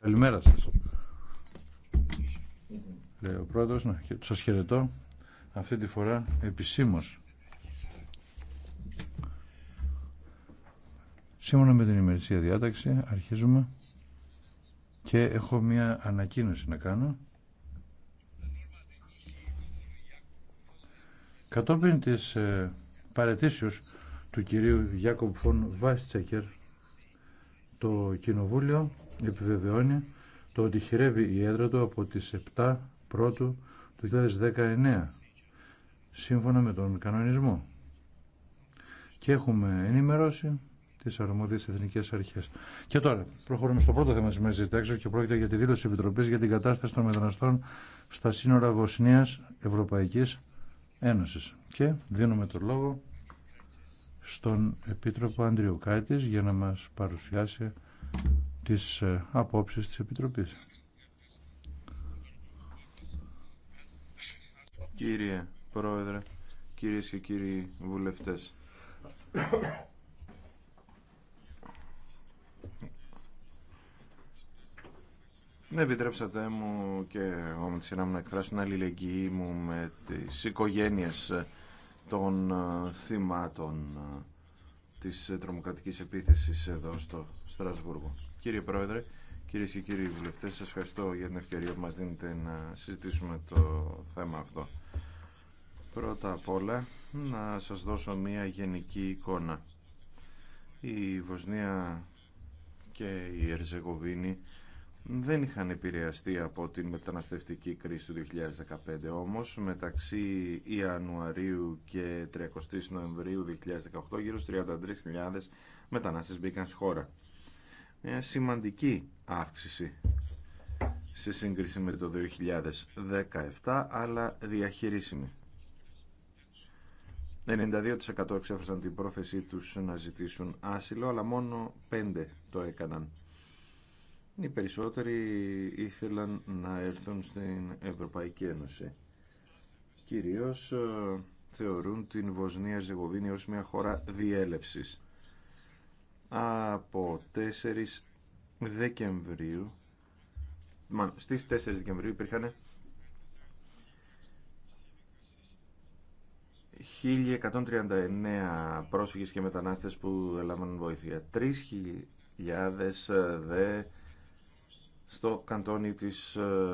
Καλημέρα σας. Λέω ο πρόεδρο, να σας χαιρετώ αυτή τη φορά επισήμω. Σύμφωνα με την ημερησία διάταξη αρχίζουμε και έχω μία ανακοίνωση να κάνω. Κατόπιν της ε, παρετήσεως του κυρίου Γιάκοπ Φων Βάστσεκερ το Κοινοβούλιο επιβεβαιώνει το ότι χειρεύει η έδρα του από τις 7 πρώτου του 2019 σύμφωνα με τον κανονισμό και έχουμε ενημερώσει τι αρμόδιε εθνικέ αρχέ. Και τώρα, προχωρούμε στο πρώτο θέμα τη Μέση και πρόκειται για τη δήλωση τη Επιτροπή για την κατάσταση των μεταναστών στα σύνορα Βοσνία Ευρωπαϊκή Ένωση. Και δίνουμε το λόγο στον Επίτροπο Αντριουκάτης για να μας παρουσιάσει τις ε, απόψεις της Επιτροπής. Κύριε Πρόεδρε, κυρίες και κύριοι βουλευτές, Ναι, επιτρέψατε μου και εγώ με τη σειρά μου να εκφράσω την αλληλεγγύη μου με τις οικογένειες των ε, θυμάτων ε, της ε, τρομοκρατικής επίθεσης εδώ στο Στρασβούργο. Κύριε Πρόεδρε, κυρίε και κύριοι βουλευτές, σας ευχαριστώ για την ευκαιρία που μας δίνετε να συζητήσουμε το θέμα αυτό. Πρώτα απ' όλα, να σας δώσω μία γενική εικόνα. Η Βοσνία και η Ερζεγοβίνη δεν είχαν επηρεαστεί από την μεταναστευτική κρίση του 2015 όμως μεταξύ Ιανουαρίου και 30 Νοεμβρίου 2018 γύρω στους 33.000 μετανάστες μπήκαν στη χώρα. Μια σημαντική αύξηση σε σύγκριση με το 2017 αλλά διαχειρίσιμη. 92% εξέφρασαν την πρόθεσή τους να ζητήσουν άσυλο αλλά μόνο 5 το έκαναν οι περισσότεροι ήθελαν να έρθουν στην Ευρωπαϊκή Ένωση. Κυρίως ε, θεωρούν την Βοσνία Ζεγοβίνη ως μια χώρα διέλευσης. Από 4 Δεκεμβρίου, μα, στις 4 Δεκεμβρίου υπήρχαν 1.139 πρόσφυγες και μετανάστες που έλαβαν βοήθεια. 3.000 ε, δε στο καντόνι της ε,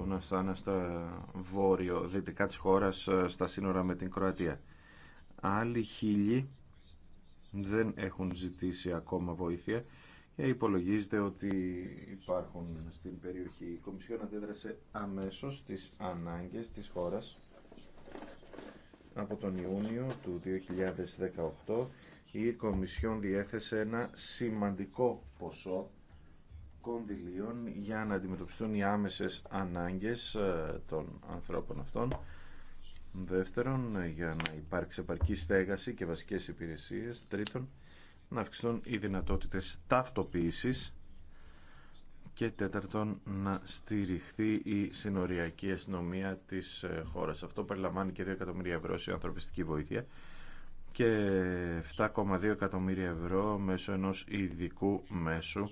Ουνασάνα στα βόρειο-δυτικά της χώρας ε, στα σύνορα με την Κροατία. Άλλοι χίλιοι δεν έχουν ζητήσει ακόμα βοήθεια και υπολογίζεται ότι υπάρχουν στην περιοχή. Η Κομισιόν αντέδρασε αμέσως στις ανάγκες της χώρας από τον Ιούνιο του 2018 η Κομισιόν διέθεσε ένα σημαντικό ποσό κονδυλίων για να αντιμετωπιστούν οι άμεσες ανάγκες ε, των ανθρώπων αυτών. Δεύτερον, ε, για να υπάρξει επαρκή στέγαση και βασικές υπηρεσίες. Τρίτον, να αυξηθούν οι δυνατότητες ταυτοποίησης και τέταρτον να στηριχθεί η συνοριακή αστυνομία της ε, χώρας. Αυτό περιλαμβάνει και 2 εκατομμύρια ευρώ σε ανθρωπιστική βοήθεια και 7,2 εκατομμύρια ευρώ μέσω ενός ειδικού μέσου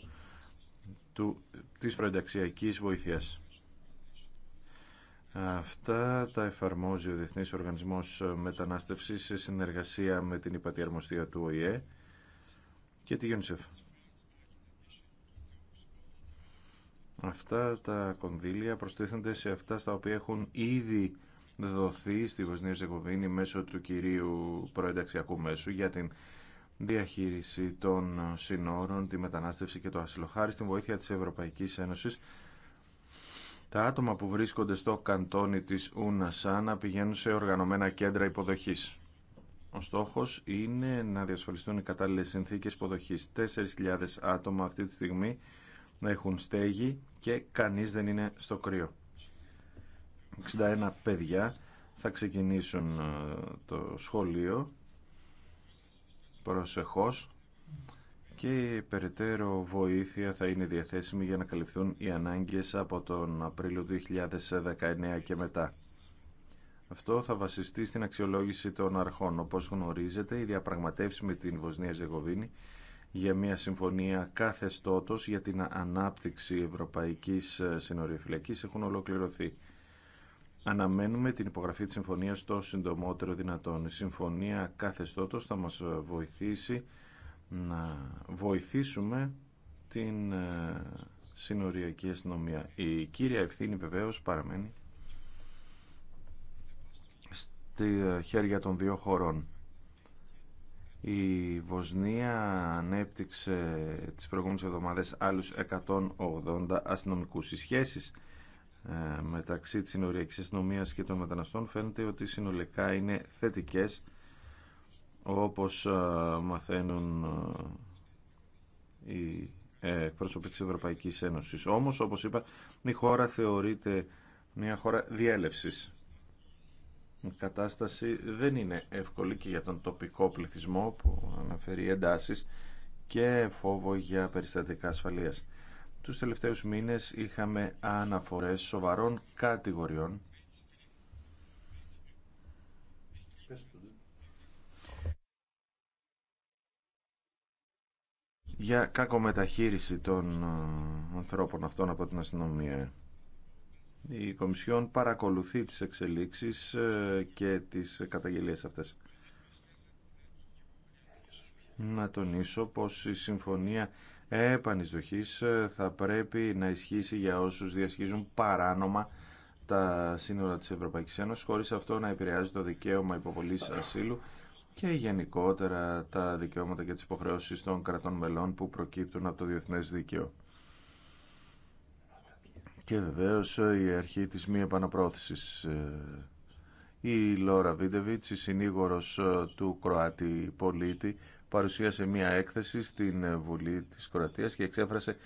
του, της προενταξιακής βοήθειας. Αυτά τα εφαρμόζει ο Διεθνής Οργανισμός Μετανάστευσης σε συνεργασία με την υπατιαρμοστία του ΟΗΕ και τη UNICEF. Αυτά τα κονδύλια προστίθενται σε αυτά στα οποία έχουν ήδη δοθεί στη Βοσνία Ζεγοβίνη μέσω του κυρίου προενταξιακού μέσου για την διαχείριση των συνόρων, τη μετανάστευση και το ασύλο. Χάρη στην βοήθεια της Ευρωπαϊκής Ένωσης, τα άτομα που βρίσκονται στο καντόνι της να πηγαίνουν σε οργανωμένα κέντρα υποδοχής. Ο στόχος είναι να διασφαλιστούν οι κατάλληλες συνθήκες υποδοχής. 4.000 άτομα αυτή τη στιγμή να έχουν στέγη και κανείς δεν είναι στο κρύο. 61 παιδιά θα ξεκινήσουν ε, το σχολείο προσεχώς και η περαιτέρω βοήθεια θα είναι διαθέσιμη για να καλυφθούν οι ανάγκες από τον Απρίλιο 2019 και μετά. Αυτό θα βασιστεί στην αξιολόγηση των αρχών. Όπως γνωρίζετε, η διαπραγματεύσει με την Βοσνία Ζεγοβίνη για μια συμφωνία κάθε στότος για την ανάπτυξη Ευρωπαϊκής Συνοριοφυλακής έχουν ολοκληρωθεί. Αναμένουμε την υπογραφή της συμφωνίας το συντομότερο δυνατόν. Η συμφωνία καθεστώτος θα μας βοηθήσει να βοηθήσουμε την ε, συνοριακή αστυνομία. Η κύρια ευθύνη βεβαίως παραμένει στη χέρια των δύο χωρών. Η Βοσνία ανέπτυξε τις προηγούμενες εβδομάδες άλλους 180 αστυνομικούς. Οι σχέσεις ε, μεταξύ της συνοριακής αστυνομία και των μεταναστών φαίνεται ότι συνολικά είναι θετικές όπως ε, μαθαίνουν ε, οι εκπρόσωποι της Ευρωπαϊκής Ένωσης. Όμως, όπως είπα, η χώρα θεωρείται μια χώρα διέλευσης. Η κατάσταση δεν είναι εύκολη και για τον τοπικό πληθυσμό που αναφέρει εντάσεις και φόβο για περιστατικά ασφαλείας. Τους τελευταίους μήνες είχαμε αναφορές σοβαρών κατηγοριών για κακομεταχείριση των ε, ανθρώπων αυτών από την αστυνομία. Η Κομισιόν παρακολουθεί τις εξελίξεις ε, και τις καταγγελίες αυτές. Να τονίσω πως η συμφωνία επανεισδοχής ε, θα πρέπει να ισχύσει για όσους διασχίζουν παράνομα τα σύνορα της Ευρωπαϊκής Ένωσης χωρίς αυτό να επηρεάζει το δικαίωμα υποβολής ασύλου και γενικότερα τα δικαιώματα και τις υποχρεώσεις των κρατών μελών που προκύπτουν από το διεθνές δίκαιο. Και βεβαίω ε, η αρχή της μη επαναπρόθεσης. Ε, η Λόρα Βίντεβιτς, η συνήγορος του Κροάτι πολίτη παρουσίασε μία έκθεση στην Βουλή της Κροατίας και εξέφρασε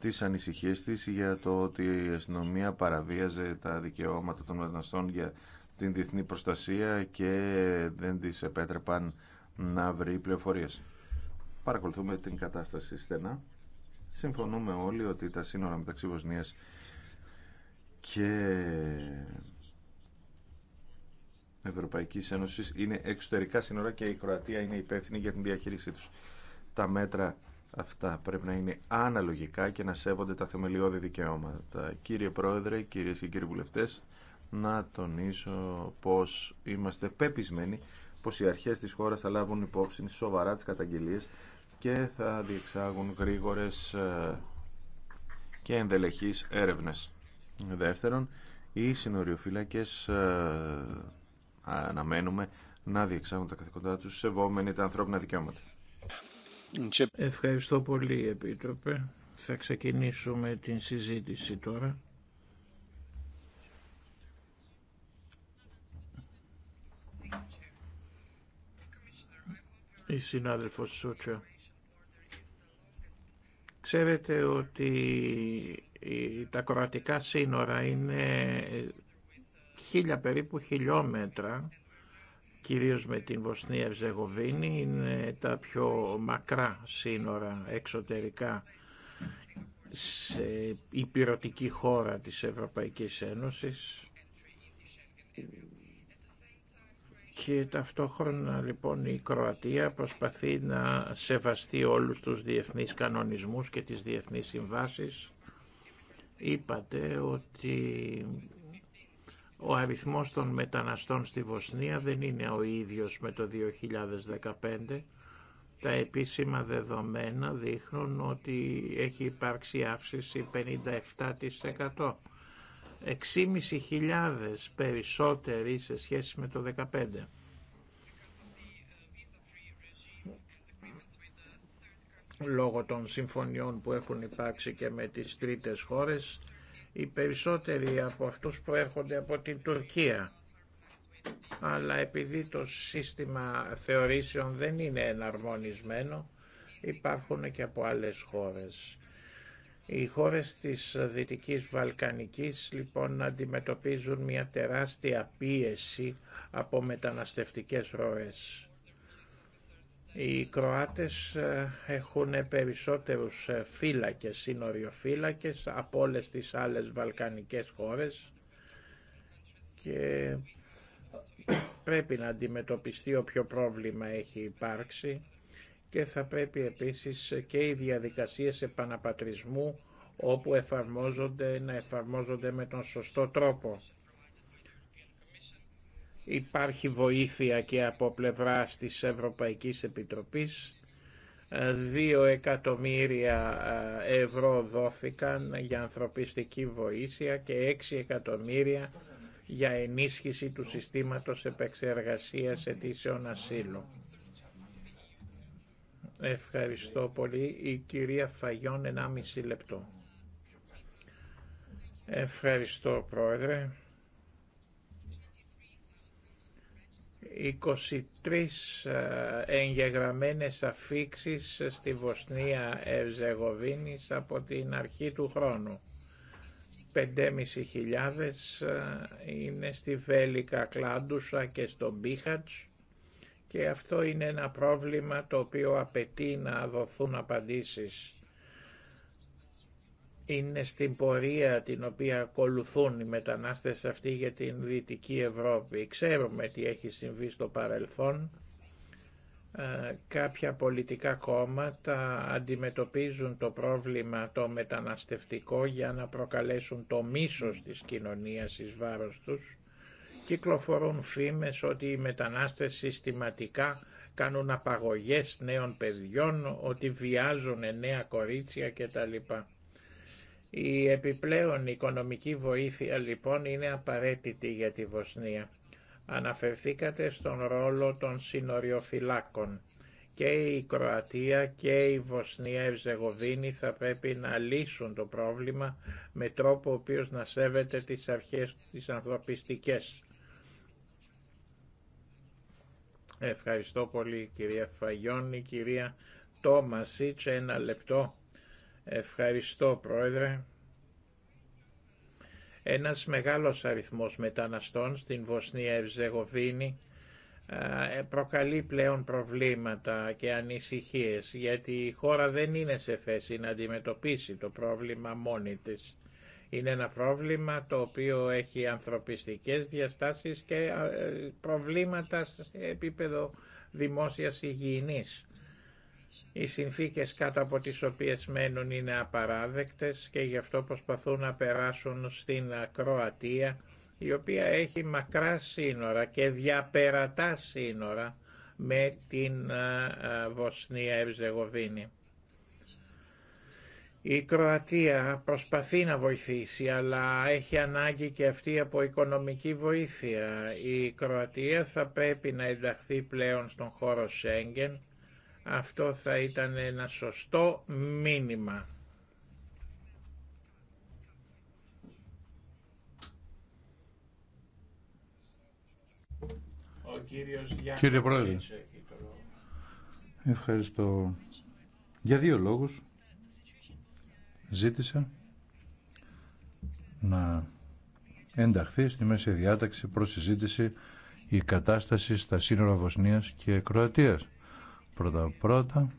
τις ανησυχίες της για το ότι η αστυνομία παραβίαζε τα δικαιώματα των μεταναστών για την διεθνή προστασία και δεν τις επέτρεπαν να βρει πληροφορίες. Παρακολουθούμε την κατάσταση στενά. Συμφωνούμε όλοι ότι τα σύνορα μεταξύ Βοσνίας και Ευρωπαϊκή Ένωση είναι εξωτερικά σύνορα και η Κροατία είναι υπεύθυνη για την διαχείρισή τους. Τα μέτρα αυτά πρέπει να είναι αναλογικά και να σέβονται τα θεμελιώδη δικαιώματα. Κύριε Πρόεδρε, κύριε και κύριοι βουλευτές, να τονίσω πως είμαστε πεπισμένοι πως οι αρχές της χώρας θα λάβουν υπόψη σοβαρά τι καταγγελίε και θα διεξάγουν γρήγορε ε, και ενδελεχείς έρευνες. Δεύτερον, οι συνοριοφύλακες ε, αναμένουμε να διεξάγουν τα καθήκοντά τους σεβόμενοι τα ανθρώπινα δικαιώματα. Ευχαριστώ πολύ Επίτροπε. Θα ξεκινήσουμε την συζήτηση τώρα. Η συνάδελφος Σούτσα. Ξέρετε ότι τα κροατικά σύνορα είναι χίλια περίπου χιλιόμετρα, κυρίως με την Βοσνία Ευζεγοβίνη, είναι τα πιο μακρά σύνορα εξωτερικά σε υπηρετική χώρα της Ευρωπαϊκής Ένωσης και ταυτόχρονα λοιπόν η Κροατία προσπαθεί να σεβαστεί όλους τους διεθνείς κανονισμούς και τις διεθνείς συμβάσεις. Είπατε ότι ο αριθμός των μεταναστών στη Βοσνία δεν είναι ο ίδιος με το 2015. Τα επίσημα δεδομένα δείχνουν ότι έχει υπάρξει αύξηση 57%. 6.500 περισσότεροι σε σχέση με το 2015. Λόγω των συμφωνιών που έχουν υπάρξει και με τις τρίτες χώρες, οι περισσότεροι από αυτούς προέρχονται από την Τουρκία. Αλλά επειδή το σύστημα θεωρήσεων δεν είναι εναρμονισμένο, υπάρχουν και από άλλες χώρες. Οι χώρες της Δυτικής Βαλκανικής λοιπόν αντιμετωπίζουν μια τεράστια πίεση από μεταναστευτικές ροές. Οι Κροάτες ε, έχουν περισσότερους ε, φύλακες, σύνοριοφύλακες από όλες τις άλλες βαλκανικές χώρες και πρέπει να αντιμετωπιστεί όποιο πρόβλημα έχει υπάρξει και θα πρέπει επίσης και οι διαδικασίες επαναπατρισμού όπου εφαρμόζονται να εφαρμόζονται με τον σωστό τρόπο. Υπάρχει βοήθεια και από πλευράς της Ευρωπαϊκής Επιτροπής. Ε, δύο εκατομμύρια ε, ευρώ δόθηκαν για ανθρωπιστική βοήθεια και έξι εκατομμύρια για ενίσχυση του συστήματος επεξεργασίας αιτήσεων ασύλου. Ευχαριστώ πολύ. Η κυρία Φαγιόν, 1,5 λεπτό. Ευχαριστώ, Πρόεδρε. 23 ε, εγγεγραμμένες αφήξεις στη Βοσνία Ευζεγοβίνης από την αρχή του χρόνου. 5.500 ε, είναι στη Βέλικα Κλάντουσα και στο Μπίχατς και αυτό είναι ένα πρόβλημα το οποίο απαιτεί να δοθούν απαντήσεις είναι στην πορεία την οποία ακολουθούν οι μετανάστες αυτοί για την Δυτική Ευρώπη. Ξέρουμε τι έχει συμβεί στο παρελθόν. Ε, κάποια πολιτικά κόμματα αντιμετωπίζουν το πρόβλημα το μεταναστευτικό για να προκαλέσουν το μίσος της κοινωνίας εις βάρος τους. Κυκλοφορούν φήμες ότι οι μετανάστες συστηματικά κάνουν απαγωγές νέων παιδιών, ότι βιάζουν νέα κορίτσια κτλ. Η επιπλέον οικονομική βοήθεια λοιπόν είναι απαραίτητη για τη Βοσνία. Αναφερθήκατε στον ρόλο των συνοριοφυλάκων. Και η Κροατία και η Βοσνία Ευζεγοβίνη θα πρέπει να λύσουν το πρόβλημα με τρόπο ο οποίος να σέβεται τις αρχές της ανθρωπιστικές. Ευχαριστώ πολύ κυρία Φαγιώνη, κυρία Τόμασίτς, ένα λεπτό. Ευχαριστώ Πρόεδρε. Ένας μεγάλος αριθμός μεταναστών στην Βοσνία Ευζεγοβίνη ε, προκαλεί πλέον προβλήματα και ανησυχίες γιατί η χώρα δεν είναι σε θέση να αντιμετωπίσει το πρόβλημα μόνη της. Είναι ένα πρόβλημα το οποίο έχει ανθρωπιστικές διαστάσεις και ε, προβλήματα σε επίπεδο δημόσιας υγιεινής. Οι συνθήκες κάτω από τις οποίες μένουν είναι απαράδεκτες και γι' αυτό προσπαθούν να περάσουν στην Κροατία η οποία έχει μακρά σύνορα και διαπερατά σύνορα με την Βοσνία Ευζεγοβίνη. Η Κροατία προσπαθεί να βοηθήσει, αλλά έχει ανάγκη και αυτή από οικονομική βοήθεια. Η Κροατία θα πρέπει να ενταχθεί πλέον στον χώρο Σέγγεν αυτό θα ήταν ένα σωστό μήνυμα. Ο κύριος Κύριε Πρόεδρε, ευχαριστώ. Για δύο λόγους ζήτησα να ενταχθεί στη μέση διάταξη προς συζήτηση η κατάσταση στα σύνορα Βοσνίας και Κροατίας. Πρώτα πρώτα,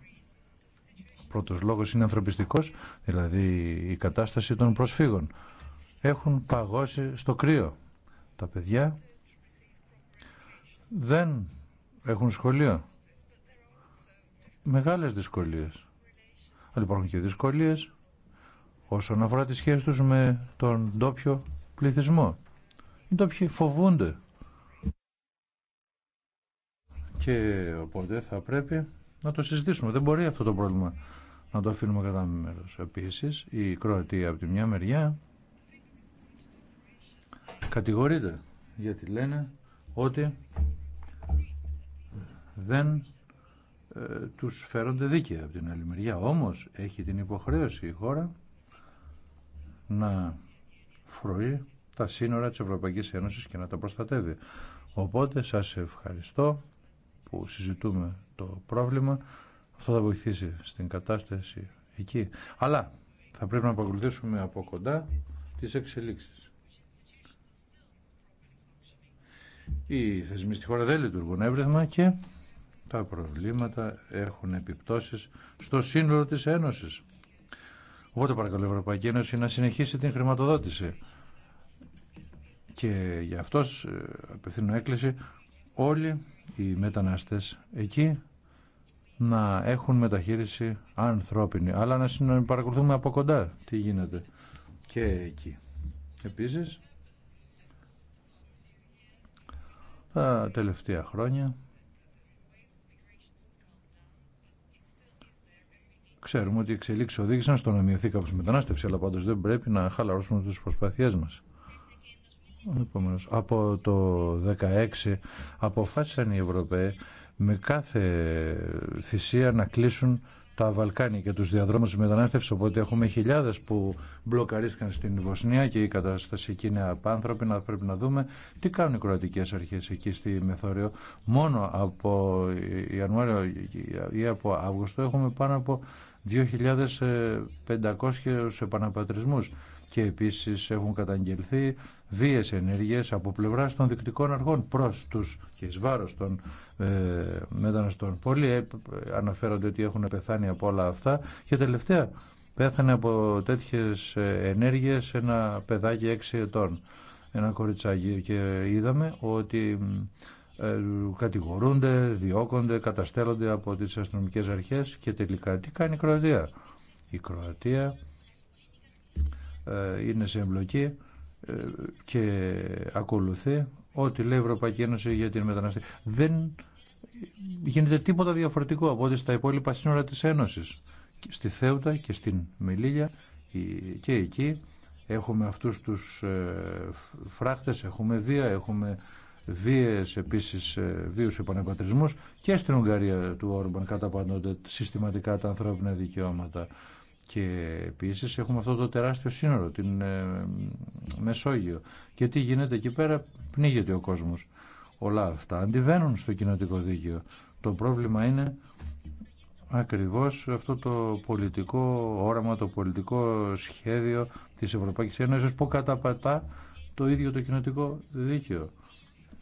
ο πρώτος λόγος είναι ανθρωπιστικός, δηλαδή η κατάσταση των προσφύγων. Έχουν παγώσει στο κρύο. Τα παιδιά δεν έχουν σχολείο. Μεγάλες δυσκολίες. Αλλά υπάρχουν και δυσκολίες όσον αφορά τις σχέσεις τους με τον ντόπιο πληθυσμό. Οι ντόπιοι φοβούνται και οπότε θα πρέπει να το συζητήσουμε. Δεν μπορεί αυτό το πρόβλημα να το αφήνουμε κατά μέρος. Επίσης, η Κροατία από τη μια μεριά κατηγορείται γιατί λένε ότι δεν ε, τους φέρονται δίκαια από την άλλη μεριά. Όμως έχει την υποχρέωση η χώρα να φροεί τα σύνορα της Ευρωπαϊκής Ένωσης και να τα προστατεύει. Οπότε σας ευχαριστώ που συζητούμε το πρόβλημα. Αυτό θα βοηθήσει στην κατάσταση εκεί. Αλλά θα πρέπει να παρακολουθήσουμε από κοντά τις εξελίξεις. Οι θεσμοί στη χώρα δεν λειτουργούν εύρεθμα και τα προβλήματα έχουν επιπτώσεις στο σύνολο της Ένωσης. Οπότε παρακαλώ η Ευρωπαϊκή Ένωση να συνεχίσει την χρηματοδότηση. Και γι' αυτός ε, απευθύνω έκκληση όλοι οι μετανάστες εκεί να έχουν μεταχείριση ανθρώπινη, αλλά να παρακολουθούμε από κοντά τι γίνεται και εκεί. Επίσης, τα τελευταία χρόνια ξέρουμε ότι οι εξελίξεις οδήγησαν στο να μειωθεί κάπως μετανάστευση, αλλά πάντως δεν πρέπει να χαλαρώσουμε τις προσπάθειές μας. Επομένως, από το 2016 αποφάσισαν οι Ευρωπαίοι με κάθε θυσία να κλείσουν τα Βαλκάνια και τους διαδρόμους μετανάστευσης. οπότε έχουμε χιλιάδες που μπλοκαρίστηκαν στην Βοσνία και η κατάσταση εκεί είναι απάνθρωπη να πρέπει να δούμε τι κάνουν οι κροατικές αρχές εκεί στη Μεθόριο μόνο από Ιανουάριο ή από Αύγουστο έχουμε πάνω από 2.500 επαναπατρισμούς και επίσης έχουν καταγγελθεί βίες ενέργειες από πλευράς των δικτικών αργών προς τους και εις βάρος των ε, μεταναστών. Πολλοί ε, αναφέρονται ότι έχουν πεθάνει από όλα αυτά και τελευταία πέθανε από τέτοιες ε, ενέργειες ένα παιδάκι 6 ετών, ένα κοριτσάκι και είδαμε ότι ε, κατηγορούνται, διώκονται, καταστέλλονται από τις αστυνομικές αρχές και τελικά τι κάνει η Κροατία. Η Κροατία ε, είναι σε εμπλοκή ε, και ακολουθεί ό,τι λέει η Ευρωπαϊκή Ένωση για την μεταναστή. Δεν γίνεται τίποτα διαφορετικό από ό,τι στα υπόλοιπα σύνορα της Ένωσης. Στη Θέουτα και στην Μιλίγια και εκεί έχουμε αυτούς τους ε, φράχτες, έχουμε βία, έχουμε βίες επίσης βίους επανεπατρισμούς και στην Ουγγαρία του Όρμπαν καταπαντώνται συστηματικά τα ανθρώπινα δικαιώματα. Και επίσης έχουμε αυτό το τεράστιο σύνορο, την ε, Μεσόγειο. Και τι γίνεται εκεί πέρα, πνίγεται ο κόσμος. Όλα αυτά αντιβαίνουν στο κοινοτικό δίκαιο. Το πρόβλημα είναι ακριβώς αυτό το πολιτικό όραμα, το πολιτικό σχέδιο της Ευρωπαϊκής Ένωσης που καταπατά το ίδιο το κοινοτικό δίκαιο.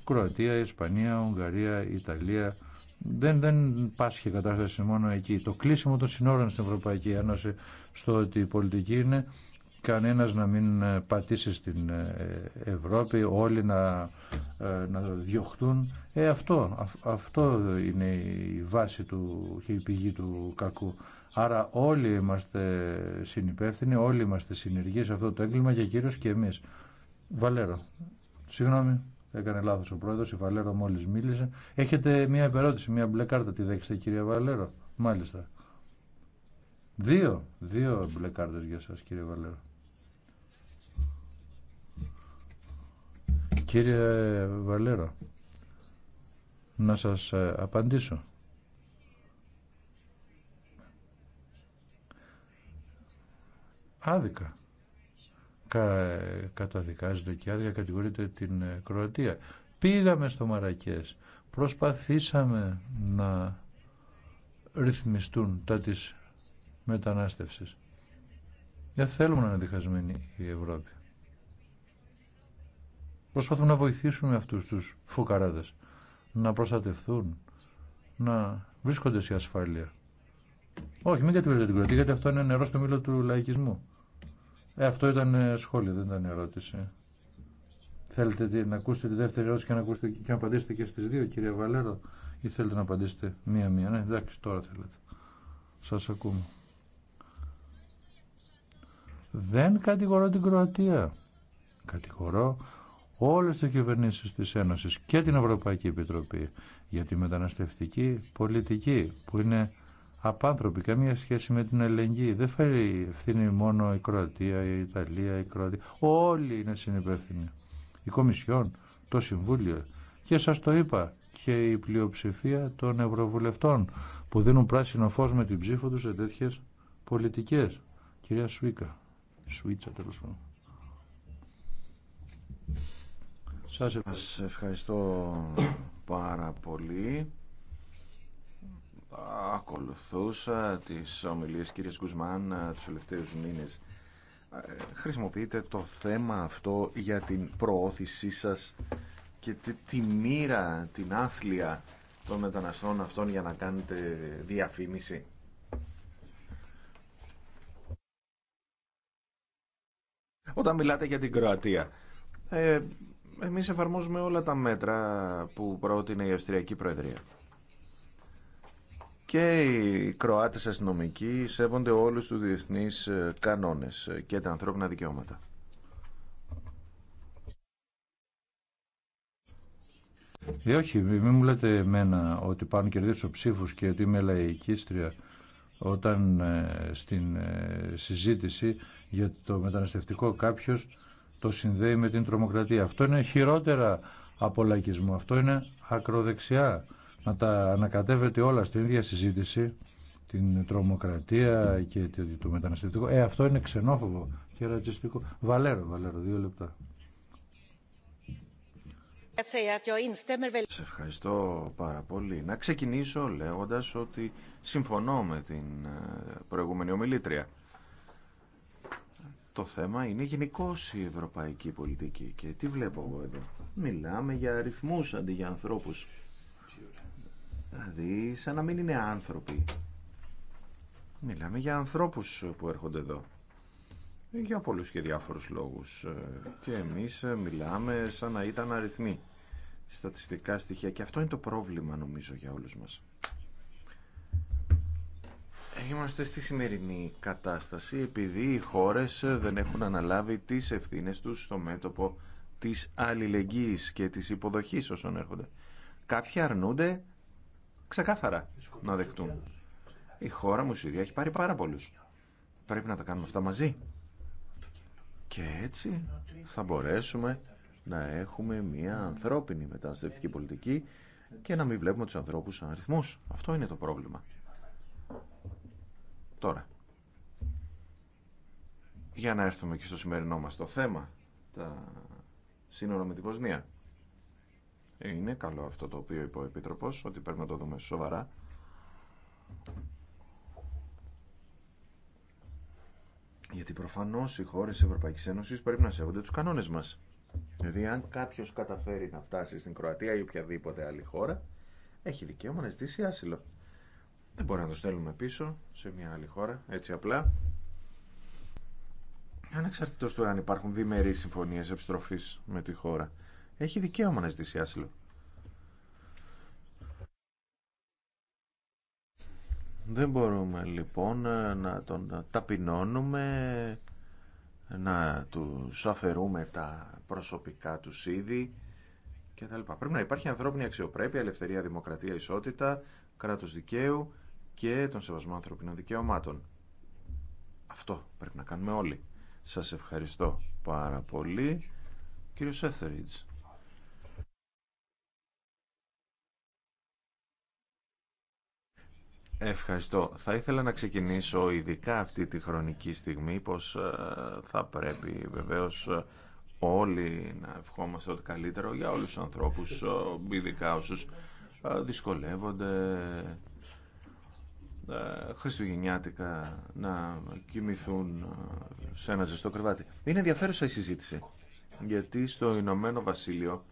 Κροατία, Ισπανία, Ουγγαρία, Ιταλία, δεν, δεν πάσχει η κατάσταση μόνο εκεί. Το κλείσιμο των συνόρων στην Ευρωπαϊκή Ένωση στο ότι η πολιτική είναι κανένας να μην πατήσει στην ε, Ευρώπη, όλοι να, ε, να διωχτούν. Ε, αυτό, αυτό είναι η βάση του και η πηγή του κακού. Άρα όλοι είμαστε συνυπεύθυνοι, όλοι είμαστε συνεργοί σε αυτό το έγκλημα και κυρίως και εμείς. Βαλέρο, συγγνώμη. Έκανε λάθο ο πρόεδρος, η Βαλέρο μόλις μίλησε. Έχετε μια επερώτηση, μια μπλε κάρτα, τη δέχεστε κύριε Βαλέρο. Μάλιστα. Δύο, δύο μπλε κάρτες για σα κύριε Βαλέρο. Κύριε Βαλέρο, να σας ε, απαντήσω. Άδικα κα, καταδικάζεται και άδεια κατηγορείται την ε, Κροατία. Πήγαμε στο Μαρακές, προσπαθήσαμε να ρυθμιστούν τα της μετανάστευσης. Δεν θέλουμε να είναι διχασμένη η Ευρώπη. Προσπαθούμε να βοηθήσουμε αυτούς τους φουκαράδες να προστατευθούν, να βρίσκονται σε ασφάλεια. Όχι, μην κατηγορείτε την Κροατία, γιατί αυτό είναι νερό στο μήλο του λαϊκισμού. Ε, αυτό ήταν ε, σχόλιο, δεν ήταν ερώτηση. Θέλετε να ακούσετε τη δεύτερη ερώτηση και να, ακούσετε, και να απαντήσετε και στις δύο, κύριε Βαλέρο, ή θέλετε να απαντήσετε μία-μία. Ναι, εντάξει, τώρα θέλετε. Σας ακούμε. Δεν κατηγορώ την Κροατία. Κατηγορώ όλες τις κυβερνήσεις της Ένωσης και την Ευρωπαϊκή Επιτροπή για τη μεταναστευτική πολιτική που είναι απάνθρωποι, καμία σχέση με την ελεγγύη. Δεν φέρει ευθύνη μόνο η Κροατία, η Ιταλία, η Κροατία. Όλοι είναι συνυπεύθυνοι. Η Κομισιόν, το Συμβούλιο. Και σας το είπα και η πλειοψηφία των Ευρωβουλευτών που δίνουν πράσινο φως με την ψήφο τους σε τέτοιες πολιτικές. Κυρία Σουίκα, Σουίτσα τέλος πάντων. Σας ευχαριστώ πάρα πολύ ακολουθούσα τις ομιλίες κύριε Γκουσμάν ε, τους τελευταίους μήνες ε, χρησιμοποιείτε το θέμα αυτό για την προώθησή σας και τη, τη μοίρα, την άθλια των μεταναστών αυτών για να κάνετε διαφήμιση. Όταν μιλάτε για την Κροατία, ε, εμείς εφαρμόζουμε όλα τα μέτρα που πρότεινε η Αυστριακή Προεδρία και οι Κροάτες αστυνομικοί σέβονται όλους του διεθνείς ε, κανόνες και τα ανθρώπινα δικαιώματα. Ε, όχι, μην μου λέτε εμένα ότι πάνε κερδίσω ψήφους και ότι είμαι λαϊκίστρια όταν ε, στην ε, συζήτηση για το μεταναστευτικό κάποιος το συνδέει με την τρομοκρατία. Αυτό είναι χειρότερα από λαϊκισμό. Αυτό είναι ακροδεξιά να τα ανακατεύετε όλα στην ίδια συζήτηση, την τρομοκρατία και το μεταναστευτικό. Ε, αυτό είναι ξενόφοβο και ρατσιστικό. Βαλέρο, Βαλέρο, δύο λεπτά. Σε ευχαριστώ πάρα πολύ. Να ξεκινήσω λέγοντας ότι συμφωνώ με την ε, προηγούμενη ομιλήτρια. Το θέμα είναι γενικώ η ευρωπαϊκή πολιτική και τι βλέπω εγώ εδώ. Μιλάμε για αριθμούς αντί για ανθρώπους. Δηλαδή σαν να μην είναι άνθρωποι. Μιλάμε για ανθρώπους που έρχονται εδώ. Για πολλούς και διάφορους λόγους. Ε, και εμείς ε, μιλάμε σαν να ήταν αριθμοί. Στατιστικά στοιχεία. Και αυτό είναι το πρόβλημα νομίζω για όλους μας. Είμαστε στη σημερινή κατάσταση επειδή οι χώρες ε, δεν έχουν αναλάβει τις ευθύνες τους στο μέτωπο της αλληλεγγύης και της υποδοχής όσων έρχονται. Κάποιοι αρνούνται ξεκάθαρα να δεχτούν. Η χώρα μου η έχει πάρει πάρα πολλούς. Πρέπει να τα κάνουμε αυτά μαζί. Και έτσι θα μπορέσουμε να έχουμε μια ανθρώπινη μεταναστευτική πολιτική και να μην βλέπουμε τους ανθρώπους σαν αριθμούς. Αυτό είναι το πρόβλημα. Τώρα, για να έρθουμε και στο σημερινό μας το θέμα, τα σύνορα με την Βοσνία. Είναι καλό αυτό το οποίο είπε ο Επίτροπος, ότι πρέπει να το δούμε σοβαρά. Γιατί προφανώς οι χώρες της Ευρωπαϊκής Ένωσης πρέπει να σέβονται τους κανόνες μας. Δηλαδή αν κάποιος καταφέρει να φτάσει στην Κροατία ή οποιαδήποτε άλλη χώρα, έχει δικαίωμα να ζητήσει άσυλο. Δεν μπορεί να το στέλνουμε πίσω σε μια άλλη χώρα, έτσι απλά. Ανεξαρτητός του αν υπάρχουν διμερείς συμφωνίες επιστροφής με τη χώρα έχει δικαίωμα να ζητήσει άσυλο. Δεν μπορούμε λοιπόν ε, να τον ταπεινώνουμε, να του αφαιρούμε τα προσωπικά του είδη κλπ. Πρέπει να υπάρχει ανθρώπινη αξιοπρέπεια, ελευθερία, δημοκρατία, ισότητα, κράτος δικαίου και τον σεβασμό ανθρωπίνων δικαιωμάτων. Αυτό πρέπει να κάνουμε όλοι. Σας ευχαριστώ πάρα πολύ. Κύριο Σέθεριτς. Ευχαριστώ. Θα ήθελα να ξεκινήσω ειδικά αυτή τη χρονική στιγμή πως ε, θα πρέπει βεβαίως ε, όλοι να ευχόμαστε ότι καλύτερο για όλους τους ανθρώπους, ε, ειδικά όσους δυσκολεύονται χριστουγεννιάτικα να κοιμηθούν σε ένα ζεστό κρεβάτι. Είναι ενδιαφέρουσα η συζήτηση, γιατί στο Ηνωμένο Βασίλειο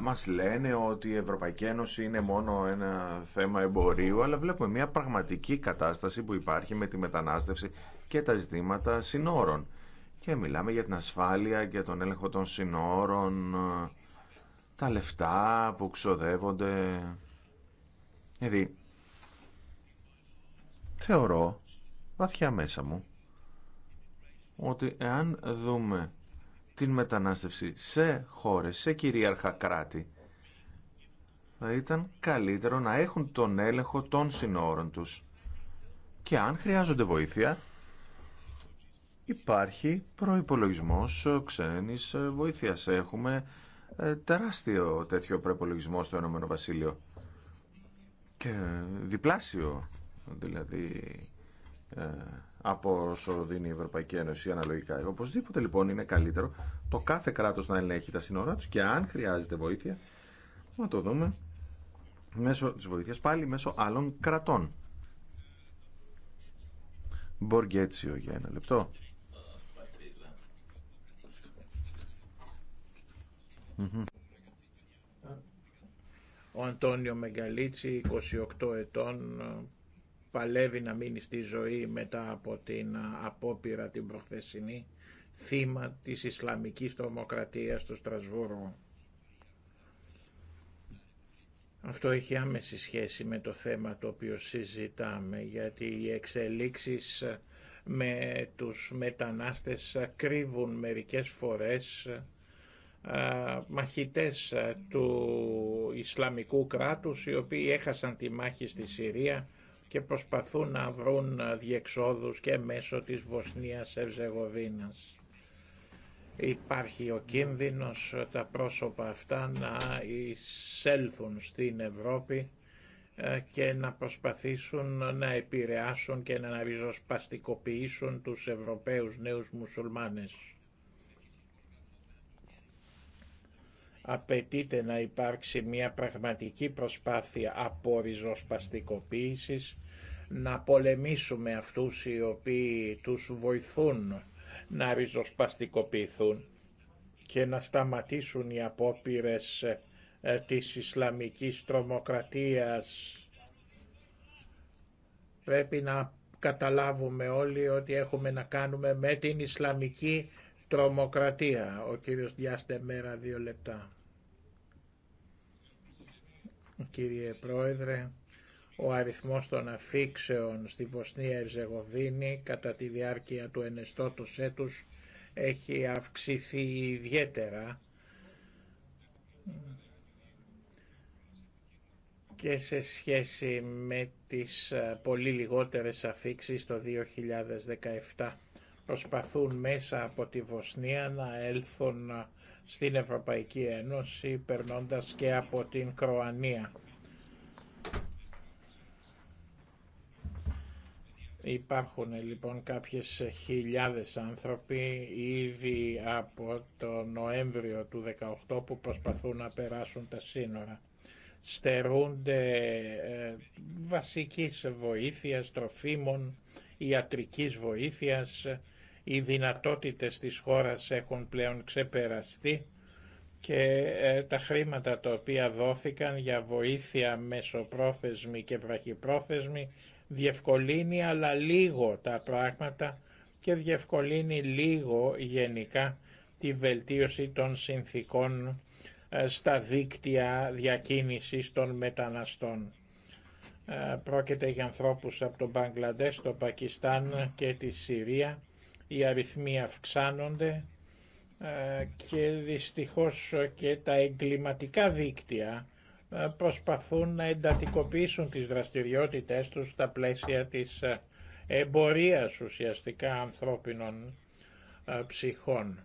μας λένε ότι η Ευρωπαϊκή Ένωση είναι μόνο ένα θέμα εμπορίου, αλλά βλέπουμε μια πραγματική κατάσταση που υπάρχει με τη μετανάστευση και τα ζητήματα συνόρων. Και μιλάμε για την ασφάλεια και τον έλεγχο των συνόρων, τα λεφτά που ξοδεύονται. Δηλαδή, θεωρώ βαθιά μέσα μου ότι εάν δούμε την μετανάστευση σε χώρες, σε κυρίαρχα κράτη, θα ήταν καλύτερο να έχουν τον έλεγχο των συνόρων τους. Και αν χρειάζονται βοήθεια, υπάρχει προϋπολογισμός ξένης βοήθειας. Έχουμε ε, τεράστιο τέτοιο προϋπολογισμό στο Ενωμένο Βασίλειο. Και διπλάσιο, δηλαδή ε, από όσο δίνει η Ευρωπαϊκή Ένωση αναλογικά. Οπωσδήποτε λοιπόν είναι καλύτερο το κάθε κράτος να ελέγχει τα σύνορά του και αν χρειάζεται βοήθεια να το δούμε μέσω της βοήθειας πάλι μέσω άλλων κρατών. Μποργέτσιο για ένα λεπτό. Ο Αντώνιο Μεγκαλίτσι, 28 ετών, παλεύει να μείνει στη ζωή μετά από την απόπειρα την προχθεσινή θύμα της Ισλαμικής τρομοκρατίας του Στρασβούργο. Αυτό έχει άμεση σχέση με το θέμα το οποίο συζητάμε, γιατί οι εξελίξεις με τους μετανάστες κρύβουν μερικές φορές μαχητές του Ισλαμικού κράτους οι οποίοι έχασαν τη μάχη στη Συρία και προσπαθούν να βρουν ε, διεξόδους και μέσω της Βοσνίας Ευζεγοβίνας. Υπάρχει ο κίνδυνος ε, τα πρόσωπα αυτά να εισέλθουν στην Ευρώπη ε, και να προσπαθήσουν να επηρεάσουν και να ριζοσπαστικοποιήσουν τους Ευρωπαίους νέους μουσουλμάνες. απαιτείται να υπάρξει μια πραγματική προσπάθεια από ριζοσπαστικοποίησης, να πολεμήσουμε αυτούς οι οποίοι τους βοηθούν να ριζοσπαστικοποιηθούν και να σταματήσουν οι απόπειρες ε, της Ισλαμικής τρομοκρατίας. Πρέπει να καταλάβουμε όλοι ότι έχουμε να κάνουμε με την Ισλαμική τρομοκρατία. Ο κύριος Διάστε Μέρα, δύο λεπτά. Κύριε Πρόεδρε, ο αριθμός των αφήξεων στη Βοσνία Ερζεγοβίνη κατά τη διάρκεια του ενεστώτος έτους έχει αυξηθεί ιδιαίτερα και σε σχέση με τις ε, πολύ λιγότερες αφήξεις το 2017 προσπαθούν μέσα από τη Βοσνία να έλθουν στην Ευρωπαϊκή Ένωση περνώντας και από την Κροανία. Υπάρχουν λοιπόν κάποιες χιλιάδες άνθρωποι ήδη από το Νοέμβριο του 18 που προσπαθούν να περάσουν τα σύνορα. Στερούνται ε, βασικής βοήθειας, τροφίμων, ιατρικής βοήθειας οι δυνατότητες της χώρας έχουν πλέον ξεπεραστεί και ε, τα χρήματα τα οποία δόθηκαν για βοήθεια μεσοπρόθεσμη και βραχυπρόθεσμη διευκολύνει αλλά λίγο τα πράγματα και διευκολύνει λίγο γενικά τη βελτίωση των συνθήκων ε, στα δίκτυα διακίνησης των μεταναστών. Ε, πρόκειται για ανθρώπους από τον Μπαγκλαντές, το Πακιστάν και τη Συρία οι αριθμοί αυξάνονται ε, και δυστυχώς και τα εγκληματικά δίκτυα ε, προσπαθούν να εντατικοποιήσουν τις δραστηριότητες τους στα πλαίσια της ε, εμπορίας ουσιαστικά ανθρώπινων ψυχών.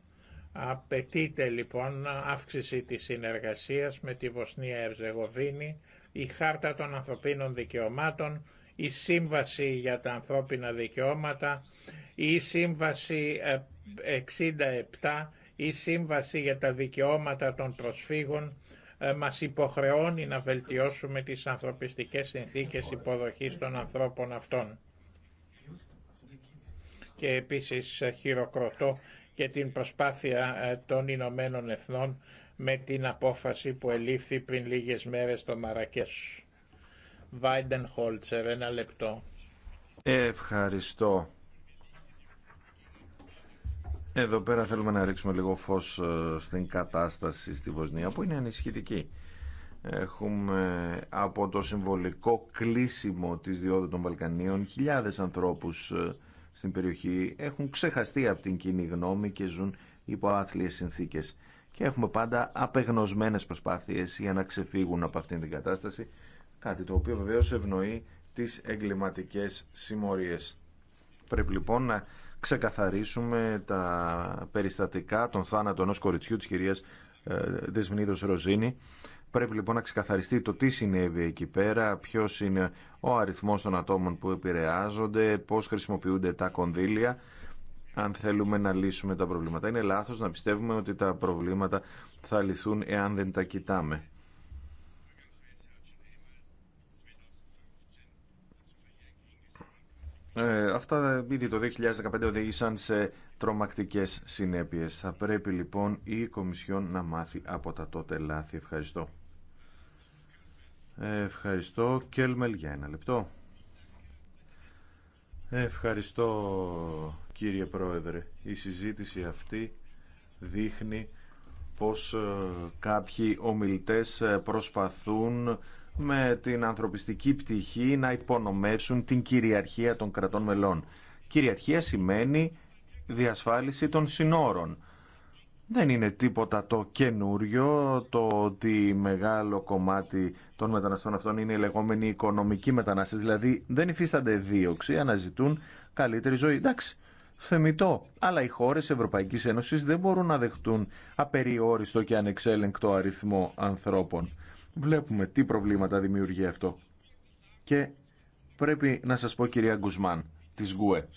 Απαιτείται λοιπόν αύξηση της συνεργασίας με τη Βοσνία Ευζεγοβίνη, η Χάρτα των Ανθρωπίνων Δικαιωμάτων, η Σύμβαση για τα Ανθρώπινα Δικαιώματα, η Σύμβαση 67, ε, η Σύμβαση για τα Δικαιώματα των Προσφύγων ε, μας υποχρεώνει να βελτιώσουμε τις ανθρωπιστικές συνθήκες υποδοχής των ανθρώπων αυτών. Και επίσης ε, χειροκροτώ και την προσπάθεια των Ηνωμένων Εθνών με την απόφαση που ελήφθη πριν λίγες μέρες στο Μαρακές. Βάιντεν Χόλτσερ, ένα λεπτό. Ευχαριστώ. Εδώ πέρα θέλουμε να ρίξουμε λίγο φως ε, στην κατάσταση στη Βοσνία που είναι ανησυχητική. Έχουμε από το συμβολικό κλείσιμο της διόδου των Βαλκανίων χιλιάδες ανθρώπους ε, στην περιοχή έχουν ξεχαστεί από την κοινή γνώμη και ζουν υπό άθλιες συνθήκες. Και έχουμε πάντα απεγνωσμένες προσπάθειες για να ξεφύγουν από αυτήν την κατάσταση, κάτι το οποίο βεβαίως ευνοεί τις εγκληματικές συμμορίες. Πρέπει λοιπόν να ξεκαθαρίσουμε τα περιστατικά των θάνατων ω κοριτσιού τη κυρία ε, Δεσμηνίδο Ροζίνη. Πρέπει λοιπόν να ξεκαθαριστεί το τι συνέβη εκεί πέρα, ποιο είναι ο αριθμός των ατόμων που επηρεάζονται, πώς χρησιμοποιούνται τα κονδύλια, αν θέλουμε να λύσουμε τα προβλήματα. Είναι λάθος να πιστεύουμε ότι τα προβλήματα θα λυθούν εάν δεν τα κοιτάμε. Ε, αυτά ήδη το 2015 οδήγησαν σε τρομακτικές συνέπειες. Θα πρέπει λοιπόν η Κομισιόν να μάθει από τα τότε λάθη. Ευχαριστώ. Ε, ευχαριστώ. Κέλμελ για ένα λεπτό. Ε, ευχαριστώ κύριε Πρόεδρε. Η συζήτηση αυτή δείχνει πως κάποιοι ομιλητές προσπαθούν με την ανθρωπιστική πτυχή να υπονομεύσουν την κυριαρχία των κρατών μελών. Κυριαρχία σημαίνει διασφάλιση των συνόρων. Δεν είναι τίποτα το καινούριο το ότι μεγάλο κομμάτι των μεταναστών αυτών είναι οι λεγόμενοι οικονομικοί μετανάστες. Δηλαδή δεν υφίστανται δίωξη, αναζητούν καλύτερη ζωή. Εντάξει, θεμητό. Αλλά οι χώρες Ευρωπαϊκής Ένωσης δεν μπορούν να δεχτούν απεριόριστο και ανεξέλεγκτο αριθμό ανθρώπων. Βλέπουμε τι προβλήματα δημιουργεί αυτό. Και πρέπει να σας πω κυρία Γκουσμάν της Γκουε.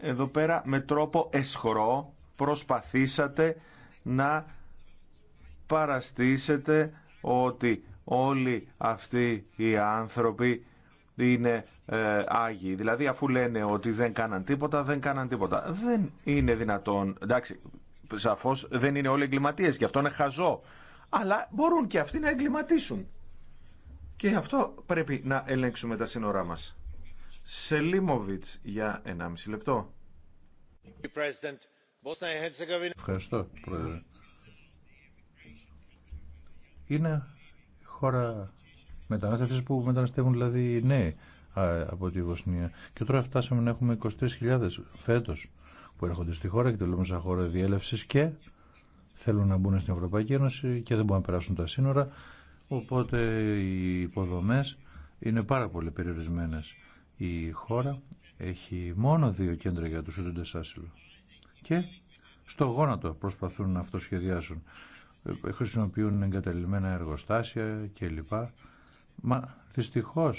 Εδώ πέρα με τρόπο εσχρό προσπαθήσατε να παραστήσετε ότι όλοι αυτοί οι άνθρωποι είναι ε, άγιοι. Δηλαδή αφού λένε ότι δεν κάναν τίποτα, δεν κάναν τίποτα. Δεν είναι δυνατόν. Εντάξει, σαφώς δεν είναι όλοι εγκληματίες και αυτό είναι χαζό αλλά μπορούν και αυτοί να εγκληματίσουν. Και αυτό πρέπει να ελέγξουμε τα σύνορά μας. Σελίμοβιτς για 1,5 λεπτό. Ευχαριστώ, Πρόεδρε. Είναι χώρα μετανάστευσης που μεταναστεύουν δηλαδή οι νέοι από τη Βοσνία. Και τώρα φτάσαμε να έχουμε 23.000 φέτος που έρχονται στη χώρα και λέμε σαν χώρα διέλευσης και θέλουν να μπουν στην Ευρωπαϊκή Ένωση και δεν μπορούν να περάσουν τα σύνορα. Οπότε οι υποδομέ είναι πάρα πολύ περιορισμένε. Η χώρα έχει μόνο δύο κέντρα για του έντοντες άσυλο Και στο γόνατο προσπαθούν να αυτοσχεδιάσουν. Ε, χρησιμοποιούν εγκαταλειμμένα εργοστάσια κλπ. Μα δυστυχώ,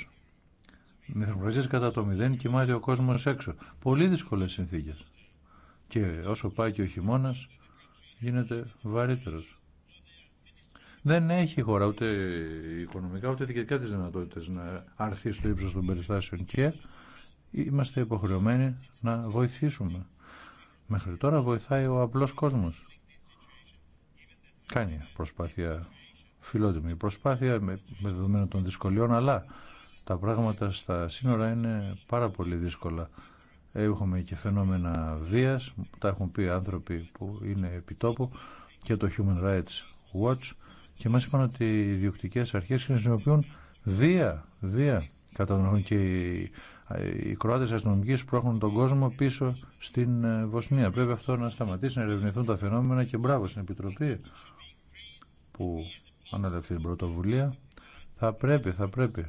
με θερμοκρασίε κατά το μηδέν κοιμάται ο κόσμο έξω. Πολύ δύσκολε συνθήκε. Και όσο πάει και ο χειμώνα γίνεται βαρύτερος. Δεν έχει χώρα ούτε οικονομικά ούτε δικαιωτικά τις δυνατότητες να αρθεί στο ύψος των περιστάσεων και είμαστε υποχρεωμένοι να βοηθήσουμε. Μέχρι τώρα βοηθάει ο απλός κόσμος. Κάνει προσπάθεια φιλότιμη προσπάθεια με, με δεδομένο των δυσκολιών αλλά τα πράγματα στα σύνορα είναι πάρα πολύ δύσκολα έχουμε και φαινόμενα βίας, τα έχουν πει άνθρωποι που είναι επιτόπου και το Human Rights Watch και μας είπαν ότι οι διοκτικές αρχές χρησιμοποιούν βία, βία κατά και οι, οι Κροάτες αστυνομικοί πρόχνουν τον κόσμο πίσω στην ε, Βοσνία. Πρέπει αυτό να σταματήσει, να ερευνηθούν τα φαινόμενα και μπράβο στην Επιτροπή που ανέλαβε την πρωτοβουλία. Θα πρέπει, θα πρέπει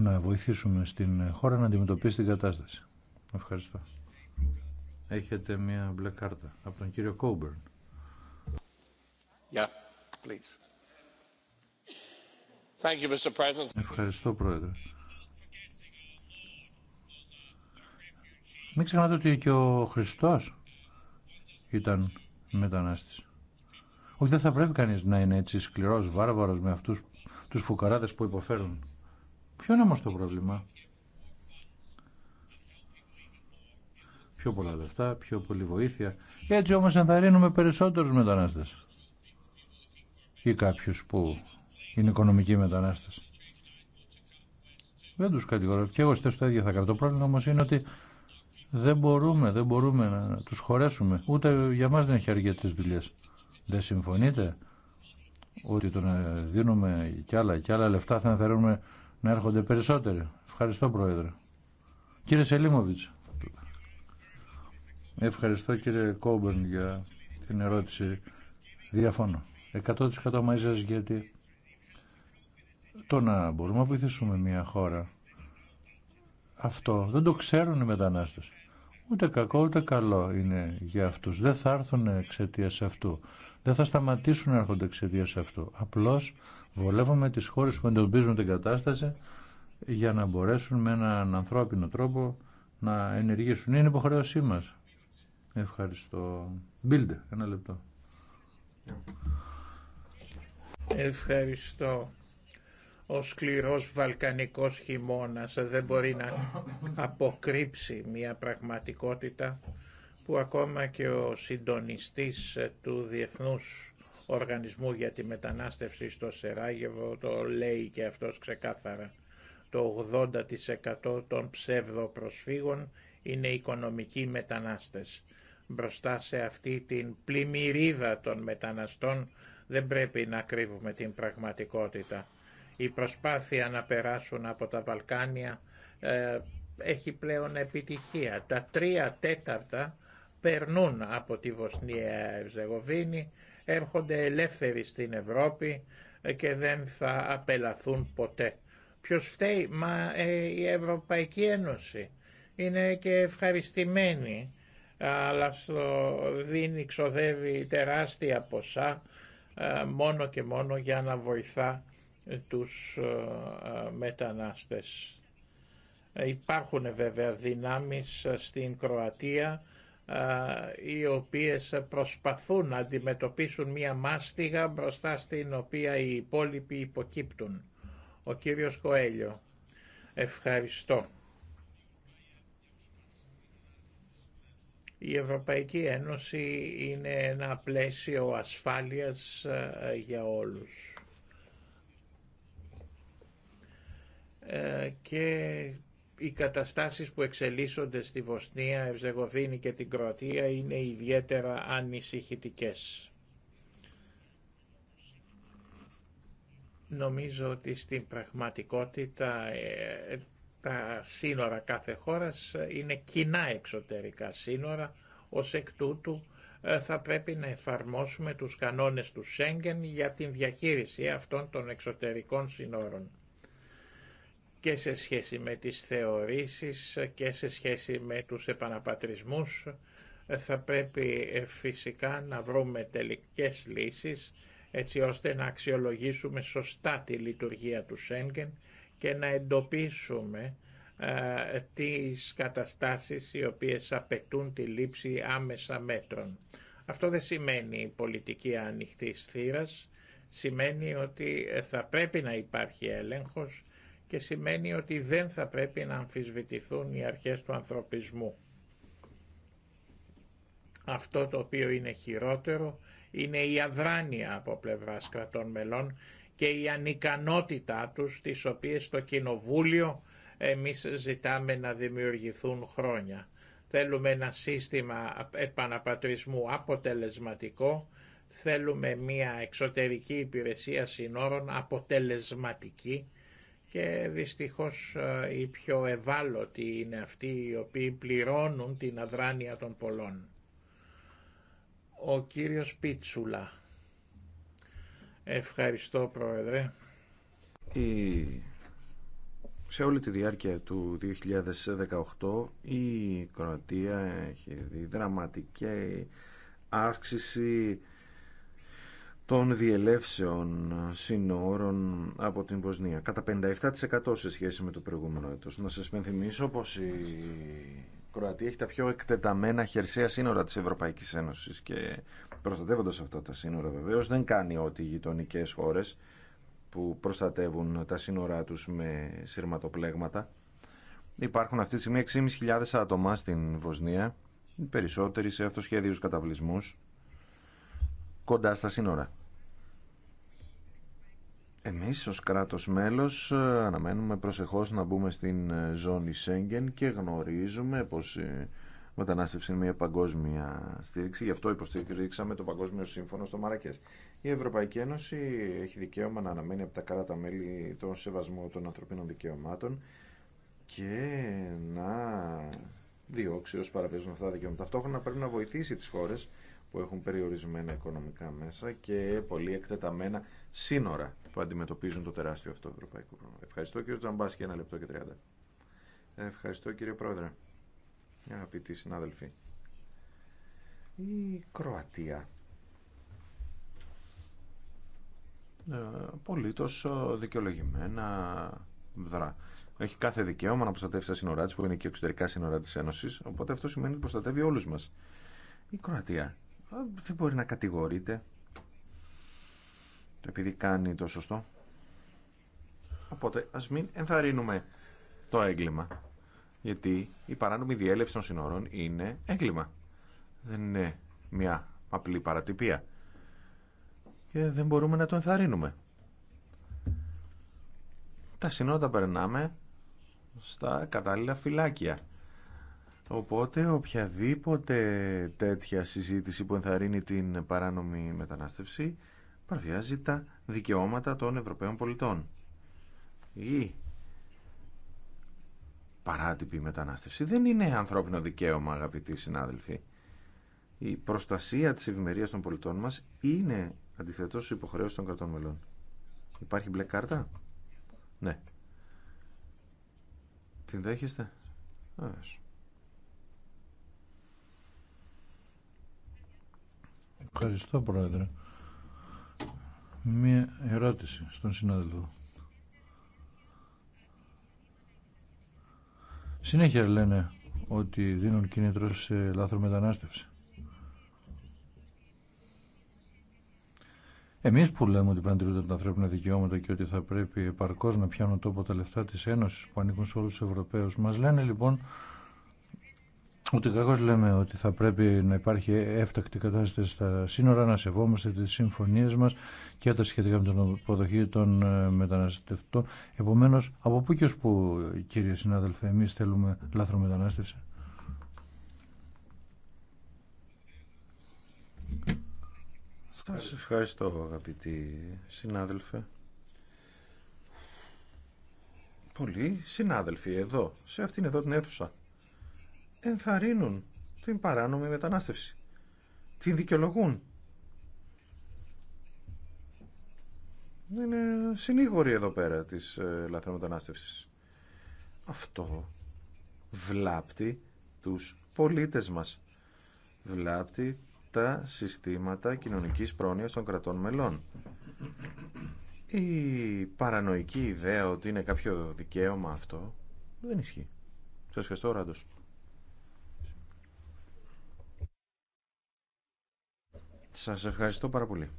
να βοηθήσουμε στην χώρα να αντιμετωπίσει την κατάσταση. Ευχαριστώ. Έχετε μια μπλε κάρτα από τον κύριο Κόμπερν. Ευχαριστώ, Πρόεδρε. Μην ξεχνάτε ότι και ο Χριστός ήταν μετανάστης. Όχι, δεν θα πρέπει κανείς να είναι έτσι σκληρός, βάρβαρος με αυτούς τους φουκαράδες που υποφέρουν. Ποιο είναι όμως το πρόβλημα. Πιο πολλά λεφτά, πιο πολλή βοήθεια. Έτσι όμως ενθαρρύνουμε περισσότερους μετανάστες. Ή κάποιους που είναι οικονομικοί μετανάστες. Δεν τους κατηγορώ. Και εγώ στις τα θα κάνω. Το πρόβλημα όμως είναι ότι δεν μπορούμε, δεν μπορούμε να τους χωρέσουμε. Ούτε για μας δεν έχει τις δουλειές. Δεν συμφωνείτε ότι το να δίνουμε κι άλλα κι άλλα λεφτά θα ενθαρρύνουμε να έρχονται περισσότεροι. Ευχαριστώ Πρόεδρε. Κύριε Σελίμωβιτς, ευχαριστώ κύριε Κόμπερν για την ερώτηση. Διαφώνω. 100% μαζί σας γιατί το να μπορούμε να βοηθήσουμε μια χώρα αυτό δεν το ξέρουν οι μετανάστες. Ούτε κακό ούτε καλό είναι για αυτούς. Δεν θα έρθουν εξαιτία αυτού δεν θα σταματήσουν να έρχονται εξαιτία αυτού. Απλώ βολεύουμε τι χώρε που εντοπίζουν την κατάσταση για να μπορέσουν με έναν ανθρώπινο τρόπο να ενεργήσουν. Είναι υποχρέωσή μα. Ευχαριστώ. Μπίλτε, ένα λεπτό. Ευχαριστώ. Ο σκληρός βαλκανικός χειμώνας δεν μπορεί να αποκρύψει μια πραγματικότητα που ακόμα και ο συντονιστής του Διεθνούς Οργανισμού για τη Μετανάστευση στο Σεράγεβο το λέει και αυτός ξεκάθαρα. Το 80% των προσφύγων είναι οικονομικοί μετανάστες. Μπροστά σε αυτή την πλημμυρίδα των μεταναστών δεν πρέπει να κρύβουμε την πραγματικότητα. Η προσπάθεια να περάσουν από τα Βαλκάνια ε, έχει πλέον επιτυχία. Τα τρία τέταρτα περνούν από τη Βοσνία Ευζεγοβίνη, έρχονται ελεύθεροι στην Ευρώπη ε, και δεν θα απελαθούν ποτέ. Ποιος φταίει, μα ε, η Ευρωπαϊκή Ένωση είναι και ευχαριστημένη, αλλά στο δίνει, ξοδεύει τεράστια ποσά ε, μόνο και μόνο για να βοηθά τους ε, ε μετανάστες. Υπάρχουν βέβαια δυνάμεις στην Κροατία οι οποίες προσπαθούν να αντιμετωπίσουν μία μάστιγα μπροστά στην οποία οι υπόλοιποι υποκύπτουν. Ο κύριος Κοέλιο. Ευχαριστώ. Η Ευρωπαϊκή Ένωση είναι ένα πλαίσιο ασφάλειας για όλους. Ε, και οι καταστάσεις που εξελίσσονται στη Βοσνία, Ευζεγοβίνη και την Κροατία είναι ιδιαίτερα ανησυχητικές. Νομίζω ότι στην πραγματικότητα ε, τα σύνορα κάθε χώρας είναι κοινά εξωτερικά σύνορα, ως εκ τούτου ε, θα πρέπει να εφαρμόσουμε τους κανόνες του Σέγγεν για την διαχείριση αυτών των εξωτερικών σύνορων και σε σχέση με τις θεωρήσεις και σε σχέση με τους επαναπατρισμούς θα πρέπει ε, φυσικά να βρούμε τελικές λύσεις έτσι ώστε να αξιολογήσουμε σωστά τη λειτουργία του Σέγγεν και να εντοπίσουμε ε, τις καταστάσεις οι οποίες απαιτούν τη λήψη άμεσα μέτρων. Αυτό δεν σημαίνει πολιτική ανοιχτής θύρας, σημαίνει ότι ε, θα πρέπει να υπάρχει έλεγχος και σημαίνει ότι δεν θα πρέπει να αμφισβητηθούν οι αρχές του ανθρωπισμού. Αυτό το οποίο είναι χειρότερο είναι η αδράνεια από πλευράς κρατών μελών και η ανικανότητά τους, τις οποίες στο Κοινοβούλιο εμείς ζητάμε να δημιουργηθούν χρόνια. Θέλουμε ένα σύστημα επαναπατρισμού αποτελεσματικό, θέλουμε μια εξωτερική υπηρεσία συνόρων αποτελεσματική, και δυστυχώς ε, οι πιο ευάλωτοι είναι αυτοί οι οποίοι πληρώνουν την αδράνεια των πολλών. Ο κύριος Πίτσουλα. Ευχαριστώ Πρόεδρε. Η... Σε όλη τη διάρκεια του 2018 η Κροατία έχει δει δραματική αύξηση των διελεύσεων συνόρων από την Βοσνία. Κατά 57% σε σχέση με το προηγούμενο έτος. Να σας πενθυμίσω πως η Κροατία έχει τα πιο εκτεταμένα χερσαία σύνορα της Ευρωπαϊκής Ένωσης και προστατεύοντας αυτά τα σύνορα βεβαίως δεν κάνει ό,τι οι γειτονικέ χώρες που προστατεύουν τα σύνορά τους με σειρματοπλέγματα. Υπάρχουν αυτή τη στιγμή 6.500 άτομα στην Βοσνία, περισσότεροι σε αυτοσχέδιους καταβλισμούς κοντά στα σύνορα. Εμείς ως κράτος μέλος ε, αναμένουμε προσεχώς να μπούμε στην ε, ζώνη Σέγγεν και γνωρίζουμε πως η μετανάστευση είναι μια παγκόσμια στήριξη. Γι' αυτό υποστήριξαμε το Παγκόσμιο Σύμφωνο στο Μαρακές. Η Ευρωπαϊκή Ένωση έχει δικαίωμα να αναμένει από τα κράτα μέλη τον σεβασμό των ανθρωπίνων δικαιωμάτων και να διώξει ως παραπέζουν αυτά τα δικαιώματα. Ταυτόχρονα πρέπει να βοηθήσει τις χώρες που έχουν περιορισμένα οικονομικά μέσα και πολύ εκτεταμένα σύνορα που αντιμετωπίζουν το τεράστιο αυτό ευρωπαϊκό πρόβλημα. Ευχαριστώ κύριο και ένα λεπτό και 30. Ευχαριστώ κύριε Πρόεδρε, αγαπητοί συνάδελφοι. Η Κροατία. Ε, πολύτως ε, δικαιολογημένα δρά. Έχει κάθε δικαίωμα να προστατεύσει τα σύνορά τη, που είναι και εξωτερικά σύνορα τη Ένωση. Οπότε αυτό σημαίνει ότι προστατεύει όλου μα. Η Κροατία ε, δεν μπορεί να κατηγορείται επειδή κάνει το σωστό. Οπότε ας μην ενθαρρύνουμε το έγκλημα. Γιατί η παράνομη διέλευση των συνόρων είναι έγκλημα. Δεν είναι μια απλή παρατυπία. Και δεν μπορούμε να το ενθαρρύνουμε. Τα συνότα περνάμε στα κατάλληλα φυλάκια. Οπότε οποιαδήποτε τέτοια συζήτηση που ενθαρρύνει την παράνομη μετανάστευση παραβιάζει τα δικαιώματα των Ευρωπαίων πολιτών. Η παράτυπη μετανάστευση δεν είναι ανθρώπινο δικαίωμα, αγαπητοί συνάδελφοι. Η προστασία της ευημερίας των πολιτών μας είναι αντιθετός υποχρέωση των κρατών μελών. Υπάρχει μπλε κάρτα? Ναι. Την δέχεστε? Ας. Ευχαριστώ, Πρόεδρε. Μία ερώτηση στον συνάδελφο. Συνέχεια λένε ότι δίνουν κίνητρο σε λάθρο μετανάστευση. Εμείς που λέμε ότι παντρεύονται τα ανθρώπινα δικαιώματα και ότι θα πρέπει επαρκώς να πιάνουν τόπο τα λεφτά της Ένωσης που ανήκουν σε όλους τους Ευρωπαίους. Μας λένε λοιπόν Ούτε κακώ λέμε ότι θα πρέπει να υπάρχει έφτακτη κατάσταση στα σύνορα, να σεβόμαστε τις συμφωνίες μας και τα σχετικά με την αποδοχή των ε, μεταναστευτών. Επομένως, από πού και ω πού, κύριε συνάδελφε, εμεί θέλουμε λάθρο μετανάστευση. Σας ευχαριστώ αγαπητοί συνάδελφε. Πολλοί συνάδελφοι εδώ, σε αυτήν εδώ την αίθουσα ενθαρρύνουν την παράνομη μετανάστευση. Την δικαιολογούν. Είναι συνήγοροι εδώ πέρα της ε, λαθρομετανάστευσης. Αυτό βλάπτει τους πολίτες μας. Βλάπτει τα συστήματα κοινωνικής πρόνοιας των κρατών μελών. Η παρανοϊκή ιδέα ότι είναι κάποιο δικαίωμα αυτό δεν ισχύει. Σας ευχαριστώ, Ράντος. Σας ευχαριστώ πάρα πολύ.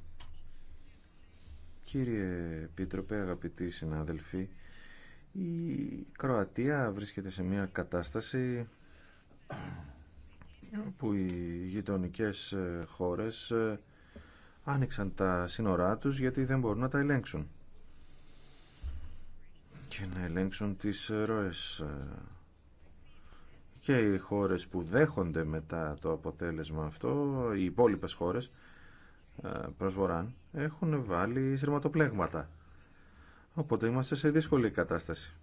Κύριε Επίτροπε, αγαπητοί συνάδελφοι, η Κροατία βρίσκεται σε μια κατάσταση που οι γειτονικές χώρες άνοιξαν τα σύνορά τους γιατί δεν μπορούν να τα ελέγξουν και να ελέγξουν τις ροές και οι χώρες που δέχονται μετά το αποτέλεσμα αυτό, οι υπόλοιπες χώρες ε, προσβοράν, έχουν βάλει σειρματοπλέγματα. Οπότε είμαστε σε δύσκολη κατάσταση.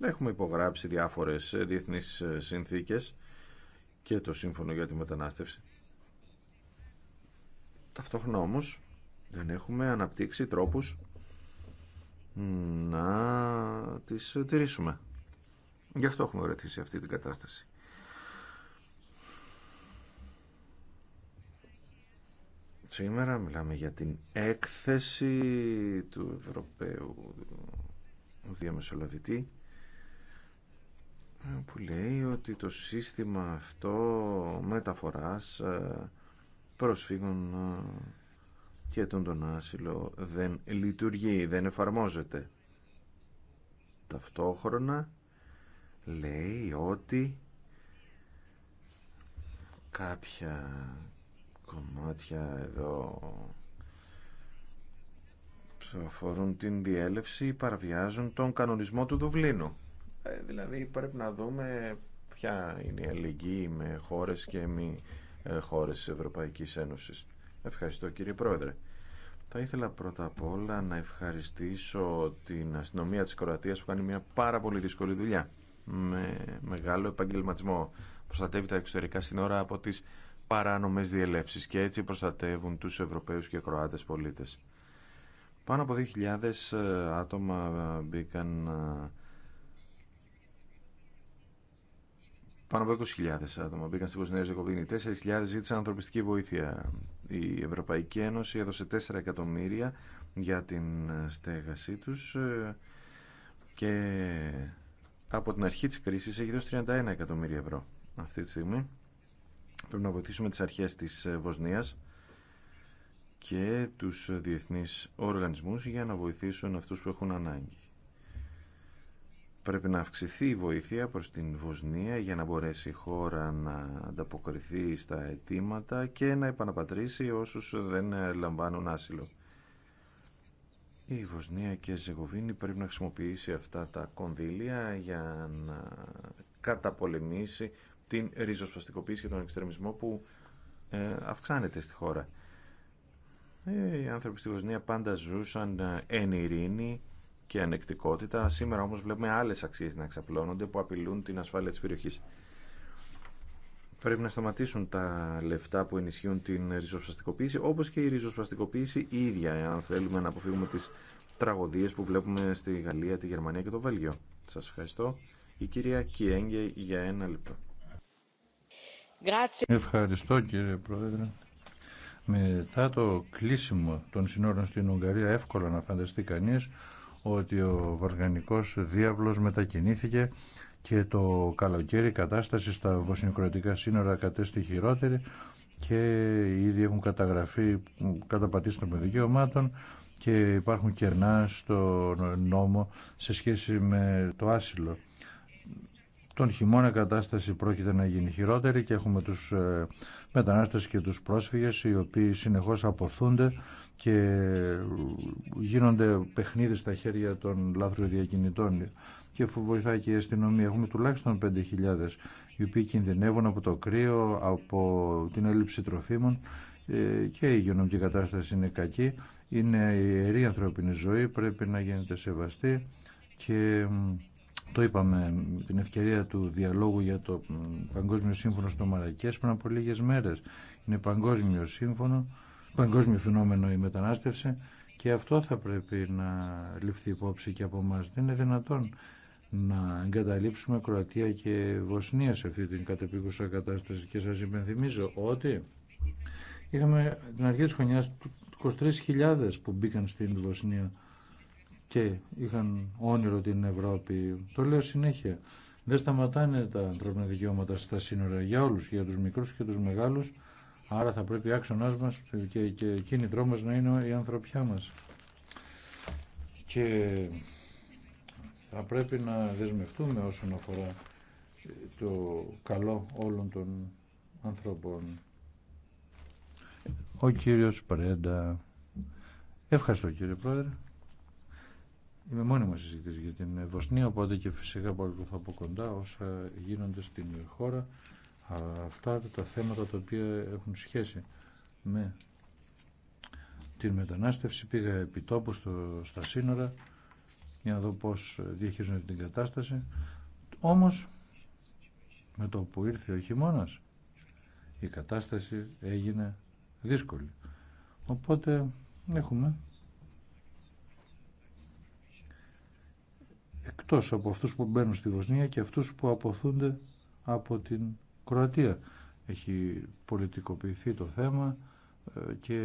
Έχουμε υπογράψει διάφορες ε, διεθνείς ε, συνθήκες και το Σύμφωνο για τη Μετανάστευση. Ταυτόχρονα όμως δεν έχουμε αναπτύξει τρόπους να τις τηρήσουμε. Γι' αυτό έχουμε βρεθεί σε αυτή την κατάσταση. Σήμερα μιλάμε για την έκθεση του Ευρωπαίου Διαμεσολαβητή που λέει ότι το σύστημα αυτό μεταφοράς ε, προσφύγων ε, και τον τον άσυλο δεν λειτουργεί, δεν εφαρμόζεται. Ταυτόχρονα λέει ότι κάποια κομμάτια εδώ αφορούν την διέλευση παραβιάζουν τον κανονισμό του Δουβλίνου. Ε, δηλαδή πρέπει να δούμε ποια είναι η αλληλεγγύη με χώρες και μη ε, χώρες της Ευρωπαϊκής Ένωσης. Ευχαριστώ κύριε Πρόεδρε. Θα ήθελα πρώτα απ' όλα να ευχαριστήσω την αστυνομία της Κροατίας που κάνει μια πάρα πολύ δύσκολη δουλειά με μεγάλο επαγγελματισμό. Προστατεύει τα εξωτερικά σύνορα από τις παράνομες διελεύσεις και έτσι προστατεύουν τους Ευρωπαίους και Κροάτες πολίτες. Πάνω από 2.000 ε, άτομα ε, μπήκαν ε, Πάνω από 20.000 άτομα μπήκαν στην Βοσνία Ζεκοβίνη. 4.000 ζήτησαν ανθρωπιστική βοήθεια. Η Ευρωπαϊκή Ένωση έδωσε 4 εκατομμύρια για την στέγασή τους και από την αρχή της κρίσης έχει δώσει 31 εκατομμύρια ευρώ αυτή τη στιγμή. Πρέπει να βοηθήσουμε τις αρχές της ε, Βοσνίας και τους διεθνείς οργανισμούς για να βοηθήσουν αυτούς που έχουν ανάγκη. Πρέπει να αυξηθεί η βοήθεια προς την Βοσνία για να μπορέσει η χώρα να ανταποκριθεί στα αιτήματα και να επαναπατρίσει όσους δεν ε, λαμβάνουν άσυλο. Η Βοσνία και η Ζεγοβίνη πρέπει να χρησιμοποιήσει αυτά τα κονδύλια για να καταπολεμήσει την ριζοσπαστικοποίηση και τον εξτρεμισμό που ε, αυξάνεται στη χώρα. Ε, οι άνθρωποι στη Βοσνία πάντα ζούσαν ε, εν ειρήνη και ανεκτικότητα. Σήμερα όμως βλέπουμε άλλες αξίες να εξαπλώνονται που απειλούν την ασφάλεια της περιοχής. Πρέπει να σταματήσουν τα λεφτά που ενισχύουν την ριζοσπαστικοποίηση, όπω και η ριζοσπαστικοποίηση η ίδια, αν θέλουμε να αποφύγουμε τι τραγωδίες που βλέπουμε στη Γαλλία, τη Γερμανία και το Βέλγιο. Σα ευχαριστώ. Η κυρία Κιέγγε για ένα λεπτό. Ευχαριστώ κύριε Πρόεδρε. Μετά το κλείσιμο των συνόρων στην Ουγγαρία εύκολα να φανταστεί κανείς ότι ο βαργανικός διάβλος μετακινήθηκε και το καλοκαίρι η κατάσταση στα βοσνιοκροατικά σύνορα κατέστη χειρότερη και ήδη έχουν καταγραφεί καταπατήσεις των δικαιωμάτων και υπάρχουν κερνά στο νόμο σε σχέση με το άσυλο. Τον χειμώνα κατάσταση πρόκειται να γίνει χειρότερη και έχουμε τους ε, μετανάστες και τους πρόσφυγες οι οποίοι συνεχώς αποθούνται και ε, γίνονται παιχνίδι στα χέρια των διακινητών και βοηθάει και η αστυνομία. Έχουμε τουλάχιστον 5.000 οι οποίοι κινδυνεύουν από το κρύο, από την έλλειψη τροφίμων ε, και η υγειονομική κατάσταση είναι κακή. Είναι ιερή ανθρώπινη ζωή, πρέπει να γίνεται σεβαστή και το είπαμε την ευκαιρία του διαλόγου για το Παγκόσμιο Σύμφωνο στο Μαρακές πριν από λίγες μέρες. Είναι παγκόσμιο σύμφωνο, παγκόσμιο φαινόμενο η μετανάστευση και αυτό θα πρέπει να ληφθεί υπόψη και από εμά. Δεν είναι δυνατόν να εγκαταλείψουμε Κροατία και Βοσνία σε αυτή την κατεπίκουσα κατάσταση και σας υπενθυμίζω ότι είχαμε την αρχή της χρονιάς 23.000 που μπήκαν στην Βοσνία και είχαν όνειρο την Ευρώπη. Το λέω συνέχεια. Δεν σταματάνε τα ανθρώπινα δικαιώματα στα σύνορα για όλους, για τους μικρούς και τους μεγάλους. Άρα θα πρέπει άξονά μας και, και κίνητρό μας να είναι η ανθρωπιά μας. Και θα πρέπει να δεσμευτούμε όσον αφορά το καλό όλων των ανθρώπων. Ο κύριος Πρέντα. Ευχαριστώ κύριε Πρόεδρε. Είμαι μόνιμο συζητητή για την Βοσνία, οπότε και φυσικά παρακολουθώ από κοντά όσα γίνονται στην χώρα. Αυτά τα θέματα τα οποία έχουν σχέση με την μετανάστευση πήγα επί τόπου στα σύνορα για να δω πώς διαχειρίζονται την κατάσταση. Όμως, με το που ήρθε ο χειμώνα, η κατάσταση έγινε δύσκολη. Οπότε έχουμε εκτός από αυτούς που μπαίνουν στη Βοσνία και αυτούς που αποθούνται από την Κροατία. Έχει πολιτικοποιηθεί το θέμα ε, και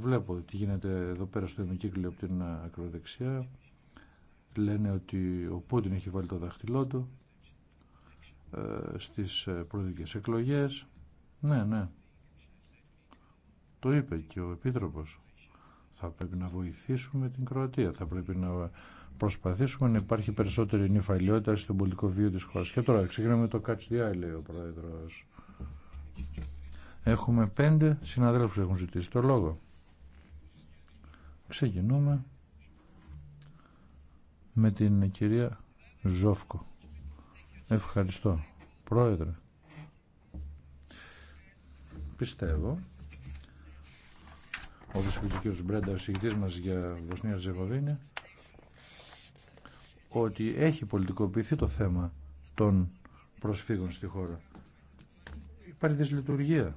βλέπω τι γίνεται εδώ πέρα στο ημικύκλιο από την ακροδεξιά λένε ότι ο Πούτιν έχει βάλει το δάχτυλό του ε, στις ε, προεδρικές εκλογές. Ναι, ναι. Το είπε και ο Επίτροπος. Θα πρέπει να βοηθήσουμε την Κροατία. Θα πρέπει να προσπαθήσουμε να υπάρχει περισσότερη νυφαλιότητα στον πολιτικό βίο της χώρας. Και τώρα ξεκινάμε το Catch the Eye, λέει ο Πρόεδρος. Έχουμε πέντε συναδέλφους που έχουν ζητήσει το λόγο. Ξεκινούμε με την κυρία Ζόφκο. Ευχαριστώ. Πρόεδρε. Πιστεύω Ότι είπε ο κ. Μπρέντα, ο συγητής μα για Βοσνία Ζεγοβίνη, ότι έχει πολιτικοποιηθεί το θέμα των προσφύγων στη χώρα. Υπάρχει δυσλειτουργία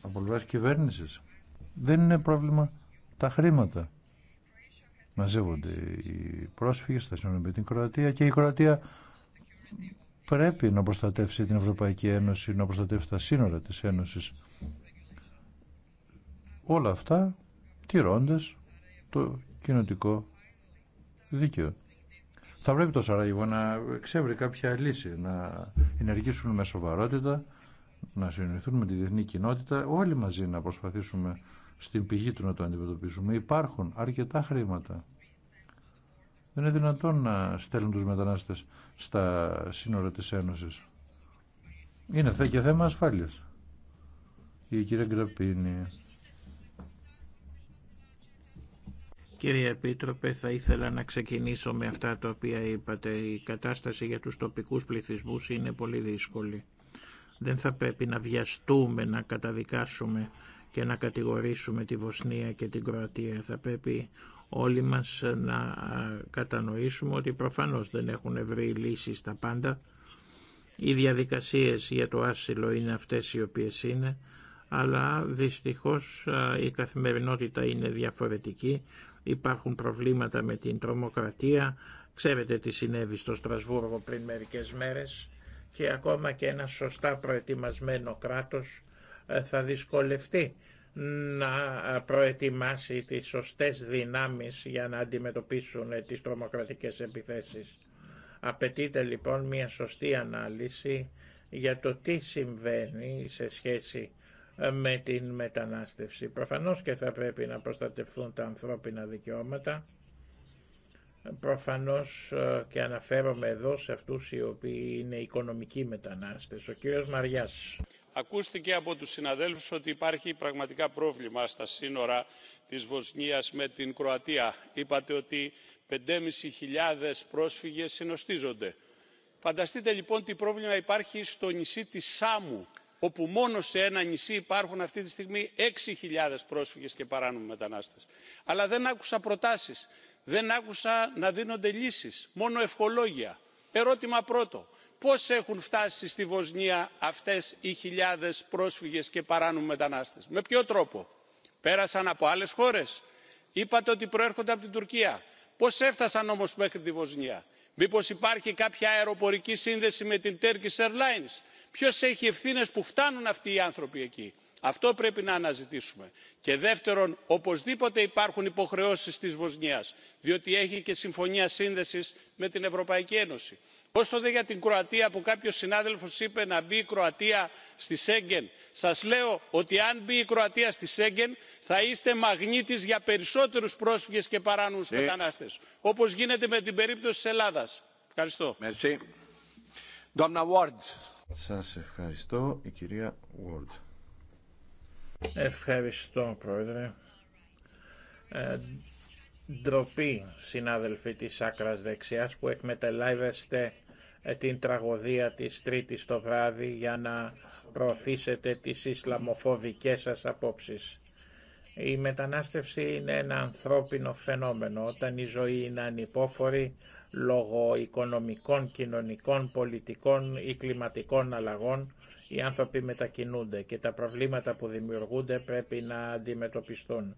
από πλευρά κυβέρνηση. Δεν είναι πρόβλημα τα χρήματα μαζεύονται οι πρόσφυγες, θα συνομιλούν με την Κροατία και η Κροατία πρέπει να προστατεύσει την Ευρωπαϊκή Ένωση, να προστατεύσει τα σύνορα της Ένωσης. Όλα αυτά τηρώντας το κοινοτικό δίκαιο. Θα πρέπει το Σαραϊβό να ξέβρει κάποια λύση, να ενεργήσουν με σοβαρότητα, να συνοηθούν με τη διεθνή κοινότητα, όλοι μαζί να προσπαθήσουμε στην πηγή του να το αντιμετωπίσουμε. Υπάρχουν αρκετά χρήματα. Δεν είναι δυνατόν να στέλνουν τους μετανάστες στα σύνορα της Ένωσης. Είναι και θέμα ασφάλειας. Η κυρία Γκραπίνη. Κύριε Επίτροπε, θα ήθελα να ξεκινήσω με αυτά τα οποία είπατε. Η κατάσταση για τους τοπικούς πληθυσμούς είναι πολύ δύσκολη. Δεν θα πρέπει να βιαστούμε, να καταδικάσουμε και να κατηγορήσουμε τη Βοσνία και την Κροατία. Θα πρέπει όλοι μας να κατανοήσουμε ότι προφανώς δεν έχουν βρει λύσεις τα πάντα. Οι διαδικασίες για το άσυλο είναι αυτές οι οποίες είναι, αλλά δυστυχώς η καθημερινότητα είναι διαφορετική. Υπάρχουν προβλήματα με την τρομοκρατία. Ξέρετε τι συνέβη στο Στρασβούργο πριν μερικές μέρες και ακόμα και ένα σωστά προετοιμασμένο κράτος ε, θα δυσκολευτεί να προετοιμάσει τις σωστές δυνάμεις για να αντιμετωπίσουν τις τρομοκρατικές επιθέσεις. Απαιτείται λοιπόν μια σωστή ανάλυση για το τι συμβαίνει σε σχέση ε, με την μετανάστευση. Προφανώς και θα πρέπει να προστατευτούν τα ανθρώπινα δικαιώματα. Προφανώς ε, και αναφέρομαι εδώ σε αυτούς οι οποίοι είναι οικονομικοί μετανάστες. Ο κύριος Μαριάς ακούστηκε από τους συναδέλφους ότι υπάρχει πραγματικά πρόβλημα στα σύνορα της βοσνίας με την κροατία. είπατε ότι 5.500 πρόσφυγες συνοστίζονται. φανταστείτε λοιπόν τι πρόβλημα υπάρχει στο νησί της σάμου όπου μόνο σε ένα νησί υπάρχουν αυτή τη στιγμή 6.000 πρόσφυγες και παράνομοι μετανάστες. αλλά δεν άκουσα προτάσεις δεν άκουσα να δίνονται λύσεις μόνο ευχολόγια. ερώτημα πρώτο πώς έχουν φτάσει στη βοσνία αυτές οι χιλιάδες πρόσφυγες και παράνομοι μετανάστες με ποιο τρόπο πέρασαν από άλλες χώρες είπατε ότι προέρχονται από την τουρκία πώς έφτασαν όμως μέχρι τη βοσνία μήπως υπάρχει κάποια αεροπορική σύνδεση με την turkish airlines ποιος έχει ευθύνες που φτάνουν αυτοί οι άνθρωποι εκεί αυτό πρέπει να αναζητήσουμε. και δεύτερον οπωσδήποτε υπάρχουν υποχρεώσεις της βοσνίας διότι έχει και συμφωνία σύνδεσης με την ευρωπαϊκή ένωση όσο δε για την κροατία που κάποιος συνάδελφος είπε να μπει η κροατία στη σέγγεν σας λέω ότι αν μπει η κροατία στη σέγγεν θα είστε μαγνήτης για περισσότερους πρόσφυγες και παράνομους ε. μετανάστες όπως γίνεται με την περίπτωση της ελλάδας. ευχαριστώ. Σας ευχαριστώ η κυρία Ward. Ευχαριστώ πρόεδρε. Ε, ντροπή, συνάδελφοι της άκρας δεξιάς, που εκμεταλλεύεστε ε, την τραγωδία της Τρίτης το βράδυ για να προωθήσετε τις ισλαμοφοβικές σας απόψεις. Η μετανάστευση είναι ένα ανθρώπινο φαινόμενο. Όταν η ζωή είναι ανυπόφορη λόγω οικονομικών, κοινωνικών, πολιτικών ή κλιματικών αλλαγών, οι άνθρωποι μετακινούνται και τα προβλήματα που δημιουργούνται πρέπει να αντιμετωπιστούν.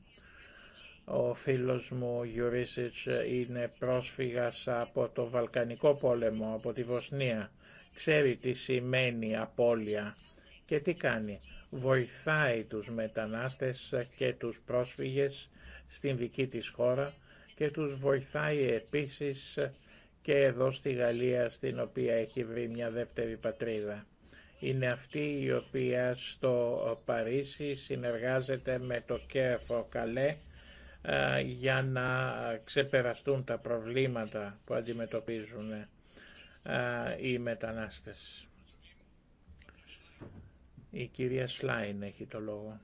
Ο φίλος μου Γιουρίσιτς είναι πρόσφυγας από το Βαλκανικό πόλεμο, από τη Βοσνία. Ξέρει τι σημαίνει απώλεια και τι κάνει. Βοηθάει τους μετανάστες και τους πρόσφυγες στην δική της χώρα και τους βοηθάει επίσης και εδώ στη Γαλλία στην οποία έχει βρει μια δεύτερη πατρίδα. Είναι αυτή η οποία στο Παρίσι συνεργάζεται με το κέφο Καλέ ε, για να ξεπεραστούν τα προβλήματα που αντιμετωπίζουν ε, οι μετανάστες. Η κυρία Σλάιν έχει το λόγο.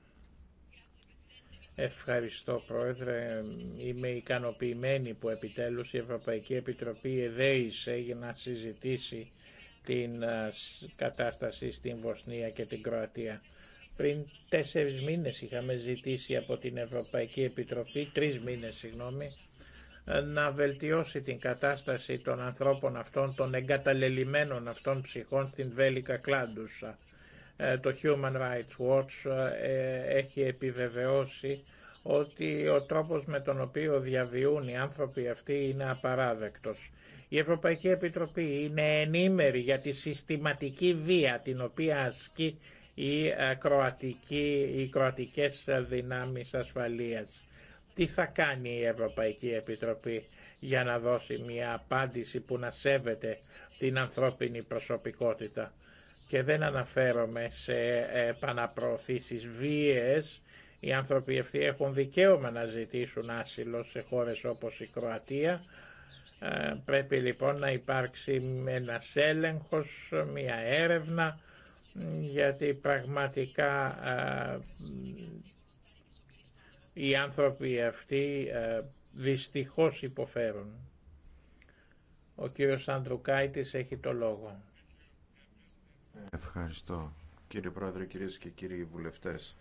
Ευχαριστώ Πρόεδρε. Είμαι ικανοποιημένη που επιτέλους η Ευρωπαϊκή Επιτροπή εδέησε για να συζητήσει την ε, κατάσταση στην Βοσνία και την Κροατία. Πριν τέσσερις μήνες είχαμε ζητήσει από την Ευρωπαϊκή Επιτροπή, τρεις μήνες συγγνώμη, να βελτιώσει την κατάσταση των ανθρώπων αυτών, των εγκαταλελειμμένων αυτών ψυχών στην Βέλικα Κλάντουσα. Ε, το Human Rights Watch ε, έχει επιβεβαιώσει ότι ο τρόπος με τον οποίο διαβιούν οι άνθρωποι αυτοί είναι απαράδεκτος. Η Ευρωπαϊκή Επιτροπή είναι ενήμερη για τη συστηματική βία την οποία ασκεί η, ε, κροατική, οι κροατικές δυνάμεις ασφαλείας. Τι θα κάνει η Ευρωπαϊκή Επιτροπή για να δώσει μια απάντηση που να σέβεται την ανθρώπινη προσωπικότητα. Και δεν αναφέρομαι σε ε, επαναπροωθήσεις βίαιες. Οι άνθρωποι αυτοί έχουν δικαίωμα να ζητήσουν άσυλο σε χώρες όπως η Κροατία. Ε, πρέπει λοιπόν να υπάρξει ένας έλεγχος, μια έρευνα γιατί πραγματικά οι άνθρωποι αυτοί δυστυχώς υποφέρουν. Ο κύριος Ανδρουκάητης έχει το λόγο. Ευχαριστώ κύριε Πρόεδρε, κυρίες και κύριοι βουλευτές.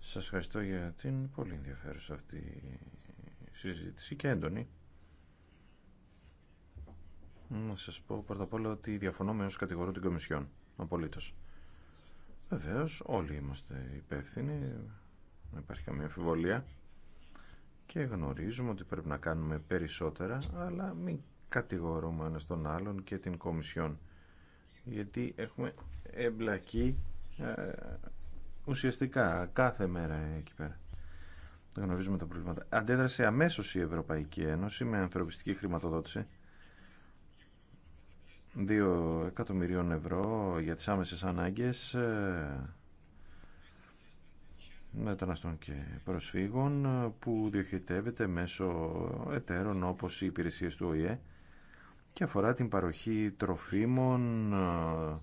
Σας ευχαριστώ για την πολύ ενδιαφέρουσα αυτή συζήτηση και έντονη. Να σας πω πρώτα απ' όλα ότι διαφωνώ με όσους κατηγορούν την Κομισιόν. Απολύτως. Βεβαίως όλοι είμαστε υπεύθυνοι, δεν υπάρχει καμία αμφιβολία και γνωρίζουμε ότι πρέπει να κάνουμε περισσότερα, αλλά μην κατηγορούμε ένα τον άλλον και την Κομισιόν γιατί έχουμε εμπλακεί ε, ουσιαστικά κάθε μέρα εκεί πέρα. τα προβλήματα. Αντέδρασε αμέσως η Ευρωπαϊκή Ένωση με ανθρωπιστική χρηματοδότηση 2 εκατομμυρίων ευρώ για τις άμεσες ανάγκες ε, μεταναστών και προσφύγων ε, που διοχετεύεται μέσω εταίρων όπως οι υπηρεσίες του ΟΗΕ και αφορά την παροχή τροφίμων, ε,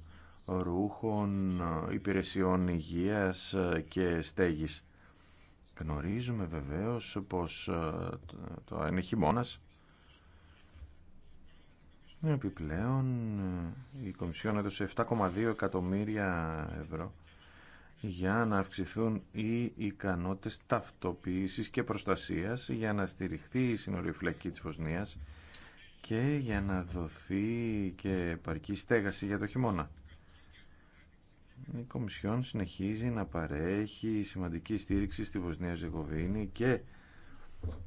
ρούχων, υπηρεσιών υγείας και στέγης. Γνωρίζουμε βεβαίως πως το είναι χειμώνας Επιπλέον, ε, η Κομισιόν έδωσε 7,2 εκατομμύρια ευρώ για να αυξηθούν οι ικανότητες ταυτοποίησης και προστασίας για να στηριχθεί η συνοριοφυλακή της Βοσνίας και για να δοθεί και επαρκή στέγαση για το χειμώνα. Η Κομισιόν συνεχίζει να παρέχει σημαντική στήριξη στη Βοσνία Ζεγοβίνη και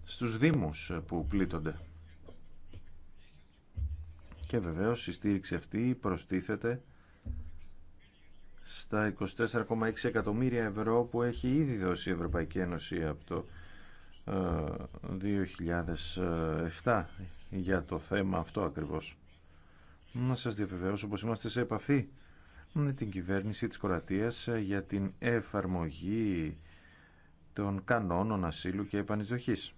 στους Δήμους που πλήττονται. Και βεβαίως η στήριξη αυτή προστίθεται στα 24,6 εκατομμύρια ευρώ που έχει ήδη δώσει η Ευρωπαϊκή Ένωση από το 2007 ε, για το θέμα αυτό ακριβώς. Να σας διαβεβαιώσω πως είμαστε σε επαφή με την κυβέρνηση της Κορατίας για την εφαρμογή των κανόνων ασύλου και επανεισδοχής.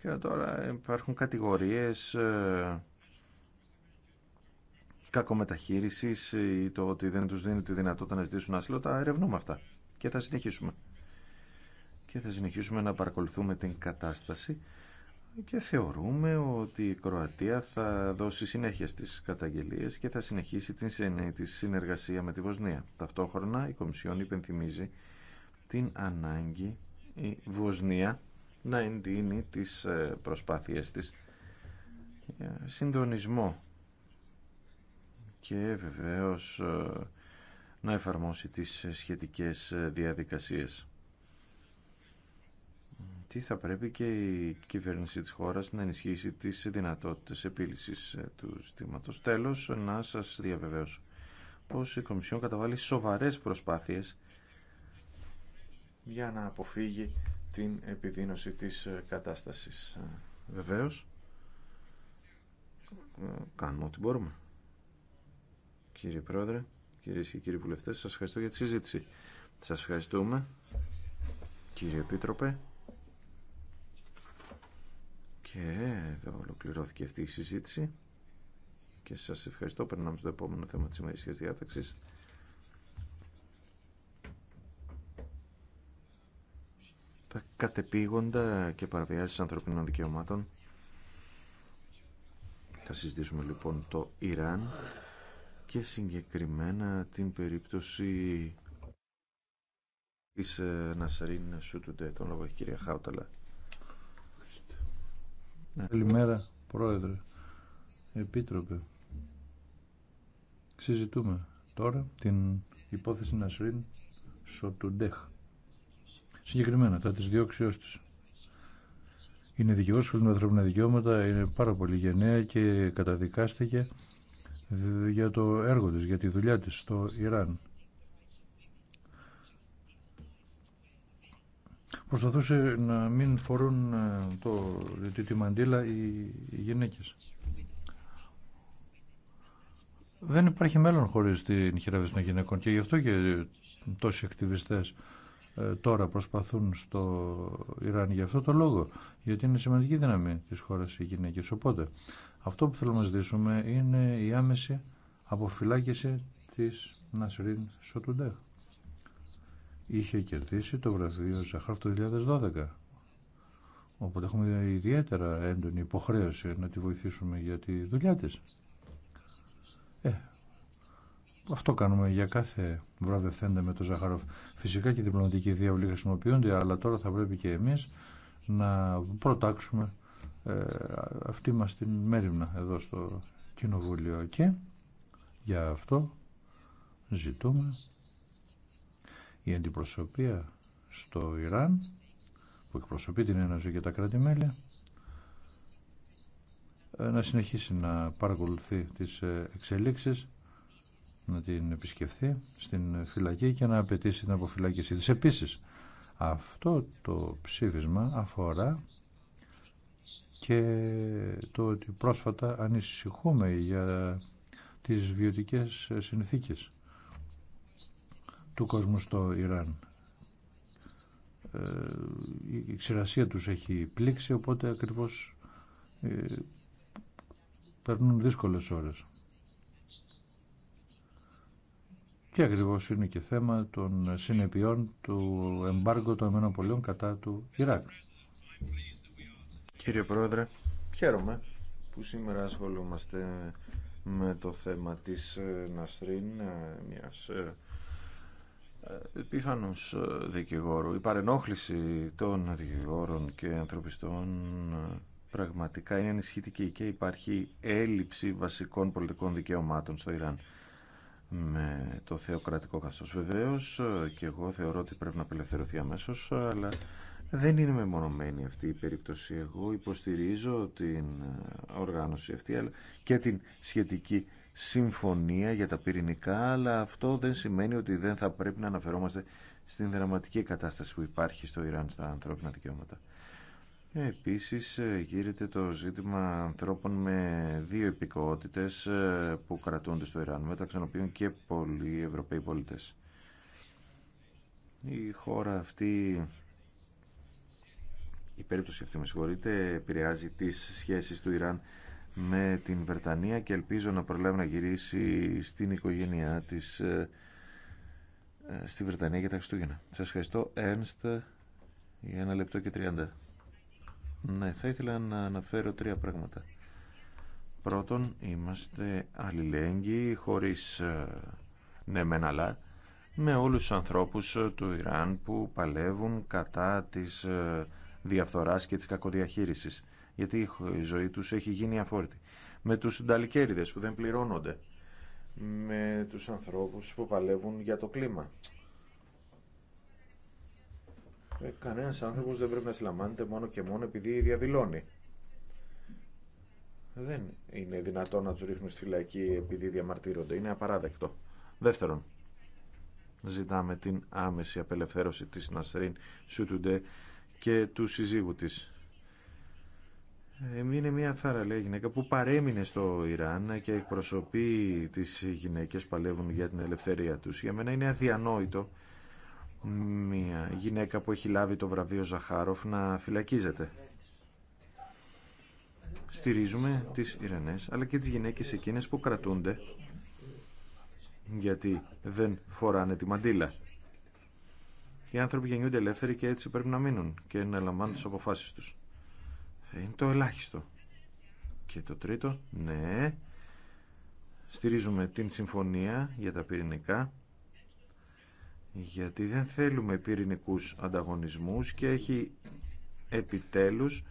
Και τώρα υπάρχουν κατηγορίες ε, κακομεταχείρισης ή το ότι δεν τους δίνει τη δυνατότητα να ζητήσουν άσυλο. Τα ερευνούμε αυτά και θα συνεχίσουμε. Και θα συνεχίσουμε να παρακολουθούμε την κατάσταση και θεωρούμε ότι η Κροατία θα δώσει συνέχεια στις καταγγελίες και θα συνεχίσει τη συνεργασία με τη Βοσνία. Ταυτόχρονα η Κομισιόν υπενθυμίζει την ανάγκη η Βοσνία να εντείνει τις ε, προσπάθειές της ε, συντονισμό και βεβαίως ε, να εφαρμόσει τις σχετικές διαδικασίες. Τι θα πρέπει και η κυβέρνηση της χώρας να ενισχύσει τις δυνατότητες επίλυσης του ζητήματος. Τέλος, να σας διαβεβαίωσω πως η Κομισιόν καταβάλει σοβαρές προσπάθειες για να αποφύγει την επιδείνωση της ε, κατάστασης. Ε, βεβαίως, ε, κάνουμε ό,τι μπορούμε. Κύριε Πρόεδρε, κυρίες και κύριοι βουλευτές, σας ευχαριστώ για τη συζήτηση. Σας ευχαριστούμε, κύριε Επίτροπε. Και εδώ ολοκληρώθηκε αυτή η συζήτηση. Και σας ευχαριστώ. Περνάμε στο επόμενο θέμα της ημερήσιας διάταξης. τα κατεπήγοντα και παραβιάσεις ανθρωπίνων δικαιωμάτων. Θα συζητήσουμε λοιπόν το Ιράν και συγκεκριμένα την περίπτωση της ε, Νασαρίν Σούτουντε. Τον λόγο έχει κυρία Χάουταλα. Ναι. Καλημέρα Πρόεδρε, Επίτροπε. Συζητούμε τώρα την υπόθεση Νασρίν Σούτουντεχ συγκεκριμένα τα της διώξεώς της. Είναι δικαιός με ανθρώπινα δικαιώματα, είναι πάρα πολύ γενναία και καταδικάστηκε για το έργο της, για τη δουλειά της στο Ιράν. Προσπαθούσε να μην φορούν ε, το, τη, τη μαντήλα οι, οι γυναίκες. Δεν υπάρχει μέλλον χωρίς την χειράβηση των γυναίκων και γι' αυτό και τόσοι ακτιβιστές ε, τώρα προσπαθούν στο Ιράν για αυτό το λόγο, γιατί είναι σημαντική δύναμη της χώρας οι γυναίκε. Οπότε, αυτό που θέλουμε να ζητήσουμε είναι η άμεση αποφυλάκηση της Νασρίν Σοτουντέ. Είχε κερδίσει το βραβείο Ζαχάρ το 2012. Οπότε έχουμε ιδιαίτερα έντονη υποχρέωση να τη βοηθήσουμε για τη δουλειά της. Ε, αυτό κάνουμε για κάθε βράδυ με τον Ζαχαρόφ. Φυσικά και οι διπλωματικοί διάβλοι χρησιμοποιούνται, αλλά τώρα θα πρέπει και εμείς να προτάξουμε ε, αυτή μας την μέρημνα εδώ στο Κοινοβούλιο και για αυτό ζητούμε η αντιπροσωπεία στο Ιράν που εκπροσωπεί την Ένωση και τα κράτη-μέλη ε, να συνεχίσει να παρακολουθεί τις ε, εξελίξεις να την επισκεφθεί στην φυλακή και να απαιτήσει την αποφυλάκησή της. Επίσης, αυτό το ψήφισμα αφορά και το ότι πρόσφατα ανησυχούμε για τις βιωτικές συνθήκες του κόσμου στο Ιράν. Ε, η ξηρασία τους έχει πλήξει, οπότε ακριβώς ε, περνούν δύσκολες ώρες. Και ακριβώ είναι και θέμα των συνεπειών του εμπάργου των ΗΠΑ κατά του Ιράκ. Κύριε Πρόεδρε, χαίρομαι που σήμερα ασχολούμαστε με το θέμα της ε, Ναστρίν, ε, μιας ε, πιθανούς δικηγόρου. Η παρενόχληση των δικηγόρων και ανθρωπιστών πραγματικά είναι ενισχυτική και υπάρχει έλλειψη βασικών πολιτικών δικαιωμάτων στο Ιράν με το θεοκρατικό καθώς βεβαίως ε, και εγώ θεωρώ ότι πρέπει να απελευθερωθεί αμέσω, αλλά δεν είναι μεμονωμένη αυτή η περίπτωση. Εγώ υποστηρίζω την ε, οργάνωση αυτή αλλά και την σχετική συμφωνία για τα πυρηνικά, αλλά αυτό δεν σημαίνει ότι δεν θα πρέπει να αναφερόμαστε στην δραματική κατάσταση που υπάρχει στο Ιράν στα ανθρώπινα δικαιώματα. Επίσης ε, γύρεται το ζήτημα ανθρώπων με δύο υπηκότητες ε, που κρατούνται στο Ιράν, μεταξύ των οποίων και πολλοί Ευρωπαίοι πολίτες. Η χώρα αυτή, η περίπτωση αυτή με συγχωρείτε, επηρεάζει τις σχέσεις του Ιράν με την Βρετανία και ελπίζω να προλάβει να γυρίσει στην οικογένειά της ε, στη Βρετανία για τα Χριστούγεννα. Σας ευχαριστώ, Ernst, για ένα λεπτό και 30. Ναι, θα ήθελα να αναφέρω τρία πράγματα. Πρώτον, είμαστε αλληλέγγυοι χωρίς ε, ναι με όλους τους ανθρώπους ε, του Ιράν που παλεύουν κατά της ε, διαφθοράς και της κακοδιαχείρισης. Γιατί η ζωή τους έχει γίνει αφόρητη. Με τους συνταλικέριδες που δεν πληρώνονται. Με τους ανθρώπους που παλεύουν για το κλίμα. Ε, κανένας άνθρωπος δεν πρέπει να συλλαμβάνεται μόνο και μόνο επειδή διαδηλώνει. Δεν είναι δυνατόν να του ρίχνουν στη φυλακή επειδή διαμαρτύρονται. Είναι απαράδεκτο. Δεύτερον, ζητάμε την άμεση απελευθέρωση της Νασρίν Σούτουντε και του συζύγου της. Ε, είναι μια θαραλέα γυναίκα που παρέμεινε στο Ιράν και εκπροσωπεί τις γυναίκες που παλεύουν για την ελευθερία τους. Για μένα είναι αδιανόητο μια γυναίκα που έχει λάβει το βραβείο Ζαχάροφ να φυλακίζεται. Στηρίζουμε τις ιρενές, αλλά και τις γυναίκες εκείνες που κρατούνται γιατί δεν φοράνε τη μαντήλα. Οι άνθρωποι γεννιούνται ελεύθεροι και έτσι πρέπει να μείνουν και να λαμβάνουν τις αποφάσεις τους. Είναι το ελάχιστο. Και το τρίτο, ναι, στηρίζουμε την συμφωνία για τα πυρηνικά γιατί δεν θέλουμε πυρηνικούς ανταγωνισμούς και έχει επιτέλους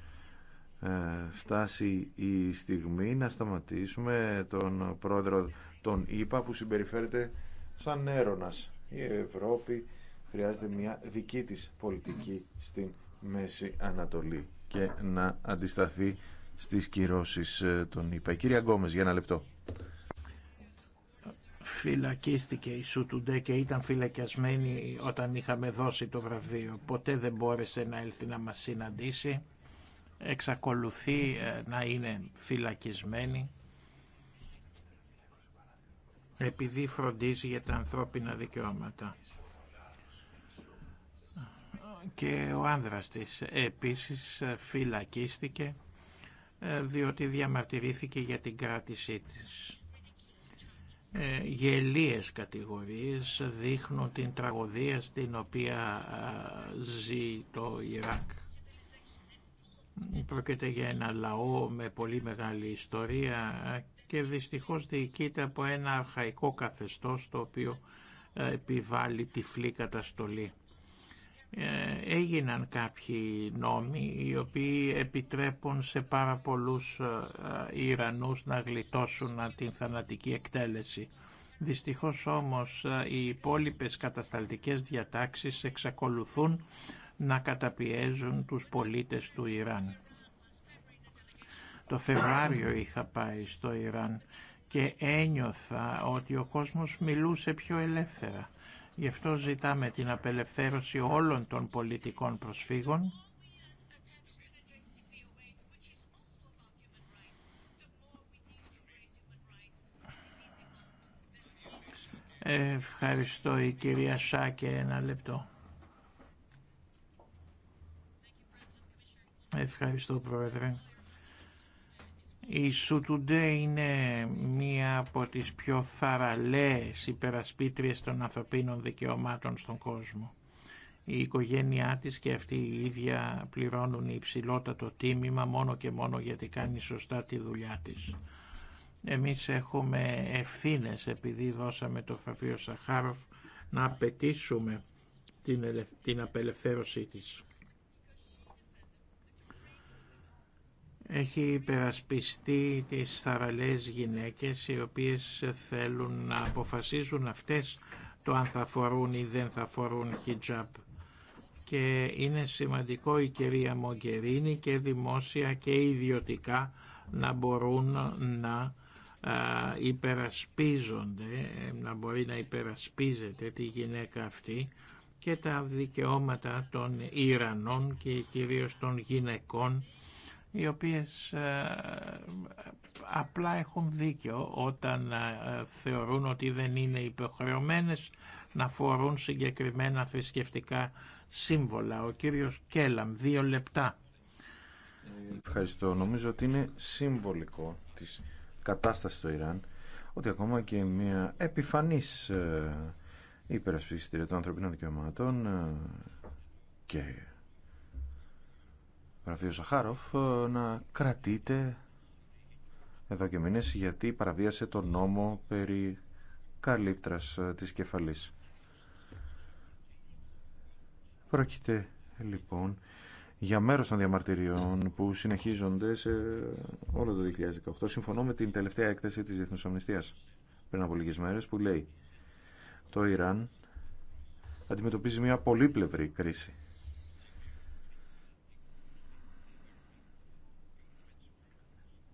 ε, φτάσει η στιγμή να σταματήσουμε τον πρόεδρο των ΙΠΑ που συμπεριφέρεται σαν έρωνας. Η Ευρώπη χρειάζεται μια δική της πολιτική στην Μέση Ανατολή και να αντισταθεί στις κυρώσεις ε, των ΙΠΑ. Κύριε Γκόμες, για ένα λεπτό φυλακίστηκε η Σουτουντέ και ήταν φυλακιασμένη όταν είχαμε δώσει το βραβείο. Ποτέ δεν μπόρεσε να έλθει να μας συναντήσει. Εξακολουθεί ε, να είναι φυλακισμένη επειδή φροντίζει για τα ανθρώπινα δικαιώματα. Και ο άνδρας της επίσης ε, φυλακίστηκε ε, διότι διαμαρτυρήθηκε για την κράτησή της. Ε, γελίες κατηγορίες δείχνουν την τραγωδία στην οποία ζει το Ιράκ. Πρόκειται για ένα λαό με πολύ μεγάλη ιστορία και δυστυχώς διοικείται από ένα αρχαϊκό καθεστώς το οποίο ε, επιβάλλει τυφλή καταστολή. Ε, έγιναν κάποιοι νόμοι οι οποίοι επιτρέπουν σε πάρα πολλούς ε, ε, Ιρανούς να γλιτώσουν την θανατική εκτέλεση. Δυστυχώς όμως οι υπόλοιπες κατασταλτικές διατάξεις εξακολουθούν να καταπιέζουν τους πολίτες του Ιράν. Το Φεβράριο είχα πάει στο Ιράν και ένιωθα ότι ο κόσμος μιλούσε πιο ελεύθερα Γι' αυτό ζητάμε την απελευθέρωση όλων των πολιτικών προσφύγων Ευχαριστώ η κυρία Σάκε ένα λεπτό. Ευχαριστώ πρόεδρε. Η Σουτουντέ είναι μία από τις πιο θαραλές υπερασπίτριες των ανθρωπίνων δικαιωμάτων στον κόσμο. Η οικογένειά της και αυτή η ίδια πληρώνουν υψηλότατο τίμημα μόνο και μόνο γιατί κάνει σωστά τη δουλειά της. Εμείς έχουμε ευθύνες επειδή δώσαμε το φαφείο Σαχάροφ να απαιτήσουμε την απελευθέρωσή της. έχει υπερασπιστεί τις θαραλές γυναίκες οι οποίες θέλουν να αποφασίζουν αυτές το αν θα φορούν ή δεν θα φορούν χιτζάπ. Και είναι σημαντικό η κυρία Μογκερίνη και δημόσια και ιδιωτικά να μπορούν να υπερασπίζονται, να μπορεί να υπερασπίζεται τη γυναίκα αυτή και τα δικαιώματα των Ιρανών και κυρίως των γυναικών οι οποίες ε, απλά έχουν δίκιο όταν ε, θεωρούν ότι δεν είναι υποχρεωμένες να φορούν συγκεκριμένα θρησκευτικά σύμβολα. Ο κύριος Κέλαμ, δύο λεπτά. Ευχαριστώ. Νομίζω ότι είναι συμβολικό της κατάστασης στο Ιράν ότι ακόμα και μια επιφανής ε, υπερασπιστήρια των ανθρωπίνων δικαιωμάτων και βραβείο Σαχάροφ ε, να κρατείται εδώ και μήνες γιατί παραβίασε τον νόμο περί καλύπτρας ε, της κεφαλής. Πρόκειται λοιπόν για μέρος των διαμαρτυριών που συνεχίζονται σε όλο το 2018. Συμφωνώ με την τελευταία έκθεση της Διεθνούς Αμνηστίας πριν από λίγες μέρες που λέει το Ιράν αντιμετωπίζει μια πολύπλευρη κρίση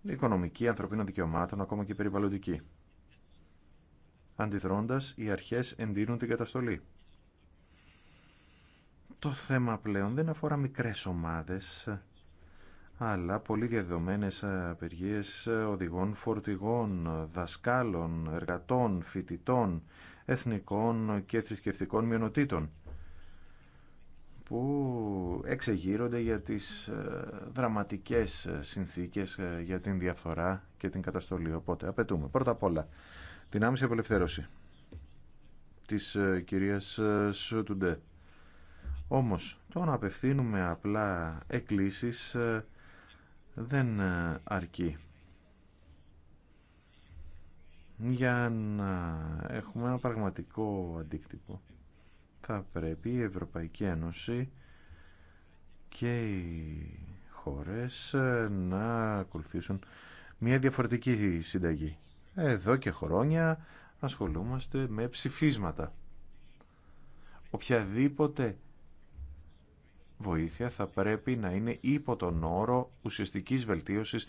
οικονομική, ανθρωπίνων δικαιωμάτων, ακόμα και περιβαλλοντική. Αντιδρώντας, οι αρχές εντείνουν την καταστολή. Το θέμα πλέον δεν αφορά μικρές ομάδες, αλλά πολύ διαδεδομένε απεργίες οδηγών φορτηγών, δασκάλων, εργατών, φοιτητών, εθνικών και θρησκευτικών μειονοτήτων που εξεγείρονται για τις ε, δραματικές ε, συνθήκες ε, για την διαφορά και την καταστολή. Οπότε απαιτούμε πρώτα απ' όλα την άμεση απελευθέρωση της κυρίας Σουτουντέ. Όμως το να απευθύνουμε απλά εκκλήσεις δεν αρκεί για να έχουμε ένα πραγματικό αντίκτυπο θα πρέπει η Ευρωπαϊκή Ένωση και οι χώρες να ακολουθήσουν μια διαφορετική συνταγή. Εδώ και χρόνια ασχολούμαστε με ψηφίσματα. Οποιαδήποτε βοήθεια θα πρέπει να είναι υπό τον όρο ουσιαστικής βελτίωσης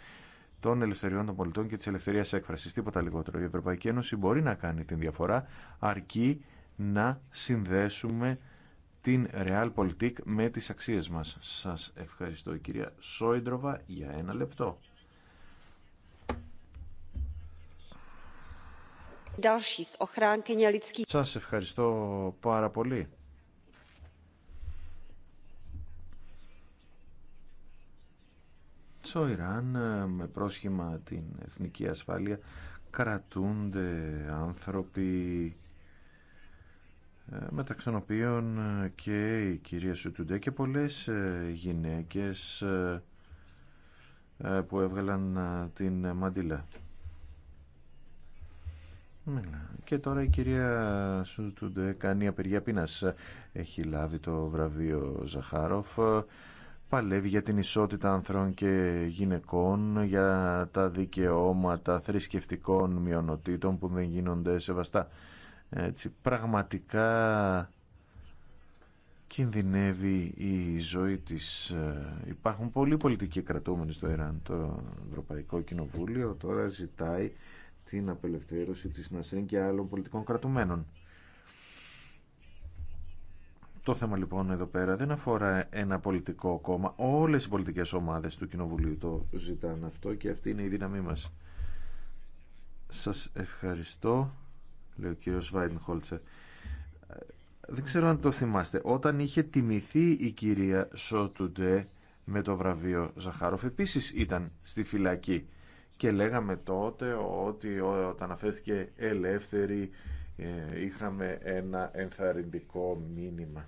των ελευθεριών των πολιτών και της ελευθερίας έκφρασης. Τίποτα λιγότερο. Η Ευρωπαϊκή Ένωση μπορεί να κάνει την διαφορά αρκεί να συνδέσουμε την Realpolitik με τις αξίες μας. Σας ευχαριστώ κυρία Σόιντροβα για ένα λεπτό. Σας ευχαριστώ πάρα πολύ. Στο Ιράν ε, με πρόσχημα την εθνική ασφάλεια κρατούνται άνθρωποι ε, μεταξύ των οποίων ε, και η κυρία Σουτουντέ και πολλές ε, γυναίκες που έβγαλαν την μαντήλα. Και τώρα η κυρία Σουτουντέ κάνει απεργία πείνας. Έχει λάβει το βραβείο Ζαχάροφ. Παλεύει για την ισότητα ανθρώπων και γυναικών, για τα δικαιώματα θρησκευτικών μειονοτήτων που δεν γίνονται σεβαστά έτσι, πραγματικά κινδυνεύει η ζωή της. Ε, υπάρχουν πολλοί πολιτικοί κρατούμενοι στο Ιράν. Το Ευρωπαϊκό Κοινοβούλιο τώρα ζητάει την απελευθέρωση της Νασρίν και άλλων πολιτικών κρατουμένων. Το θέμα λοιπόν εδώ πέρα δεν αφορά ένα πολιτικό κόμμα. Όλες οι πολιτικές ομάδες του Κοινοβουλίου το ζητάνε αυτό και αυτή είναι η δύναμή μας. Σας ευχαριστώ λέει ο κύριος Χόλτσερ ε, Δεν ξέρω αν το θυμάστε. Όταν είχε τιμηθεί η κυρία Σότουντε με το βραβείο Ζαχάροφ, επίσης ήταν στη φυλακή. Και λέγαμε τότε ότι όταν αφέθηκε ελεύθερη ε, είχαμε ένα ενθαρρυντικό μήνυμα.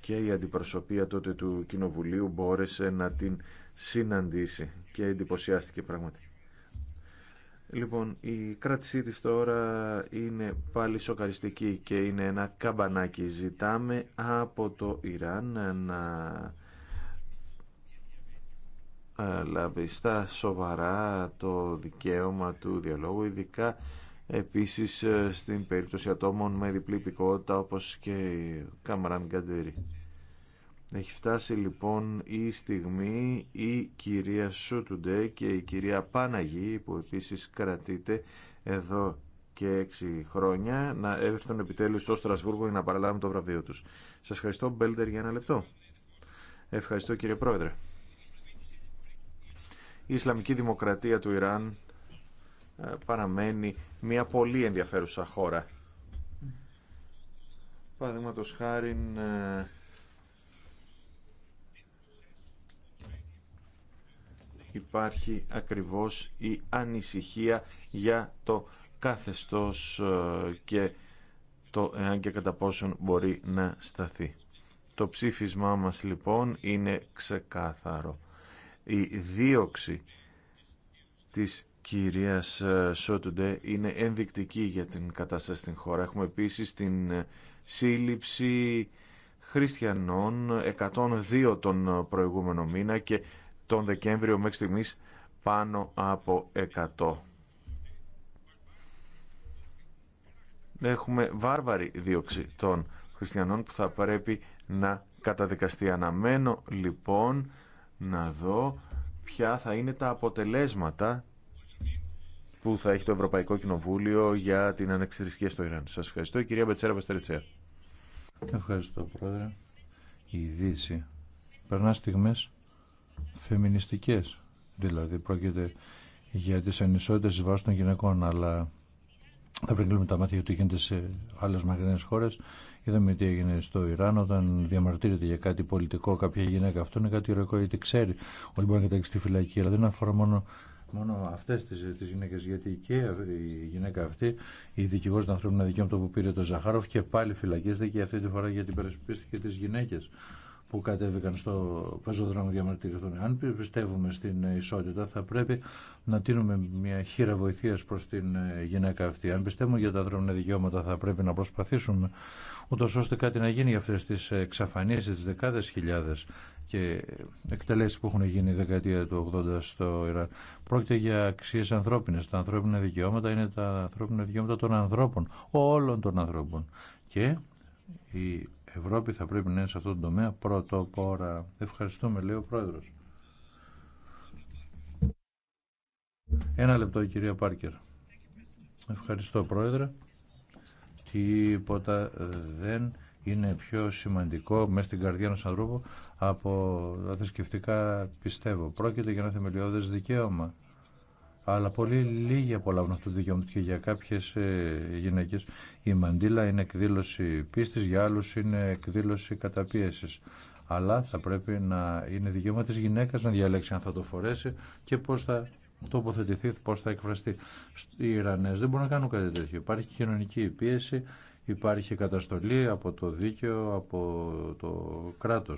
Και η αντιπροσωπεία τότε του Κοινοβουλίου μπόρεσε να την συναντήσει και εντυπωσιάστηκε πραγματικά. Λοιπόν, η κράτησή της τώρα είναι πάλι σοκαριστική και είναι ένα καμπανάκι. Ζητάμε από το Ιράν να ε, λάβει στα σοβαρά το δικαίωμα του διαλόγου, ειδικά επίσης ε, στην περίπτωση ατόμων με διπλή υπηκότητα όπως και η κάμαραν Καντέρη. Έχει φτάσει λοιπόν η στιγμή η κυρία Σούτουντέ και η κυρία Πάναγη που επίσης κρατείται εδώ και έξι χρόνια να έρθουν επιτέλους στο Στρασβούργο για να παραλάβουν το βραβείο τους. Σας ευχαριστώ Μπέλτερ για ένα λεπτό. Ευχαριστώ κύριε Πρόεδρε. Η Ισλαμική Δημοκρατία του Ιράν ε, παραμένει μια πολύ ενδιαφέρουσα χώρα. Παραδείγματος χάρη ε, υπάρχει ακριβώς η ανησυχία για το καθεστώς ε, και το εάν και κατά πόσον μπορεί να σταθεί. Το ψήφισμά μας λοιπόν είναι ξεκάθαρο. Η δίωξη της κυρίας ε, Σότουντε είναι ενδεικτική για την κατάσταση στην χώρα. Έχουμε επίσης την ε, σύλληψη χριστιανών 102 τον προηγούμενο μήνα και τον Δεκέμβριο μέχρι στιγμής πάνω από 100. Έχουμε βάρβαρη δίωξη των χριστιανών που θα πρέπει να καταδικαστεί. Αναμένω λοιπόν να δω ποια θα είναι τα αποτελέσματα που θα έχει το Ευρωπαϊκό Κοινοβούλιο για την ανεξιθρησκεία στο Ιράν. Σας ευχαριστώ. Κυρία Μπετσέρα Βαστερετσέα. Ευχαριστώ, Πρόεδρε. Η Δύση περνά στιγμές φεμινιστικές. Δηλαδή πρόκειται για τις ανισότητες βάσει των γυναικών, αλλά θα πρέπει να τα μάτια γιατί γίνεται σε άλλες μακρινές χώρες. Είδαμε τι έγινε στο Ιράν όταν διαμαρτύρεται για κάτι πολιτικό κάποια γυναίκα. Αυτό είναι κάτι ηρωικό γιατί ξέρει ότι μπορεί να κατάξει στη φυλακή, αλλά δεν αφορά μόνο μόνο αυτέ τι τις γυναίκε. Γιατί και η γυναίκα αυτή, η δικηγόρο των ανθρώπινων δικαιώματων που πήρε το Ζαχάροφ και πάλι φυλακίστηκε αυτή τη φορά γιατί περασπίστηκε τι γυναίκε που κατέβηκαν στο πεζοδρόμιο διαμαρτυρηθούν. Αν πιστεύουμε στην ισότητα, θα πρέπει να τίνουμε μια χείρα βοηθεία προ την ε, γυναίκα αυτή. Αν πιστεύουμε για τα ανθρώπινα δικαιώματα, θα πρέπει να προσπαθήσουμε ούτω ώστε κάτι να γίνει για αυτέ τι εξαφανίσει, τι δεκάδε χιλιάδε και εκτελέσει που έχουν γίνει η δεκαετία του 80 στο Ιράν. Πρόκειται για αξίε ανθρώπινε. Τα ανθρώπινα δικαιώματα είναι τα ανθρώπινα δικαιώματα των ανθρώπων, όλων των ανθρώπων. Και η Ευρώπη θα πρέπει να είναι σε αυτόν τον τομέα πρωτοπόρα. Ευχαριστούμε, λέει ο Πρόεδρος. Ένα λεπτό, κυρία Πάρκερ. Ευχαριστώ, Πρόεδρε. Τίποτα ε, δεν είναι πιο σημαντικό μέσα στην καρδιά ενός ανθρώπου από τα θρησκευτικά πιστεύω. Πρόκειται για ένα θεμελιώδες δικαίωμα αλλά πολύ λίγοι απολαύουν αυτό το δικαίωμα. και για κάποιε γυναίκε η μαντήλα είναι εκδήλωση πίστη, για άλλου είναι εκδήλωση καταπίεση. Αλλά θα πρέπει να είναι δικαίωμα τη γυναίκα να διαλέξει αν θα το φορέσει και πώ θα τοποθετηθεί, πώ θα εκφραστεί. Οι Ιρανέ δεν μπορούν να κάνουν κάτι τέτοιο. Υπάρχει κοινωνική πίεση, υπάρχει καταστολή από το δίκαιο, από το κράτο.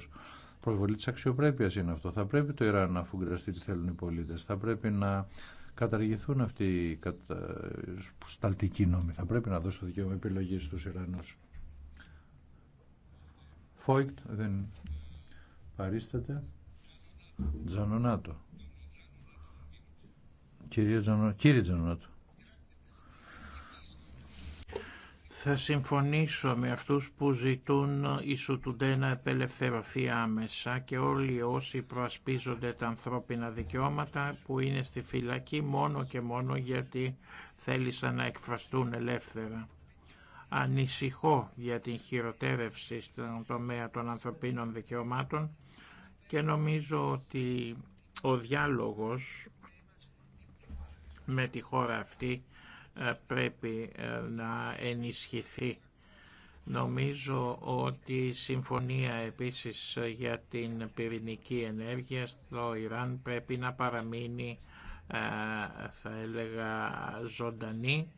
Προβολή τη αξιοπρέπεια είναι αυτό. Θα πρέπει το Ιράν να αφουγκραστεί τι θέλουν οι πολίτε. Θα πρέπει να καταργηθούν αυτοί οι κατα... σταλτικοί νόμοι. Θα πρέπει να δώσω το δικαίωμα επιλογή στους Ιρανού. Φόικτ δεν παρίσταται. Τζανονάτο. Κύριε Τζανονάτο. Θα συμφωνήσω με αυτούς που ζητούν η Σουτουντέ να επελευθερωθεί άμεσα και όλοι όσοι προασπίζονται τα ανθρώπινα δικαιώματα που είναι στη φυλακή μόνο και μόνο γιατί θέλησαν να εκφραστούν ελεύθερα. Ανησυχώ για την χειροτέρευση στον τομέα των ανθρωπίνων δικαιωμάτων και νομίζω ότι ο διάλογος με τη χώρα αυτή ε, πρέπει ε, να ενισχυθεί. Νομίζω ότι η συμφωνία επίσης για την πυρηνική ενέργεια στο Ιράν πρέπει να παραμείνει ε, θα έλεγα ζωντανή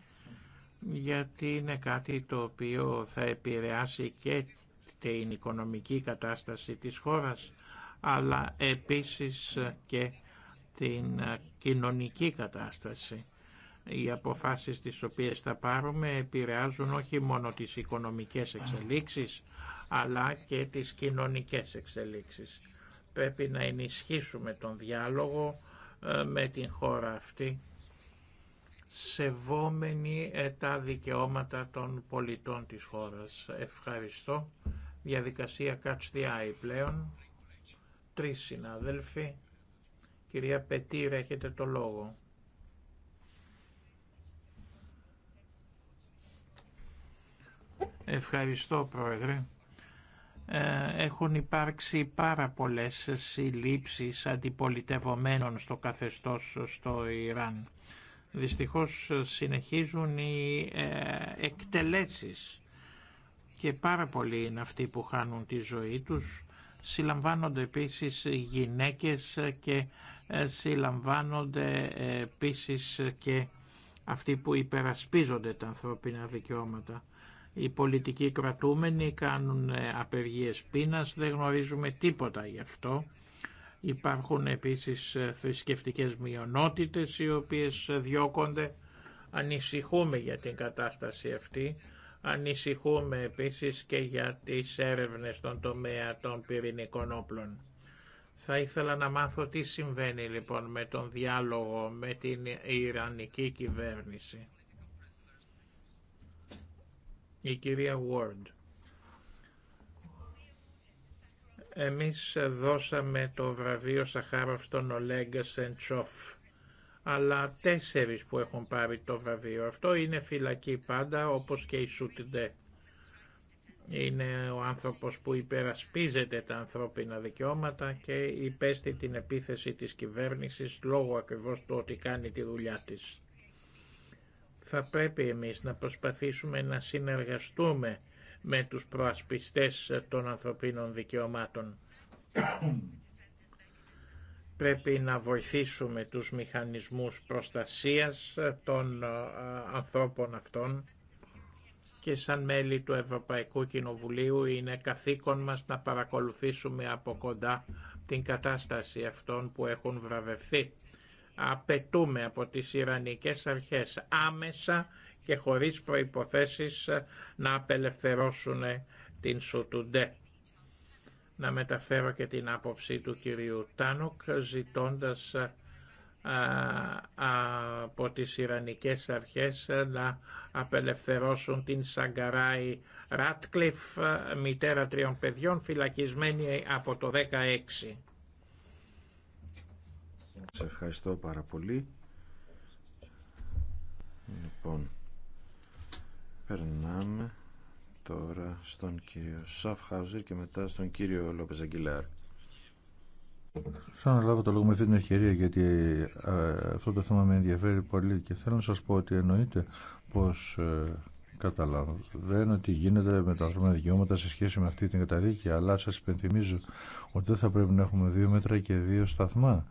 γιατί είναι κάτι το οποίο θα επηρεάσει και την οικονομική κατάσταση της χώρας αλλά επίσης και την κοινωνική κατάσταση. Οι αποφάσεις τις οποίες θα πάρουμε επηρεάζουν όχι μόνο τις οικονομικές εξελίξεις, αλλά και τις κοινωνικές εξελίξεις. Πρέπει να ενισχύσουμε τον διάλογο ε, με την χώρα αυτή, σεβόμενοι ε, τα δικαιώματα των πολιτών της χώρας. Ευχαριστώ. Διαδικασία Catch the Eye πλέον. Τρεις συνάδελφοι. Κυρία Πετήρα, έχετε το λόγο. Ευχαριστώ Πρόεδρε. Ε, έχουν υπάρξει πάρα πολλές συλλήψεις αντιπολιτευομένων στο καθεστώς στο Ιράν. Δυστυχώς συνεχίζουν οι ε, εκτελέσεις και πάρα πολλοί είναι αυτοί που χάνουν τη ζωή τους. Συλλαμβάνονται επίσης γυναίκες και ε, συλλαμβάνονται επίσης και αυτοί που υπερασπίζονται τα ανθρώπινα δικαιώματα. Οι πολιτικοί κρατούμενοι κάνουν ε, απεργίες πείνας, δεν γνωρίζουμε τίποτα γι' αυτό. Υπάρχουν επίσης ε, θρησκευτικέ μειονότητες οι οποίες ε, διώκονται. Ανησυχούμε για την κατάσταση αυτή. Ανησυχούμε επίσης και για τις έρευνες στον τομέα των πυρηνικών όπλων. Θα ήθελα να μάθω τι συμβαίνει λοιπόν με τον διάλογο με την Ιρανική κυβέρνηση η κυρία Ward. Εμείς δώσαμε το βραβείο Σαχάροφ στον Ολέγκα Σεντσόφ, αλλά τέσσερις που έχουν πάρει το βραβείο. Αυτό είναι φυλακή πάντα, όπως και η Σούτιντε. Είναι ο άνθρωπος που υπερασπίζεται τα ανθρώπινα δικαιώματα και υπέστη την επίθεση της κυβέρνησης λόγω ακριβώς του ότι κάνει τη δουλειά της θα πρέπει εμείς να προσπαθήσουμε να συνεργαστούμε με τους προασπιστές των ανθρωπίνων δικαιωμάτων. πρέπει να βοηθήσουμε τους μηχανισμούς προστασίας των ανθρώπων αυτών και σαν μέλη του Ευρωπαϊκού Κοινοβουλίου είναι καθήκον μας να παρακολουθήσουμε από κοντά την κατάσταση αυτών που έχουν βραβευθεί απαιτούμε από τις Ιρανικές αρχές άμεσα και χωρίς προϋποθέσεις να απελευθερώσουν την Σουτουντέ. Να μεταφέρω και την άποψη του κυρίου Τάνοκ ζητώντας από τις Ιρανικές αρχές να απελευθερώσουν την Σαγκαράη Ράτκλιφ, μητέρα τριών παιδιών, φυλακισμένη από το 16. Σε ευχαριστώ πάρα πολύ. Λοιπόν, περνάμε τώρα στον κύριο Σαφχάουζερ και μετά στον κύριο Λόπες Αγγιλάρ. Σαν να λάβω το λόγο με αυτή την ευκαιρία γιατί ε, αυτό το θέμα με ενδιαφέρει πολύ και θέλω να σας πω ότι εννοείται πως ε, καταλαβαίνω ότι γίνεται με τα ανθρώπινα δικαιώματα σε σχέση με αυτή την καταδίκη αλλά σας υπενθυμίζω ότι δεν θα πρέπει να έχουμε δύο μέτρα και δύο σταθμά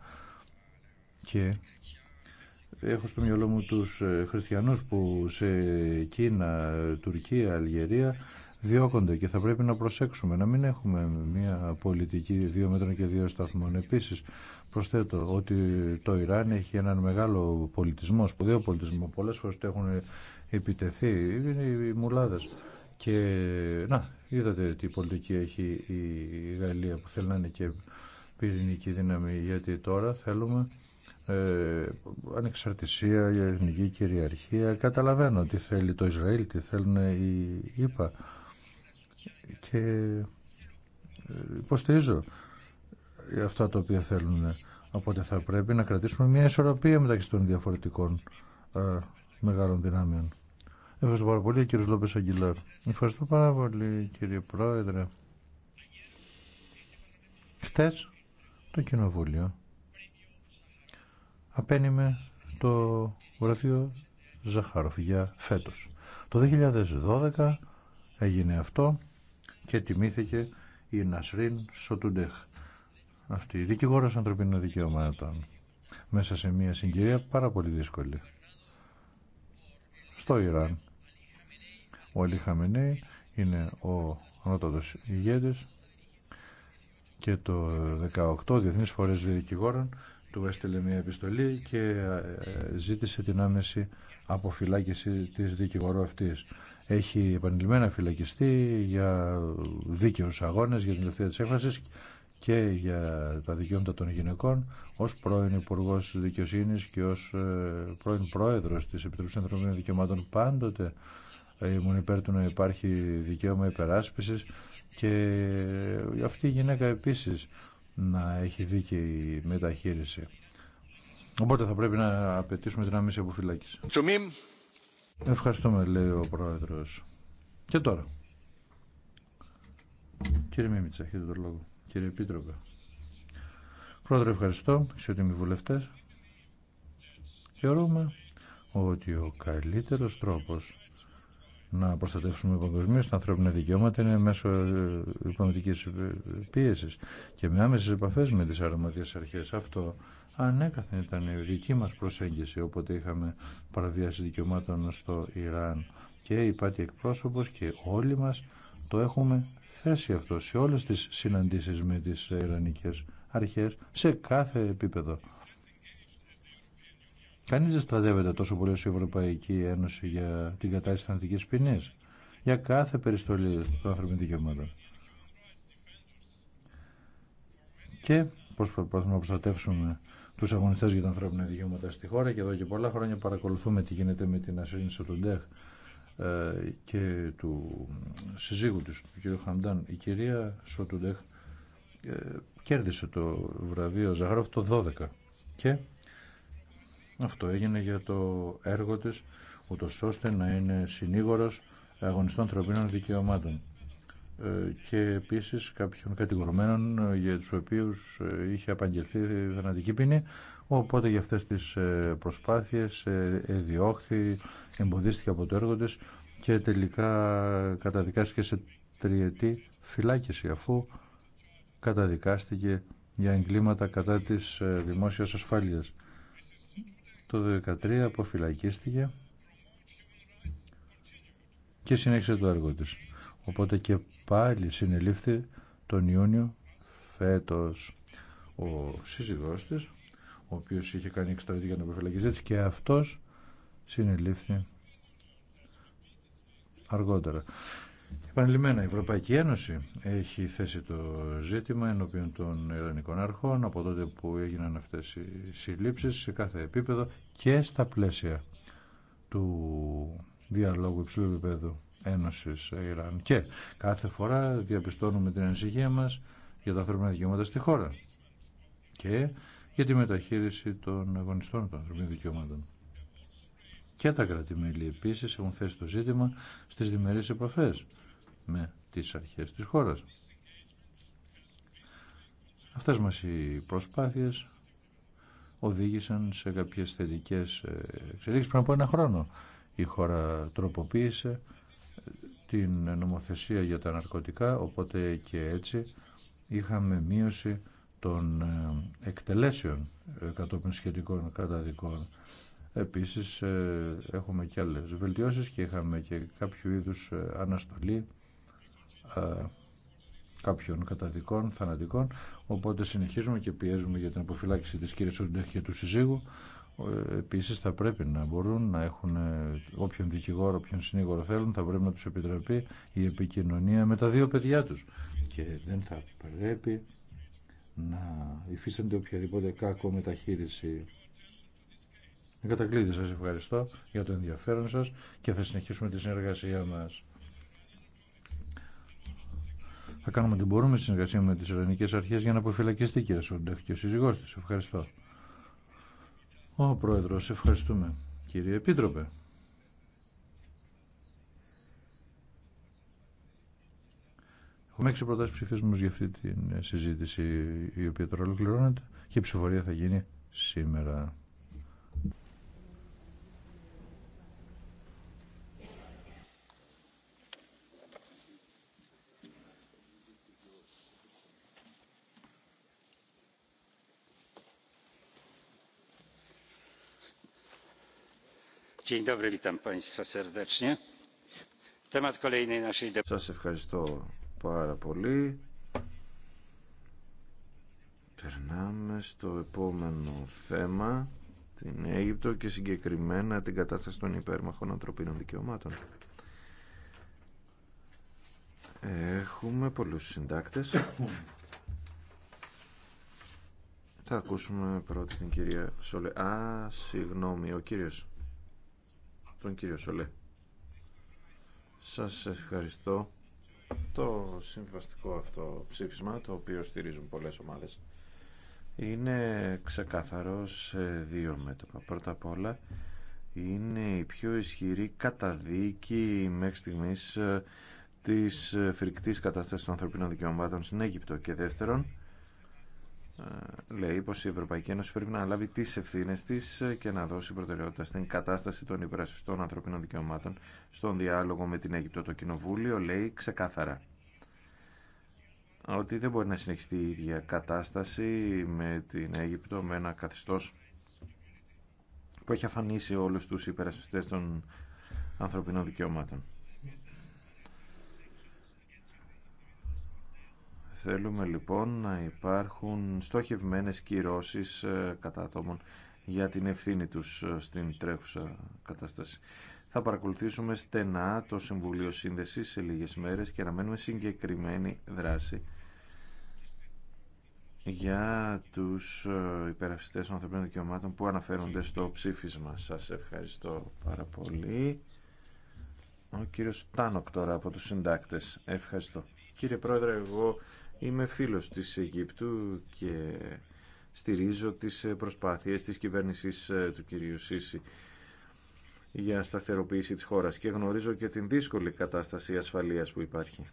και έχω στο μυαλό μου τους ε, χριστιανούς που σε Κίνα, Τουρκία, Αλγερία διώκονται και θα πρέπει να προσέξουμε να μην έχουμε μια πολιτική δύο μέτρων και δύο σταθμών. Επίσης προσθέτω ότι το Ιράν έχει έναν μεγάλο πολιτισμό, σπουδαίο πολιτισμό. Πολλές φορές το έχουν επιτεθεί, είναι οι μουλάδες. Και να, είδατε τι πολιτική έχει η Γαλλία που θέλει να είναι και πυρηνική δύναμη γιατί τώρα θέλουμε ε, ανεξαρτησία, η εθνική κυριαρχία. Καταλαβαίνω τι θέλει το Ισραήλ, τι θέλουν οι ΙΠΑ και ε, υποστηρίζω αυτά τα οποία θέλουν. Οπότε θα πρέπει να κρατήσουμε μια ισορροπία μεταξύ των διαφορετικών ε, μεγάλων δυνάμεων. Ευχαριστώ πάρα πολύ κύριος Λόπε Αγγιλάρ. Ευχαριστώ πάρα πολύ κύριε Πρόεδρε. Χτες το Κοινοβούλιο απένιμε το βραβείο Ζαχάροφ για φέτος. Το 2012 έγινε αυτό και τιμήθηκε η Νασρίν Σοτουντέχ, αυτή η δικηγόρος ανθρωπίνων δικαιωμάτων, μέσα σε μια συγκυρία πάρα πολύ δύσκολη. Στο Ιράν, ο Αλή είναι ο ανώτατος ηγέτης και το 18 Διεθνής Φορές Δικηγόρων του έστειλε μια επιστολή και ε, ζήτησε την άμεση αποφυλάκηση της δικηγορού αυτής. Έχει επανειλημμένα φυλακιστεί για δίκαιους αγώνες, για την ελευθερία της έφρασης και για τα δικαιώματα των γυναικών ως πρώην υπουργό Δικαιοσύνης και ως ε, πρώην Πρόεδρος της Επιτροπής Ανθρωπίνων Δικαιωμάτων πάντοτε ε, ήμουν υπέρ του να υπάρχει δικαίωμα υπεράσπισης και αυτή η γυναίκα επίσης να έχει δίκαιη μεταχείριση. Οπότε θα πρέπει να απαιτήσουμε την αμήση αποφυλάκηση. Ευχαριστούμε, λέει ο Πρόεδρος. Και τώρα. Κύριε Μίμητσα, έχετε τον λόγο. Κύριε Επίτροπε. Πρόεδρε, ευχαριστώ. βουλευτές. βουλευτέ. Θεωρούμε ότι ο καλύτερος τρόπος να προστατεύσουμε παγκοσμίω τα ανθρώπινα δικαιώματα είναι μέσω ε, οικονομική ε, πίεση και με άμεσε επαφέ με τι αρμόδιε αρχέ. Αυτό ανέκαθεν ήταν η δική μα προσέγγιση όποτε είχαμε παραβίαση δικαιωμάτων στο Ιράν και υπάρχει εκπρόσωπο και όλοι μα το έχουμε θέσει αυτό σε όλες τις συναντήσει με τι ιρανικέ αρχέ σε κάθε επίπεδο. Κανεί δεν στρατεύεται τόσο πολύ όσο η Ευρωπαϊκή Ένωση για την κατάσταση θανατική ποινή. Για κάθε περιστολή των ανθρωπίνων δικαιωμάτων. Και πώ προσπαθούμε να προστατεύσουμε του αγωνιστέ για τα ανθρώπινα δικαιώματα στη χώρα και εδώ και πολλά χρόνια παρακολουθούμε τι γίνεται με την ασύρνηση του ε, και του συζύγου της, του κ. Χαμντάν. Η κυρία Σοτουντεχ ε, κέρδισε το βραβείο Ζαχαρόφ το 12 και αυτό έγινε για το έργο της, ούτω ώστε να είναι συνήγορος αγωνιστών ανθρωπίνων δικαιωμάτων ε, και επίσης κάποιων κατηγορουμένων ε, για τους οποίους ε, είχε απαγγελθεί θανατική ποινή οπότε για αυτές τις προσπάθειες διώχθη, εμποδίστηκε από το έργο της και τελικά καταδικάστηκε σε τριετή φυλάκιση αφού καταδικάστηκε για εγκλήματα κατά της δημόσιας ασφάλειας. Το 2013 αποφυλακίστηκε και συνέχισε το έργο της. Οπότε και πάλι συνελήφθη τον Ιούνιο φέτος ο σύζυγός της, ο οποίος είχε κάνει εξτρατή για να αποφυλακίσει και αυτός συνελήφθη αργότερα. Επανειλημμένα, η Ευρωπαϊκή Ένωση έχει θέσει το ζήτημα ενώπιον των ελληνικών αρχών από τότε που έγιναν αυτές οι συλλήψεις σε κάθε επίπεδο και στα πλαίσια του διαλόγου υψηλού επίπεδου Ένωσης Ιράν. Και κάθε φορά διαπιστώνουμε την ανησυχία μας για τα ανθρώπινα δικαιώματα στη χώρα και για τη μεταχείριση των αγωνιστών των ανθρώπινων δικαιωμάτων και τα κρατημέλη επίσης έχουν θέσει το ζήτημα στις διμερείς επαφές με τις αρχές της χώρας. Αυτές μας οι προσπάθειες οδήγησαν σε κάποιες θετικές ε, εξελίξεις. Πριν από ένα χρόνο η χώρα τροποποίησε ε, την νομοθεσία για τα ναρκωτικά, οπότε και έτσι είχαμε μείωση των ε, εκτελέσεων κατόπιν σχετικών καταδικών. Επίσης ε, έχουμε και άλλες βελτιώσεις και είχαμε και κάποιο είδους ε, αναστολή ε, κάποιων καταδικών, θανατικών, οπότε συνεχίζουμε και πιέζουμε για την αποφυλάξη της κύριας Οντέχ και του συζύγου. Επίσης θα πρέπει να μπορούν να έχουν όποιον δικηγόρο, όποιον συνήγορο θέλουν, θα πρέπει να τους επιτραπεί η επικοινωνία με τα δύο παιδιά τους. Και δεν θα πρέπει να υφίστανται οποιαδήποτε κάκο μεταχείριση. Εγκατακλείδη σας ευχαριστώ για το ενδιαφέρον σας και θα συνεχίσουμε τη συνεργασία μας. Θα κάνουμε ό,τι μπορούμε συνεργασία με τις ελληνικές αρχές για να αποφυλακιστεί και και ο σύζυγός της. Ευχαριστώ. Ο Πρόεδρος, ευχαριστούμε. Κύριε Επίτροπε. Έχουμε έξι προτάσεις ψηφίσμου για αυτή τη συζήτηση η οποία τώρα ολοκληρώνεται και η ψηφορία θα γίνει σήμερα. Σας ευχαριστώ πάρα πολύ. Περνάμε στο επόμενο θέμα, την Αίγυπτο και συγκεκριμένα την κατάσταση των υπέρμαχων ανθρωπίνων δικαιωμάτων. Έχουμε πολλούς συντάκτες. Θα ακούσουμε πρώτη την κυρία Σολε... Α, συγγνώμη, ο κύριος τον κύριο Σολέ. Σας ευχαριστώ. Το συμβαστικό αυτό ψήφισμα, το οποίο στηρίζουν πολλές ομάδες, είναι ξεκάθαρο σε δύο μέτωπα. Πρώτα απ' όλα, είναι η πιο ισχυρή καταδίκη μέχρι στιγμής ε, της φρικτής κατάστασης των ανθρωπίνων δικαιωμάτων στην Αίγυπτο και δεύτερον, ε, λέει πως η Ευρωπαϊκή Ένωση πρέπει να λάβει τις ευθύνες της και να δώσει προτεραιότητα στην κατάσταση των υπερασπιστών ανθρωπίνων δικαιωμάτων στον διάλογο με την Αίγυπτο. Το Κοινοβούλιο λέει ξεκάθαρα ότι δεν μπορεί να συνεχιστεί η ίδια κατάσταση με την Αίγυπτο με ένα καθιστός που έχει αφανίσει όλους τους υπερασπιστές των ανθρωπίνων δικαιωμάτων. Θέλουμε λοιπόν να υπάρχουν στοχευμένες κυρώσεις ε, κατά ατόμων για την ευθύνη τους ε, στην τρέχουσα κατάσταση. Θα παρακολουθήσουμε στενά το Συμβουλίο Σύνδεσης σε λίγες μέρες και αναμένουμε συγκεκριμένη δράση για τους ε, υπερασπιστές των ανθρωπίνων δικαιωμάτων που αναφέρονται στο ψήφισμα. Σας ευχαριστώ πάρα πολύ. Ο κύριος Τάνοκ τώρα από τους συντάκτες. Ευχαριστώ. Κύριε Πρόεδρε, εγώ Είμαι φίλος της Αιγύπτου και στηρίζω τις προσπάθειες της κυβέρνησης ε, του κυρίου Σίση για σταθεροποίηση της χώρας και γνωρίζω και την δύσκολη κατάσταση ασφαλείας που υπάρχει.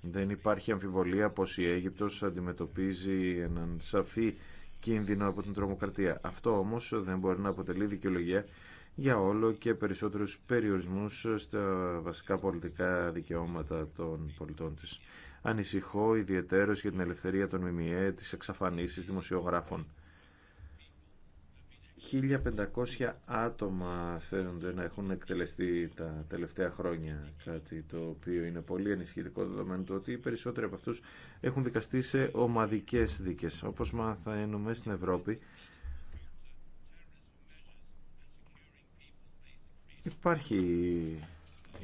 Δεν υπάρχει αμφιβολία πως η Αίγυπτος αντιμετωπίζει έναν σαφή κίνδυνο από την τρομοκρατία. Αυτό όμως δεν μπορεί να αποτελεί δικαιολογία για όλο και περισσότερους περιορισμούς στα βασικά πολιτικά δικαιώματα των πολιτών της. Ανησυχώ ιδιαιτέρως για την ελευθερία των ΜΜΕ, τις εξαφανίσεις δημοσιογράφων. 1.500 άτομα φαίνονται να έχουν εκτελεστεί τα τελευταία χρόνια, κάτι το οποίο είναι πολύ ανησυχητικό δεδομένου του ότι οι περισσότεροι από αυτούς έχουν δικαστεί σε ομαδικές δίκες. Όπως μαθαίνουμε στην Ευρώπη, υπάρχει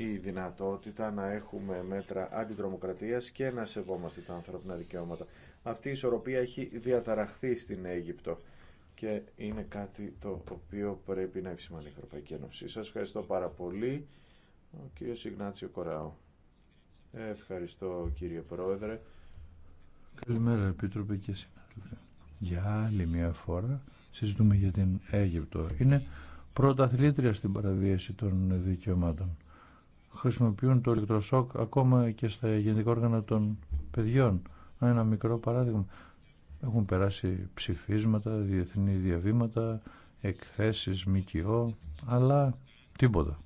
η δυνατότητα να έχουμε μέτρα αντιτρομοκρατίας και να σεβόμαστε τα ανθρώπινα δικαιώματα. Αυτή η ισορροπία έχει διαταραχθεί στην Αίγυπτο και είναι κάτι το οποίο πρέπει να επισημάνει η Ευρωπαϊκή Ένωση. Σας ευχαριστώ πάρα πολύ. Ο κύριος Ιγνάτσιο Κοράου. Ευχαριστώ κύριε Πρόεδρε. Καλημέρα Επίτροπε και συνάδελφε. Για άλλη μια φορά συζητούμε για την Αίγυπτο. Είναι πρωταθλήτρια στην παραβίαση των δικαιωμάτων χρησιμοποιούν το ηλεκτροσόκ ακόμα και στα γενικά όργανα των παιδιών. Ένα μικρό παράδειγμα. Έχουν περάσει ψηφίσματα, διεθνή διαβήματα, εκθέσεις, μικιό, αλλά τίποτα.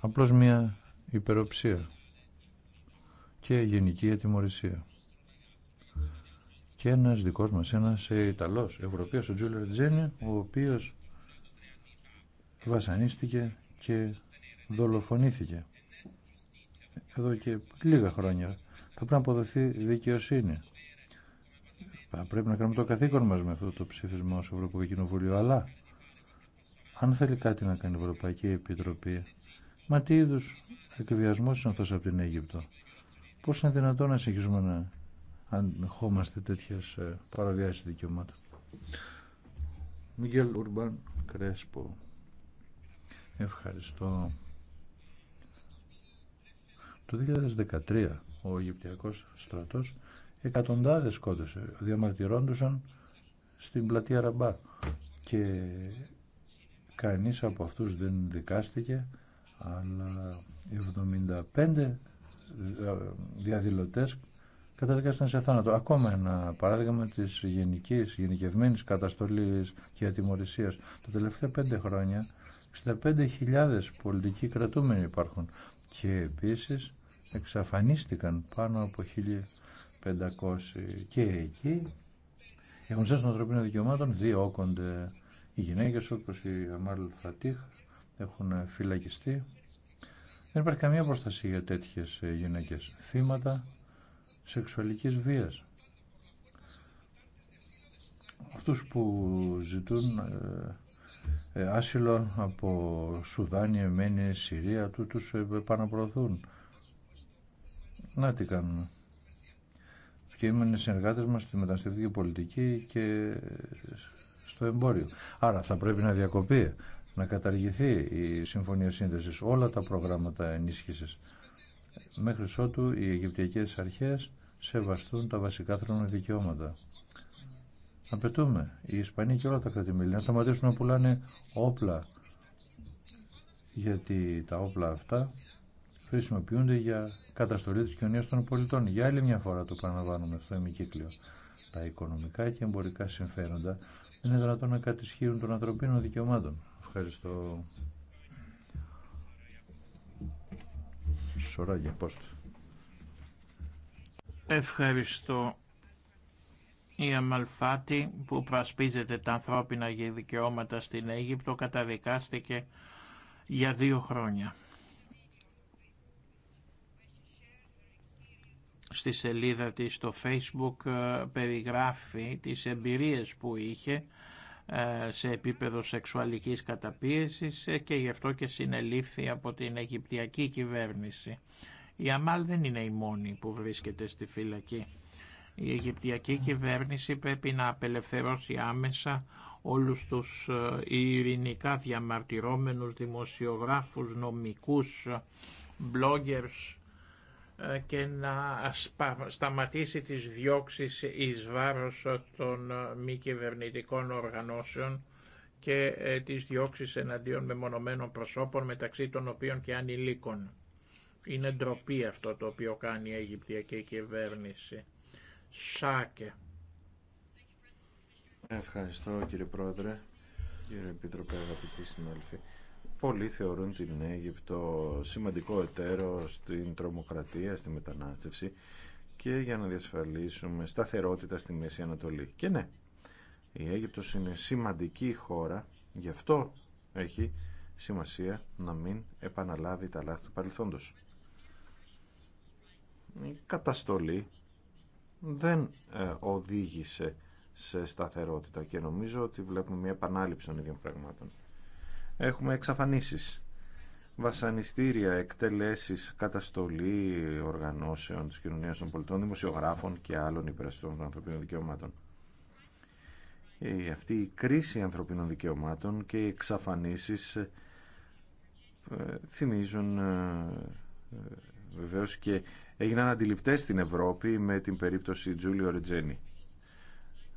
Απλώς μια υπεροψία και γενική ατιμορρησία. Και ένας δικός μας, ένας Ιταλός, Ευρωπαίος, ο Τζούλερ Τζένι, ο οποίος βασανίστηκε και δολοφονήθηκε εδώ και λίγα χρόνια. Θα πρέπει να αποδοθεί δικαιοσύνη. Θα πρέπει να κάνουμε το καθήκον μας με αυτό το ψήφισμα ως Ευρωπαϊκό Κοινοβούλιο. Αλλά αν θέλει κάτι να κάνει η Ευρωπαϊκή Επιτροπή, μα τι είδου εκβιασμό είναι αυτό από την Αίγυπτο. Πώ είναι δυνατόν να συνεχίζουμε να ανεχόμαστε τέτοιε ε, παραβιάσει δικαιωμάτων. Ευχαριστώ. Το 2013 ο Αιγυπτιακός στρατός εκατοντάδες σκότωσε, διαμαρτυρώντουσαν στην πλατεία Ραμπά και κανείς από αυτούς δεν δικάστηκε αλλά 75 ε, διαδηλωτές καταδικάστηκαν σε θάνατο. Ακόμα ένα παράδειγμα της γενικής, γενικευμένης καταστολής και ατιμορρησίας. Τα τελευταία πέντε χρόνια 65.000 πολιτικοί κρατούμενοι υπάρχουν και επίσης εξαφανίστηκαν πάνω από 1500 και εκεί οι γνωστές των ανθρωπίνων δικαιωμάτων διώκονται οι γυναίκες όπως η Αμάλ Φατίχ έχουν φυλακιστεί δεν υπάρχει καμία προστασία για τέτοιες γυναίκες θύματα σεξουαλικής βίας αυτούς που ζητούν ε, ε, άσυλο από Σουδάνιε, Εμένη, Συρία, τούτους ε, επαναπροωθούν. Να τι κάνουμε. Και ήμουν συνεργάτε μα στη μεταναστευτική πολιτική και στο εμπόριο. Άρα θα πρέπει να διακοπεί, να καταργηθεί η Συμφωνία Σύνδεση, όλα τα προγράμματα ενίσχυση. Μέχρι ότου οι Αιγυπτιακές αρχές σεβαστούν τα βασικά θρόνα δικαιώματα. Απαιτούμε οι Ισπανοί και όλα τα κρατημέλη να σταματήσουν να πουλάνε όπλα γιατί τα όπλα αυτά χρησιμοποιούνται για καταστολή της κοινωνίας των πολιτών. Για άλλη μια φορά το παραλαμβάνουμε στο ημικύκλιο. Τα οικονομικά και εμπορικά συμφέροντα είναι δυνατόν να κατησχύουν των ανθρωπίνων δικαιωμάτων. Ευχαριστώ. πώς Ευχαριστώ η Αμαλφάτη που πρασπίζεται τα ανθρώπινα δικαιώματα στην Αίγυπτο καταδικάστηκε για δύο χρόνια. στη σελίδα της στο facebook ε, περιγράφει τις εμπειρίες που είχε ε, σε επίπεδο σεξουαλικής καταπίεσης ε, και γι' αυτό και συνελήφθη από την Αιγυπτιακή κυβέρνηση. Η Αμάλ δεν είναι η μόνη που βρίσκεται στη φυλακή. Η Αιγυπτιακή κυβέρνηση πρέπει να απελευθερώσει άμεσα όλους τους ειρηνικά διαμαρτυρόμενους δημοσιογράφους, νομικούς, bloggers, και να σταματήσει τις διώξεις εις βάρος των ε, μη κυβερνητικών οργανώσεων και ε, τις διώξεις εναντίον μεμονωμένων προσώπων μεταξύ των οποίων και ανηλίκων. Είναι ντροπή αυτό το οποίο κάνει η Αιγυπτιακή κυβέρνηση. Σάκε. Ευχαριστώ κύριε Πρόεδρε, κύριε Επίτροπε, αγαπητοί συνάδελφοι πολλοί θεωρούν την Αίγυπτο σημαντικό εταίρο στην τρομοκρατία, στη μετανάστευση και για να διασφαλίσουμε σταθερότητα στη Μέση Ανατολή. Και ναι, η Αίγυπτος είναι σημαντική χώρα, γι' αυτό έχει σημασία να μην επαναλάβει τα λάθη του παρελθόντος. Η καταστολή δεν ε, οδήγησε σε σταθερότητα και νομίζω ότι βλέπουμε μια επανάληψη των ίδιων πραγμάτων. Έχουμε εξαφανίσεις, βασανιστήρια, εκτελέσεις, καταστολή οργανώσεων της κοινωνίας των πολιτών, δημοσιογράφων και άλλων υπηρεσιτών των ανθρωπίνων δικαιωμάτων. Ε, αυτή η κρίση ανθρωπίνων δικαιωμάτων και οι εξαφανίσεις ε, θυμίζουν ε, βεβαίως και έγιναν αντιληπτές στην Ευρώπη με την περίπτωση Τζούλιο Ριτζένι.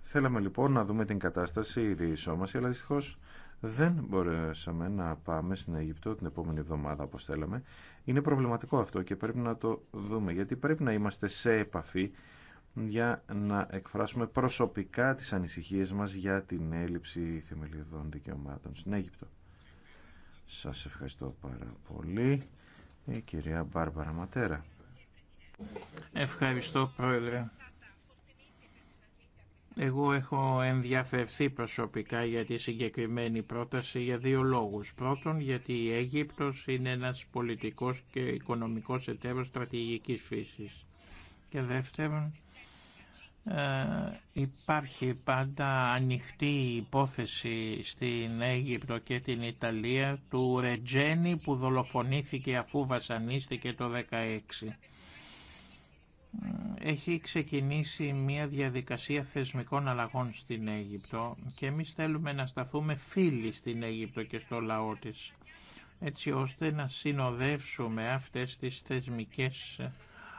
Θέλαμε λοιπόν να δούμε την κατάσταση διεισόμαση, αλλά δυστυχώς δεν μπορέσαμε να πάμε στην Αίγυπτο την επόμενη εβδομάδα όπως θέλαμε. Είναι προβληματικό αυτό και πρέπει να το δούμε γιατί πρέπει να είμαστε σε επαφή για να εκφράσουμε προσωπικά τις ανησυχίες μας για την έλλειψη θεμελιωδών δικαιωμάτων στην Αίγυπτο. Σας ευχαριστώ πάρα πολύ. Η κυρία Μπάρμπαρα Ματέρα. Ευχαριστώ πρόεδρε. Εγώ έχω ενδιαφερθεί προσωπικά για τη συγκεκριμένη πρόταση για δύο λόγους. Πρώτον, γιατί η Αίγυπτος είναι ένας πολιτικός και οικονομικός εταίρος στρατηγικής φύσης. Και δεύτερον, ε, υπάρχει πάντα ανοιχτή υπόθεση στην Αίγυπτο και την Ιταλία του Ρετζένι που δολοφονήθηκε αφού βασανίστηκε το 16 έχει ξεκινήσει μια διαδικασία θεσμικών αλλαγών στην Αίγυπτο και εμείς θέλουμε να σταθούμε φίλοι στην Αίγυπτο και στο λαό της έτσι ώστε να συνοδεύσουμε αυτές τις θεσμικές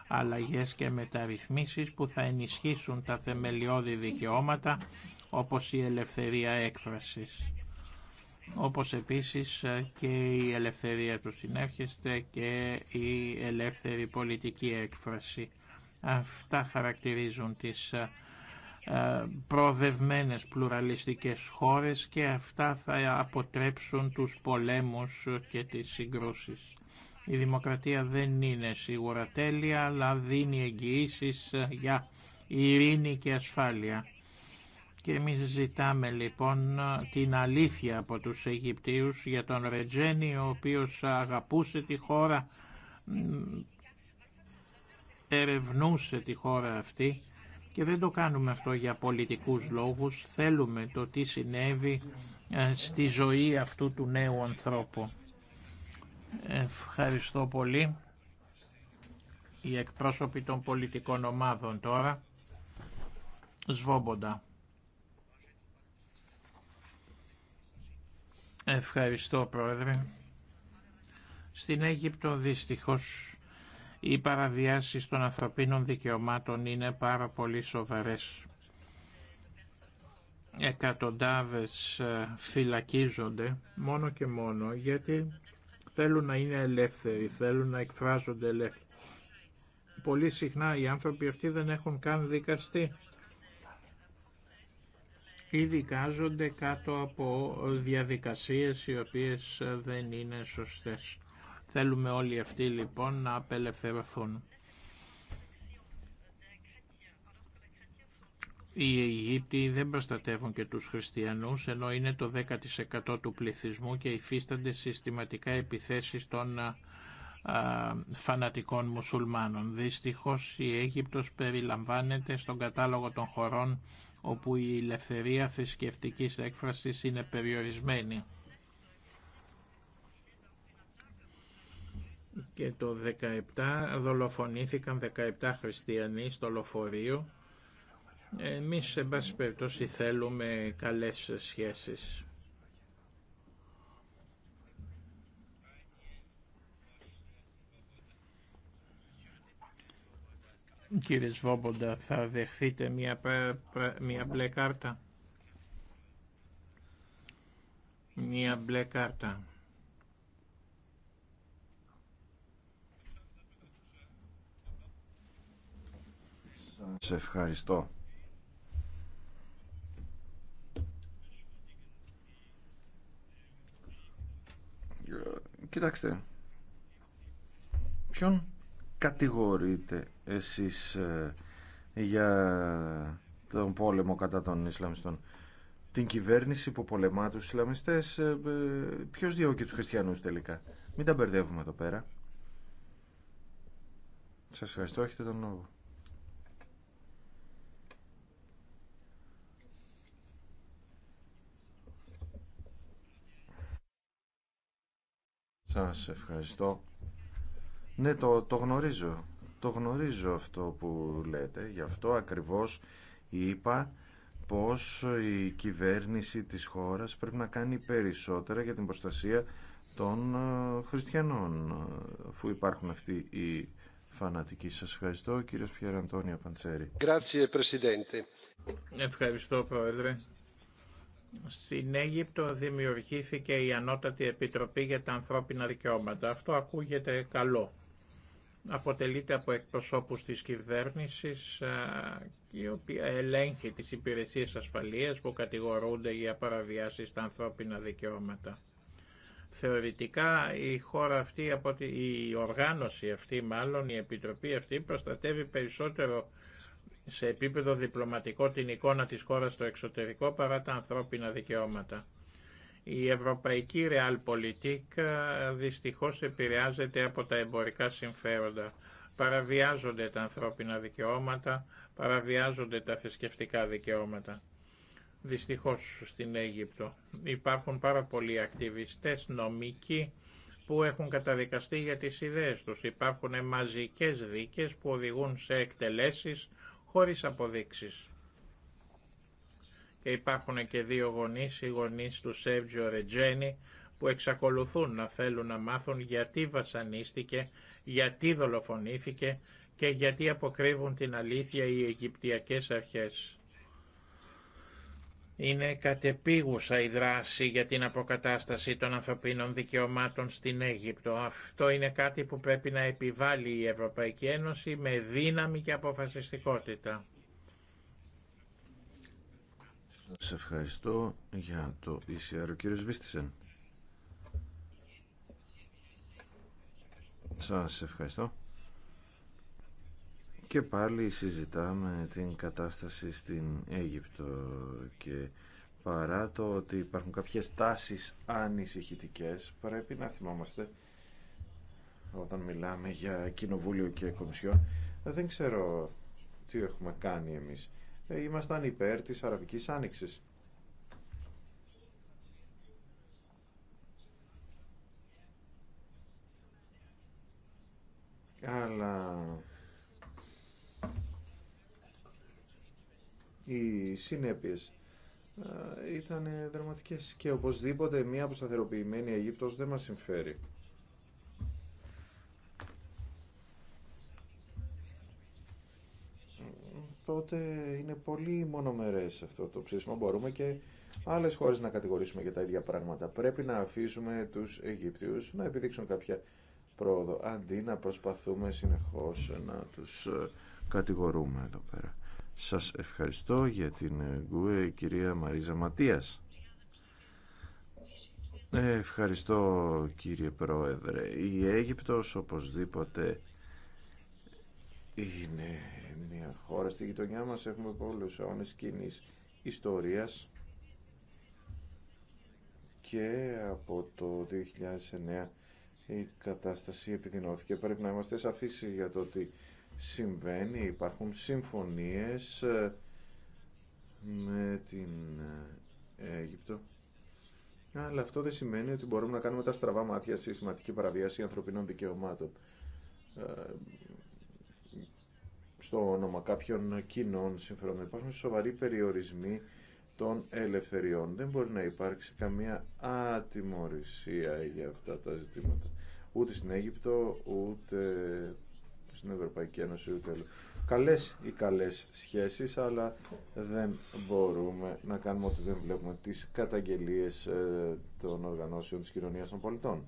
αλλαγές και μεταρρυθμίσεις που θα ενισχύσουν τα θεμελιώδη δικαιώματα όπως η ελευθερία έκφρασης όπως επίσης και η ελευθερία του συνέρχεστε και η ελεύθερη πολιτική έκφραση. Αυτά χαρακτηρίζουν τις ε, ε, προοδευμένες πλουραλιστικές χώρες και αυτά θα αποτρέψουν τους πολέμους και τις συγκρούσεις. Η δημοκρατία δεν είναι σίγουρα τέλεια, αλλά δίνει εγγυήσει ε, για ειρήνη και ασφάλεια. Και εμείς ζητάμε λοιπόν την αλήθεια από τους Αιγυπτίους για τον Ρετζένι, ο οποίος αγαπούσε τη χώρα, ερευνούσε τη χώρα αυτή και δεν το κάνουμε αυτό για πολιτικούς λόγους, θέλουμε το τι συνέβη ε, στη ζωή αυτού του νέου ανθρώπου. Ευχαριστώ πολύ. Οι εκπρόσωποι των πολιτικών ομάδων τώρα. Σβόμποντα. Ευχαριστώ Πρόεδρε. Στην Αίγυπτο δυστυχώς οι παραβιάσεις των ανθρωπίνων δικαιωμάτων είναι πάρα πολύ σοβαρές. Εκατοντάδες ε, φυλακίζονται μόνο και μόνο γιατί θέλουν να είναι ελεύθεροι, θέλουν να εκφράζονται ελεύθεροι. Πολύ συχνά οι άνθρωποι αυτοί δεν έχουν καν δικαστεί ή δικάζονται κάτω από διαδικασίες οι οποίες δεν είναι σωστές. Θέλουμε όλοι αυτοί λοιπόν να απελευθερωθούν. Οι Αιγύπτιοι δεν προστατεύουν και τους χριστιανούς, ενώ είναι το 10% του πληθυσμού και υφίστανται συστηματικά επιθέσεις των φανατικών μουσουλμάνων. Δυστυχώς η Αίγυπτος περιλαμβάνεται στον κατάλογο των χωρών όπου η ελευθερία θρησκευτικής έκφρασης είναι περιορισμένη. και το 17 δολοφονήθηκαν 17 χριστιανοί στο λοφορείο. Εμείς, σε πάση περιπτώσει, θέλουμε καλές σχέσεις. Κύριε Σβόμποντα, θα δεχθείτε μια, μια μπλε κάρτα. Μια μπλε κάρτα. Σε ευχαριστώ. Κοιτάξτε, ποιον κατηγορείτε εσείς ε, για τον πόλεμο κατά των Ισλαμιστών. Την κυβέρνηση που πολεμά τους Ισλαμιστές, ε, ε, ποιος διώκει τους χριστιανούς τελικά. Μην τα μπερδεύουμε εδώ πέρα. Σας ευχαριστώ, έχετε τον λόγο. Σας ευχαριστώ. Ναι, το, γνωρίζω. Το γνωρίζω αυτό που λέτε. Γι' αυτό ακριβώς είπα πως η κυβέρνηση της χώρας πρέπει να κάνει περισσότερα για την προστασία των ε, χριστιανών ε, αφού υπάρχουν αυτοί οι φανατικοί. Σας ευχαριστώ κύριος Πιεραντόνια Παντσέρη. Ευχαριστώ Πρόεδρε. Στην Αίγυπτο δημιουργήθηκε η Ανώτατη Επιτροπή για τα Ανθρώπινα Δικαιώματα. Αυτό ακούγεται καλό. Αποτελείται από εκπροσώπους της κυβέρνησης, η οποία ελέγχει τις υπηρεσίες ασφαλείας που κατηγορούνται για παραβιάσεις στα ανθρώπινα δικαιώματα. Θεωρητικά η χώρα αυτή, η οργάνωση αυτή μάλλον, η επιτροπή αυτή προστατεύει περισσότερο σε επίπεδο διπλωματικό την εικόνα της χώρας στο εξωτερικό παρά τα ανθρώπινα δικαιώματα. Η ευρωπαϊκή Realpolitik ε, δυστυχώς επηρεάζεται από τα εμπορικά συμφέροντα. Παραβιάζονται τα ανθρώπινα δικαιώματα, παραβιάζονται τα θρησκευτικά δικαιώματα. Δυστυχώς στην Αίγυπτο υπάρχουν πάρα πολλοί ακτιβιστές νομικοί που έχουν καταδικαστεί για τις ιδέες τους. Υπάρχουν μαζικές δίκες που οδηγούν σε εκτελέσεις, χωρίς αποδείξεις. Και υπάρχουν και δύο γονείς, οι γονείς του Σεύτζιο Ρετζένη, που εξακολουθούν να θέλουν να μάθουν γιατί βασανίστηκε, γιατί δολοφονήθηκε και γιατί αποκρύβουν την αλήθεια οι Αιγυπτιακές αρχές. Είναι κατεπίγουσα η δράση για την αποκατάσταση των ανθρωπίνων δικαιωμάτων στην Αίγυπτο. Αυτό είναι κάτι που πρέπει να επιβάλλει η Ευρωπαϊκή Ένωση με δύναμη και αποφασιστικότητα. Σας ευχαριστώ για το ECR. Ο Βίστησεν. Σας ευχαριστώ. Και πάλι συζητάμε την κατάσταση στην Αίγυπτο και παρά το ότι υπάρχουν κάποιες τάσεις ανησυχητικές πρέπει να θυμόμαστε όταν μιλάμε για κοινοβούλιο και κομισιόν δεν ξέρω τι έχουμε κάνει εμείς ε, ήμασταν υπέρ της Αραβικής Άνοιξης αλλά οι συνέπειε ε, ήταν δραματικές και οπωσδήποτε μια αποσταθεροποιημένη Αιγύπτος δεν μας συμφέρει. Τότε είναι πολύ μονομερές αυτό το ψήσιμο. Μπορούμε και άλλες χώρες να κατηγορήσουμε για τα ίδια πράγματα. Πρέπει να αφήσουμε τους Αιγύπτιους να επιδείξουν κάποια πρόοδο, αντί να προσπαθούμε συνεχώς να τους ε, κατηγορούμε εδώ πέρα. Σας ευχαριστώ για την ε, γκουε, κυρία Μαρίζα Ματίας. Ευχαριστώ κύριε Πρόεδρε. Η Αίγυπτος οπωσδήποτε είναι μια χώρα στη γειτονιά μας. Έχουμε πολλούς αιώνες κοινή ιστορίας και από το 2009 η κατάσταση επιδεινώθηκε. Πρέπει να είμαστε σαφείς για το ότι συμβαίνει, υπάρχουν συμφωνίες ε, με την ε, Αίγυπτο. Αλλά αυτό δεν σημαίνει ότι μπορούμε να κάνουμε τα στραβά μάτια στη σημαντική παραβίαση ανθρωπινών δικαιωμάτων ε, στο όνομα κάποιων κοινών συμφερόντων. Υπάρχουν σοβαροί περιορισμοί των ελευθεριών. Δεν μπορεί να υπάρξει καμία ατιμορρησία για αυτά τα ζητήματα. Ούτε στην Αίγυπτο, ούτε στην Ευρωπαϊκή Ένωση ούτε άλλο. Καλές ή καλές σχέσεις, αλλά δεν μπορούμε να κάνουμε ότι δεν βλέπουμε τις καταγγελίες ε, των οργανώσεων της κοινωνίας των πολιτών.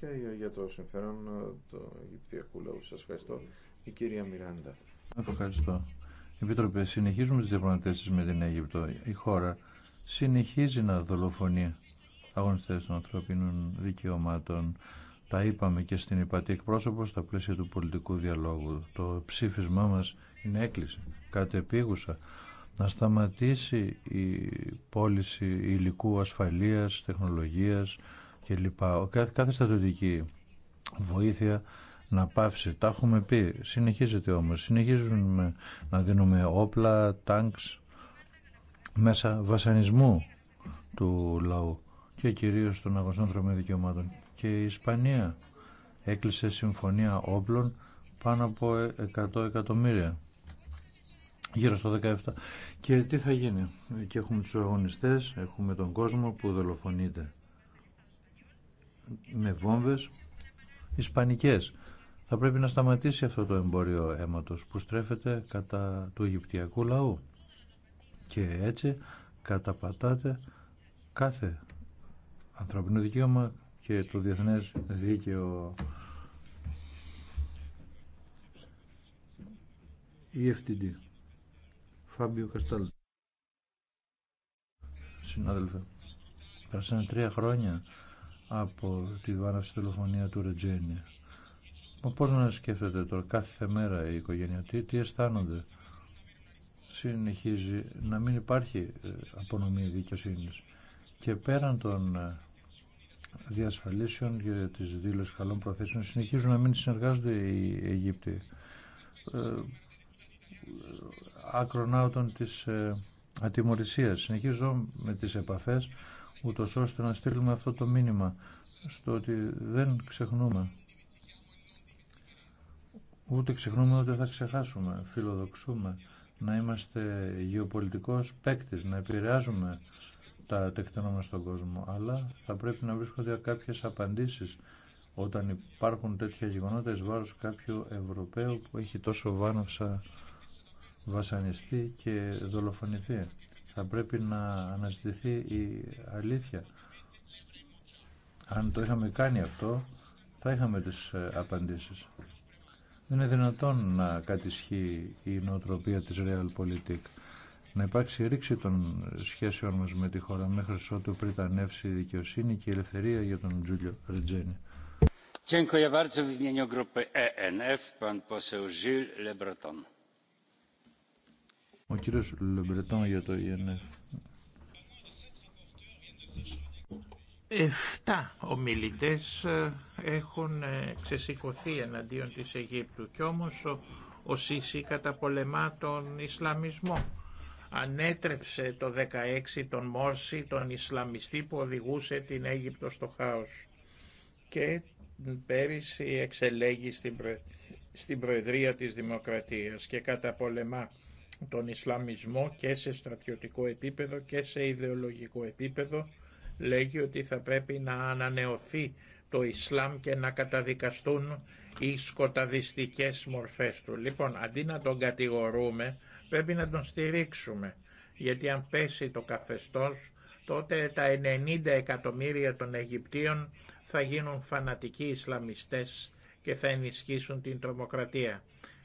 Και για το συμφέρον ε, του Αιγυπτιακού λαού. Σας ευχαριστώ. Η κυρία Μιράντα. Ευχαριστώ. Επίτροπε, συνεχίζουμε τις διαπραγματεύσει με την Αίγυπτο. Η χώρα συνεχίζει να δολοφονεί αγωνιστές των ανθρωπίνων δικαιωμάτων. Τα είπαμε και στην υπατή εκπρόσωπο στα πλαίσια του πολιτικού διαλόγου. Το ψήφισμά μας είναι έκκληση, κάτι επίγουσα. Να σταματήσει η πώληση υλικού ασφαλείας, τεχνολογίας κλπ. Κάθε στρατιωτική βοήθεια να πάυσει. Τα έχουμε πει. Συνεχίζεται όμως. Συνεχίζουμε να δίνουμε όπλα, τάγκς, μέσα βασανισμού του λαού και κυρίως των αγωνιστών δικαιωμάτων. Και η Ισπανία έκλεισε συμφωνία όπλων πάνω από 100 εκατομμύρια γύρω στο 17. Και τι θα γίνει. Και έχουμε τους αγωνιστές, έχουμε τον κόσμο που δολοφονείται με βόμβες ισπανικές θα πρέπει να σταματήσει αυτό το εμπόριο αίματος που στρέφεται κατά του Αιγυπτιακού λαού και έτσι καταπατάται κάθε ανθρωπινό δικαίωμα και το διεθνές δίκαιο. EFTD. Φάμπιο Καστάλ. Συνάδελφε, πέρασαν τρία χρόνια από τη βάναυση τηλεφωνία του Ρετζένια Μα πώς να σκέφτεται τώρα κάθε μέρα η οικογένεια, τι, αισθάνονται. Συνεχίζει να μην υπάρχει ε, απονομή δικαιοσύνης. Και πέραν των ε, διασφαλίσεων για τις δήλωση καλών προθέσεων συνεχίζουν να μην συνεργάζονται οι Αιγύπτιοι. Ε, ε της ατιμορρησίας. Συνεχίζω με τις επαφές ούτως ώστε να στείλουμε αυτό το μήνυμα στο ότι δεν ξεχνούμε. Ούτε ξεχνούμε ότι θα ξεχάσουμε, φιλοδοξούμε να είμαστε γεωπολιτικός παίκτη, να επηρεάζουμε τα τεκτενόμενα στον κόσμο, αλλά θα πρέπει να βρίσκονται κάποιες απαντήσεις όταν υπάρχουν τέτοια γεγονότα εις βάρος κάποιου Ευρωπαίου που έχει τόσο βάναυσα βασανιστεί και δολοφονηθεί. Θα πρέπει να αναζητηθεί η αλήθεια. Αν το είχαμε κάνει αυτό, θα είχαμε τις απαντήσεις. Δεν είναι δυνατόν να κατησχεί η νοοτροπία της Realpolitik. Να υπάρξει ρήξη των σχέσεων μας με τη χώρα μέχρι ότου πριτανεύσει η δικαιοσύνη και η ελευθερία για τον Τζούλιο Ρετζένη. E Ο κύριος Λεμπρετόν για το ΕΝΕΦ. E Εφτά ομιλητές ε, έχουν ε, ξεσηκωθεί εναντίον της Αιγύπτου και όμως ο, ο Σίση καταπολεμά τον Ισλαμισμό. Ανέτρεψε το 16 τον Μόρση, τον Ισλαμιστή που οδηγούσε την Αίγυπτο στο χάος και πέρυσι εξελέγει στην, Προεδρία της Δημοκρατίας και καταπολεμά τον Ισλαμισμό και σε στρατιωτικό επίπεδο και σε ιδεολογικό επίπεδο λέγει ότι θα πρέπει να ανανεωθεί το Ισλάμ και να καταδικαστούν οι σκοταδιστικές μορφές του. Λοιπόν, αντί να τον κατηγορούμε, πρέπει να τον στηρίξουμε. Γιατί αν πέσει το καθεστώς, τότε τα 90 εκατομμύρια των Αιγυπτίων θα γίνουν φανατικοί Ισλαμιστές και θα ενισχύσουν την τρομοκρατία.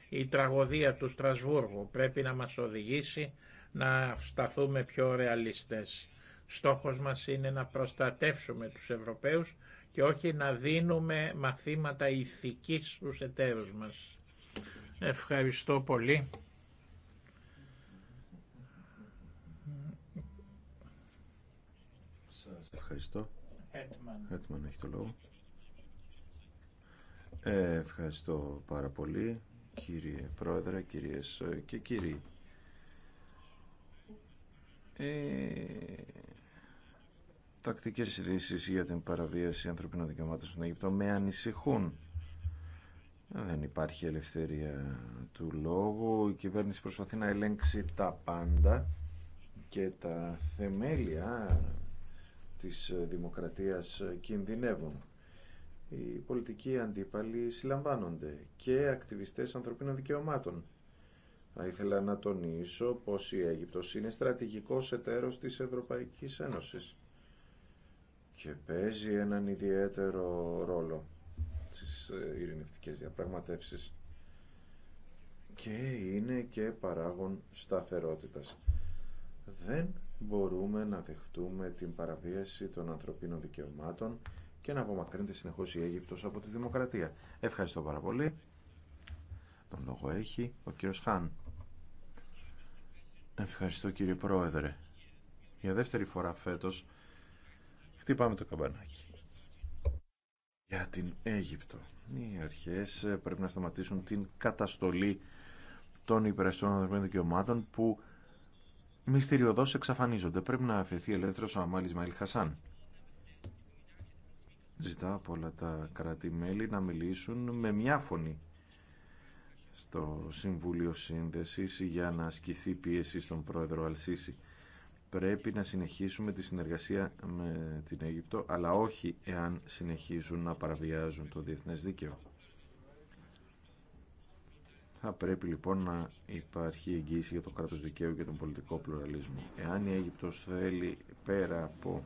Η τραγωδία του Στρασβούργου πρέπει να μας οδηγήσει να σταθούμε πιο ρεαλιστές. Στόχος μας είναι να προστατεύσουμε τους Ευρωπαίους και όχι να δίνουμε μαθήματα ηθικής στους εταίρους μας. Ευχαριστώ πολύ. Σας ευχαριστώ. Έτμαν. έχει το λόγο. Ε, ευχαριστώ πάρα πολύ κύριε Πρόεδρε, κυρίες ε, και κύριοι. Ε, Τακτικέ ειδήσει για την παραβίαση ανθρωπίνων δικαιωμάτων στον Αιγυπτό με ανησυχούν. Δεν υπάρχει ελευθερία του λόγου. Η κυβέρνηση προσπαθεί να ελέγξει τα πάντα και τα θεμέλια της δημοκρατίας κινδυνεύουν. Οι πολιτικοί αντίπαλοι συλλαμβάνονται και ακτιβιστές ανθρωπίνων δικαιωμάτων. Θα ήθελα να τονίσω πως η Αίγυπτος είναι στρατηγικός εταίρος της Ευρωπαϊκής Ένωσης και παίζει έναν ιδιαίτερο ρόλο στις ε, ειρηνευτικές διαπραγματεύσεις και είναι και παράγον σταθερότητας. Δεν μπορούμε να δεχτούμε την παραβίαση των ανθρωπίνων δικαιωμάτων και να απομακρύνεται συνεχώς η Αίγυπτος από τη δημοκρατία. Ευχαριστώ πάρα πολύ. Τον λόγο έχει ο κύριος Χάν. Ευχαριστώ κύριε Πρόεδρε. Για δεύτερη φορά φέτος Χτυπάμε το καμπανάκι. Για την Αίγυπτο. Οι αρχές ε, πρέπει να σταματήσουν την καταστολή των των δικαιωμάτων που μυστηριωδώς εξαφανίζονται. Πρέπει να αφαιθεί ελεύθερος ο Αμάλ Ισμαήλ Χασάν. Ζητά από όλα τα κράτη-μέλη να μιλήσουν με μια φωνή στο Συμβούλιο Σύνδεσης για να ασκηθεί πίεση στον πρόεδρο Αλσίση πρέπει να συνεχίσουμε τη συνεργασία με την Αίγυπτο, αλλά όχι εάν συνεχίζουν να παραβιάζουν το διεθνές δίκαιο. Θα πρέπει λοιπόν να υπάρχει εγγύηση για το κράτος δικαίου και τον πολιτικό πλουραλισμό. Εάν η Αίγυπτος θέλει πέρα από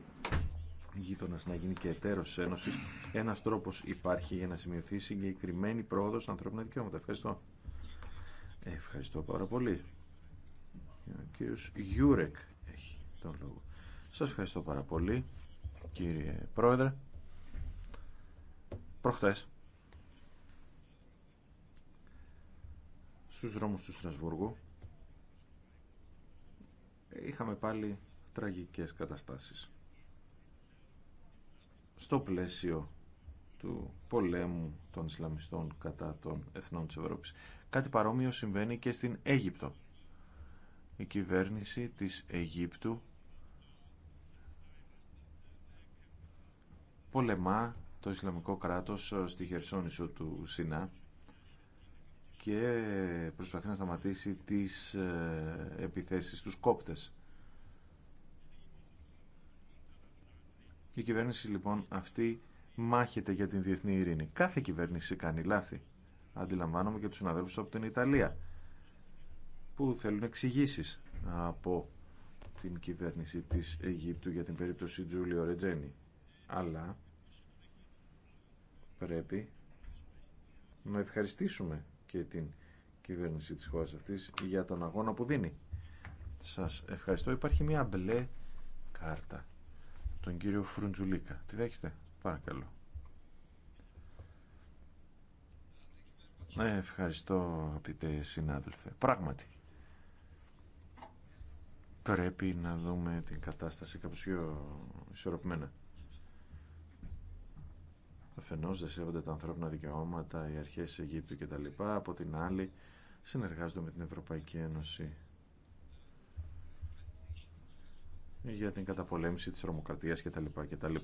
γείτονα να γίνει και εταίρος τη Ένωση, ένας τρόπος υπάρχει για να σημειωθεί συγκεκριμένη πρόοδο ανθρώπινα δικαιώματα. Ευχαριστώ. Ευχαριστώ πάρα πολύ. Ο Γιούρεκ τον λόγο. Σας ευχαριστώ πάρα πολύ κύριε Πρόεδρε. Προχτές στους δρόμους του Στρασβούργου είχαμε πάλι τραγικές καταστάσεις. Στο πλαίσιο του πολέμου των Ισλαμιστών κατά των εθνών της Ευρώπης. Κάτι παρόμοιο συμβαίνει και στην Αίγυπτο. Η κυβέρνηση της Αιγύπτου πολεμά το Ισλαμικό κράτος ε, στη χερσόνησο του Σινά και προσπαθεί να σταματήσει τις ε, επιθέσεις τους κόπτες. Η κυβέρνηση λοιπόν αυτή μάχεται για την διεθνή ειρήνη. Κάθε κυβέρνηση κάνει λάθη. Αντιλαμβάνομαι και τους συναδέλφους από την Ιταλία που θέλουν εξηγήσει από την κυβέρνηση της Αιγύπτου για την περίπτωση Τζούλιο Ρετζένη. Αλλά πρέπει να ευχαριστήσουμε και την κυβέρνηση της χώρας αυτής για τον αγώνα που δίνει. Σας ευχαριστώ. Υπάρχει μια μπλε κάρτα. Τον κύριο Φρουντζουλίκα. Τη δέχεστε. Παρακαλώ. Ναι, ευχαριστώ αγαπητέ συνάδελφε. Πράγματι. Πρέπει να δούμε την κατάσταση κάπως πιο ισορροπημένα. Αφενό δεν σέβονται τα ανθρώπινα δικαιώματα, οι αρχές Αιγύπτου κτλ. Από την άλλη συνεργάζονται με την Ευρωπαϊκή Ένωση για την καταπολέμηση της και κτλ.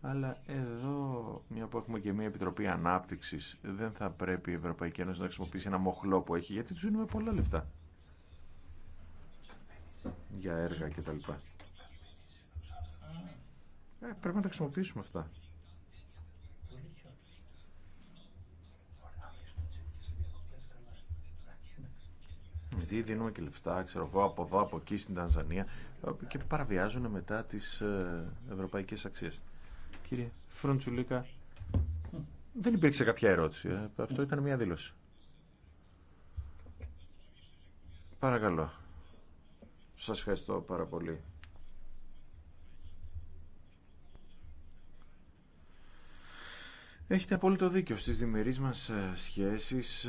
Αλλά εδώ, μια που έχουμε και μια επιτροπή ανάπτυξης, δεν θα πρέπει η Ευρωπαϊκή Ένωση να χρησιμοποιήσει ένα μοχλό που έχει, γιατί του δίνουμε πολλά λεφτά για έργα κτλ. Ε, πρέπει να τα χρησιμοποιήσουμε αυτά. Γιατί δίνουμε και λεφτά, ξέρω εγώ, από εδώ, από εκεί στην Τανζανία ε, και παραβιάζουν μετά τις ε, ευρωπαϊκές αξίες. Κύριε Φρουντσουλίκα, δεν υπήρξε κάποια ερώτηση. Ε. Αυτό ήταν μια δήλωση. Παρακαλώ. Σας ευχαριστώ πάρα πολύ. Έχετε απόλυτο δίκιο στις διμερείς μας σχέσεις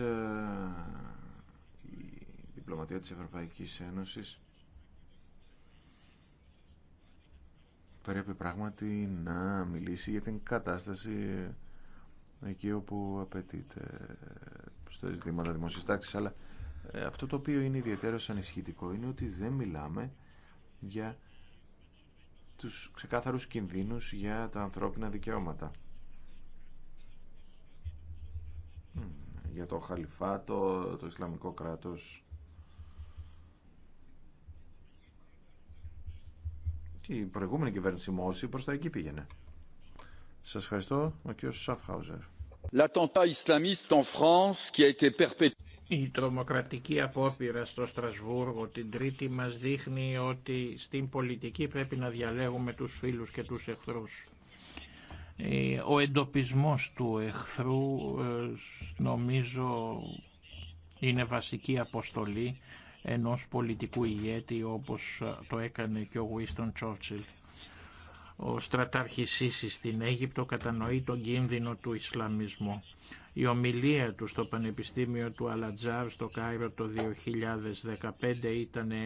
διπλωματία της Ευρωπαϊκής Ένωσης πρέπει πράγματι να μιλήσει για την κατάσταση εκεί όπου απαιτείται στο ζητήματα δημοσίας τάξης αλλά ε, αυτό το οποίο είναι ιδιαίτερο ανησυχητικό είναι ότι δεν μιλάμε για τους ξεκάθαρους κινδύνους για τα ανθρώπινα δικαιώματα για το Χαλιφάτο, το Ισλαμικό κράτος Η προηγούμενη κυβέρνηση Μόση προς τα εκεί πήγαινε. Σας ευχαριστώ, ο κ. Σαφχάουζερ. Η τρομοκρατική απόπειρα στο Στρασβούργο την Τρίτη μας δείχνει ότι στην πολιτική πρέπει να διαλέγουμε τους φίλους και τους εχθρούς. Ε, ο εντοπισμός του εχθρού ε, νομίζω είναι βασική αποστολή ενός πολιτικού ηγέτη όπως ε, το έκανε και ο Winston Churchill. Ο στρατάρχης Σίσης στην Αίγυπτο κατανοεί τον κίνδυνο του Ισλαμισμού. Η ομιλία του στο Πανεπιστήμιο του Αλατζάρ στο Κάιρο το 2015 ήταν ε,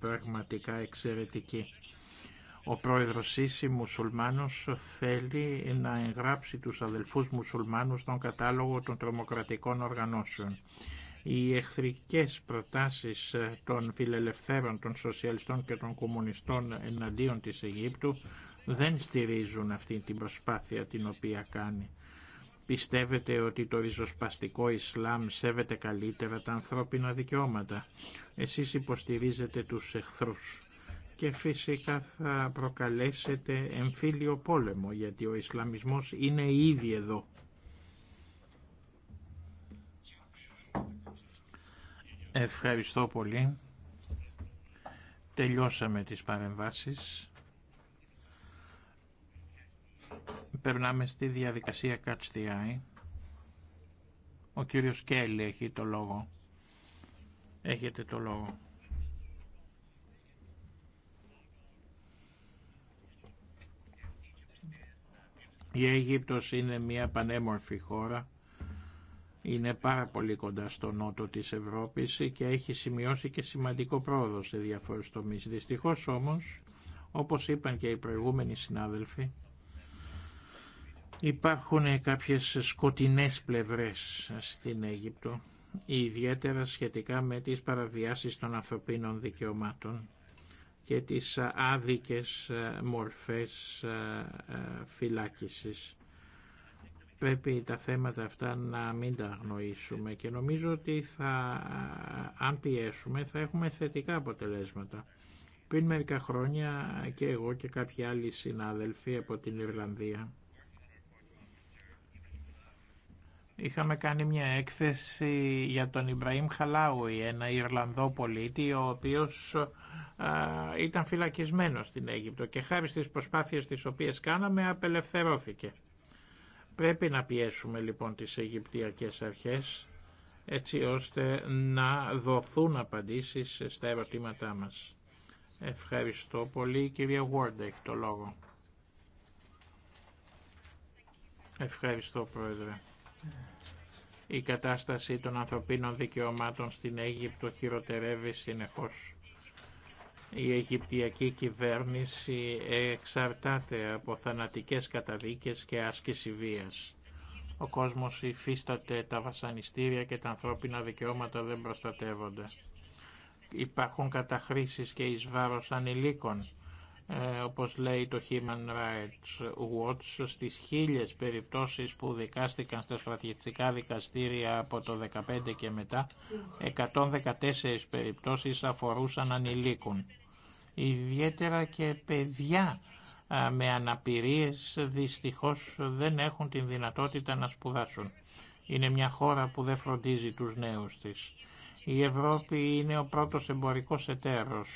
πραγματικά εξαιρετική. Ο πρόεδρος Σίση μουσουλμάνος θέλει να εγγράψει τους αδελφούς μουσουλμάνους στον κατάλογο των τρομοκρατικών οργανώσεων οι εχθρικές προτάσεις ε, των φιλελευθέρων, των σοσιαλιστών και των κομμουνιστών εναντίον της Αιγύπτου δεν στηρίζουν αυτή την προσπάθεια την οποία κάνει. Πιστεύετε ότι το ριζοσπαστικό Ισλάμ σέβεται καλύτερα τα ανθρώπινα δικαιώματα. Εσείς υποστηρίζετε τους εχθρούς και φυσικά θα προκαλέσετε εμφύλιο πόλεμο γιατί ο Ισλαμισμός είναι ήδη εδώ Ευχαριστώ πολύ. Τελειώσαμε τις παρεμβάσεις. Περνάμε στη διαδικασία Catch Ο κύριος Κέλλη έχει το λόγο. Έχετε το λόγο. Η Αίγυπτος είναι μια πανέμορφη χώρα είναι πάρα πολύ κοντά στο νότο της Ευρώπης και έχει σημειώσει και σημαντικό πρόοδο σε διάφορου τομείς. Δυστυχώς όμως, όπως είπαν και οι προηγούμενοι συνάδελφοι, υπάρχουν κάποιες σκοτεινές πλευρές στην Αίγυπτο, ιδιαίτερα σχετικά με τις παραβιάσεις των ανθρωπίνων δικαιωμάτων και τις άδικες μορφές ε, ε, φυλάκισης πρέπει τα θέματα αυτά να μην τα αγνοήσουμε και νομίζω ότι θα, αν πιέσουμε θα έχουμε θετικά αποτελέσματα. Πριν μερικά χρόνια και εγώ και κάποιοι άλλοι συνάδελφοι από την Ιρλανδία είχαμε κάνει μια έκθεση για τον Ιμπραήμ Χαλάουι, ένα Ιρλανδό πολίτη ο οποίος ήταν φυλακισμένος στην Αίγυπτο και χάρη στις προσπάθειες τις οποίες κάναμε απελευθερώθηκε. Πρέπει να πιέσουμε λοιπόν τις Αιγυπτιακές αρχές έτσι ώστε να δοθούν απαντήσεις στα ερωτήματά μας. Ευχαριστώ πολύ. Η κυρία Γουόρντα το λόγο. Ευχαριστώ Πρόεδρε. Η κατάσταση των ανθρωπίνων δικαιωμάτων στην Αίγυπτο χειροτερεύει συνεχώς. Η Αιγυπτιακή κυβέρνηση εξαρτάται από θανατικές καταδίκες και άσκηση βίας. Ο κόσμος υφίσταται τα βασανιστήρια και τα ανθρώπινα δικαιώματα δεν προστατεύονται. Υπάρχουν καταχρήσεις και εις βάρος ανηλίκων ε, όπως λέει το Human Rights Watch, στις χίλιες περιπτώσεις που δικάστηκαν στα στρατιωτικά δικαστήρια από το 2015 και μετά, 114 περιπτώσεις αφορούσαν ανηλίκων. Ιδιαίτερα και παιδιά με αναπηρίες δυστυχώς δεν έχουν την δυνατότητα να σπουδάσουν. Είναι μια χώρα που δεν φροντίζει τους νέους της. Η Ευρώπη είναι ο πρώτος εμπορικός εταίρος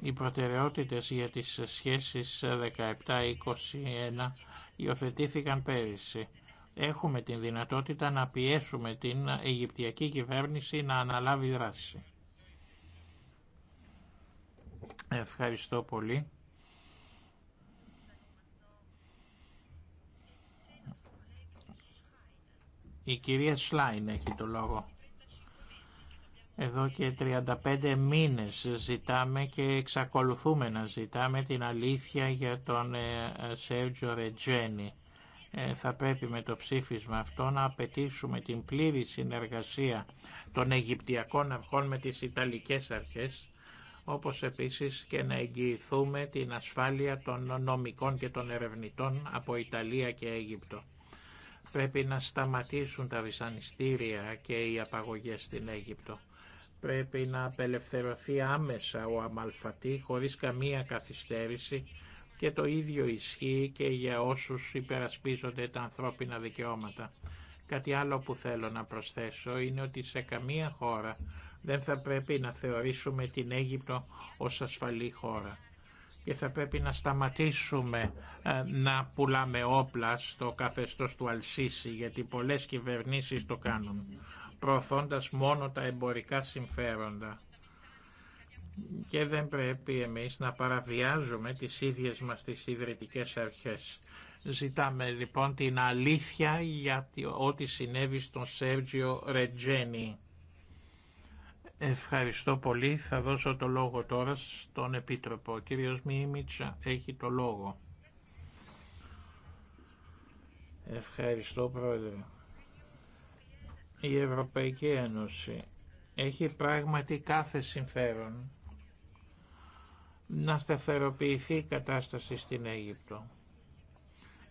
οι προτεραιότητες για τις σχέσεις 17-21 υιοθετήθηκαν πέρυσι. Έχουμε την δυνατότητα να πιέσουμε την Αιγυπτιακή κυβέρνηση να αναλάβει δράση. Ευχαριστώ πολύ. Η κυρία Σλάιν έχει το λόγο. Εδώ και 35 μήνες ζητάμε και εξακολουθούμε να ζητάμε την αλήθεια για τον ε, Σέρτζο Ρετζένη. Ε, θα πρέπει με το ψήφισμα αυτό να απαιτήσουμε την πλήρη συνεργασία των Αιγυπτιακών αρχών με τις Ιταλικές αρχές, όπως επίσης και να εγγυηθούμε την ασφάλεια των νομικών και των ερευνητών από Ιταλία και Αίγυπτο. Πρέπει να σταματήσουν τα βυσανιστήρια και οι απαγωγές στην Αίγυπτο πρέπει να απελευθερωθεί άμεσα ο Αμαλφατή χωρίς καμία καθυστέρηση και το ίδιο ισχύει και για όσους υπερασπίζονται τα ανθρώπινα δικαιώματα. Κάτι άλλο που θέλω να προσθέσω είναι ότι σε καμία χώρα δεν θα πρέπει να θεωρήσουμε την Αίγυπτο ως ασφαλή χώρα και θα πρέπει να σταματήσουμε ε, να πουλάμε όπλα στο καθεστώς του Αλσίση γιατί πολλές κυβερνήσεις το κάνουν προωθώντας μόνο τα εμπορικά συμφέροντα. Και δεν πρέπει εμείς να παραβιάζουμε τις ίδιες μας τις ιδρυτικές αρχές. Ζητάμε λοιπόν την αλήθεια για ό,τι συνέβη στον Σέργιο Ρετζένι. Ευχαριστώ πολύ. Θα δώσω το λόγο τώρα στον Επίτροπο. Ο κύριος Μίμητσα έχει το λόγο. Ευχαριστώ Πρόεδρε η Ευρωπαϊκή Ένωση έχει πράγματι κάθε συμφέρον να σταθεροποιηθεί η κατάσταση στην Αίγυπτο.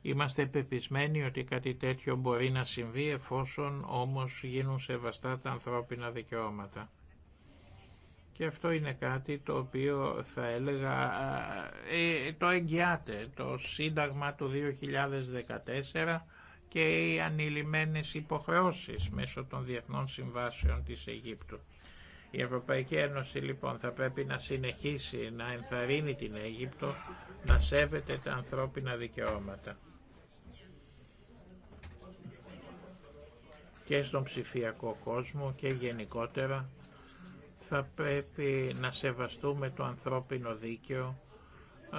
Είμαστε πεπισμένοι ότι κάτι τέτοιο μπορεί να συμβεί εφόσον όμως γίνουν σεβαστά τα ανθρώπινα δικαιώματα. Και αυτό είναι κάτι το οποίο θα έλεγα ε, το εγγυάται. Το Σύνταγμα του 2014 και οι ανηλυμένες υποχρεώσεις μέσω των διεθνών συμβάσεων της Αιγύπτου. Η Ευρωπαϊκή Ένωση λοιπόν θα πρέπει να συνεχίσει να ενθαρρύνει την Αίγυπτο να σέβεται τα ανθρώπινα δικαιώματα. και στον ψηφιακό κόσμο και γενικότερα θα πρέπει να σεβαστούμε το ανθρώπινο δίκαιο ε,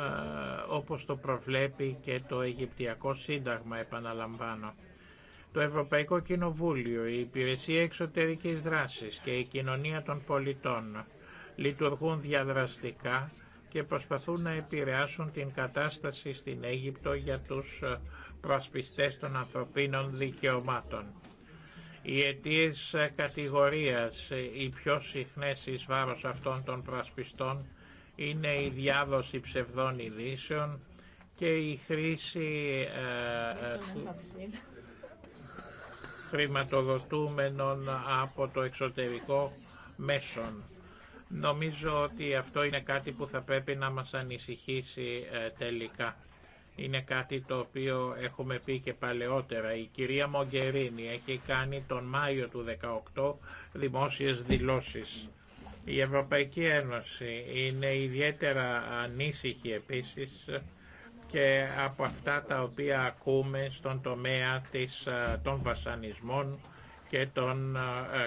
όπως το προβλέπει και το Αιγυπτιακό Σύνταγμα επαναλαμβάνω. Το Ευρωπαϊκό Κοινοβούλιο, η Υπηρεσία Εξωτερικής Δράσης και η Κοινωνία των Πολιτών λειτουργούν διαδραστικά και προσπαθούν να επηρεάσουν την κατάσταση στην Αίγυπτο για τους ε, προσπιστές των ανθρωπίνων δικαιωμάτων. Οι αιτίε ε, κατηγορίας οι πιο συχνές εις βάρος αυτών των προασπιστών είναι η διάδοση ψευδών ειδήσεων και η χρήση ε, ε, χρηματοδοτούμενων από το εξωτερικό μέσων. Νομίζω ότι αυτό είναι κάτι που θα πρέπει να μας ανησυχήσει ε, τελικά. Είναι κάτι το οποίο έχουμε πει και παλαιότερα. Η κυρία Μογκερίνη έχει κάνει τον Μάιο του 2018 δημόσιες δηλώσεις η Ευρωπαϊκή Ένωση είναι ιδιαίτερα ανήσυχη επίσης και από αυτά τα οποία ακούμε στον τομέα της, ε, των βασανισμών και των ε,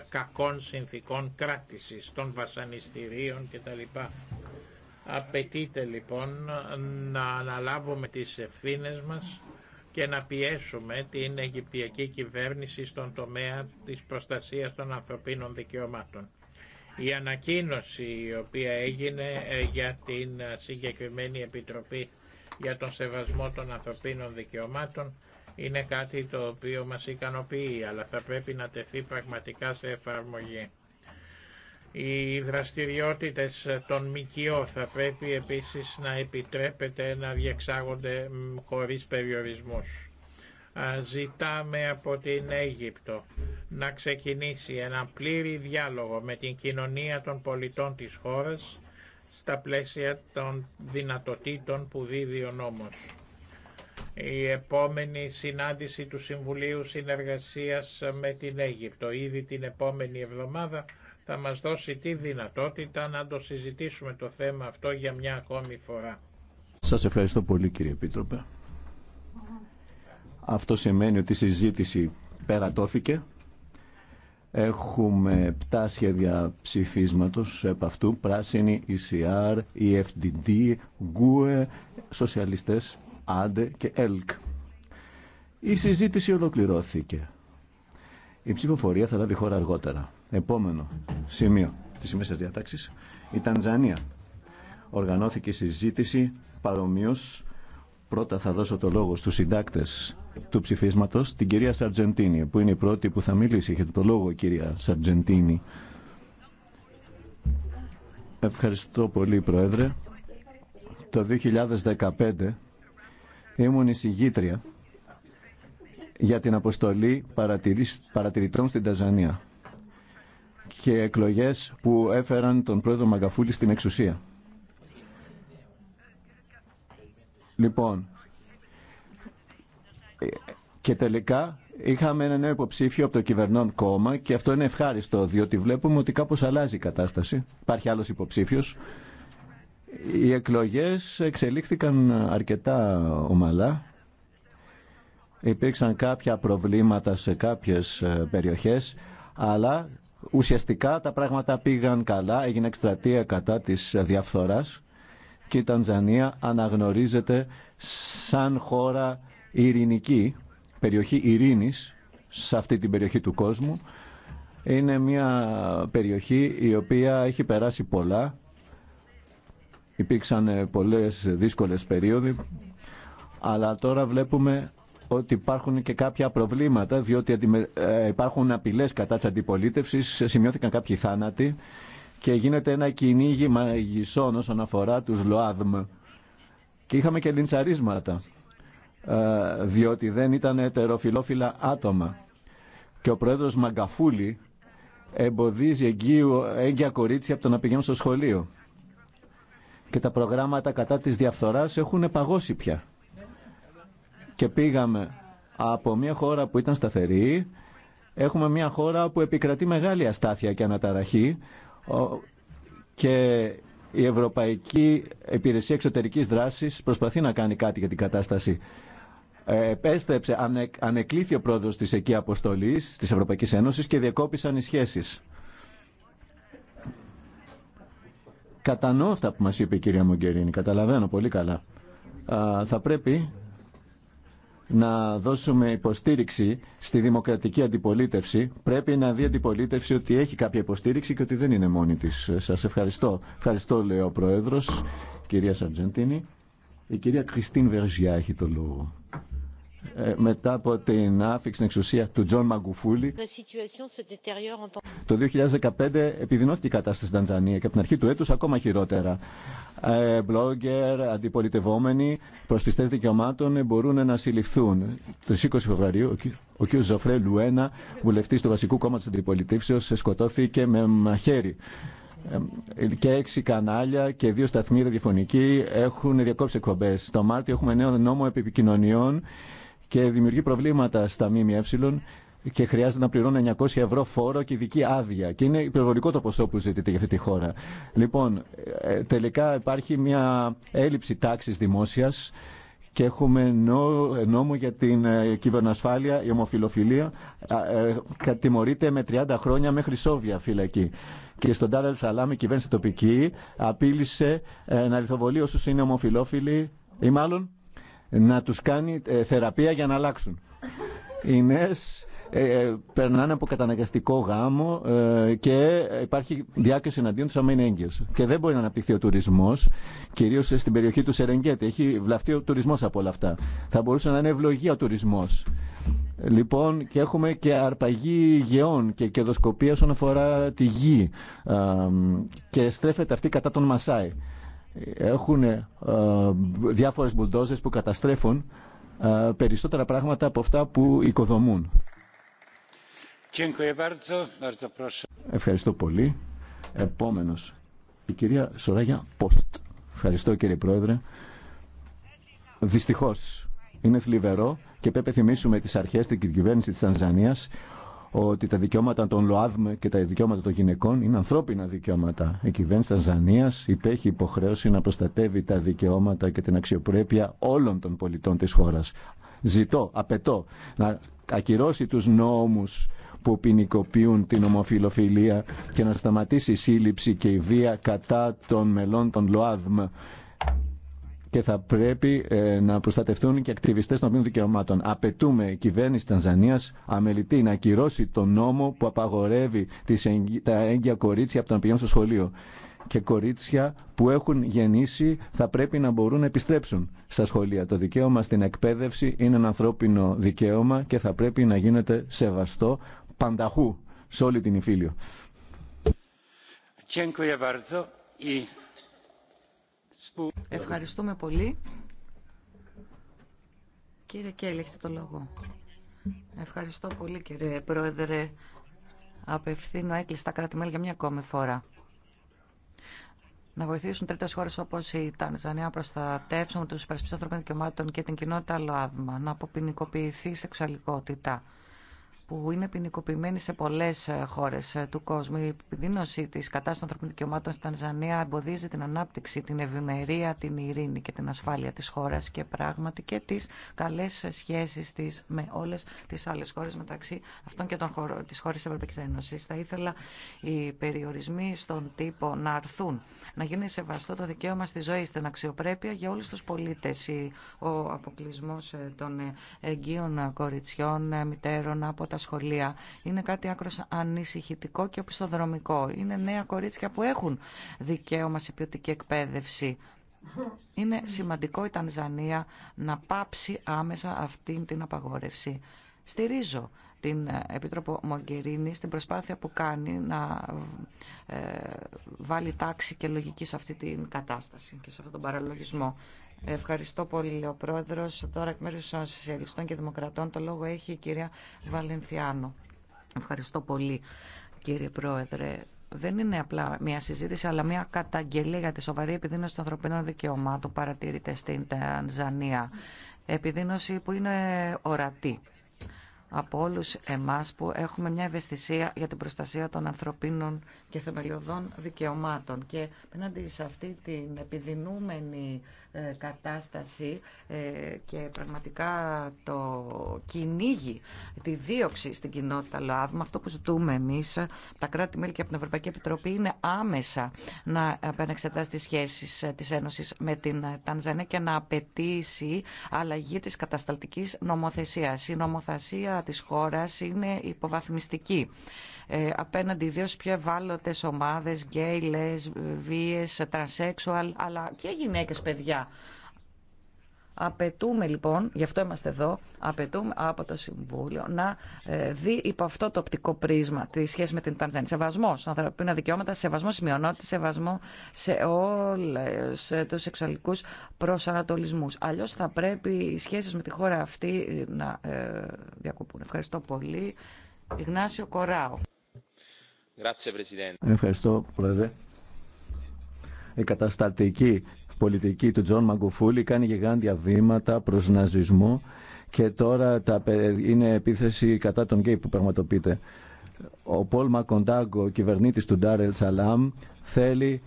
κακών συνθήκων κράτησης, των βασανιστήριων κτλ. Απαιτείται λοιπόν να αναλάβουμε τις ευθύνες μας και να πιέσουμε την Αιγυπτιακή κυβέρνηση στον τομέα της προστασίας των ανθρωπίνων δικαιωμάτων. Η ανακοίνωση η οποία έγινε ε, για την ε, συγκεκριμένη Επιτροπή για τον Σεβασμό των Ανθρωπίνων Δικαιωμάτων είναι κάτι το οποίο μας ικανοποιεί, αλλά θα πρέπει να τεθεί πραγματικά σε εφαρμογή. Οι δραστηριότητες των ΜΚΟ θα πρέπει επίσης να επιτρέπεται να διεξάγονται χωρίς περιορισμούς ζητάμε από την Αίγυπτο να ξεκινήσει ένα πλήρη διάλογο με την κοινωνία των πολιτών της χώρας στα πλαίσια των δυνατοτήτων που δίδει ο νόμος. Η επόμενη συνάντηση του Συμβουλίου Συνεργασίας με την Αίγυπτο ήδη την επόμενη εβδομάδα θα μας δώσει τη δυνατότητα να το συζητήσουμε το θέμα αυτό για μια ακόμη φορά. Σας ευχαριστώ πολύ κύριε Επίτροπε. Αυτό σημαίνει ότι η συζήτηση περατώθηκε. Έχουμε 7 σχέδια ψηφίσματος επ' αυτού. Πράσινη, ECR, EFDD, GUE, Σοσιαλιστές, ΑΝΤΕ και ΕΛΚ. Η συζήτηση ολοκληρώθηκε. Η ψηφοφορία θα λάβει χώρα αργότερα. Επόμενο σημείο της ημέρα διατάξης, η Τανζανία. Οργανώθηκε η συζήτηση παρομοίως. Πρώτα θα δώσω το λόγο στους συντάκτες του ψηφίσματο, την κυρία Σαρτζεντίνη, που είναι η πρώτη που θα μιλήσει. Έχετε το λόγο, κυρία Σαρτζεντίνη. Ευχαριστώ πολύ, Πρόεδρε. Το 2015 ήμουν εισηγήτρια για την αποστολή παρατηρητών στην Ταζανία και εκλογές που έφεραν τον πρόεδρο Μαγκαφούλη στην εξουσία. Λοιπόν, και τελικά είχαμε ένα νέο υποψήφιο από το κυβερνών κόμμα και αυτό είναι ευχάριστο, διότι βλέπουμε ότι κάπως αλλάζει η κατάσταση. Υπάρχει άλλος υποψήφιος. Οι εκλογές εξελίχθηκαν αρκετά ομαλά. Υπήρξαν κάποια προβλήματα σε κάποιες ε, περιοχές, αλλά ουσιαστικά τα πράγματα πήγαν καλά, έγινε εκστρατεία κατά της διαφθοράς και η Τανζανία αναγνωρίζεται σαν χώρα η ειρηνική περιοχή ειρήνης σε αυτή την περιοχή του κόσμου είναι μια περιοχή η οποία έχει περάσει πολλά. Υπήρξαν ε, πολλές δύσκολες περίοδοι, αλλά τώρα βλέπουμε ότι υπάρχουν και κάποια προβλήματα, διότι ε, υπάρχουν απειλές κατά της αντιπολίτευσης, σημειώθηκαν κάποιοι θάνατοι και γίνεται ένα κυνήγι μαγισσών όσον αφορά τους ΛΟΑΔΜ. Και είχαμε και λιντσαρίσματα ε, διότι δεν ήταν ετεροφιλόφιλα άτομα. Και ο πρόεδρος Μαγκαφούλη εμποδίζει εγγύου, έγκυα κορίτσια από το να πηγαίνουν στο σχολείο. Και τα προγράμματα κατά της διαφθοράς έχουν παγώσει πια. Και πήγαμε από μια χώρα που ήταν σταθερή, έχουμε μια χώρα που επικρατεί μεγάλη αστάθεια και αναταραχή και η Ευρωπαϊκή Υπηρεσία Εξωτερικής Δράσης προσπαθεί να κάνει κάτι για την κατάσταση. Ε, επέστρεψε, ανε, ανεκλήθη ο πρόεδρο τη εκεί αποστολή τη Ευρωπαϊκή Ένωση και διακόπησαν οι σχέσει. Κατανοώ αυτά που μα είπε η κυρία Μογκερίνη, καταλαβαίνω πολύ καλά. Α, θα πρέπει να δώσουμε υποστήριξη στη δημοκρατική αντιπολίτευση. Πρέπει να δει η αντιπολίτευση ότι έχει κάποια υποστήριξη και ότι δεν είναι μόνη της. Σας ευχαριστώ. Ευχαριστώ, λέει ο Πρόεδρος, κυρία Σαρτζεντίνη. Η κυρία Κριστίν Βεργιά έχει το λόγο. Ε, μετά από την άφηξη στην εξουσία του Τζον Μαγκουφούλη. Το 2015 επιδεινώθηκε η κατάσταση στην Τανζανία και από την αρχή του έτους ακόμα χειρότερα. Μπλόγκερ, αντιπολιτευόμενοι, προσπιστέ δικαιωμάτων μπορούν να συλληφθούν. Το 20 Φεβρουαρίου ο κ. Ζωφρέ Λουένα, βουλευτής του Βασικού Κόμματος Αντιπολιτεύσεως, σκοτώθηκε με μαχαίρι ε, και έξι κανάλια και δύο σταθμοί ραδιοφωνικοί έχουν διακόψει εκπομπέ. Το Μάρτιο έχουμε νέο νόμο επικοινωνιών και δημιουργεί προβλήματα στα ΜΜΕ και χρειάζεται να πληρώνει 900 ευρώ φόρο και ειδική άδεια. Και είναι υπερβολικό το ποσό που ζητείται για αυτή τη χώρα. Λοιπόν, ε, τελικά υπάρχει μια έλλειψη τάξη δημόσιας και έχουμε νόμο για την ε, κυβερνοασφάλεια, η ομοφιλοφιλία, ε, κατημορείται με 30 χρόνια μέχρι σόβια φυλακή. Και στον Τάραλ Σαλάμ η κυβέρνηση τοπική απείλησε να λιθοβολεί όσους είναι ομοφιλόφιλοι ή μάλλον να τους κάνει ε, θεραπεία για να αλλάξουν. Οι νέες ε, ε, περνάνε από καταναγκαστικό γάμο και υπάρχει διάκριση εναντίον τους άμα είναι έγκυος. Και δεν μπορεί να αναπτυχθεί ο τουρισμός, κυρίως στην περιοχή του Σερενγκέτη. Έχει βλαφτεί ο τουρισμός από όλα αυτά. Θα μπορούσε να είναι ευλογία ο τουρισμός. Λοιπόν, και έχουμε και αρπαγή γεών και κερδοσκοπία όσον αφορά τη γη. Και στρέφεται αυτή κατά τον Μασάη έχουν ε, διάφορες μπουλντόζες που καταστρέφουν ε, περισσότερα πράγματα από αυτά που οικοδομούν. Ευχαριστώ πολύ. Επόμενος, η κυρία Σοράγια Πόστ. Ευχαριστώ κύριε Πρόεδρε. Δυστυχώς είναι θλιβερό και πρέπει να θυμίσουμε τις αρχές και την κυβέρνηση της Τανζανίας ότι τα δικαιώματα των ΛΟΑΔΜ και τα δικαιώματα των γυναικών είναι ανθρώπινα δικαιώματα. Η κυβέρνηση Τανζανία υπέχει υποχρέωση να προστατεύει τα δικαιώματα και την αξιοπρέπεια όλων των πολιτών τη χώρα. Ζητώ, απαιτώ να ακυρώσει του νόμου που ποινικοποιούν την ομοφιλοφιλία και να σταματήσει η σύλληψη και η βία κατά των μελών των ΛΟΑΔΜ και θα πρέπει ε, να προστατευτούν και ακτιβιστές των δικαιωμάτων. Απαιτούμε η κυβέρνηση Τανζανίας αμελητή να ακυρώσει τον νόμο που απαγορεύει τις, τα έγκυα κορίτσια από το να πηγαίνουν στο σχολείο. Και κορίτσια που έχουν γεννήσει θα πρέπει να μπορούν να επιστρέψουν στα σχολεία. Το δικαίωμα στην εκπαίδευση είναι ένα ανθρώπινο δικαίωμα και θα πρέπει να γίνεται σεβαστό πανταχού σε όλη την Ιφίλιο. Ευχαριστούμε πολύ. Κύριε Κέλλη, έχετε το λόγο. Ευχαριστώ πολύ κύριε Πρόεδρε. Απευθύνω Απευθύνω κράτη-μέλη για μια ακόμη φορά να βοηθήσουν τρίτε χώρε όπω η Τανζανία να προστατεύσουν του υπερασπιστέ ανθρωπίνων δικαιωμάτων και την κοινότητα ΛΟΑΔΜΑ, να αποποινικοποιηθεί η σεξουαλικότητα, που είναι ποινικοποιημένη σε πολλέ ε, χώρε ε, του κόσμου. Η επιδείνωση τη κατάσταση των ανθρωπίνων δικαιωμάτων στην Τανζανία εμποδίζει την ανάπτυξη, την ευημερία, την ειρήνη και την ασφάλεια τη χώρα και πράγματι και τι καλέ ε, σχέσει τη με όλε τι άλλε χώρε μεταξύ αυτών και τη χώρα τη Ευρωπαϊκή Ένωση. Θα ήθελα οι περιορισμοί στον τύπο να αρθούν, να γίνει σεβαστό το δικαίωμα στη ζωή, στην αξιοπρέπεια για όλου του πολίτε. Ο αποκλεισμό των εγγύων κοριτσιών, μητέρων από τα σχολεία είναι κάτι άκρο ανησυχητικό και οπισθοδρομικό. Είναι νέα κορίτσια που έχουν δικαίωμα σε ποιοτική εκπαίδευση. Είναι σημαντικό η Τανζανία να πάψει άμεσα αυτήν την απαγόρευση. Στηρίζω την ε, Επίτροπο Μογκερίνη στην προσπάθεια που κάνει να ε, βάλει τάξη και λογική σε αυτή την κατάσταση και σε αυτόν τον παραλογισμό. Ευχαριστώ πολύ, ο πρόεδρο. Τώρα, εκ μέρου των Σοσιαλιστών και Δημοκρατών, το λόγο έχει η κυρία Βαλενθιάνο. Ευχαριστώ πολύ, κύριε πρόεδρε. Δεν είναι απλά μια συζήτηση, αλλά μια καταγγελία για τη σοβαρή επιδείνωση των ανθρωπίνων δικαιωμάτων παρατηρείται στην Τανζανία. Επιδείνωση που είναι ορατή από όλους εμάς που έχουμε μια ευαισθησία για την προστασία των ανθρωπίνων και θεμελιωδών δικαιωμάτων. Και απέναντι σε αυτή την επιδεινούμενη ε, κατάσταση ε, και πραγματικά το κυνήγι, τη δίωξη στην κοινότητα ΛΟΑΔΜΑ. Αυτό που ζητούμε εμείς, τα κράτη-μέλη και από την Ευρωπαϊκή Επιτροπή, είναι άμεσα να επανεξετάσει τις σχέσεις ε, της Ένωσης με την Τανζανία και να απαιτήσει αλλαγή της κατασταλτικής νομοθεσίας. Η νομοθεσία της χώρας είναι υποβαθμιστική. Ε, απέναντι ιδίω πιο ευάλωτε ομάδε, γκέι, λεσβείε, τρανσέξουαλ, αλλά και γυναίκε, παιδιά. Απαιτούμε λοιπόν, γι' αυτό είμαστε εδώ, απαιτούμε από το Συμβούλιο να ε, δει υπό αυτό το οπτικό πρίσμα τη σχέση με την Τανζάνη. Σεβασμό στα ανθρωπίνα δικαιώματα, σεβασμό στι μειονότητε, σεβασμό σε όλου ε, του σεξουαλικού προσανατολισμού. Αλλιώ θα πρέπει οι σχέσει με τη χώρα αυτή να διακοπούν. Ευχαριστώ πολύ. Ιγνάσιο Κοράου. Ευχαριστώ, Πρόεδρε. Η καταστατική πολιτική του Τζον Μαγκουφούλη κάνει γιγάντια βήματα προς ναζισμό και τώρα τα, είναι επίθεση κατά τον γκέι που πραγματοποιείται. Ο Πολ Μακοντάγκο, κυβερνήτης του Ντάρελ Σαλάμ, θέλει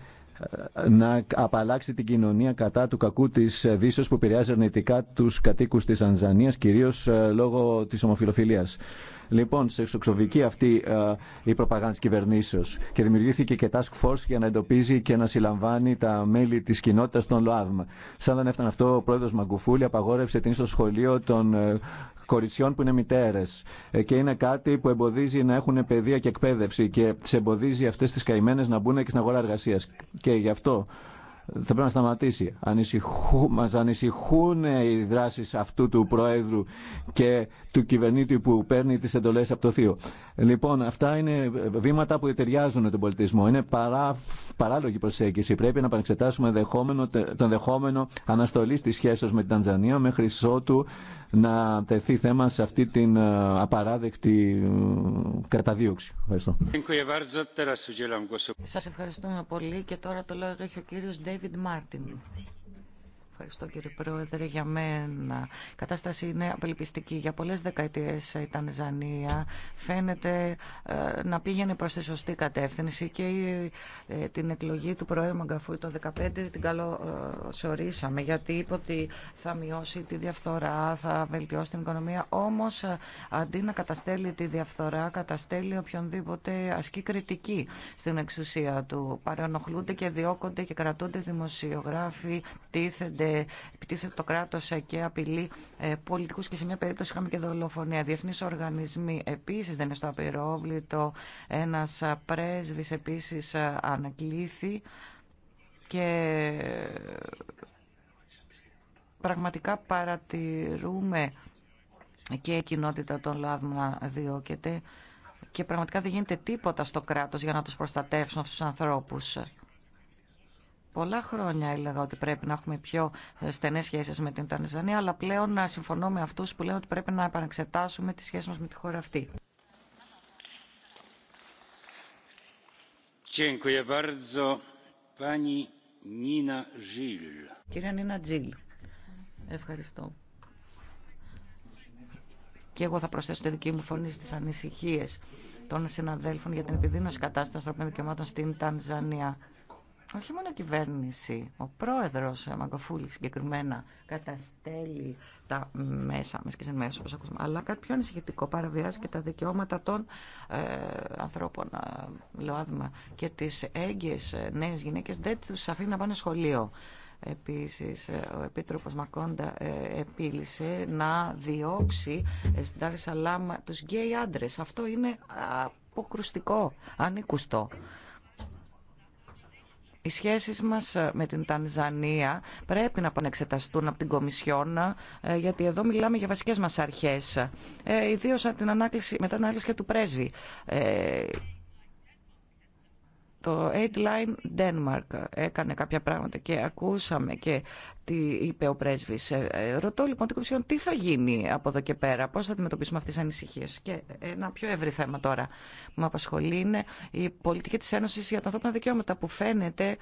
ε, να απαλλάξει την κοινωνία κατά του κακού της ε, δύσεως που επηρεάζει αρνητικά τους κατοίκους της Ανζανίας, κυρίως ε, λόγω τη ομοφιλοφιλίας. Λοιπόν, σε εξοξοβική αυτή ε, η προπαγάνδα τη κυβερνήσεω και δημιουργήθηκε και task force για να εντοπίζει και να συλλαμβάνει τα μέλη τη κοινότητα των ΛΟΑΔΜ. Σαν δεν έφτανε αυτό, ο πρόεδρο Μαγκουφούλη απαγόρευσε την στο σχολείο των ε, κοριτσιών που είναι μητέρε. Ε, και είναι κάτι που εμποδίζει να έχουν παιδεία και εκπαίδευση και τι εμποδίζει αυτέ τι καημένε να μπουν και στην αγορά εργασία. Και γι' αυτό θα πρέπει να σταματήσει. Ανησυχού, μας ανησυχούν οι δράσεις αυτού του Προέδρου και του κυβερνήτη που παίρνει τις εντολές από το Θείο. Λοιπόν, αυτά είναι βήματα που ταιριάζουν τον πολιτισμό. Είναι παρά, παράλογη προσέγγιση. Πρέπει να επανεξετάσουμε τον δεχόμενο αναστολή της σχέση με την Τανζανία μέχρι ότου να τεθεί θέμα σε αυτή την ε, απαράδεκτη ε, καταδίωξη. Ευχαριστώ. Σας ευχαριστούμε πολύ και τώρα το λόγο έχει ο κύριος Ντέιβιντ Μάρτιν. Ευχαριστώ κύριε Πρόεδρε. Για μένα η κατάσταση είναι απελπιστική. Για πολλές δεκαετίες η Τανζανία φαίνεται ε, να πήγαινε προς τη σωστή κατεύθυνση και ε, την εκλογή του Προέδρου Μαγκαφού το 2015 την καλωσορίσαμε ε, γιατί είπε ότι θα μειώσει τη διαφθορά, θα βελτιώσει την οικονομία. Όμως αντί να καταστέλει τη διαφθορά, καταστέλει οποιονδήποτε ασκή κριτική στην εξουσία του. Παρανοχλούνται και διώκονται και κρατούνται δημοσιογράφοι, τίθενται επιτίθεται το κράτο και απειλεί ε, πολιτικούς και σε μια περίπτωση είχαμε και δολοφονία. Διεθνεί οργανισμοί επίσης δεν είναι στο απειρόβλητο. Ένας πρέσβη επίση ανακλήθη και ε, πραγματικά παρατηρούμε και η κοινότητα των λάδων να διώκεται και πραγματικά δεν γίνεται τίποτα στο κράτος για να τους προστατεύσουν αυτούς τους ανθρώπους. Πολλά χρόνια έλεγα ότι πρέπει να έχουμε πιο στενές σχέσεις με την Τανζανία, αλλά πλέον να συμφωνώ με αυτούς που λένε ότι πρέπει να επαναξετάσουμε τη σχέση μας με τη χώρα αυτή. Κυρία Νίνα Τζιλ, ευχαριστώ. Και εγώ θα προσθέσω τη δική μου φωνή στις ανησυχίες των συναδέλφων για την επιδείνωση κατάσταση των δικαιωμάτων στην Τανζανία όχι μόνο η κυβέρνηση, ο πρόεδρος ε, Μαγκοφούλη συγκεκριμένα καταστέλει τα μέσα μέσα και σε όπως ακούσαμε, αλλά κάτι πιο ανησυχητικό παραβιάζει και τα δικαιώματα των ε, ανθρώπων, ε, και τις έγκυες ε, νέες γυναίκες δεν τους αφήνει να πάνε σχολείο. Επίσης, ο Επίτροπος Μακόντα επίλησε να διώξει στην Τάρη Σαλάμ τους γκέι άντρες. Αυτό είναι αποκρουστικό, ανήκουστο. Οι σχέσεις μας ε, με την Τανζανία πρέπει να πανεξεταστούν από την Κομισιόν, ε, γιατί εδώ μιλάμε για βασικές μας αρχές, ε, ιδίω την ανάκληση, μετά την ανάκληση και του πρέσβη το Line Denmark έκανε κάποια πράγματα και ακούσαμε και τι είπε ο πρέσβης. Ε, ε, ρωτώ λοιπόν την Κομισιόν τι θα γίνει από εδώ και πέρα, πώς θα αντιμετωπίσουμε αυτές τις ανησυχίες. Και ένα πιο ευρύ θέμα τώρα που με απασχολεί είναι η πολιτική της Ένωσης για τα ανθρώπινα δικαιώματα που φαίνεται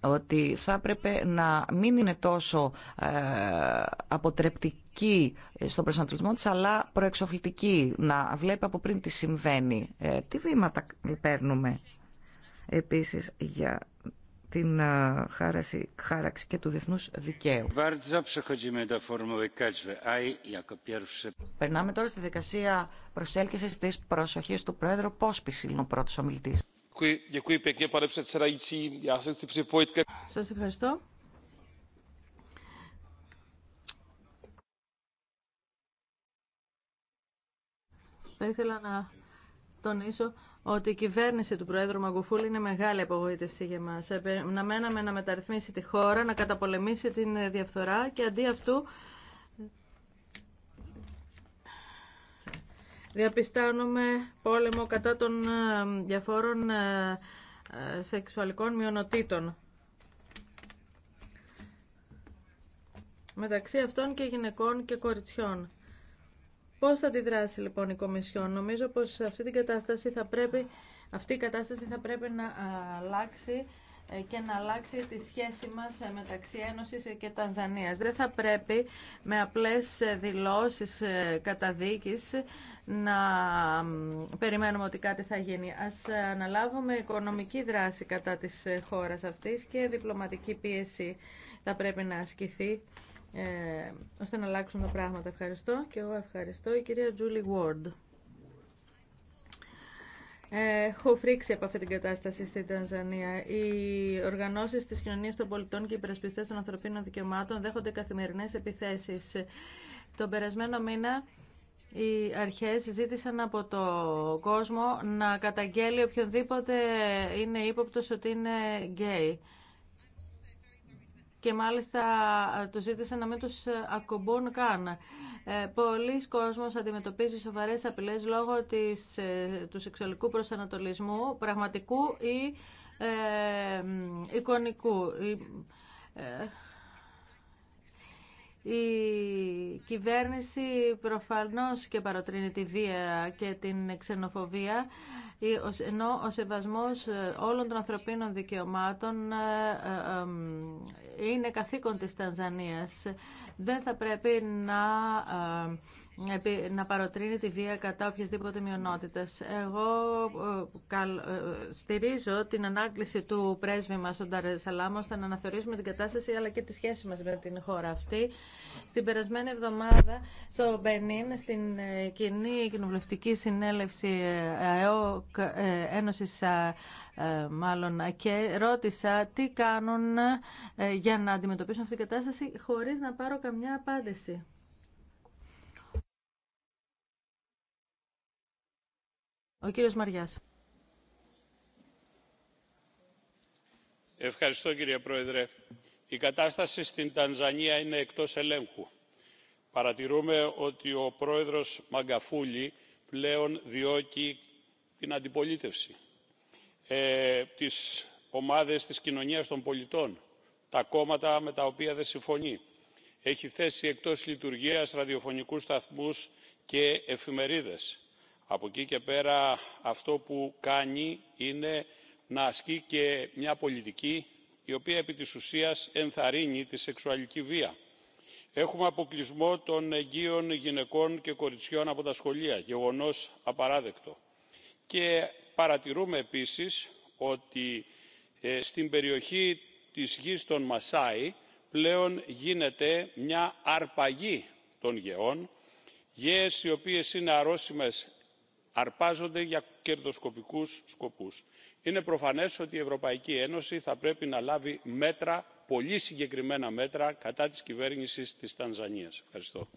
ότι θα έπρεπε να μην είναι τόσο ε, αποτρεπτική στον προσανατολισμό της, αλλά προεξοφλητική, να βλέπει από πριν τι συμβαίνει. Τι βήματα παίρνουμε επίσης για την χάραξη και του διεθνούς δικαίου. Περνάμε τώρα στη δικασία προσέλκυσης της προσοχής του Πρόεδρου Πόσπης, είναι ο πρώτος ομιλητής. Σας ευχαριστώ. Θα ήθελα να τονίσω ότι η κυβέρνηση του Προέδρου Μαγκουφούλη είναι μεγάλη απογοήτευση για μας. Ε, να μέναμε να μεταρρυθμίσει τη χώρα, να καταπολεμήσει την ε, διαφθορά και αντί αυτού διαπιστάνουμε πόλεμο κατά των ε, διαφόρων σεξουαλικών μειονοτήτων. Μεταξύ αυτών και γυναικών και κοριτσιών. Πώς θα αντιδράσει λοιπόν η Κομισιόν. Νομίζω πως αυτή, την κατάσταση θα πρέπει, αυτή η κομισιον νομιζω πως αυτη κατασταση θα πρέπει να αλλάξει ε, και να αλλάξει τη σχέση μας ε, μεταξύ Ένωσης ε, και Τανζανίας. Δεν θα πρέπει με απλές δηλώσεις καταδίκης να περιμένουμε ότι κάτι θα γίνει. Ας αναλάβουμε οικονομική δράση κατά της χώρας αυτής και διπλωματική πίεση θα πρέπει να ασκηθεί ε, ώστε να αλλάξουν τα πράγματα. Ευχαριστώ και εγώ ευχαριστώ η κυρία Τζούλι Ward. Ε, έχω φρίξει από αυτή την κατάσταση στην Τανζανία. Οι οργανώσει τη κοινωνία των πολιτών και οι υπερασπιστέ των ανθρωπίνων δικαιωμάτων δέχονται καθημερινέ επιθέσει. Τον περασμένο μήνα οι αρχές ζήτησαν από το κόσμο να καταγγέλει οποιονδήποτε είναι ύποπτο ότι είναι γκέι και μάλιστα ε, το ζήτησαν να μην τους ε, ακουμπούν καν. Ε, πολλοί κόσμος αντιμετωπίζει σοβαρές απειλές λόγω της, του σεξουαλικού προσανατολισμού, πραγματικού ή ε, εικονικού. Η κυβέρνηση προφανώς και παροτρύνει τη βία και την ξενοφοβία, ενώ ο σεβασμός όλων των ανθρωπίνων δικαιωμάτων είναι καθήκον της Τανζανίας δεν θα πρέπει να, ε, να παροτρύνει τη βία κατά οποιασδήποτε μειονότητα. Εγώ ε, ε, στηρίζω την ανάκληση του πρέσβη μας τον Ταρεσαλάμ ώστε να αναθεωρήσουμε την κατάσταση αλλά και τη σχέση μας με την χώρα αυτή. Στην περασμένη εβδομάδα στο Μπενίν, στην κοινή κοινοβουλευτική συνέλευση ΕΟΚ, Ένωσης μάλλον και ρώτησα τι κάνουν για να αντιμετωπίσουν αυτή την κατάσταση χωρίς να πάρω καμία καμιά απάντηση. Ο κύριος Μαριάς. Ευχαριστώ κύριε Πρόεδρε. Η κατάσταση στην Τανζανία είναι εκτός ελέγχου. Παρατηρούμε ότι ο πρόεδρος Μαγκαφούλη πλέον διώκει την αντιπολίτευση, ε, τις ομάδες της κοινωνίας των πολιτών, τα κόμματα με τα οποία δεν συμφωνεί έχει θέσει εκτός λειτουργίας ραδιοφωνικούς σταθμούς και εφημερίδες. από εκεί και πέρα αυτό που κάνει είναι να ασκεί και μια πολιτική η οποία επί της ουσίας ενθαρρύνει τη σεξουαλική βία. έχουμε αποκλεισμό των εγγύων γυναικών και κοριτσιών από τα σχολεία γεγονός απαράδεκτο. και παρατηρούμε επίσης ότι ε, στην περιοχή της γης των μασάι πλέον γίνεται μια αρπαγή των γεών γέες οι οποίες είναι αρρώσιμες αρπάζονται για κερδοσκοπικούς σκοπούς. είναι προφανές ότι η ευρωπαϊκή ένωση θα πρέπει να λάβει μέτρα πολύ συγκεκριμένα μέτρα κατά της κυβέρνησης της τανζανίας. ευχαριστώ.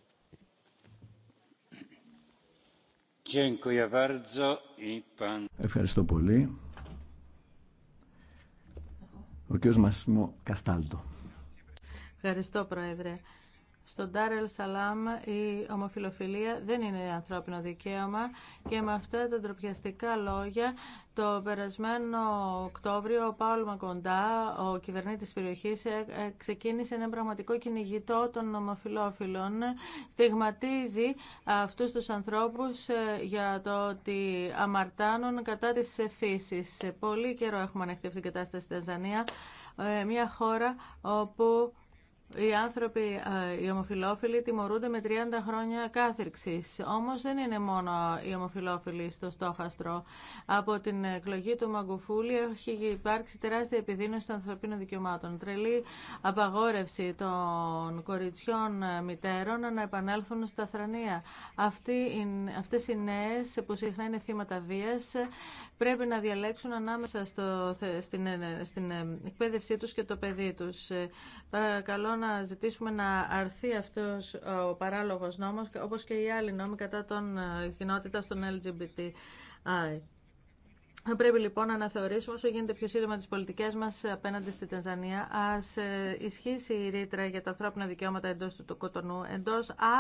Ευχαριστώ πολύ. Ο κ. Μασιμό Καστάλτο. Ευχαριστώ, Πρόεδρε. Στον Τάρελ Σαλάμ η ομοφιλοφιλία δεν είναι ανθρώπινο δικαίωμα και με αυτά τα ντροπιαστικά λόγια το περασμένο Οκτώβριο ο Πάολ Μακοντά, ο κυβερνήτης της περιοχής, ε, ε, ξεκίνησε ένα πραγματικό κυνηγητό των ομοφιλόφιλων. Στιγματίζει αυτούς τους ανθρώπους ε, για το ότι αμαρτάνουν κατά της φύσης. Πολύ καιρό έχουμε ανεχτεί αυτή την κατάσταση στη μια χώρα όπου οι άνθρωποι, ε, οι ομοφιλόφιλοι τιμωρούνται με 30 χρόνια κάθριξης. Όμως δεν είναι μόνο οι ομοφιλόφιλοι στο στόχαστρο. Από την εκλογή του Μαγκουφούλη έχει υπάρξει τεράστια επιδείνωση των ανθρωπίνων δικαιωμάτων. Τρελή απαγόρευση των κοριτσιών ε, μητέρων να επανέλθουν στα θρανία. Αυτοί, αυτές οι νέες που συχνά είναι θύματα βίας πρέπει να διαλέξουν ανάμεσα στο, στην, ε, στην ε, εκπαίδευσή τους και το παιδί τους. Ε, παρακαλώ να ζητήσουμε να αρθεί αυτός ο παράλογος νόμος, όπως και οι άλλοι νόμοι κατά των κοινότητα των LGBTI. Θα πρέπει λοιπόν να αναθεωρήσουμε όσο γίνεται πιο σύντομα τι πολιτικέ μα απέναντι στη Τανζανία. Α ε, ισχύσει η ρήτρα για τα ανθρώπινα δικαιώματα εντό του Κοτονού, εντό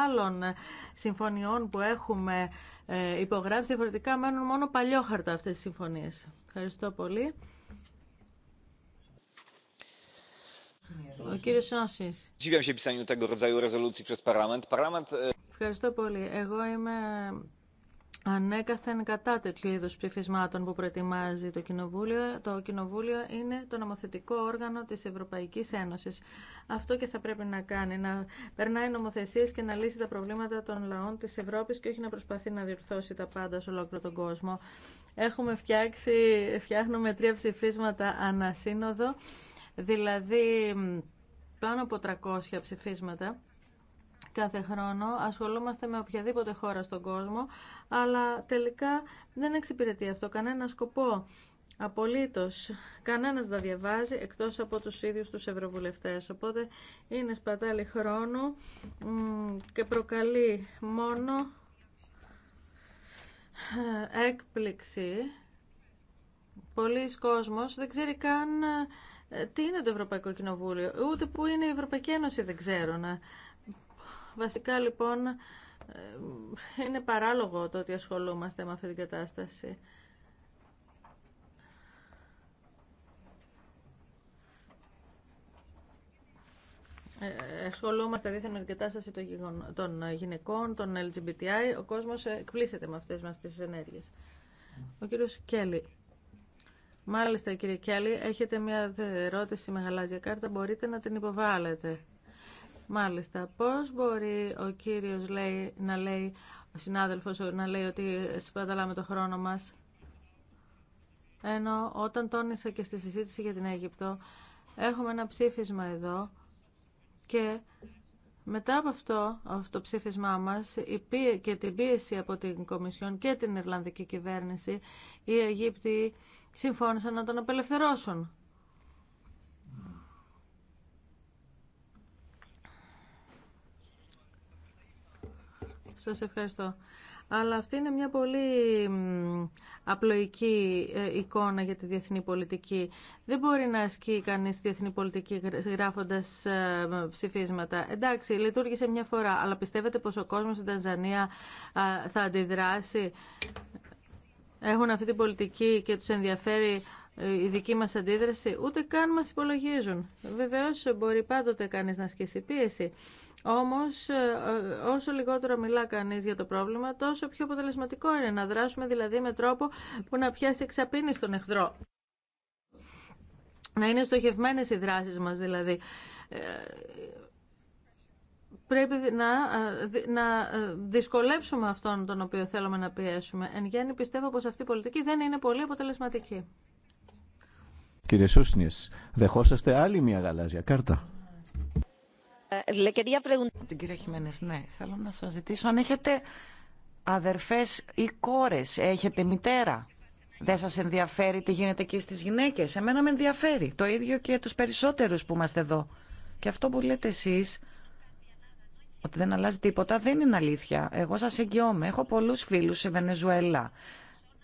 άλλων συμφωνιών που έχουμε ε, υπογράψει. Διαφορετικά μένουν μόνο παλιόχαρτα αυτέ τι συμφωνίε. Ευχαριστώ πολύ. Ο κύριο e- Ευχαριστώ πολύ. Εγώ είμαι ανέκαθεν κατά τέτοιου είδου ψηφισμάτων που προετοιμάζει το Κοινοβούλιο. Το Κοινοβούλιο είναι το νομοθετικό όργανο τη Ευρωπαϊκή Ένωση. Αυτό και θα πρέπει να κάνει, να περνάει νομοθεσίε και να λύσει τα προβλήματα των λαών τη Ευρώπη και όχι να προσπαθεί να διορθώσει τα πάντα σε ολόκληρο τον κόσμο. Έχουμε φτιάξει, φτιάχνουμε τρία ψηφίσματα ανασύνοδο, δηλαδή πάνω από 300 ψηφίσματα κάθε χρόνο, ασχολούμαστε με οποιαδήποτε χώρα στον κόσμο, αλλά τελικά δεν εξυπηρετεί αυτό κανένα σκοπό. Απολύτως. Κανένας δεν διαβάζει εκτός από τους ίδιους τους ευρωβουλευτές. Οπότε είναι σπατάλη χρόνου και προκαλεί μόνο ε, έκπληξη. Πολλοί κόσμος δεν ξέρει καν ε, τι είναι το Ευρωπαϊκό Κοινοβούλιο. Ούτε που είναι η Ευρωπαϊκή Ένωση δεν ξέρουν. Βασικά λοιπόν ε, είναι παράλογο το ότι ασχολούμαστε με αυτή την κατάσταση. Ε, ασχολούμαστε δίθεν με την κατάσταση των γυναικών, των LGBTI. Ο κόσμος ε, εκπλήσεται με αυτές μας τις ενέργειες. Ο κύριος Κέλλη. Μάλιστα κύριε Κέλλη, έχετε μια ερώτηση με γαλάζια κάρτα, μπορείτε να την υποβάλλετε. Μάλιστα, πώς μπορεί ο κύριος λέει, να λέει, ο συνάδελφος να λέει ότι σπαταλάμε το χρόνο μας, ενώ όταν τόνισα και στη συζήτηση για την Αίγυπτο, έχουμε ένα ψήφισμα εδώ και μετά από αυτό, αυτό το ψήφισμά μας και την πίεση από την Κομισιόν και την Ιρλανδική κυβέρνηση, οι Αιγύπτιοι συμφώνησαν να τον απελευθερώσουν. Σας ευχαριστώ. Αλλά αυτή είναι μια πολύ απλοϊκή ε, εικόνα για τη διεθνή πολιτική. Δεν μπορεί να ασκεί κανείς τη διεθνή πολιτική γράφοντας ε, ψηφίσματα. Εντάξει, λειτουργήσε μια φορά, αλλά πιστεύετε πως ο κόσμος στην Ταζανία ε, θα αντιδράσει. Έχουν αυτή την πολιτική και τους ενδιαφέρει η δική μας αντίδραση. Ούτε καν μας υπολογίζουν. Βεβαίως μπορεί πάντοτε κανείς να ασκήσει πίεση. Όμως, ε, ε, όσο λιγότερο μιλά κανείς για το πρόβλημα, τόσο πιο αποτελεσματικό είναι να δράσουμε δηλαδή με τρόπο που να πιάσει εξαπίνη στον εχθρό. Να είναι στοχευμένες οι δράσεις μας δηλαδή. Ε, πρέπει να, να δυσκολέψουμε αυτόν τον οποίο θέλουμε να πιέσουμε. Εν γέννη πιστεύω πως αυτή η πολιτική δεν είναι πολύ αποτελεσματική. Κύριε Σούσνιες, δεχόσαστε άλλη μια γαλάζια κάρτα. Από ε, την κυρία Χιμένες, ναι. Θέλω να σας ζητήσω αν έχετε αδερφές ή κόρες, έχετε μητέρα. Δεν σας ενδιαφέρει τι γίνεται εκεί στις γυναίκες. Εμένα με ενδιαφέρει. Το ίδιο και τους περισσότερους που είμαστε εδώ. Και αυτό που λέτε εσείς, ότι δεν αλλάζει τίποτα, δεν είναι αλήθεια. Εγώ σας εγγυώμαι. Έχω πολλούς φίλους σε Βενεζουέλα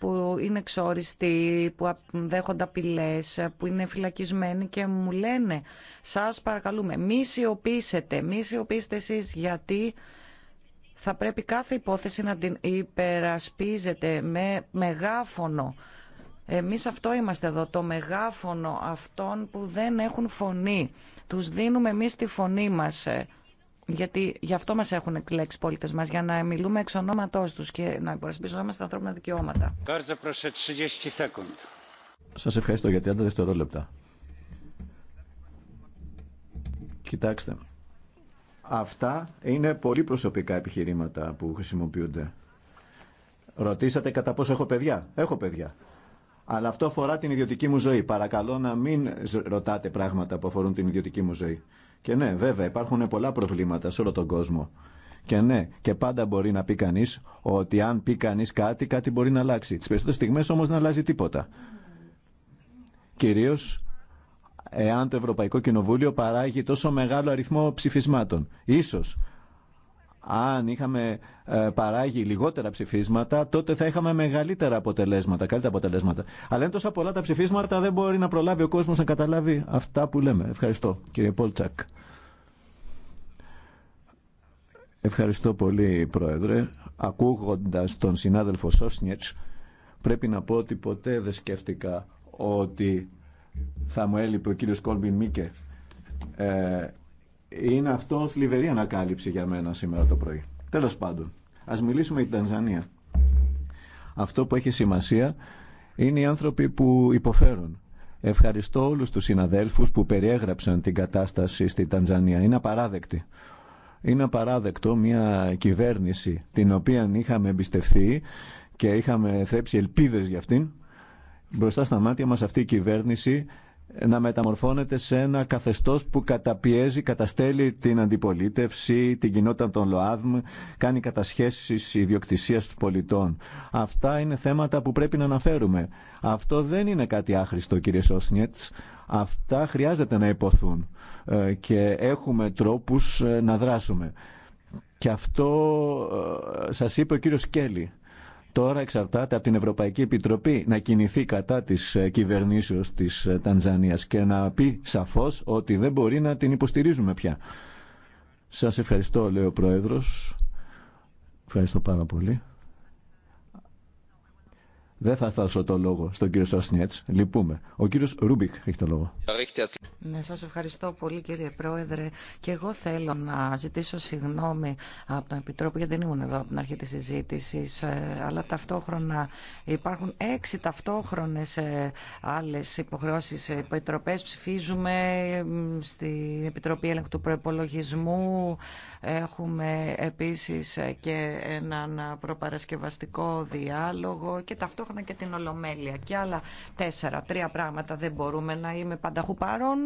που είναι εξόριστοι, που δέχονται απειλέ, που είναι φυλακισμένοι και μου λένε σας παρακαλούμε μη σιωπήσετε, μη σιωπήσετε εσείς γιατί θα πρέπει κάθε υπόθεση να την υπερασπίζετε με μεγάφωνο. Εμείς αυτό είμαστε εδώ, το μεγάφωνο αυτών που δεν έχουν φωνή. Τους δίνουμε εμείς τη φωνή μας. Ε, γιατί γι' αυτό μας έχουν εκλέξει οι πολίτες μας, για να μιλούμε εξ ονόματός τους και να υπορασπίζουμε τα ανθρώπινα δικαιώματα. Σας ευχαριστώ για 30 δευτερόλεπτα. Κοιτάξτε, αυτά είναι πολύ προσωπικά επιχειρήματα που χρησιμοποιούνται. Ρωτήσατε κατά πόσο έχω παιδιά. Έχω παιδιά. Αλλά αυτό αφορά την ιδιωτική μου ζωή. Παρακαλώ να μην ρωτάτε πράγματα που αφορούν την ιδιωτική μου ζωή. Και ναι, βέβαια, υπάρχουν πολλά προβλήματα σε όλο τον κόσμο. Και ναι, και πάντα μπορεί να πει κανεί ότι αν πει κανεί κάτι, κάτι μπορεί να αλλάξει. Τι περισσότερε στιγμέ όμω δεν αλλάζει τίποτα. Κυρίω εάν το Ευρωπαϊκό Κοινοβούλιο παράγει τόσο μεγάλο αριθμό ψηφισμάτων. Ίσως αν είχαμε ε, παράγει λιγότερα ψηφίσματα, τότε θα είχαμε μεγαλύτερα αποτελέσματα, καλύτερα αποτελέσματα. Αλλά είναι τόσα πολλά τα ψηφίσματα, δεν μπορεί να προλάβει ο κόσμος να καταλάβει αυτά που λέμε. Ευχαριστώ, κύριε Πολτσακ. Ευχαριστώ πολύ, Πρόεδρε. Ακούγοντας τον συνάδελφο Σόσνιετς, πρέπει να πω ότι ποτέ δεν σκέφτηκα ότι θα μου έλειπε ο κύριος Κόλμπιν Μίκε. Ε, είναι αυτό θλιβερή ανακάλυψη για μένα σήμερα το πρωί. Τέλος πάντων, ας μιλήσουμε για την Τανζανία. Αυτό που έχει σημασία είναι οι άνθρωποι που υποφέρουν. Ευχαριστώ όλους τους συναδέλφου που περιέγραψαν την κατάσταση στη Τανζανία. Είναι απαράδεκτη. Είναι απαράδεκτο μια κυβέρνηση την οποία είχαμε εμπιστευτεί και είχαμε θρέψει ελπίδες για αυτήν. Μπροστά στα μάτια μας αυτή η κυβέρνηση να μεταμορφώνεται σε ένα καθεστώς που καταπιέζει, καταστέλει την αντιπολίτευση, την κοινότητα των ΛΟΑΔΜ, κάνει κατασχέσεις ιδιοκτησίας των πολιτών. Αυτά είναι θέματα που πρέπει να αναφέρουμε. Αυτό δεν είναι κάτι άχρηστο κύριε Σόσνιετς. Αυτά χρειάζεται να υποθούν ε, και έχουμε τρόπους ε, να δράσουμε. Και αυτό ε, σας είπε ο κύριος Κέλλη. Τώρα εξαρτάται από την Ευρωπαϊκή Επιτροπή να κινηθεί κατά της ε, κυβερνήσεω της ε, Τανζανίας και να πει σαφώς ότι δεν μπορεί να την υποστηρίζουμε πια. Σα ευχαριστώ, λέει ο Πρόεδρο. Ευχαριστώ πάρα πολύ. Δεν θα δώσω το λόγο στον κύριο Σόσνιετς. Λυπούμε. Ο κύριος Ρούμπικ έχει το λόγο. Ναι, σας ευχαριστώ πολύ κύριε Πρόεδρε. Και εγώ θέλω να ζητήσω συγγνώμη από τον Επιτρόπο γιατί δεν ήμουν εδώ από την αρχή της συζήτησης. Ε, αλλά ταυτόχρονα υπάρχουν έξι ταυτόχρονες ε, άλλες υποχρεώσεις ε, επιτροπές. Ψηφίζουμε στην Επιτροπή Έλεγχου του Προϋπολογισμού, Έχουμε επίσης και έναν προπαρασκευαστικό διάλογο και ταυτόχρονα και την Ολομέλεια και άλλα τέσσερα, τρία πράγματα δεν μπορούμε να είμαι πανταχού παρών.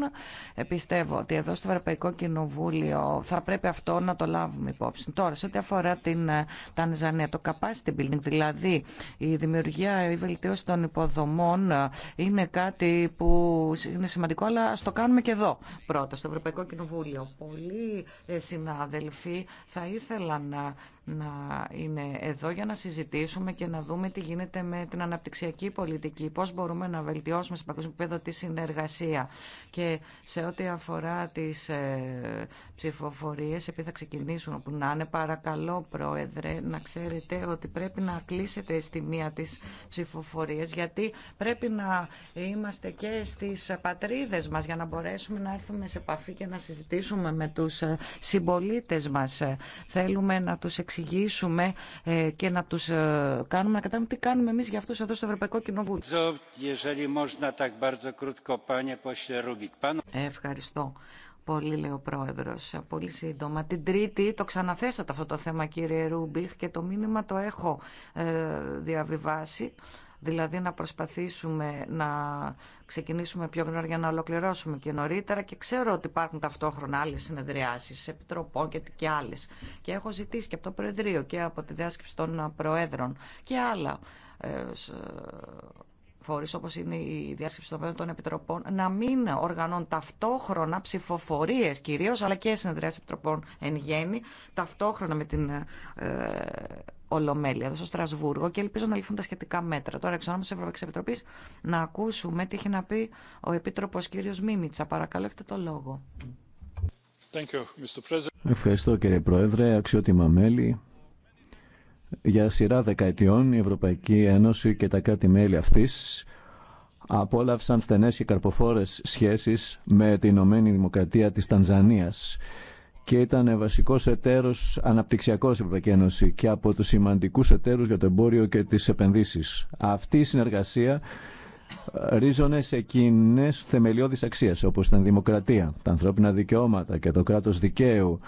Πιστεύω ότι εδώ στο Ευρωπαϊκό Κοινοβούλιο θα πρέπει αυτό να το λάβουμε υπόψη. Τώρα, σε ό,τι αφορά την Τανζανία, το capacity building, δηλαδή η δημιουργία, η βελτίωση των υποδομών είναι κάτι που είναι σημαντικό, αλλά ας το κάνουμε και εδώ πρώτα, στο Ευρωπαϊκό Κοινοβούλιο. Πολλοί ε, συνάδελφοι θα ήθελα να να είναι εδώ για να συζητήσουμε και να δούμε τι γίνεται με την αναπτυξιακή πολιτική, πώς μπορούμε να βελτιώσουμε σε παγκόσμιο επίπεδο τη συνεργασία και σε ό,τι αφορά τις ε, ψηφοφορίες, επειδή θα ξεκινήσουν όπου να είναι, παρακαλώ Πρόεδρε να ξέρετε ότι πρέπει να κλείσετε στη μία τις ψηφοφορίες, γιατί πρέπει να είμαστε και στις πατρίδες μας για να μπορέσουμε να έρθουμε σε επαφή και να συζητήσουμε με τους ε, συμπολίτες μας. Θέλουμε να τους εξηγήσουμε ε, και να τους ε, κάνουμε να καταλάβουμε τι κάνουμε εμείς για αυτούς εδώ στο Ευρωπαϊκό Κοινοβούλιο. Ευχαριστώ πολύ, λέει ο πρόεδρο. Πολύ σύντομα. Την Τρίτη το ξαναθέσατε αυτό το θέμα, κύριε Ρούμπιχ, και το μήνυμα το έχω ε, διαβιβάσει. Δηλαδή να προσπαθήσουμε να ξεκινήσουμε πιο γνωριά για να ολοκληρώσουμε και νωρίτερα και ξέρω ότι υπάρχουν ταυτόχρονα άλλες συνεδριάσεις, επιτροπών και, και άλλες. Και έχω ζητήσει και από το Προεδρείο και από τη διάσκεψη των Προέδρων και άλλα ε, όπω όπως είναι η διάσκεψη των Βέλων των Επιτροπών να μην οργανώνουν ταυτόχρονα ψηφοφορίες κυρίω, αλλά και συνεδρία επιτροπών εν γέννη ταυτόχρονα με την ε, Ολομέλεια εδώ στο Στρασβούργο και ελπίζω να ληφθούν τα σχετικά μέτρα. Τώρα εξ ονόμας της Ευρωπαϊκής να ακούσουμε τι έχει να πει ο επίτροπο κ. Μίμητσα. Παρακαλώ έχετε το λόγο. Ευχαριστώ κύριε Πρόεδρε, αξιότιμα μέλη. Για σειρά δεκαετιών η Ευρωπαϊκή Ένωση και τα κράτη-μέλη αυτής απόλαυσαν στενές και καρποφόρες σχέσεις με την Ηνωμένη Δημοκρατία της Τανζανίας και ήταν βασικό εταίρο αναπτυξιακό η Ευρωπαϊκή Ένωση και από του σημαντικού εταίρου για το εμπόριο και τι επενδύσει. Αυτή η συνεργασία ε, ρίζωνε σε κοινέ θεμελιώδεις αξίες, όπω ήταν η δημοκρατία, τα ανθρώπινα δικαιώματα και το κράτος δικαίου,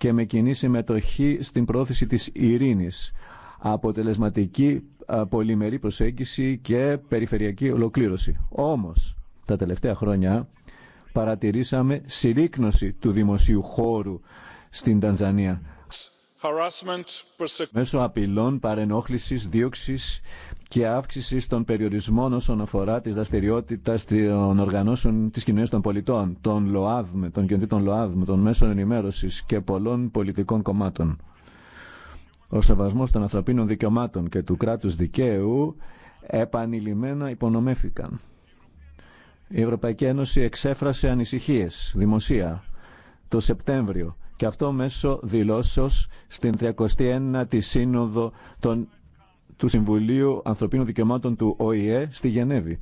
και με κοινή συμμετοχή στην πρόθεση της ειρήνης, αποτελεσματική πολυμερή προσέγγιση και περιφερειακή ολοκλήρωση. Όμως, τα τελευταία χρόνια παρατηρήσαμε συρρήκνωση του δημοσίου χώρου στην Τανζανία μέσω απειλών, παρενόχλησης, δίωξης και αύξηση των περιορισμών όσον αφορά τη δραστηριότητα των οργανώσεων τη κοινωνία των πολιτών, των ΛΟΑΔΜΕ, των κοινωνικών ΛΟΑΔΜΕ, των μέσων ενημέρωσης και πολλών πολιτικών κομμάτων. Ο σεβασμό των ανθρωπίνων δικαιωμάτων και του κράτους δικαίου επανειλημμένα υπονομεύθηκαν. Η Ευρωπαϊκή Ένωση εξέφρασε ανησυχίε δημοσία το Σεπτέμβριο και αυτό μέσω δηλώσεως στην 31η Σύνοδο των του Συμβουλίου Ανθρωπίνων Δικαιωμάτων του ΟΗΕ στη Γενέβη.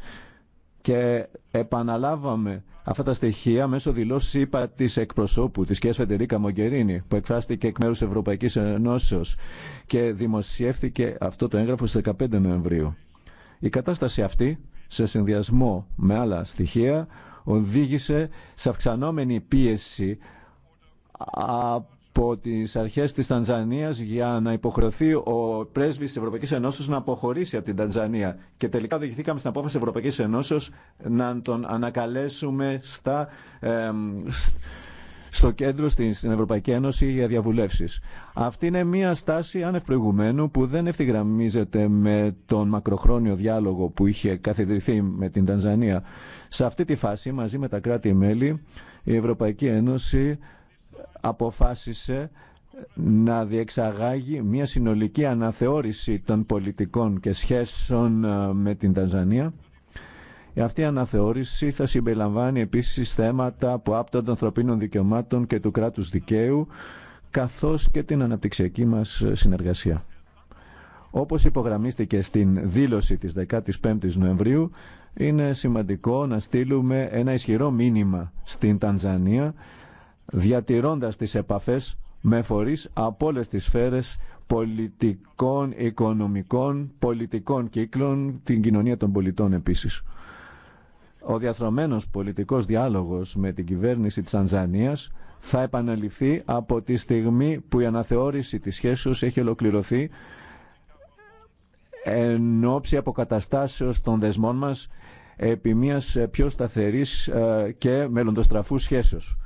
Και επαναλάβαμε αυτά τα στοιχεία μέσω δηλώση είπα τη εκπροσώπου τη κ. Φεντερίκα Μογκερίνη, που εκφράστηκε εκ μέρου Ευρωπαϊκή Ενώσεω και δημοσιεύθηκε αυτό το έγγραφο στι 15 Νοεμβρίου. Η κατάσταση αυτή, σε συνδυασμό με άλλα στοιχεία, οδήγησε σε αυξανόμενη πίεση από από τις αρχές της Τανζανίας για να υποχρεωθεί ο πρέσβης της Ευρωπαϊκής Ένωση να αποχωρήσει από την Τανζανία. Και τελικά οδηγηθήκαμε στην απόφαση της Ευρωπαϊκής Ενώσεως να τον ανακαλέσουμε στα, στο κέντρο στην Ευρωπαϊκή Ένωση για διαβουλεύσεις. Αυτή είναι μια στάση άνευ που δεν ευθυγραμμίζεται με τον μακροχρόνιο διάλογο που είχε καθιδρυθεί με την Τανζανία. Σε αυτή τη φάση, μαζί με τα κράτη-μέλη, η Ευρωπαϊκή Ένωση αποφάσισε να διεξαγάγει μια συνολική αναθεώρηση των πολιτικών και σχέσεων ε, με την Τανζανία. Ε, αυτή η αναθεώρηση θα συμπεριλαμβάνει επίσης θέματα που άπτονται των ανθρωπίνων δικαιωμάτων και του κράτους δικαίου, καθώς και την αναπτυξιακή μας συνεργασία. Όπως υπογραμμίστηκε στην δήλωση της 15ης Νοεμβρίου, είναι σημαντικό να στείλουμε ένα ισχυρό μήνυμα στην Τανζανία διατηρώντας τις επαφές με φορείς από όλε τις σφαίρες πολιτικών, οικονομικών, πολιτικών κύκλων, την κοινωνία των πολιτών επίσης. Ο διαθρωμένος πολιτικός διάλογος με την κυβέρνηση της Τανζανίας θα επαναληφθεί από τη στιγμή που η αναθεώρηση της σχέσεως έχει ολοκληρωθεί εν ώψη αποκαταστάσεως των δεσμών μας επί μιας πιο σταθερής ε, και μελλοντοστραφούς σχέσεως.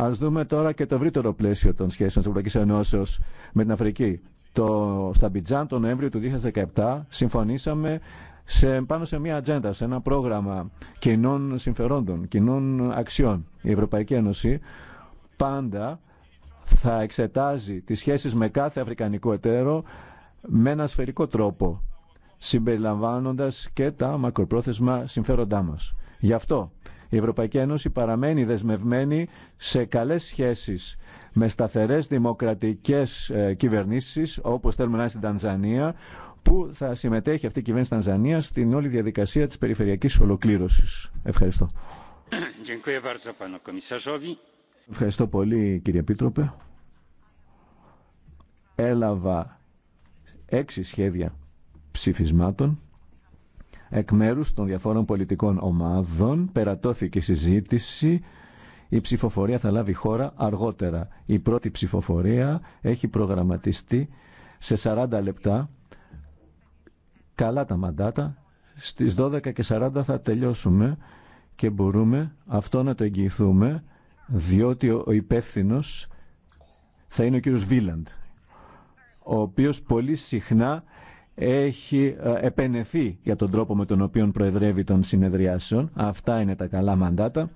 Α δούμε τώρα και το ευρύτερο πλαίσιο των σχέσεων τη Ευρωπαϊκή Ενώσεω με την Αφρική. Το, στα τον Νοέμβριο του 2017 συμφωνήσαμε σε, πάνω σε μια ατζέντα, σε ένα πρόγραμμα κοινών συμφερόντων, κοινών αξιών. Η Ευρωπαϊκή Ένωση πάντα θα εξετάζει τις σχέσεις με κάθε αφρικανικό εταίρο με ένα σφαιρικό τρόπο, συμπεριλαμβάνοντας και τα μακροπρόθεσμα συμφέροντά μας. Γι' αυτό η Ευρωπαϊκή Ένωση παραμένει δεσμευμένη σε καλές σχέσεις με σταθερές δημοκρατικές ε, κυβερνήσεις όπως θέλουμε να είναι στην Τανζανία που θα συμμετέχει αυτή η κυβέρνηση Τανζανία στην όλη διαδικασία της περιφερειακής ολοκλήρωσης. Ευχαριστώ. Ευχαριστώ πολύ κύριε πίτροπε. Έλαβα έξι σχέδια ψηφισμάτων. Εκ μέρους των διαφόρων πολιτικών ομάδων περατώθηκε η συζήτηση. Η ψηφοφορία θα λάβει χώρα αργότερα. Η πρώτη ψηφοφορία έχει προγραμματιστεί σε 40 λεπτά. Καλά τα μαντάτα. Στις 12 και 40 θα τελειώσουμε και μπορούμε αυτό να το εγγυηθούμε διότι ο υπεύθυνο θα είναι ο κύριος Βίλαντ ο οποίος πολύ συχνά έχει ε, επενεθεί για τον τρόπο με τον οποίο προεδρεύει των συνεδριάσεων. Αυτά είναι τα καλά μαντάτα.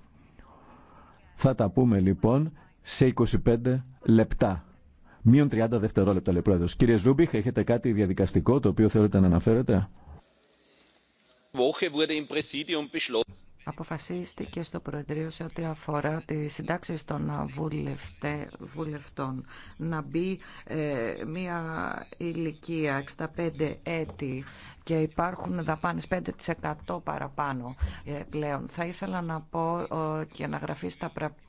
Θα τα πούμε λοιπόν σε 25 λεπτά. Μείον 30 δευτερόλεπτα, λέει πρόεδρος. Κύριε Ζούμπιχ, έχετε κάτι διαδικαστικό το οποίο θέλετε να αναφέρετε αποφασίστηκε στο Προεδρείο σε ό,τι αφορά τη συντάξεις των βουλευτών να μπει ε, μια ηλικία 65 έτη και υπάρχουν δαπάνες 5% παραπάνω ε, πλέον. Θα ήθελα να πω ε, και να γραφεί στα πρακτικά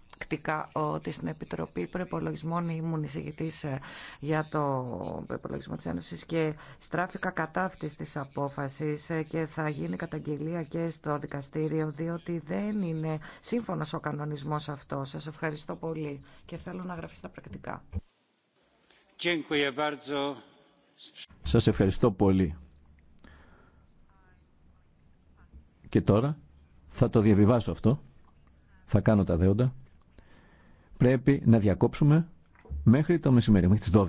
ότι στην Επιτροπή Προπολογισμών ήμουν εισηγητή ε, για το προπολογισμό τη Ένωση και στράφηκα κατά αυτή τη απόφαση ε, και θα γίνει καταγγελία και στο δικαστήριο, διότι δεν είναι σύμφωνο ο κανονισμό αυτό. Σα ευχαριστώ πολύ και θέλω να γραφεί στα πρακτικά. Σας ευχαριστώ πολύ. Και τώρα θα το διαβιβάσω αυτό. Θα κάνω τα δέοντα πρέπει να διακόψουμε μέχρι το μεσημέρι, μέχρι τις 12.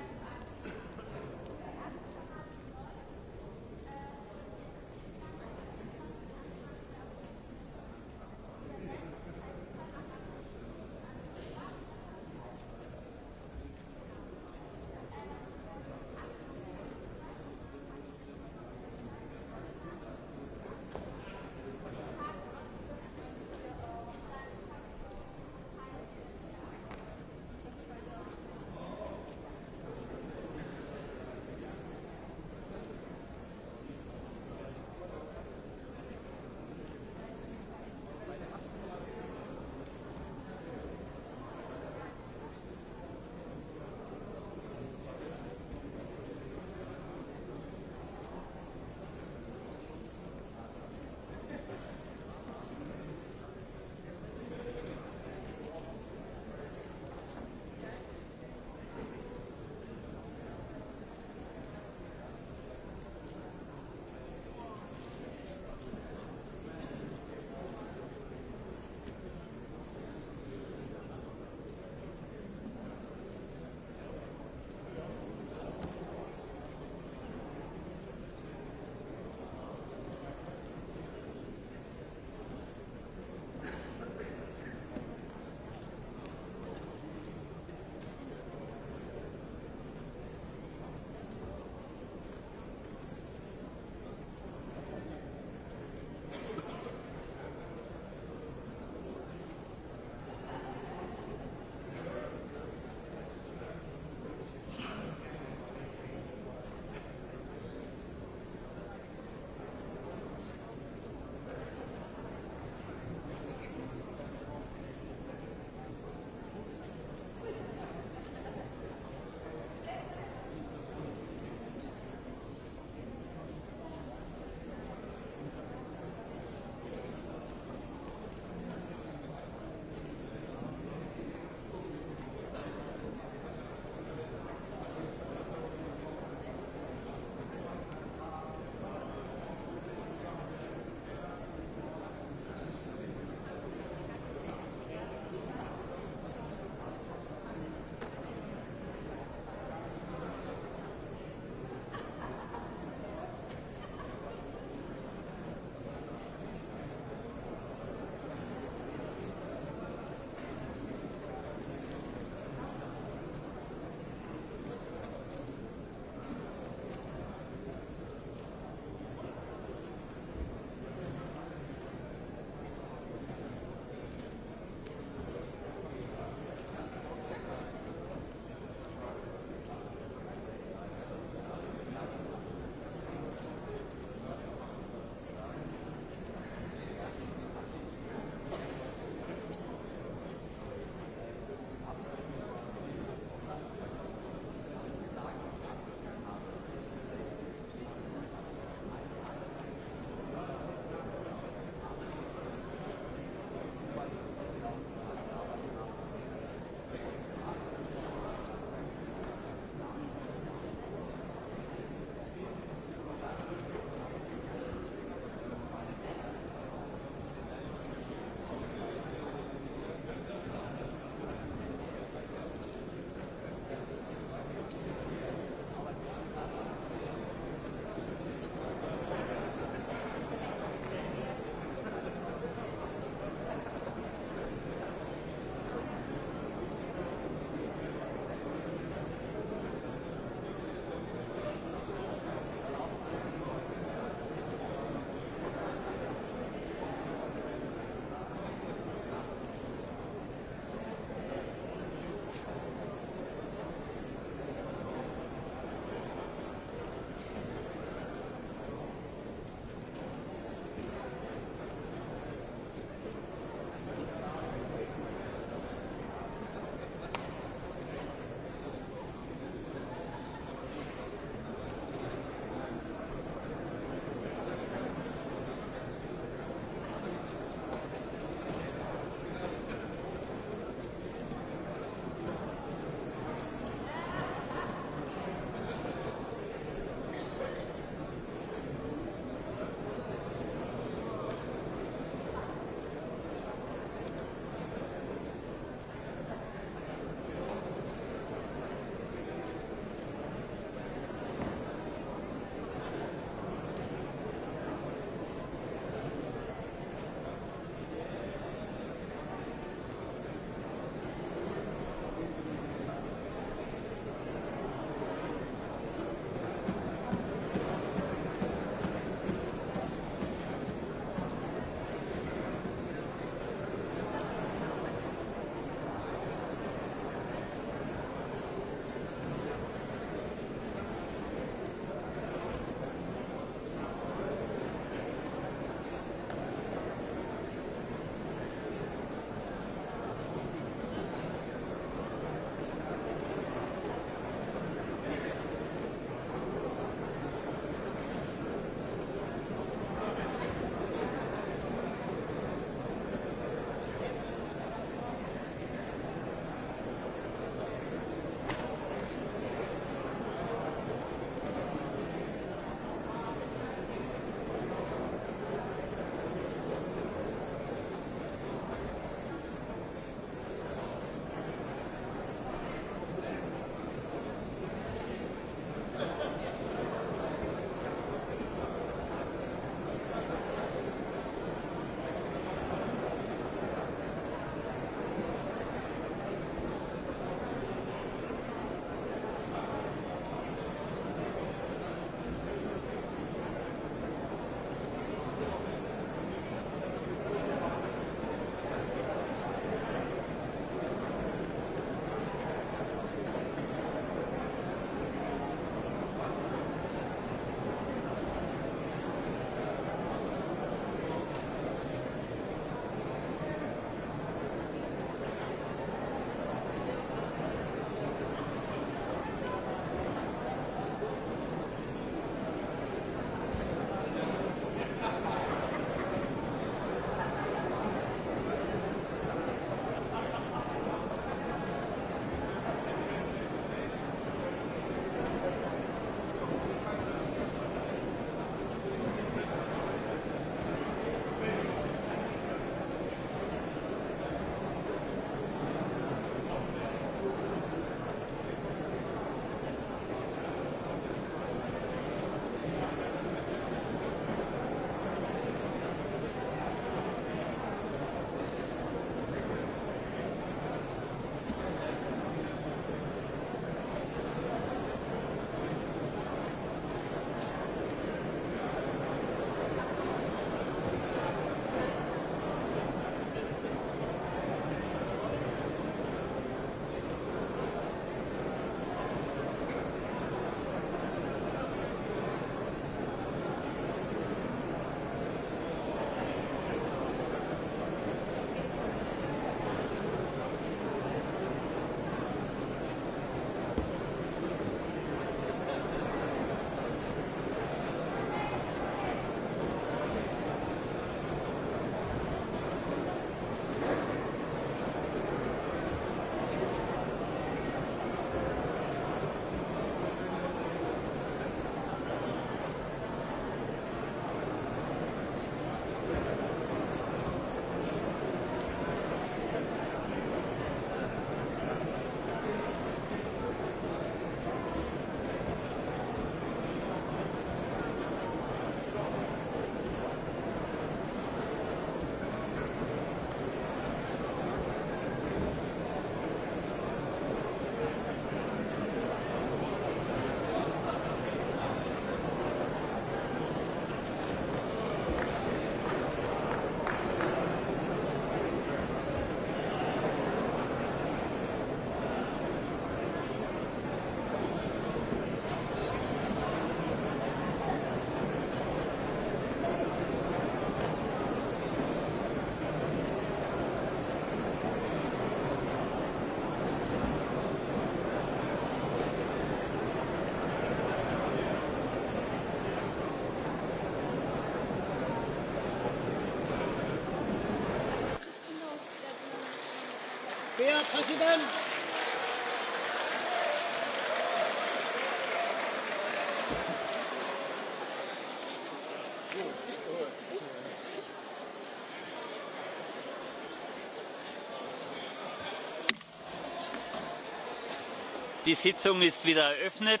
Die Sitzung ist wieder eröffnet.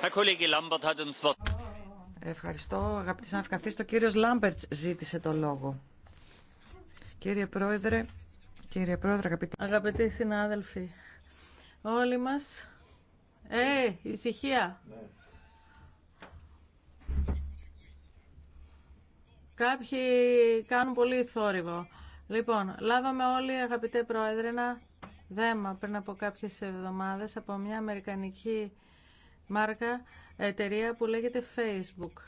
Herr Kollege Lambert hat uns Wort. Ευχαριστώ, αγαπητοί συνάδελφοι. ο κύριος Λάμπερτς ζήτησε το λόγο. Κύριε Πρόεδρε, κύριε Πρόεδρε, αγαπητοί, αγαπητοί συνάδελφοι, όλοι μας... Ε, ησυχία! Ναι. Κάποιοι κάνουν πολύ θόρυβο. Λοιπόν, λάβαμε όλοι, αγαπητέ Πρόεδρε, ένα δέμα πριν από κάποιες εβδομάδες από μια αμερικανική μάρκα εταιρεία που λέγεται Facebook.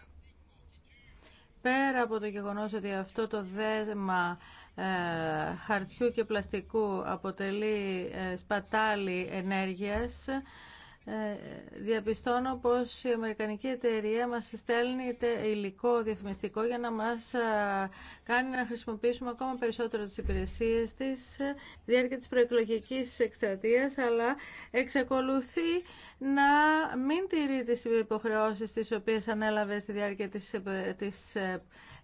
Πέρα από το γεγονός ότι αυτό το δέσμα ε, χαρτιού και πλαστικού αποτελεί ε, σπατάλη ενέργειας ε, διαπιστώνω πως η Αμερικανική εταιρεία μας στέλνει υλικό διαφημιστικό για να μας ε, κάνει να χρησιμοποιήσουμε ακόμα περισσότερο τις υπηρεσίες της ε, στη διάρκεια της προεκλογικής εκστρατείας, αλλά εξακολουθεί να μην τηρεί τις υποχρεώσεις τις οποίες ανέλαβε στη διάρκεια της, της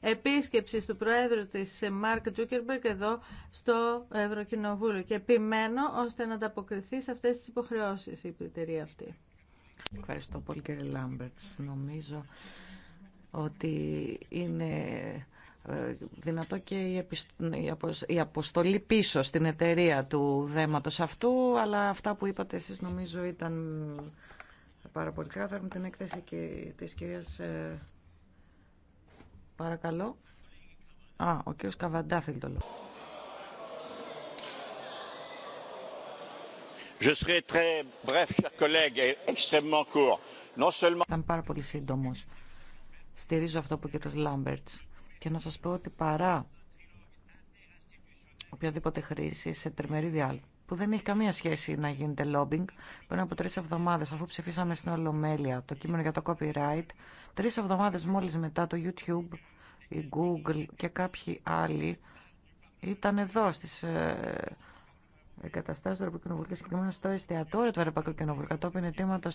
επίσκεψης του Προέδρου της Μάρκ Τζούκερμπερκ εδώ στο Ευρωκοινοβούλιο και επιμένω ώστε να ανταποκριθεί σε αυτές τις υποχρεώσεις η εταιρεία αυτή. Ευχαριστώ πολύ κύριε Λάμπερτς. Νομίζω ότι είναι ε, δυνατό και η αποστολή πίσω στην εταιρεία του δέματος αυτού, αλλά αυτά που είπατε εσείς νομίζω ήταν πάρα πολύ με την έκθεση και της κυρίας ε, Παρακαλώ. Α, ο κύριος Καβαντά θέλει το λόγο. Je serai πάρα πολύ σύντομο. Στηρίζω αυτό που ο κ. Λάμπερτ. Και να σα πω ότι παρά οποιαδήποτε χρήση σε τριμερή διάλογο, που δεν έχει καμία σχέση να γίνεται lobbying, πριν από τρει εβδομάδε, αφού ψηφίσαμε στην Ολομέλεια το κείμενο για το copyright, τρει εβδομάδε μόλι μετά το YouTube, η Google και κάποιοι άλλοι ήταν εδώ στις ε, εγκαταστάσει του Ευρωπαϊκού και συγκεκριμένα στο εστιατόριο του Ευρωπαϊκού Κοινοβουλίου κατόπιν αιτήματο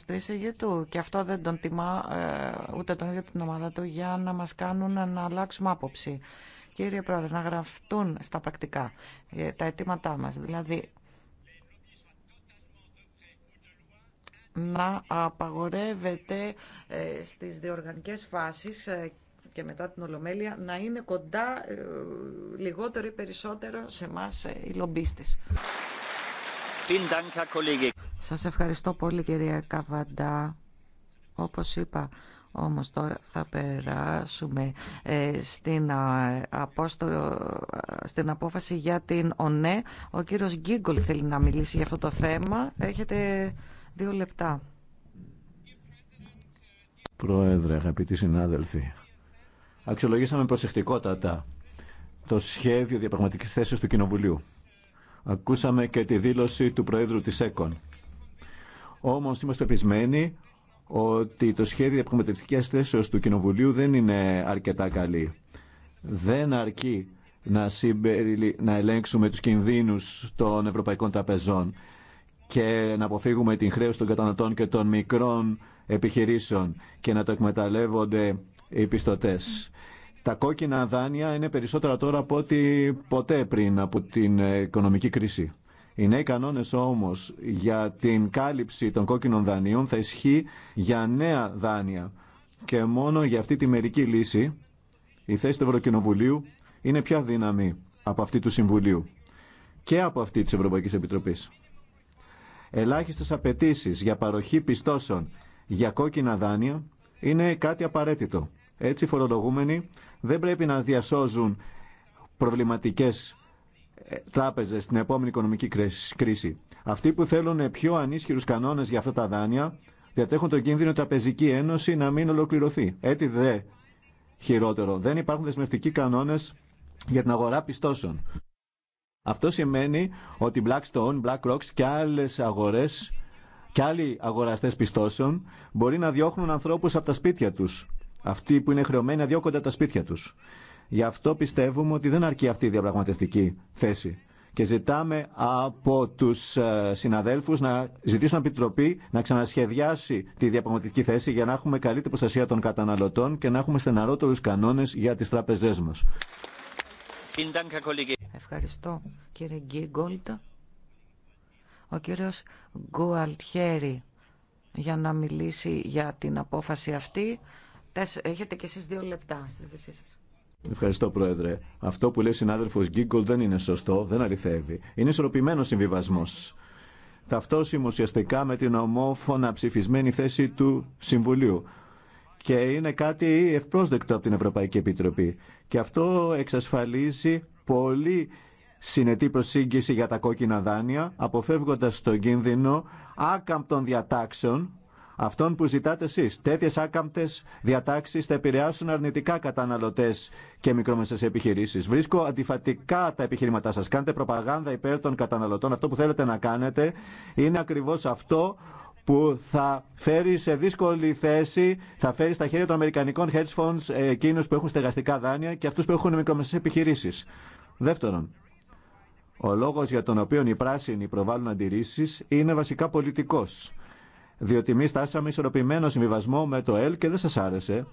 του Και αυτό δεν τον τιμά ε, ούτε τον ίδιο την ομάδα του για να μα κάνουν να αλλάξουμε άποψη. Κύριε Πρόεδρε, να γραφτούν στα πρακτικά ε, τα αιτήματά μα. Δηλαδή, να απαγορεύεται ε, στις διοργανικές φάσεις και μετά την Ολομέλεια να είναι κοντά ε, λιγότερο ή περισσότερο σε εμά ε, οι λομπίστε. Σας ευχαριστώ πολύ κυρία Καβαντά. Όπως είπα, όμως τώρα θα περάσουμε ε, στην, στην απόφαση για την ΟΝΕ. Ο κύριος Γκίγκολ θέλει να μιλήσει για αυτό το θέμα. Έχετε δύο λεπτά. Πρόεδρε, αγαπητοί συνάδελφοι, Αξιολογήσαμε προσεκτικότατα το σχέδιο διαπραγματικής θέσης του Κοινοβουλίου. Ακούσαμε και τη δήλωση του Προέδρου της ΕΚΟΝ. Όμως είμαστε πεπισμένοι ότι το σχέδιο διαπραγματευτικής θέσεως του Κοινοβουλίου δεν είναι αρκετά καλή. Δεν αρκεί να, να ελέγξουμε τους κινδύνους των ευρωπαϊκών τραπεζών και να αποφύγουμε την χρέωση των καταναλωτών και των μικρών επιχειρήσεων και να το εκμεταλλεύονται οι Τα κόκκινα δάνεια είναι περισσότερα τώρα από ό,τι ποτέ πριν από την οικονομική κρίση. Οι νέοι κανόνες όμως για την κάλυψη των κόκκινων δανείων θα ισχύει για νέα δάνεια και μόνο για αυτή τη μερική λύση η θέση του Ευρωκοινοβουλίου είναι πιο δύναμη από αυτή του Συμβουλίου και από αυτή της Ευρωπαϊκής Επιτροπής. Ελάχιστες απαιτήσει για παροχή πιστώσεων για κόκκινα δάνεια είναι κάτι απαραίτητο. Έτσι οι φορολογούμενοι δεν πρέπει να διασώζουν προβληματικές ε, τράπεζες στην επόμενη οικονομική κρίση. Αυτοί που θέλουν πιο ανίσχυρους κανόνες για αυτά τα δάνεια διατέχουν τον κίνδυνο η Τραπεζική Ένωση να μην ολοκληρωθεί. Έτσι δε χειρότερο. Δεν υπάρχουν δεσμευτικοί κανόνες για την αγορά πιστώσεων. Αυτό σημαίνει ότι Blackstone, BlackRock και άλλες αγορές και άλλοι αγοραστές πιστώσεων μπορεί να διώχνουν ανθρώπους από τα σπίτια τους αυτοί που είναι χρεωμένοι να διώκονται τα σπίτια τους. Γι' αυτό πιστεύουμε ότι δεν αρκεί αυτή η διαπραγματευτική θέση. Και ζητάμε από τους ε, συναδέλφους να ζητήσουν επιτροπή να ξανασχεδιάσει τη διαπραγματευτική θέση για να έχουμε καλύτερη προστασία των καταναλωτών και να έχουμε στεναρότερου κανόνες για τι τραπεζέ μα. Ευχαριστώ κύριε Γκίγκολτ. Ο κύριος Γκουαλτιέρη για να μιλήσει για την απόφαση αυτή. Έχετε και εσείς δύο λεπτά στη θέση σας. Ευχαριστώ, Πρόεδρε. Αυτό που λέει ο συνάδελφος Γκίγκολ δεν είναι σωστό, δεν αληθεύει. Είναι ισορροπημένο συμβιβασμό. Ταυτόσιμο ουσιαστικά με την ομόφωνα ψηφισμένη θέση του Συμβουλίου. Και είναι κάτι ευπρόσδεκτο από την Ευρωπαϊκή Επιτροπή. Και αυτό εξασφαλίζει πολύ συνετή προσήγγιση για τα κόκκινα δάνεια, αποφεύγοντας τον κίνδυνο άκαμπτων διατάξεων αυτών που ζητάτε εσεί. Τέτοιε άκαμπτε διατάξει θα επηρεάσουν αρνητικά καταναλωτέ και μικρομεσαίε επιχειρήσει. Βρίσκω αντιφατικά τα επιχειρήματά σα. Κάντε προπαγάνδα υπέρ των καταναλωτών. Αυτό που θέλετε να κάνετε είναι ακριβώ αυτό που θα φέρει σε δύσκολη θέση, θα φέρει στα χέρια των Αμερικανικών hedge funds εκείνου που έχουν στεγαστικά δάνεια και αυτού που έχουν μικρομεσαίε επιχειρήσει. Δεύτερον, ο λόγος για τον οποίο οι πράσινοι προβάλλουν αντιρρήσεις είναι βασικά πολιτικός διότι εμεί στάσαμε ισορροπημένο συμβιβασμό με το ΕΛ και δεν σα άρεσε.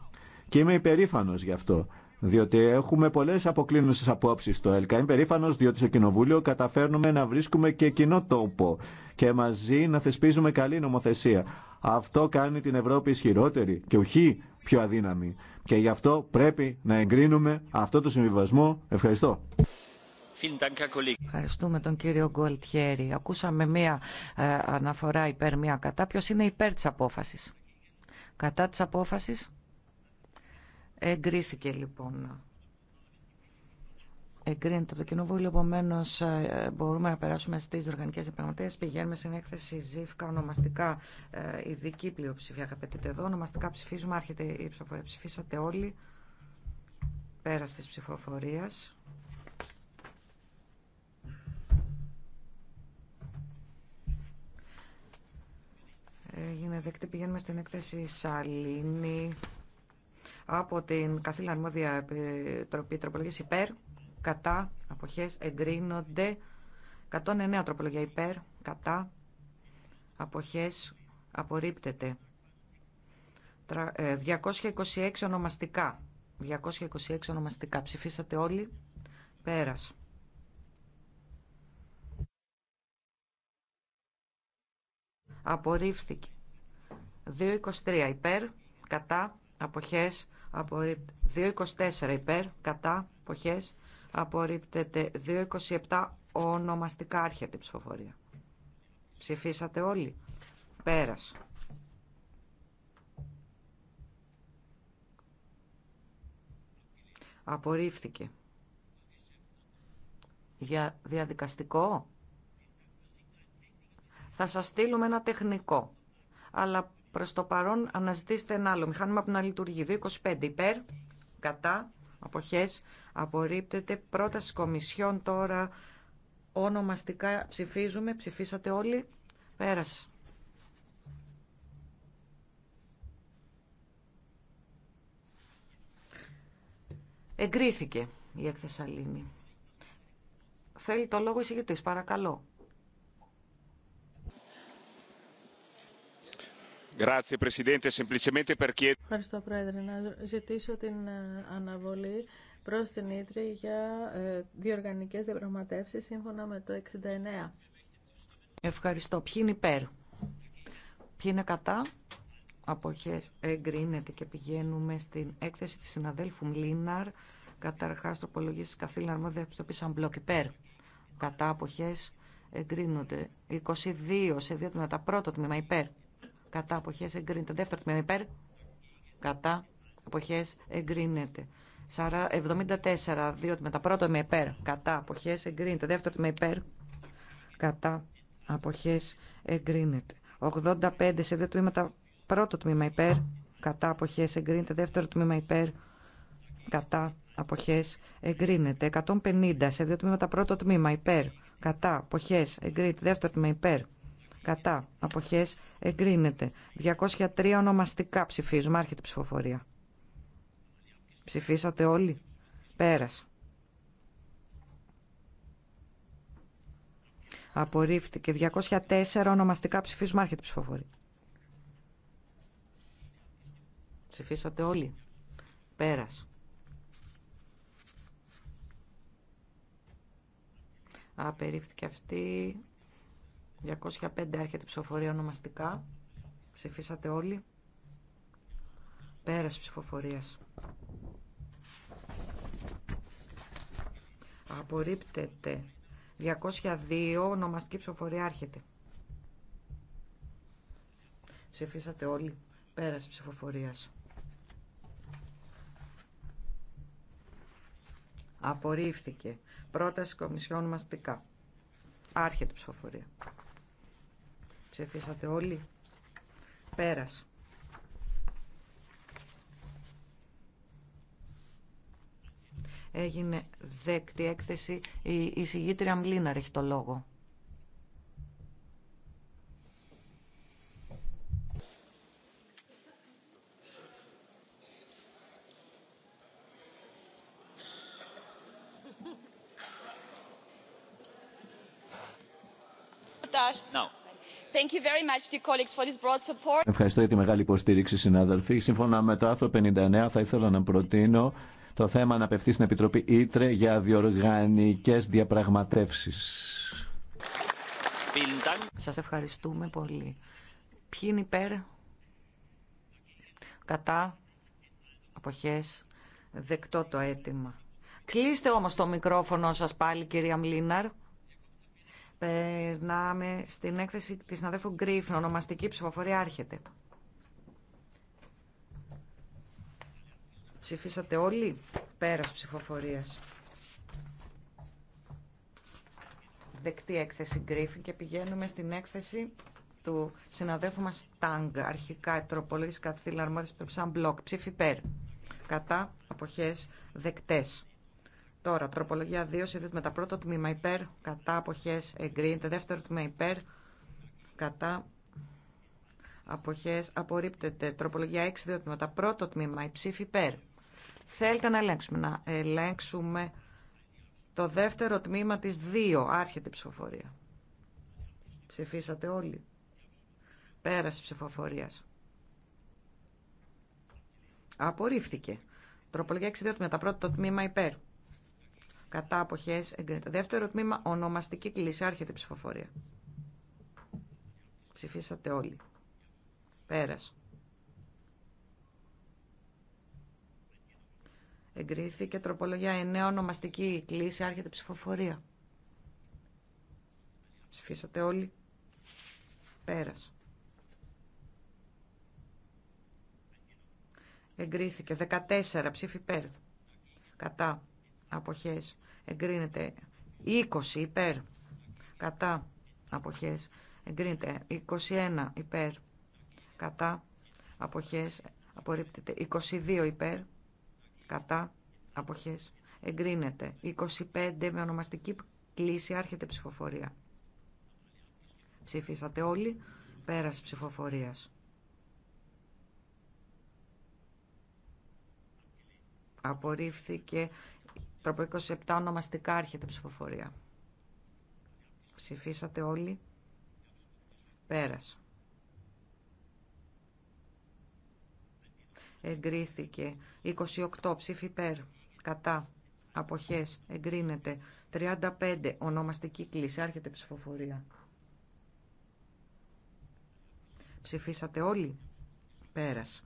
Και είμαι υπερήφανο γι' αυτό. Διότι έχουμε πολλέ αποκλίνουσε απόψει στο ΕΛΚΑ. Είμαι περήφανο διότι στο Κοινοβούλιο καταφέρνουμε να βρίσκουμε και κοινό τόπο και μαζί να θεσπίζουμε καλή νομοθεσία. Αυτό κάνει την Ευρώπη ισχυρότερη και όχι πιο αδύναμη. Και γι' αυτό πρέπει να εγκρίνουμε αυτό το συμβιβασμό. Ευχαριστώ. Ευχαριστούμε τον κύριο Γκολτιέρη. Ακούσαμε μία ε, αναφορά υπέρ, μία κατά. Ποιος είναι υπέρ της απόφασης. Κατά της απόφασης. Εγκρίθηκε λοιπόν. Εγκρίνεται από το Κοινοβούλιο. Επομένω, ε, μπορούμε να περάσουμε στι οργανικέ διαπραγματεύσει. Πηγαίνουμε στην έκθεση ΖΙΦΚΑ, ονομαστικά ε, ειδική πλειοψηφία. Αγαπητείτε εδώ, ονομαστικά ψηφίζουμε. Άρχεται η ψηφοφορία. Ψηφίσατε όλοι πέρα τη ψηφοφορία. Έγινε δεκτή. Πηγαίνουμε στην έκθεση Σαλήνη. από την καθήλυνα αρμόδια επιτροπή τροπολογίας υπέρ, κατά, αποχές, εγκρίνονται. 109 τροπολογία υπέρ, κατά, αποχές, απορρίπτεται. 226 ε, ονομαστικά. 226 ονομαστικά. Ψηφίσατε όλοι. Πέρας. απορρίφθηκε. 2.23 υπέρ, κατά, αποχές, απορρίπτεται. 2.24 υπέρ, κατά, αποχές, απορρίπτεται. 2.27 ονομαστικά άρχεται η ψηφοφορία. Ψηφίσατε όλοι. Πέρας. Απορρίφθηκε. Για διαδικαστικό. Θα σας στείλουμε ένα τεχνικό. Αλλά προς το παρόν αναζητήστε ένα άλλο μηχάνημα που να λειτουργεί. 225 υπέρ, κατά, αποχές, απορρίπτεται. Πρόταση κομισιόν τώρα, ονομαστικά ψηφίζουμε, ψηφίσατε όλοι, πέρασε. Εγκρίθηκε η έκθεση Θέλει το λόγο εισηγητής, παρακαλώ. Ευχαριστώ, Πρόεδρε. Να ζητήσω την ε, αναβολή προ την Ήτρη για ε, διοργανικέ διαπραγματεύσει σύμφωνα με το 69. Ευχαριστώ. Ποιοι είναι υπέρ, ποιοι είναι κατά. Αποχές εγκρίνεται και πηγαίνουμε στην έκθεση τη συναδέλφου Μλίναρ. Καταρχάς, τροπολογίες της καθήλων αρμόδια επιστοπής μπλοκ υπέρ. Κατά αποχέ εγκρίνονται. 22 σε δύο τμήματα. Πρώτο τμήμα υπέρ κατά αποχές εγκρίνεται. Δεύτερο τμήμα υπέρ, κατά αποχές εγκρίνεται. 74, δύο τμήματα. Πρώτο τμήμα υπέρ, κατά αποχές εγκρίνεται. Δεύτερο τμήμα υπέρ, κατά αποχές εγκρίνεται. 85 σε δύο τμήματα. Πρώτο τμήμα υπέρ, κατά αποχές εγκρίνεται. Δεύτερο τμήμα υπέρ, κατά απόχέ. εγκρίνεται. 150 σε δύο τμήματα. Πρώτο τμήμα υπέρ, κατά απόχέ εγκρίνεται. Δεύτερο τμήμα υπέρ, κατά, αποχές, εγκρίνεται. 203 ονομαστικά ψηφίζουμε, άρχεται ψηφοφορία. Ψηφίσατε όλοι, πέρασε. Απορρίφθηκε. 204 ονομαστικά ψηφίζουμε, άρχεται ψηφοφορία. Ψηφίσατε όλοι, πέρασε. Απερίφθηκε αυτή. 205 άρχεται η ψηφοφορία ονομαστικά. Ψηφίσατε όλοι. Πέρας ψηφοφορίας. Απορρίπτεται. 202 ονομαστική ψηφοφορία άρχεται. Ψηφίσατε όλοι. Πέρας ψηφοφορίας. Απορρίφθηκε. Πρόταση Κομισιόν μαστικά. Άρχεται ψηφοφορία ψεφίσατε όλοι. Πέρας. Έγινε δέκτη έκθεση η εισηγήτρια Μλίναρ έχει το λόγο. Ευχαριστώ για τη μεγάλη υποστήριξη, συνάδελφοι. Σύμφωνα με το άρθρο 59, θα ήθελα να προτείνω το θέμα να απευθύνει στην Επιτροπή Ήτρε για διοργανικές διαπραγματεύσεις. Σας ευχαριστούμε πολύ. Ποιοι είναι υπέρ, κατά, αποχές, δεκτό το αίτημα. Κλείστε όμως το μικρόφωνο σας πάλι κυρία Μλίναρ. Περνάμε στην έκθεση της συναδέλφου Γκρίφιν, ονομαστική ψηφοφορία άρχεται. Ψηφίσατε όλοι πέρας ψηφοφορίας. Δεκτή έκθεση Γκρίφιν και πηγαίνουμε στην έκθεση του συναδέλφου μας Τάγκ, αρχικά τροπολόγηση καθήλων αρμόδιας του σαν μπλοκ, ψήφι ΠΕΡ κατά αποχές δεκτές. Τώρα, τροπολογία 2, συνδέεται με τα πρώτο τμήμα υπέρ, κατά αποχές εγκρίνεται, δεύτερο τμήμα υπέρ, κατά αποχές απορρίπτεται. Τροπολογία 6, με τα πρώτο τμήμα, η ψήφη υπέρ. Θέλετε να ελέγξουμε, να ελέγξουμε το δεύτερο τμήμα της 2, άρχεται η ψηφοφορία. Ψηφίσατε όλοι. Πέραση ψηφοφορίας. Απορρίφθηκε. Τροπολογία 6, με τα πρώτο τμήμα υπέρ κατά αποχές εγκρίνεται. Δεύτερο τμήμα, ονομαστική κλίση, άρχεται η ψηφοφορία. Ψηφίσατε όλοι. Πέρας. Εγκρίθηκε τροπολογία 9, ονομαστική κλίση, άρχεται η ψηφοφορία. Ψηφίσατε όλοι. Πέρας. Εγκρίθηκε 14 ψήφι υπέρ. Κατά αποχές εγκρίνεται 20 υπέρ κατά αποχές εγκρίνεται 21 υπέρ κατά αποχές απορρίπτεται 22 υπέρ κατά αποχές εγκρίνεται 25 με ονομαστική κλίση άρχεται ψηφοφορία ψηφίσατε όλοι πέρας ψηφοφορίας απορρίφθηκε Τρόπο 27 ονομαστικά έρχεται ψηφοφορία. Ψηφίσατε όλοι. Πέρασε. Εγκρίθηκε. 28 ψήφι υπέρ. Κατά. Αποχές. Εγκρίνεται. 35 ονομαστική κλίση. Άρχεται ψηφοφορία. Ψηφίσατε όλοι. Πέρασε.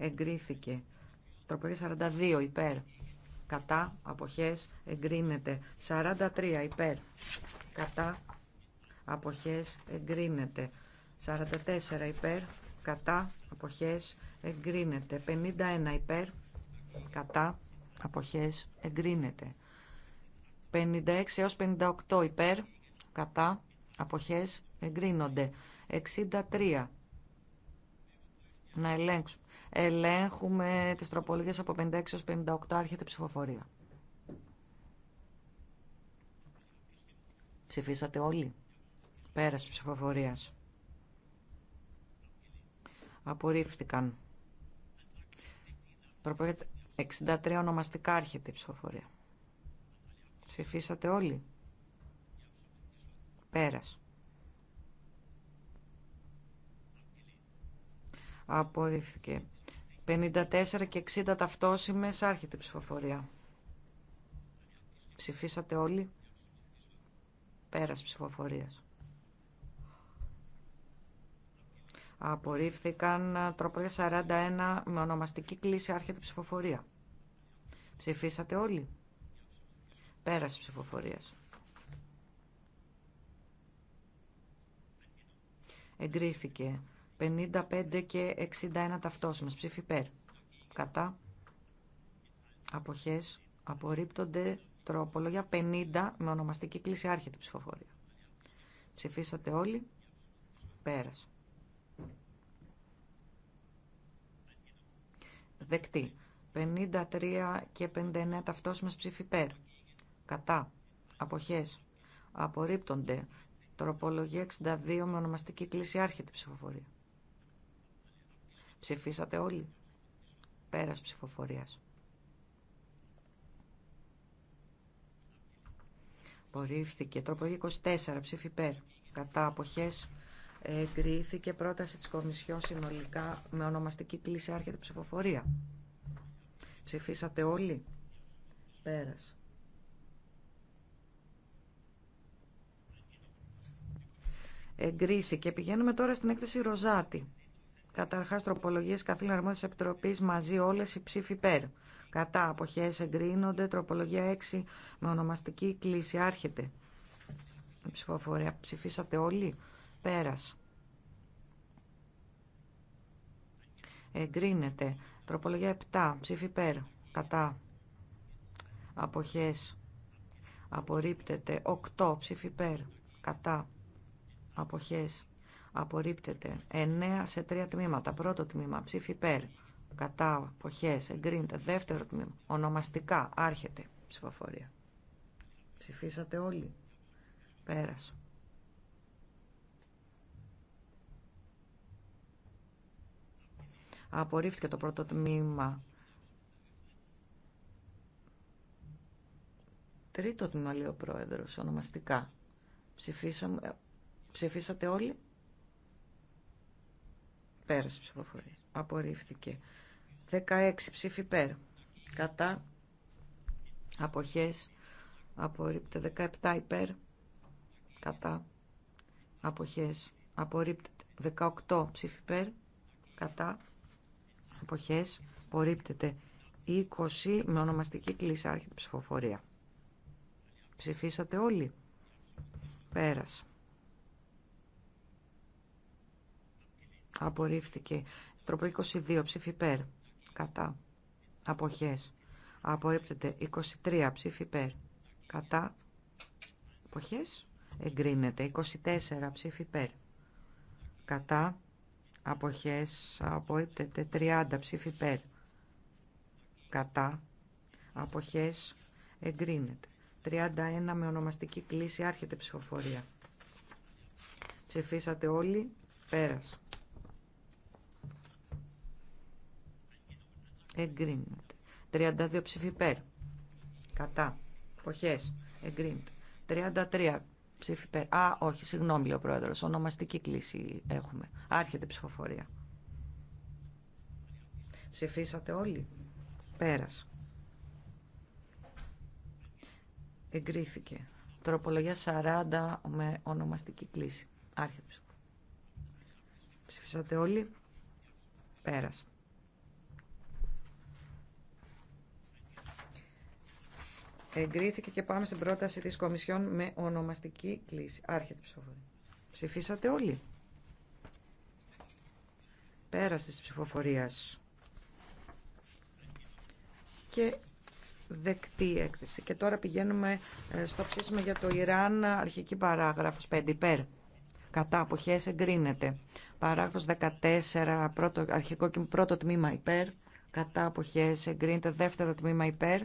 εγκρίθηκε. Τροπολογία 42 υπέρ. Κατά αποχές εγκρίνεται. 43 υπέρ. Κατά αποχές εγκρίνεται. 44 υπέρ. Κατά αποχές εγκρίνεται. 51 υπέρ. Κατά αποχές εγκρίνεται. 56 έως 58 υπέρ. Κατά αποχές εγκρίνονται. 63 να ελέγξουμε. Ελέγχουμε τις τροπολογίες από 56 ως 58. Άρχεται ψηφοφορία. Ψηφίσατε όλοι. Πέρας ψηφοφορίας. Απορρίφθηκαν. 63 ονομαστικά άρχεται η ψηφοφορία. Ψηφίσατε όλοι. Πέρας. Απορρίφθηκε. 54 και 60 ταυτόσημες άρχεται η ψηφοφορία. Ψηφίσατε όλοι. Πέρας ψηφοφορίας. Απορρίφθηκαν για 41 με ονομαστική κλίση άρχεται η ψηφοφορία. Ψηφίσατε όλοι. Πέρας ψηφοφορίας. Εγκρίθηκε 55 και 61 ταυτόσιμες. ψήφοι υπέρ. Κατά. Αποχές. Απορρίπτονται. Τροπολογία 50 με ονομαστική κλίση άρχεται ψηφοφορία. Ψηφίσατε όλοι. Πέρας. Δεκτή. 53 και 59 ταυτόσιμες ψήφι υπέρ. Κατά. Αποχές. Απορρίπτονται. Τροπολογία 62 με ονομαστική κλίση άρχεται ψηφοφορία. Ψηφίσατε όλοι. Πέρας ψηφοφορίας. Απορρίφθηκε. Τρόπο 24. Ψήφι υπέρ. Κατά αποχές εγκρίθηκε πρόταση της Κομισιόν συνολικά με ονομαστική κλίση άρχεται ψηφοφορία. Ψηφίσατε όλοι. Πέρας. Εγκρίθηκε. Πηγαίνουμε τώρα στην έκθεση Ροζάτη. Καταρχά, τροπολογίε καθήλων αρμόδια Επιτροπή, μαζί όλες οι ψήφοι υπέρ. Κατά αποχές εγκρίνονται. Τροπολογία 6 με ονομαστική κλίση. Άρχεται. Η ψηφοφορία. Ψηφίσατε όλοι. Πέρας. Εγκρίνεται. Τροπολογία 7. Ψήφι υπέρ. Κατά. Αποχές. Απορρίπτεται. 8. Ψήφι υπέρ. Κατά. Αποχές απορρίπτεται 9 σε 3 τμήματα. Πρώτο τμήμα, ψήφι υπέρ, κατά, ποχέ. εγκρίνεται. Δεύτερο τμήμα, ονομαστικά, άρχεται ψηφοφορία. Ψηφίσατε όλοι. Πέρασε. Απορρίφθηκε το πρώτο τμήμα. Τρίτο τμήμα, λέει ο πρόεδρος, ονομαστικά. Ψηφίσαμε, ε, ψηφίσατε όλοι. Πέρασε ψηφοφορία. Απορρίφθηκε. 16 ψήφι πέρα. Κατά. Αποχές. Απορρίπτεται. 17 υπέρ. Κατά. Αποχές. Απορρίπτεται. 18 ψήφι πέρ. Κατά. Αποχές. Απορρίπτεται. 20 με ονομαστική κλίση άρχεται ψηφοφορία. Ψηφίσατε όλοι. Πέρασε. Απορρίφθηκε. τρόπο 22. Ψήφι υπέρ. Κατά. Αποχές. Απορρίπτεται. 23. Ψήφι υπέρ. Κατά. Αποχές. Εγκρίνεται. 24. Ψήφι υπέρ. Κατά. Αποχές. Απορρίπτεται. 30. Ψήφι υπέρ. Κατά. Αποχές. Εγκρίνεται. 31 με ονομαστική κλίση άρχεται ψηφοφορία. Ψηφίσατε όλοι. Πέρας. εγκρίνεται. 32 ψήφι υπέρ, κατά, εποχές, εγκρίνεται. 33 ψήφι υπέρ, α, όχι, συγγνώμη λέει ο πρόεδρος, ονομαστική κλίση έχουμε. Άρχεται ψηφοφορία. Ψηφίσατε όλοι, πέρας. Εγκρίθηκε. Τροπολογία 40 με ονομαστική κλίση. Άρχεται ψηφοφορία. Ψηφίσατε όλοι. Πέρασε. Εγκρίθηκε και πάμε στην πρόταση της Κομισιόν με ονομαστική κλίση. Άρχεται ψηφοφορία. Ψηφίσατε όλοι. Πέρα της ψηφοφορίας. Και δεκτή έκθεση. Και τώρα πηγαίνουμε ε, στο ψήσιμο για το Ιράν, αρχική παράγραφος 5 υπέρ. Κατά αποχές εγκρίνεται. Παράγραφος 14, πρώτο, αρχικό και πρώτο τμήμα υπέρ. Κατά αποχές εγκρίνεται. Δεύτερο τμήμα υπέρ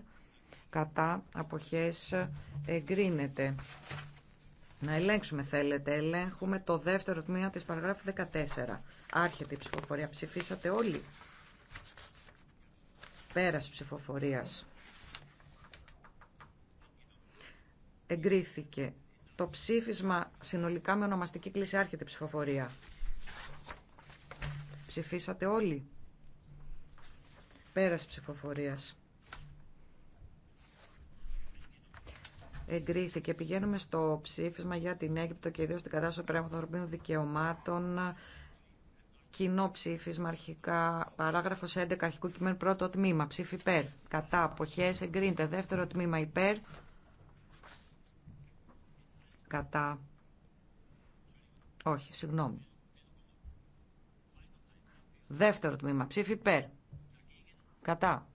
κατά αποχές εγκρίνεται. Να ελέγξουμε θέλετε. Ελέγχουμε το δεύτερο τμήμα της παραγράφου 14. Άρχεται η ψηφοφορία. Ψηφίσατε όλοι. Πέρας ψηφοφορίας. Εγκρίθηκε. Το ψήφισμα συνολικά με ονομαστική κλίση άρχεται η ψηφοφορία. Ψηφίσατε όλοι. Πέρας ψηφοφορίας. εγκρίθηκε. Πηγαίνουμε στο ψήφισμα για την Αίγυπτο και ιδίω την κατάσταση των ανθρωπίνων δικαιωμάτων. Κοινό ψήφισμα αρχικά, παράγραφος 11 αρχικού κειμένου πρώτο τμήμα, ψήφι υπέρ. Κατά αποχές εγκρίνεται. Δεύτερο τμήμα υπέρ. Κατά. Όχι, συγγνώμη. Δεύτερο τμήμα, ψήφι υπέρ. Κατά.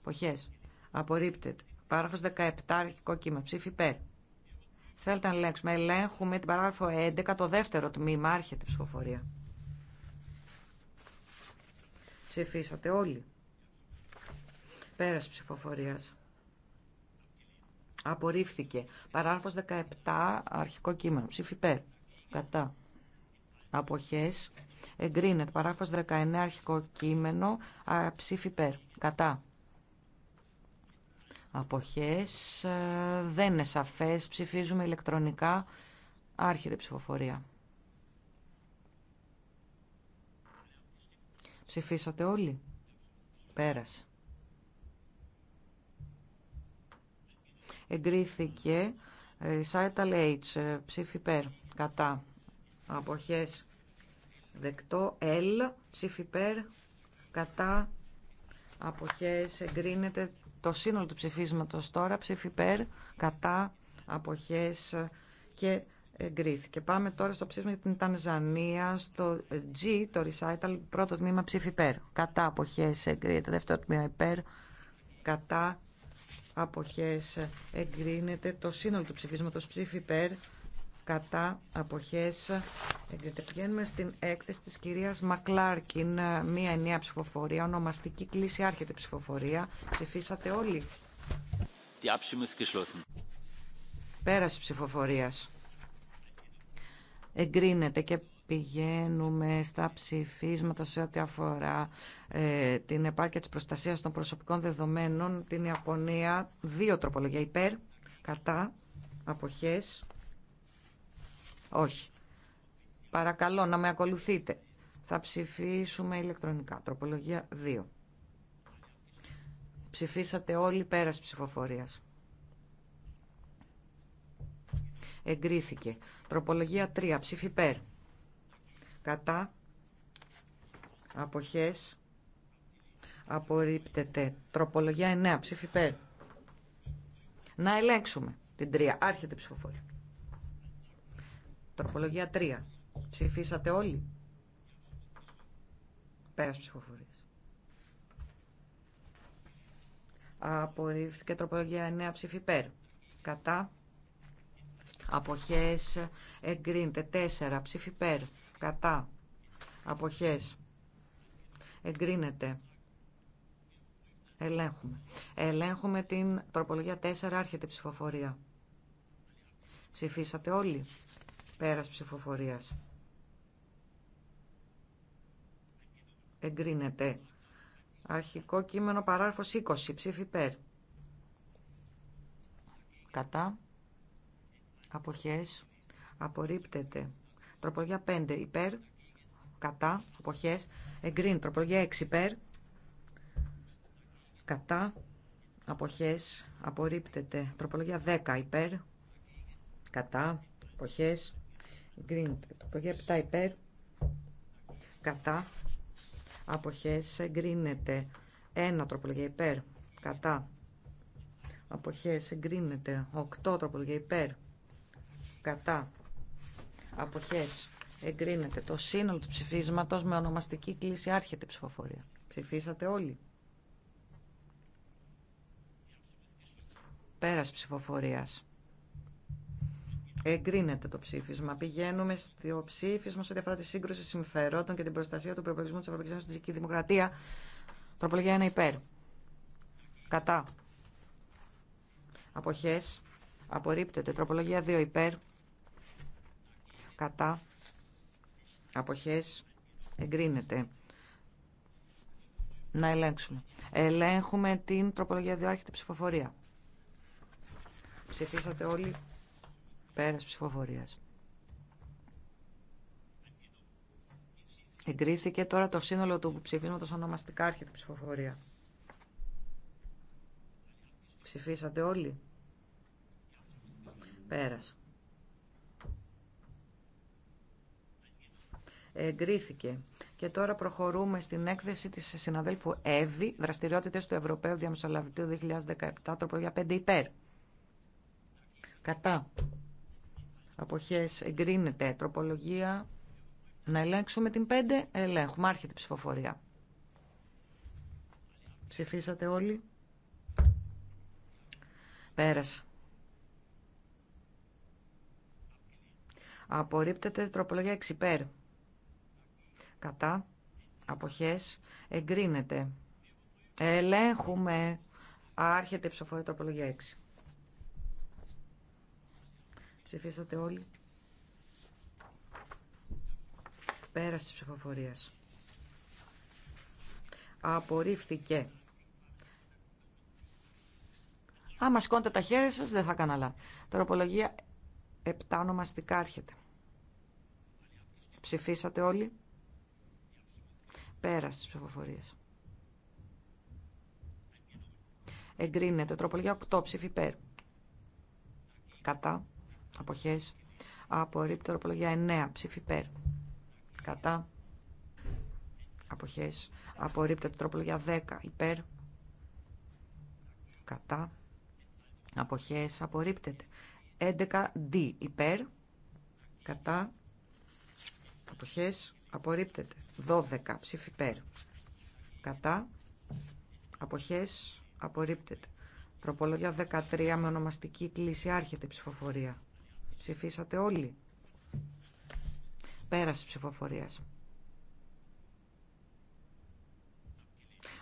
Αποχές. Απορρίπτεται. Παράγραφος 17, αρχικό κείμενο. Ψήφι περ. Θέλετε να ελέγξουμε. Ελέγχουμε την παράγραφο 11, το δεύτερο τμήμα. Άρχεται η ψηφοφορία. Ψηφίσατε όλοι. Πέρασε ψηφοφορία. Απορρίφθηκε. Παράγραφος 17, αρχικό κείμενο. Ψήφι περ. Κατά. Αποχέ. Εγκρίνεται. Παράγραφος 19, αρχικό κείμενο. Ψήφι υπέρ. Κατά αποχές ε, δεν είναι σαφές ψηφίζουμε ηλεκτρονικά Άρχιτε ψηφοφορία ψηφίσατε όλοι πέρασε εγκρίθηκε Recital ε, H ε, ψήφι περ. κατά αποχές δεκτό L ψήφι περ. κατά αποχές εγκρίνεται το σύνολο του ψηφίσματος τώρα, ψήφι υπέρ, κατά, αποχές και εγκρίθηκε. Πάμε τώρα στο ψήφισμα για την Τανζανία, στο G, το recital, πρώτο τμήμα ψήφι υπέρ, κατά, αποχές, εγκρίνεται, δεύτερο τμήμα υπέρ, κατά, αποχές, εγκρίνεται, το σύνολο του ψηφίσματος ψήφι υπέρ, κατά αποχές Πηγαίνουμε στην έκθεση της κυρίας Μακλάρκιν, ε, μία ενιαία ψηφοφορία, ονομαστική κλίση άρχεται ψηφοφορία. Ψηφίσατε όλοι. Die Πέραση ψηφοφορίας. Εγκρίνεται και πηγαίνουμε στα ψηφίσματα σε ό,τι αφορά ε, την επάρκεια της προστασίας των προσωπικών δεδομένων, την Ιαπωνία, δύο τροπολογία υπέρ, κατά, αποχές, όχι. Παρακαλώ να με ακολουθείτε. Θα ψηφίσουμε ηλεκτρονικά. Τροπολογία 2. Ψηφίσατε όλοι πέρας ψηφοφορίας. Εγκρίθηκε. Τροπολογία 3. Ψήφι πέρ. Κατά. Αποχές. Απορρίπτεται. Τροπολογία 9. Ψήφι πέρ. Να ελέγξουμε την 3. Άρχεται η ψηφοφορία. Τροπολογία 3. Ψηφίσατε όλοι. Πέρας ψηφοφορία. Απορρίφθηκε τροπολογία 9 ψήφι περ. Κατά. Αποχές εγκρίνεται 4 ψήφι περ. Κατά. Αποχές εγκρίνεται. Ελέγχουμε. Ελέγχουμε την τροπολογία 4 άρχεται ψηφοφορία. Ψηφίσατε όλοι. Πέρας ψηφοφορίας. Εγκρίνεται. Αρχικό κείμενο παράγραφος 20. Ψήφι υπέρ. Κατά. Αποχές. Απορρίπτεται. Τροπολογία 5. Υπέρ. Κατά. Αποχές. Εγκρίνεται. Τροπολογία 6. Υπέρ. Κατά. Αποχές. Απορρίπτεται. Τροπολογία 10. Υπέρ. Κατά. Αποχές. Γκρίνεται. το 7 υπέρ. Κατά. Αποχές. Εγκρίνεται. ένα τροπολογία υπέρ. Κατά. Αποχές. Εγκρίνεται. οκτώ τροπολογία υπέρ. Κατά. Αποχές. Εγκρίνεται. Το σύνολο του ψηφίσματος με ονομαστική κλίση άρχεται ψηφοφορία. Ψηφίσατε όλοι. Πέρας ψηφοφορίας. Εγκρίνεται το ψήφισμα. Πηγαίνουμε στο ψήφισμα σε ό,τι αφορά τη σύγκρουση συμφερόντων και την προστασία του προπολογισμού τη Ευρωπαϊκή Ένωση στην Δημοκρατία. Τροπολογία 1 υπέρ. Κατά. Αποχέ. Απορρίπτεται. Τροπολογία 2 υπέρ. Κατά. Αποχέ. Εγκρίνεται. Να ελέγξουμε. Ελέγχουμε την τροπολογία 2. Άρχεται ψηφοφορία. Ψηφίσατε όλοι. Πέρας ψηφοφορίας. Εγκρίθηκε τώρα το σύνολο του ψηφίσματος ονομαστικά του ψηφοφορία. Ψηφίσατε όλοι. Πέρας. Εγκρίθηκε. Και τώρα προχωρούμε στην έκθεση της συναδέλφου Εύη, δραστηριότητες του Ευρωπαίου Διαμεσολαβητήου 2017, για 5 υπέρ. Κατά αποχές εγκρίνεται τροπολογία να ελέγξουμε την 5 ελέγχουμε άρχεται η ψηφοφορία ψηφίσατε όλοι πέρασε απορρίπτεται τροπολογία 6 πέρ κατά αποχές εγκρίνεται ελέγχουμε άρχεται η ψηφοφορία τροπολογία 6 Ψηφίσατε όλοι. Πέραση της ψηφοφορίας. Απορρίφθηκε. μα σκόντε τα χέρια σας δεν θα έκανα λάθος. Τροπολογία 7 ονομαστικά έρχεται. Ψηφίσατε όλοι. Πέραση της ψηφοφορίας. Εγκρίνεται. Τροπολογία 8 ψήφι υπέρ. Κατά αποχές απορρίπτεται τροπολογία 9 ψήφι υπέρ κατά αποχές απορρίπτεται τροπολογία 10 υπέρ κατά αποχές απορρίπτεται 11 D υπέρ κατά αποχές απορρίπτεται 12 ψήφι υπέρ κατά αποχές απορρίπτεται τροπολογία 13 με ονομαστική κλίση άρχεται η ψηφοφορία Ψηφίσατε όλοι. Πέραση ψηφοφορίας.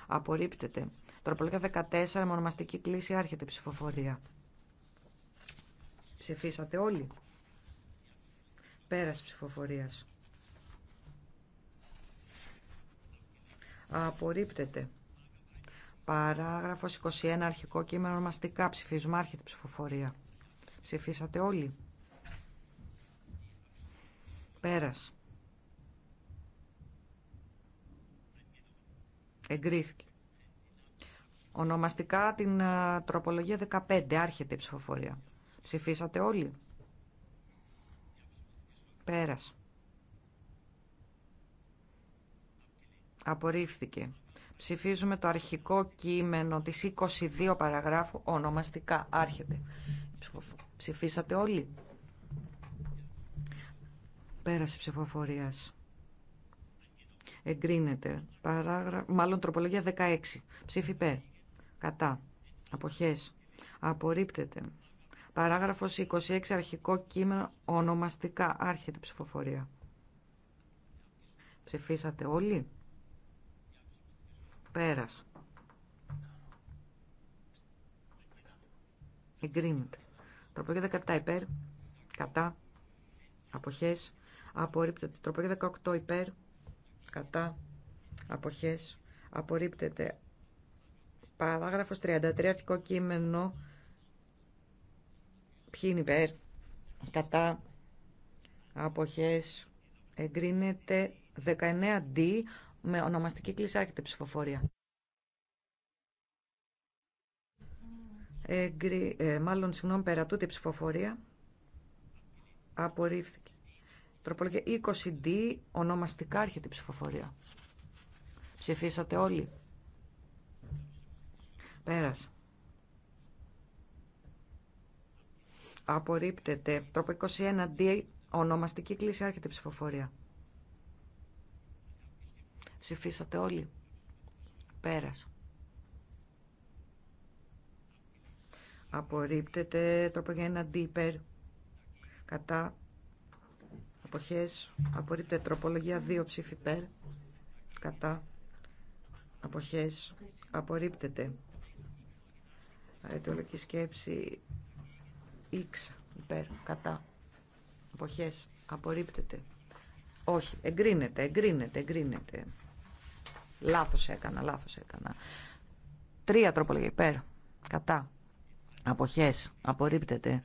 Απορρίπτεται. Τροπολογία 14, μονομαστική κλίση, άρχεται ψηφοφορία. Ψηφίσατε όλοι. Πέραση ψηφοφορίας. Απορρίπτεται. Παράγραφος 21, αρχικό κείμενο ονομαστικά. Ψηφίζουμε άρχεται ψηφοφορία. Ψηφίσατε όλοι. Πέρας. Εγκρίθηκε. Ονομαστικά την τροπολογία 15. Άρχεται η ψηφοφορία. Ψηφίσατε όλοι. Πέρας. Απορρίφθηκε. Ψηφίζουμε το αρχικό κείμενο της 22 παραγράφου ονομαστικά. Άρχεται. Ψηφίσατε όλοι. Πέραση ψηφοφορίας. Εγκρίνεται. Παράγρα... Μάλλον τροπολογία 16. Ψήφι υπέρ. Κατά. Αποχέ. Απορρίπτεται. Παράγραφος 26. Αρχικό κείμενο ονομαστικά. Άρχεται ψηφοφορία. Ψηφίσατε όλοι. Πέρας. Εγκρίνεται. Τροπολογία 17 υπέρ. Κατά. Αποχές απορρίπτεται. Τροπολογία 18 υπέρ, κατά, αποχές, απορρίπτεται. Παράγραφος 33, αρχικό κείμενο, ποιοι είναι υπέρ, κατά, αποχές, εγκρίνεται 19D με ονομαστική κλίση άρχεται ψηφοφορία. Ε, μάλλον, συγγνώμη, πέρα ψηφοφορία απορρίφθηκε. Τροπολογία 20D, ονομαστικά έρχεται η ψηφοφορία. Ψηφίσατε όλοι. Πέρας. Απορρίπτεται. Τρόπο 21D, ονομαστική κλίση, έρχεται η ψηφοφορία. Ψηφίσατε όλοι. Πέρας. Απορρίπτεται. για 1D, υπέρ. Κατά αποχές απορρίπτεται τροπολογία 2 ψήφι υπέρ κατά αποχές απορρίπτεται αιτιολογική σκέψη X υπέρ κατά αποχές απορρίπτεται όχι εγκρίνεται εγκρίνεται εγκρίνεται λάθος έκανα λάθος έκανα τρία τροπολογία υπέρ κατά αποχές απορρίπτεται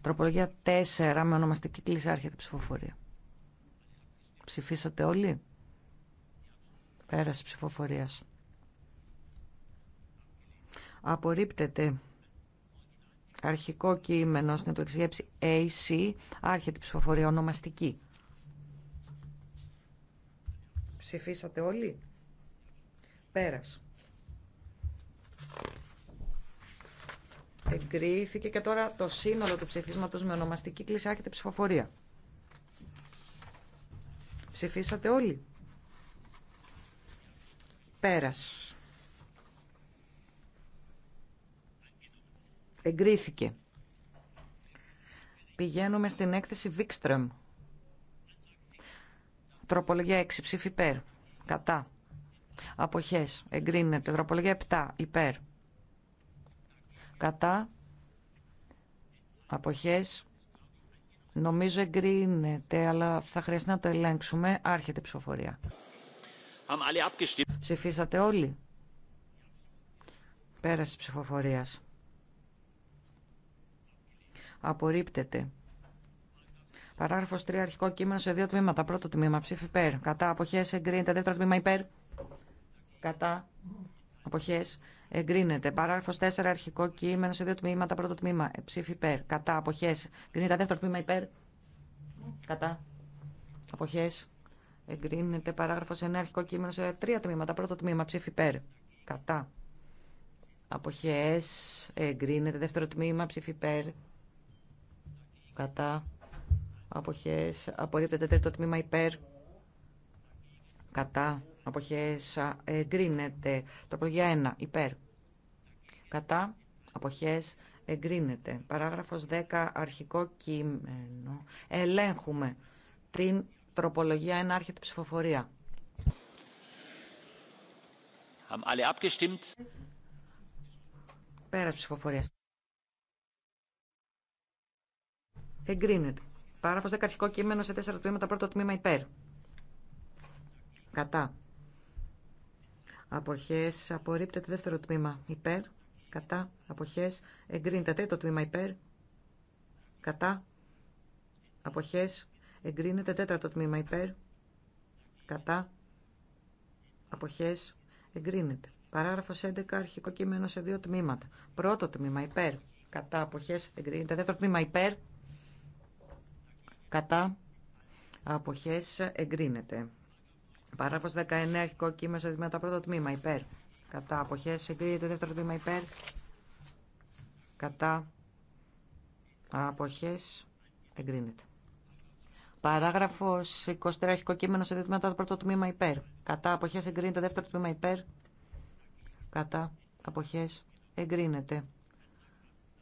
τροπολογία 4 με ονομαστική κλίση άρχεται ψηφοφορία Ψηφίσατε όλοι. Πέραση ψηφοφορίας. Απορρίπτεται αρχικό κείμενο στην ετοξιγέψη AC, άρχεται ψηφοφορία ονομαστική. Ψηφίσατε όλοι. Πέρας. Εγκρίθηκε και τώρα το σύνολο του ψηφίσματος με ονομαστική κλίση άρχεται ψηφοφορία. Ψηφίσατε όλοι. Πέρας. Εγκρίθηκε. Πηγαίνουμε στην έκθεση Βίξτρεμ. Τροπολογία 6 ψήφι υπέρ. Κατά. Αποχές. Εγκρίνεται. Τροπολογία 7 υπέρ. Κατά. Αποχές. Νομίζω εγκρίνεται, αλλά θα χρειαστεί να το ελέγξουμε. Άρχεται η ψηφοφορία. Ψηφίσατε όλοι. Πέραση ψηφοφορίας. Απορρίπτεται. Παράγραφος 3. Αρχικό κείμενο σε δύο τμήματα. Πρώτο τμήμα. Ψήφι υπέρ. Κατά. Αποχές εγκρίνεται. Δεύτερο τμήμα υπέρ. Κατά. Αποχές εγκρίνεται. Παράγραφο 4. Αρχικό κείμενο σε δύο τμήματα. Πρώτο τμήμα. Ε, ψήφι υπέρ. Κατά. Αποχέ. Εγκρίνεται. Δεύτερο τμήμα υπέρ. Κατά. Αποχέ. Εγκρίνεται. Παράγραφο 9. Αρχικό κείμενο σε τρία τμήματα. Πρώτο τμήμα. Ψήφι υπέρ. Κατά. Αποχέ. Εγκρίνεται. Δεύτερο τμήμα. Ψήφι υπέρ. Κατά. Αποχέ. Απορρίπτεται. Τρίτο τμήμα υπέρ. Κατά αποχές εγκρίνεται. Τροπολογία 1 υπέρ. Κατά αποχές εγκρίνεται. Παράγραφος 10 αρχικό κείμενο. Ελέγχουμε την τροπολογία 1 άρχεται ψηφοφορία. Haben alle Πέρα ψηφοφορία. Εγκρίνεται. Παράγραφος 10 αρχικό κείμενο σε 4 τμήματα πρώτο τμήμα υπέρ. Κατά αποχές απορρίπτεται δεύτερο τμήμα υπέρ κατά αποχές εγκρίνεται τρίτο τμήμα υπέρ κατά αποχές εγκρίνεται τέταρτο τμήμα υπέρ κατά αποχές εγκρίνεται παράγραφος 11 αρχικό κείμενο σε δύο τμήματα πρώτο τμήμα υπέρ κατά αποχές εγκρίνεται δεύτερο τμήμα υπέρ κατά αποχές εγκρίνεται Παράγραφος 19 αρχικό κείμενο σε τμήματα πρώτο τμήμα υπέρ. Κατά αποχές εγκρίνεται δεύτερο τμήμα υπέρ. Κατά Αποχέ. εγκρίνεται. Παράγραφο 23 αρχικό κείμενο σε το πρώτο τμήμα υπέρ. Κατά αποχές εγκρίνεται δεύτερο τμήμα υπέρ. Κατά αποχέ. εγκρίνεται.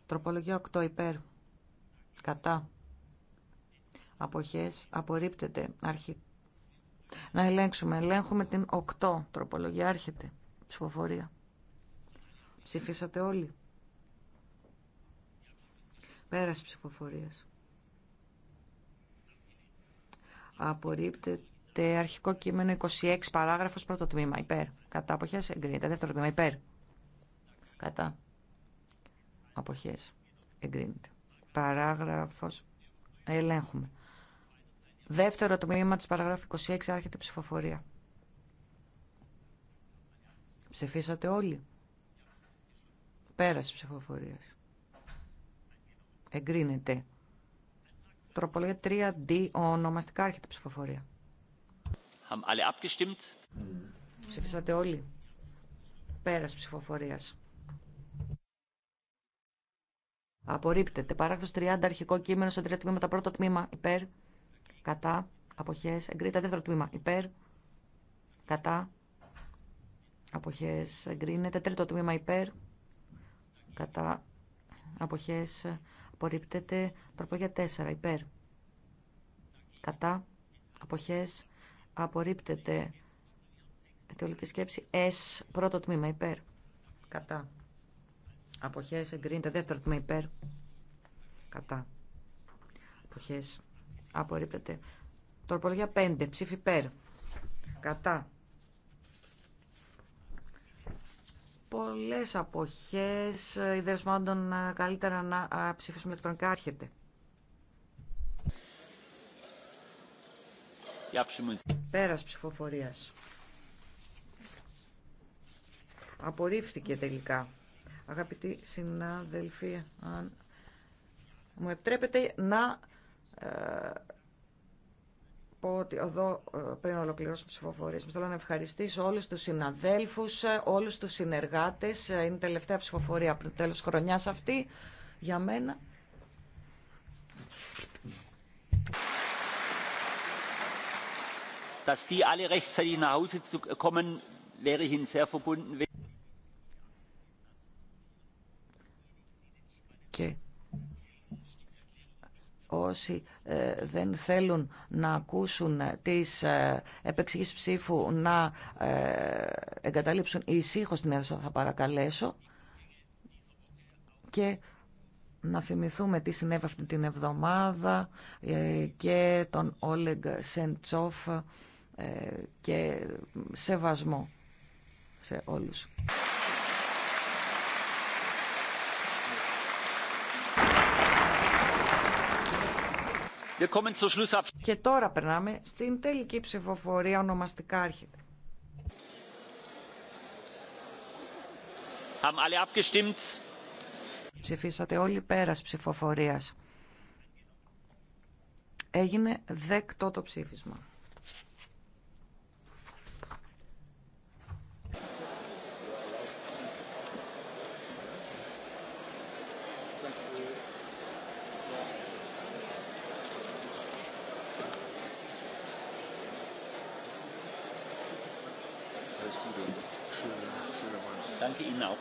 Τροπολογία 8 υπέρ. Κατά. Αποχές απορρίπτεται. Αρχικό να ελέγξουμε. Ελέγχουμε την 8 τροπολογία. Άρχεται ψηφοφορία. Ψηφίσατε όλοι. Πέραση ψηφοφορία. Απορρίπτεται αρχικό κείμενο 26 παράγραφος πρώτο τμήμα. Υπέρ. Κατά αποχές εγκρίνεται. Δεύτερο τμήμα. Υπέρ. Κατά αποχές εγκρίνεται. Παράγραφος ελέγχουμε. Δεύτερο τμήμα της παραγράφου 26 άρχεται ψηφοφορία. Ψηφίσατε όλοι. ψηφοφορία. ψηφοφορίας. Εγκρίνεται. Τροπολογία 3D, ονομαστικά άρχεται ψηφοφορία. Ψηφίσατε όλοι. Πέρας ψηφοφορία. Απορρίπτεται. Παράγραφος 30, αρχικό κείμενο σε τρία τμήματα. Πρώτο τμήμα υπέρ κατά, αποχές, εγκρίνεται. Δεύτερο τμήμα, υπέρ, κατά, αποχές, εγκρίνεται. Τρίτο τμήμα, υπέρ, κατά, αποχές, απορρίπτεται. Τροπολογία 4, υπέρ, κατά, αποχές, απορρίπτεται. Αιτιολογική σκέψη, S, πρώτο τμήμα, υπέρ, κατά. Αποχές εγκρίνεται δεύτερο τμήμα υπέρ. Κατά. Αποχές Απορρίπτεται. Τροπολογία 5. Ψήφι περ. Κατά. Πολλές αποχές. Ιδέως ε, καλύτερα να ψηφίσουμε ηλεκτρονικά. Άρχεται. Πέρας ψηφοφορίας. Απορρίφθηκε τελικά. Αγαπητοί συνάδελφοι, αν μου επιτρέπετε να ε, πω ότι εδώ ε, πριν ολοκληρώσω τις ψηφοφορίες μου θέλω να ευχαριστήσω όλους τους συναδέλφους, ε, όλους τους συνεργάτες. Είναι η τελευταία ψηφοφορία από το τέλος χρονιάς αυτή για μένα. Dass die alle rechtzeitig nach Hause zu kommen, wäre ich Ihnen sehr verbunden. Okay όσοι ε, δεν θέλουν να ακούσουν τις ε, επεξηγήσεις ψήφου να ε, εγκαταλείψουν ησύχως την αίθουσα θα παρακαλέσω και να θυμηθούμε τι συνέβη αυτή την εβδομάδα και τον Όλεγκ Σεντσόφ και σεβασμό σε όλους. Και τώρα περνάμε στην τελική ψηφοφορία ονομαστικά άρχεται. Ψηφίσατε όλοι πέρας ψηφοφορίας. Έγινε δεκτό το ψήφισμα. auch.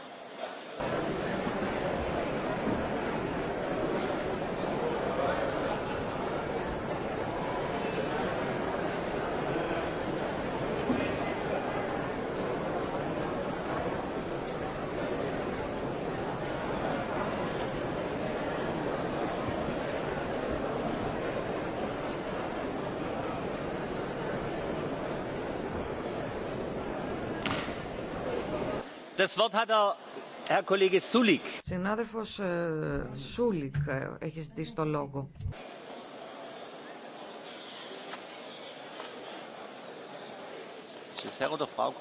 Er, Συνάδελφος ε, Σούλικ ε, έχει ζητήσει το λόγο. oder Frau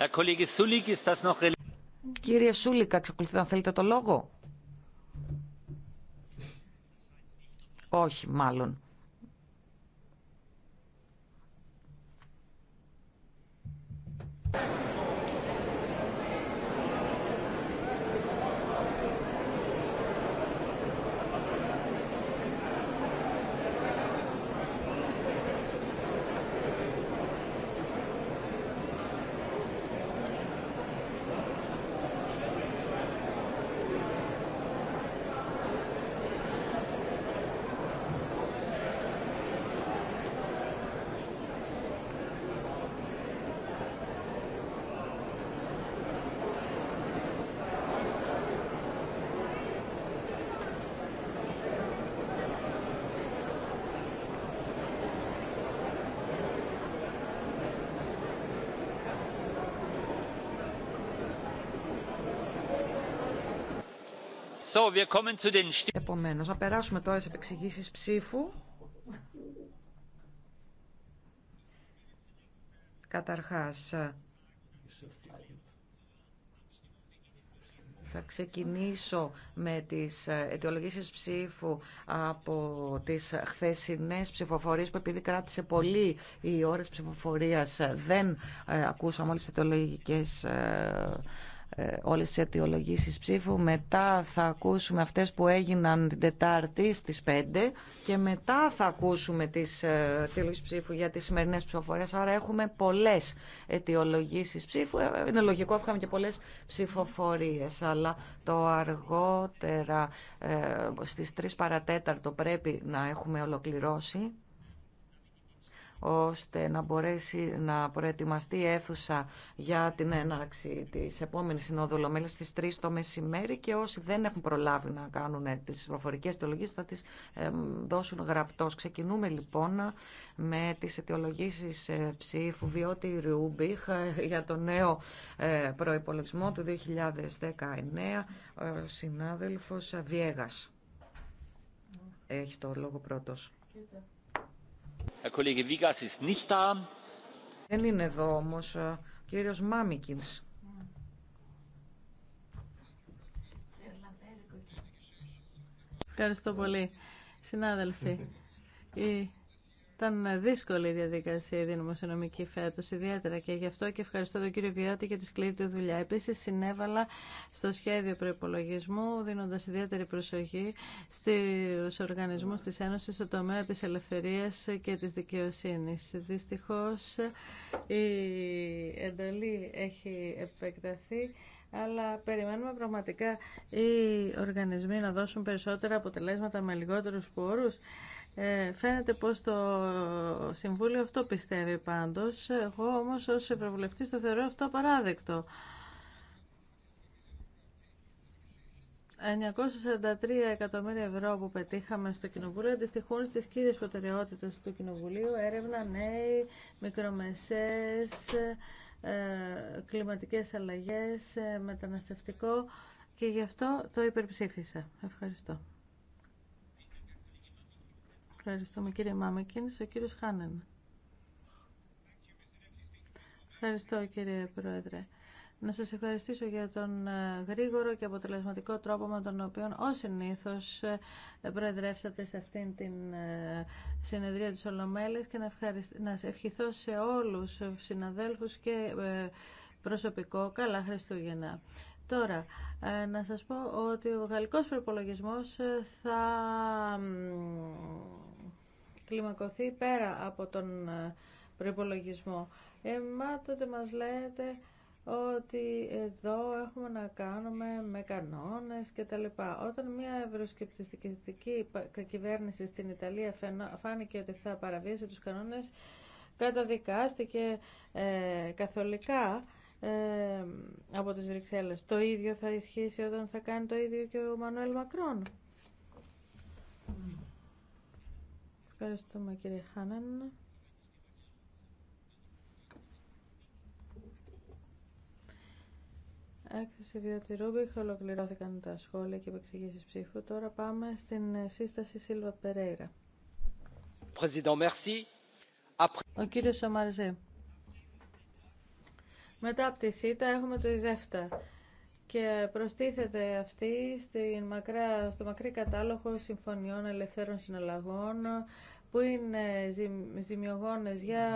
Herr Kollege Sulik, ist das noch Κύριε Σούλικα, αξιοκολουθείτε να θέλετε το λόγο. Όχι, μάλλον. Επομένως, να περάσουμε τώρα σε επεξηγήσεις ψήφου. Καταρχάς, θα ξεκινήσω με τις αιτιολογήσεις ψήφου από τις χθεσινές ψηφοφορίες που επειδή κράτησε πολύ οι ώρες ψηφοφορίας δεν ε, ακούσαμε όλες τις αιτιολογικές ε, ε, όλες τις αιτιολογήσεις ψήφου. Μετά θα ακούσουμε αυτές που έγιναν την Τετάρτη στις 5 και μετά θα ακούσουμε τις ε, αιτιολογήσεις ψήφου για τις σημερινές ψηφοφορίες. Άρα έχουμε πολλές αιτιολογήσεις ψήφου. Ε, είναι λογικό, είχαμε και πολλές ψηφοφορίες, αλλά το αργότερα στις 3 παρατέταρτο πρέπει να έχουμε ολοκληρώσει ώστε να μπορέσει να προετοιμαστεί η αίθουσα για την έναρξη της επόμενης συνόδου Ολομέλειας στις 3 το μεσημέρι και όσοι δεν έχουν προλάβει να κάνουν ε, τις προφορικές αιτιολογίες θα τις δώσουν γραπτός. Ξεκινούμε λοιπόν με τις αιτιολογήσεις ε, ψήφου Βιώτη Ριούμπιχ ε, για το νέο προϋπολογισμό του 2019 ο συνάδελφος Βιέγας. Έχει το λόγο πρώτος. Δεν είναι εδώ όμως ε, ο κύριος Μάμικινς. Ευχαριστώ πολύ. Συνάδελφοι, ήταν δύσκολη η διαδικασία η δημοσιονομική φέτος, ιδιαίτερα και γι' αυτό και ευχαριστώ τον κύριο Βιώτη για τη σκληρή του δουλειά. Επίσης συνέβαλα στο σχέδιο προϋπολογισμού, δίνοντας ιδιαίτερη προσοχή στους οργανισμούς της Ένωσης στο τομέα της ελευθερίας και της δικαιοσύνης. Δυστυχώς η εντολή έχει επεκταθεί αλλά περιμένουμε πραγματικά οι οργανισμοί να δώσουν περισσότερα αποτελέσματα με λιγότερους πόρους. Ε, φαίνεται πως το Συμβούλιο αυτό πιστεύει πάντως. Εγώ όμως ως Ευρωβουλευτής το θεωρώ αυτό απαράδεκτο. 943 εκατομμύρια ευρώ που πετύχαμε στο Κοινοβούλιο αντιστοιχούν στις κύριες προτεραιότητες του Κοινοβουλίου, έρευνα, νέοι, μικρομεσές, ε, κλιματικές αλλαγές, ε, μεταναστευτικό και γι' αυτό το υπερψήφισα. Ευχαριστώ. Ευχαριστούμε κύριε Μάμικινς. Ο κύριος Χάνεν. Ευχαριστώ κύριε Πρόεδρε. Να σας ευχαριστήσω για τον ε, γρήγορο και αποτελεσματικό τρόπο με τον οποίο ως συνήθως ε, προεδρεύσατε σε αυτήν την ε, συνεδρία της Ολομέλης και να, ευχηθώ σε όλους συναδέλφους και προσωπικό καλά Χριστούγεννα. Τώρα, να σας πω ότι ο γαλλικός προπολογισμός θα κλιμακωθεί πέρα από τον ε, προϋπολογισμό. Ε, τότε μας λέτε ότι εδώ έχουμε να κάνουμε με κανόνες και τα λοιπά. Όταν μια ευρωσκεπτιστική κυβέρνηση στην Ιταλία φάνηκε ότι θα παραβίασε τους κανόνες, καταδικάστηκε ε, καθολικά ε, από τις Βρυξέλλες. Το ίδιο θα ισχύσει όταν θα κάνει το ίδιο και ο Μανουέλ Μακρόν. Ευχαριστούμε κύριε Χάναν. Έκθεση Βιώτη Ρούμπιχ, ολοκληρώθηκαν τα σχόλια και επεξηγήσεις ψήφου. Τώρα πάμε στην σύσταση Σίλβα Περέιρα. Ο κύριος Σαμαρζή. Μετά από τη ΣΥΤΑ έχουμε το ΙΖΕΦΤΑ και προστίθεται αυτή στην μακρά, στο μακρύ κατάλογο συμφωνιών ελευθέρων συναλλαγών που είναι ζημιογόνες για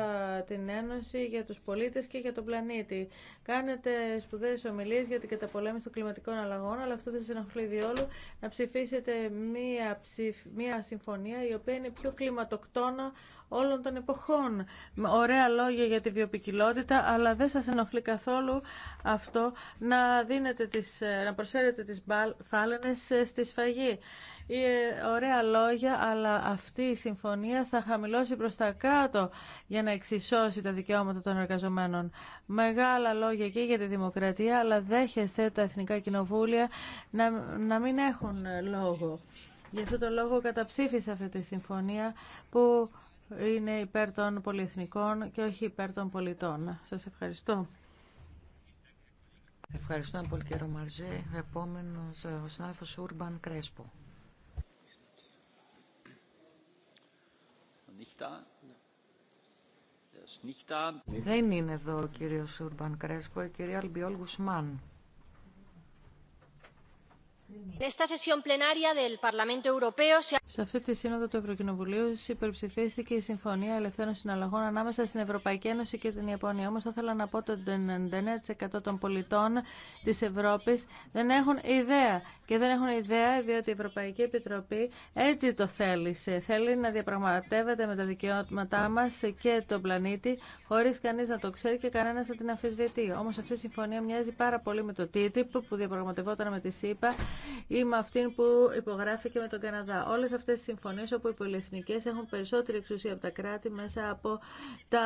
την Ένωση, για τους πολίτες και για τον πλανήτη. Κάνετε σπουδαίες ομιλίες για την καταπολέμηση των κλιματικών αλλαγών, αλλά αυτό δεν σας ενοχλεί διόλου να ψηφίσετε μία, ψηφ... μία συμφωνία η οποία είναι πιο κλιματοκτόνα όλων των εποχών. Ωραία λόγια για τη βιοπικιλότητα, αλλά δεν σας ενοχλεί καθόλου αυτό να, δίνετε τις, ε, να προσφέρετε τις φάλαινες ε, στη σφαγή. Ε, ωραία λόγια, αλλά αυτή η συμφωνία θα χαμηλώσει προς τα κάτω για να εξισώσει τα δικαιώματα των εργαζομένων. Μεγάλα λόγια και για τη δημοκρατία, αλλά δέχεστε τα εθνικά κοινοβούλια να, να μην έχουν λόγο. Γι' αυτό το λόγο καταψήφισα αυτή τη συμφωνία που είναι υπέρ των πολυεθνικών και όχι υπέρ των πολιτών. Σας ευχαριστώ. Ευχαριστώ πολύ κύριο Μαρζέ. Επόμενος ε, ο συνάδελφος Ούρμπαν Κρέσπο. Δεν είναι εδώ ο κύριος Ούρμπαν Κρέσπο, η κυρία Αλμπιόλ Γουσμάν. Σε αυτή τη σύνοδο του Ευρωκοινοβουλίου υπερψηφίστηκε η Συμφωνία Ελευθέρων Συναλλαγών ανάμεσα στην Ευρωπαϊκή Ένωση και την Ιαπωνία. Όμω θα ήθελα να πω ότι το 99% των πολιτών τη Ευρώπη δεν έχουν ιδέα. Και δεν έχουν ιδέα διότι η Ευρωπαϊκή Επιτροπή έτσι το θέλησε. Θέλει να διαπραγματεύεται με τα δικαιώματά μα και τον πλανήτη, χωρί κανεί να το ξέρει και κανένα να την αμφισβητεί. Όμω αυτή η συμφωνία μοιάζει πάρα πολύ με το TTIP που διαπραγματευόταν με τη ΣΥΠΑ ή με αυτήν που υπογράφηκε με τον Καναδά. Όλες αυτές οι συμφωνίες όπου οι πολυεθνικές έχουν περισσότερη εξουσία από τα κράτη μέσα από τα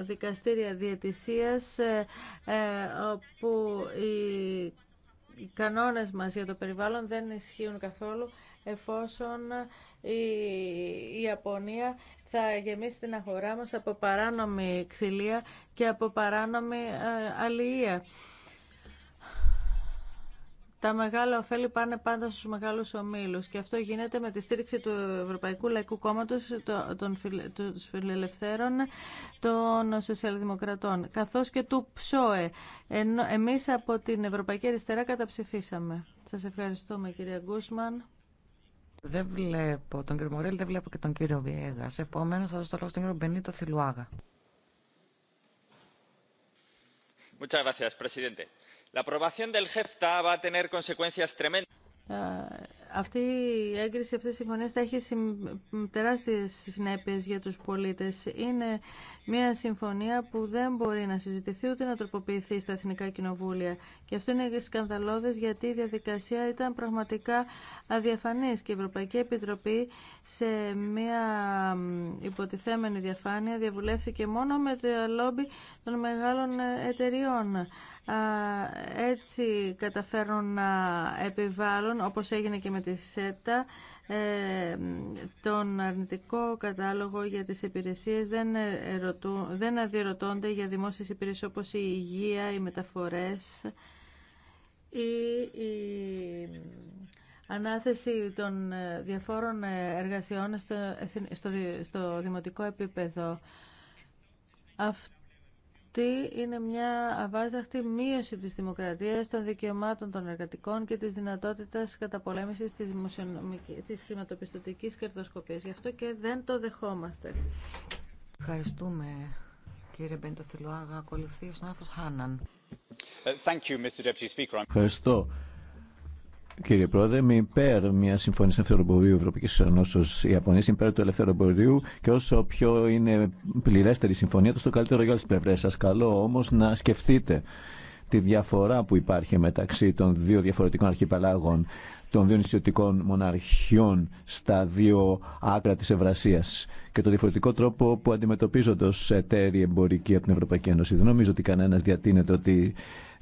δικαστήρια διαιτησίας ε, ε, όπου οι οι κανόνες μας για το περιβάλλον δεν ισχύουν καθόλου εφόσον η Ιαπωνία θα γεμίσει την αγορά μας από παράνομη ξυλία και από παράνομη ε, αλληλεία. Τα μεγάλα ωφέλη πάνε πάντα στους μεγάλους ομίλους και αυτό γίνεται με τη στήριξη του Ευρωπαϊκού Λαϊκού Κόμματος, των φιλελευθέρων, των σοσιαλδημοκρατών, καθώς και του ΨΟΕ. εμείς από την Ευρωπαϊκή Αριστερά καταψηφίσαμε. Σας ευχαριστούμε κυρία Γκούσμαν. Δεν βλέπω τον κύριο Μορέλη, δεν βλέπω και τον κύριο Βιέγας. Επομένω, θα δώσω το λόγο στον κύριο Μπενίτο Θηλουάγα. Αυτή η έγκριση αυτής της συμφωνία θα έχει τεράστιες συνέπειες για τους πολίτες. Είναι μια συμφωνία που δεν μπορεί να συζητηθεί ούτε να τροποποιηθεί στα εθνικά κοινοβούλια. Και αυτό είναι σκανδαλώδε γιατί η διαδικασία ήταν πραγματικά αδιαφανή και η Ευρωπαϊκή Επιτροπή σε μια υποτιθέμενη διαφάνεια διαβουλεύθηκε μόνο με το λόμπι των μεγάλων εταιριών. Έτσι καταφέρνουν να επιβάλλουν, όπως έγινε και με τη ΣΕΤΑ, ε, τον αρνητικό κατάλογο για τις υπηρεσίες δεν, ερωτού, δεν αδιερωτώνται για δημόσιες υπηρεσίες όπως η υγεία, οι μεταφορές ή η ανάθεση των διαφόρων εργασιών στο, δημοτικό επίπεδο. Αυτό αυτή είναι μια αβάσταχτη μείωση της δημοκρατίας, των δικαιωμάτων των εργατικών και της δυνατότητας καταπολέμησης της, της χρηματοπιστωτικής κερδοσκοπίας. Γι' αυτό και δεν το δεχόμαστε. Ευχαριστούμε κύριε Μπέντο Θελουάγα. Ακολουθεί ο συνάδελφος Χάναν. Ευχαριστώ. Κύριε Πρόεδρε, με υπέρ μια συμφωνία ελευθεροπορίου Ευρωπαϊκή Ενώσεω. Ιαπωνία υπέρ του ελευθεροπορίου και όσο πιο είναι πληρέστερη η συμφωνία, τόσο καλύτερο για όλε τι πλευρέ. Σα καλώ όμω να σκεφτείτε τη διαφορά που υπάρχει μεταξύ των δύο διαφορετικών αρχιπελάγων, των δύο νησιωτικών μοναρχιών στα δύο άκρα της Ευρασίας και το διαφορετικό τρόπο που αντιμετωπίζονται ως εταίροι εμπορικοί από την Ευρωπαϊκή Ένωση. Δεν νομίζω ότι κανένας διατείνεται ότι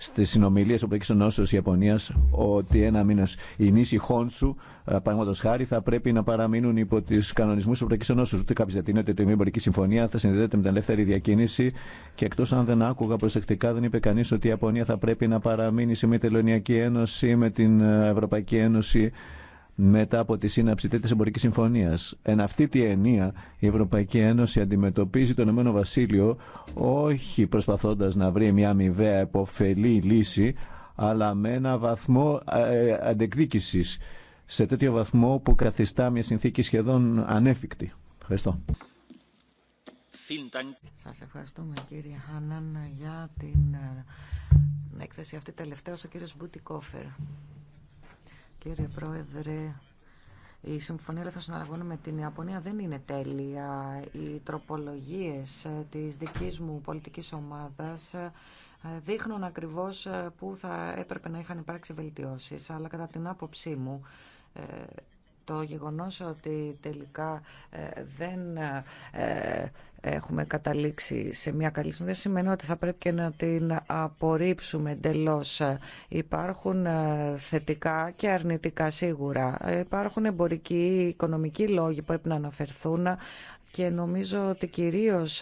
στις στι συνομιλίε Ευρωπαϊκή της Ιαπωνίας ότι ένα μήνα η νήσι Χόνσου, ε, παραδείγματο χάρη, θα πρέπει να παραμείνουν υπό του κανονισμού του Ευρωπαϊκή Ενώσεω. Ούτε κάποιο δεν ότι η εμπορική συμφωνία θα συνδέεται με την ελεύθερη διακίνηση και εκτό αν δεν άκουγα προσεκτικά, δεν είπε κανεί ότι η Ιαπωνία θα πρέπει να παραμείνει σε μια τελωνιακή ένωση με την ε, Ευρωπαϊκή Ένωση μετά από τη σύναψη τέτοια εμπορική συμφωνία. Εν αυτή τη ενία η Ευρωπαϊκή Ένωση αντιμετωπίζει το Ηνωμένο Βασίλειο όχι προσπαθώντα να βρει μια αμοιβαία επωφελή λύση, αλλά με ένα βαθμό ε, αντεκδίκηση. Σε τέτοιο βαθμό που καθιστά μια συνθήκη σχεδόν ανέφικτη. Ευχαριστώ. Σας ευχαριστούμε κύριε Χάναν για την ε, έκθεση αυτή τελευταία ο κύριος Μπούτι Κόφερ. Κύριε Πρόεδρε, η Συμφωνία Ελεύθερων Συναλλαγών με την Ιαπωνία δεν είναι τέλεια. Οι τροπολογίες της δικής μου πολιτικής ομάδας δείχνουν ακριβώς που θα έπρεπε να είχαν υπάρξει βελτιώσεις. Αλλά κατά την άποψή μου ε, το γεγονός ότι τελικά ε, δεν ε, έχουμε καταλήξει σε μια καλή συμφωνία δεν σημαίνει ότι θα πρέπει και να την απορρίψουμε εντελώ. Υπάρχουν ε, θετικά και αρνητικά σίγουρα. Υπάρχουν εμπορικοί, οικονομικοί λόγοι που πρέπει να αναφερθούν, και νομίζω ότι κυρίως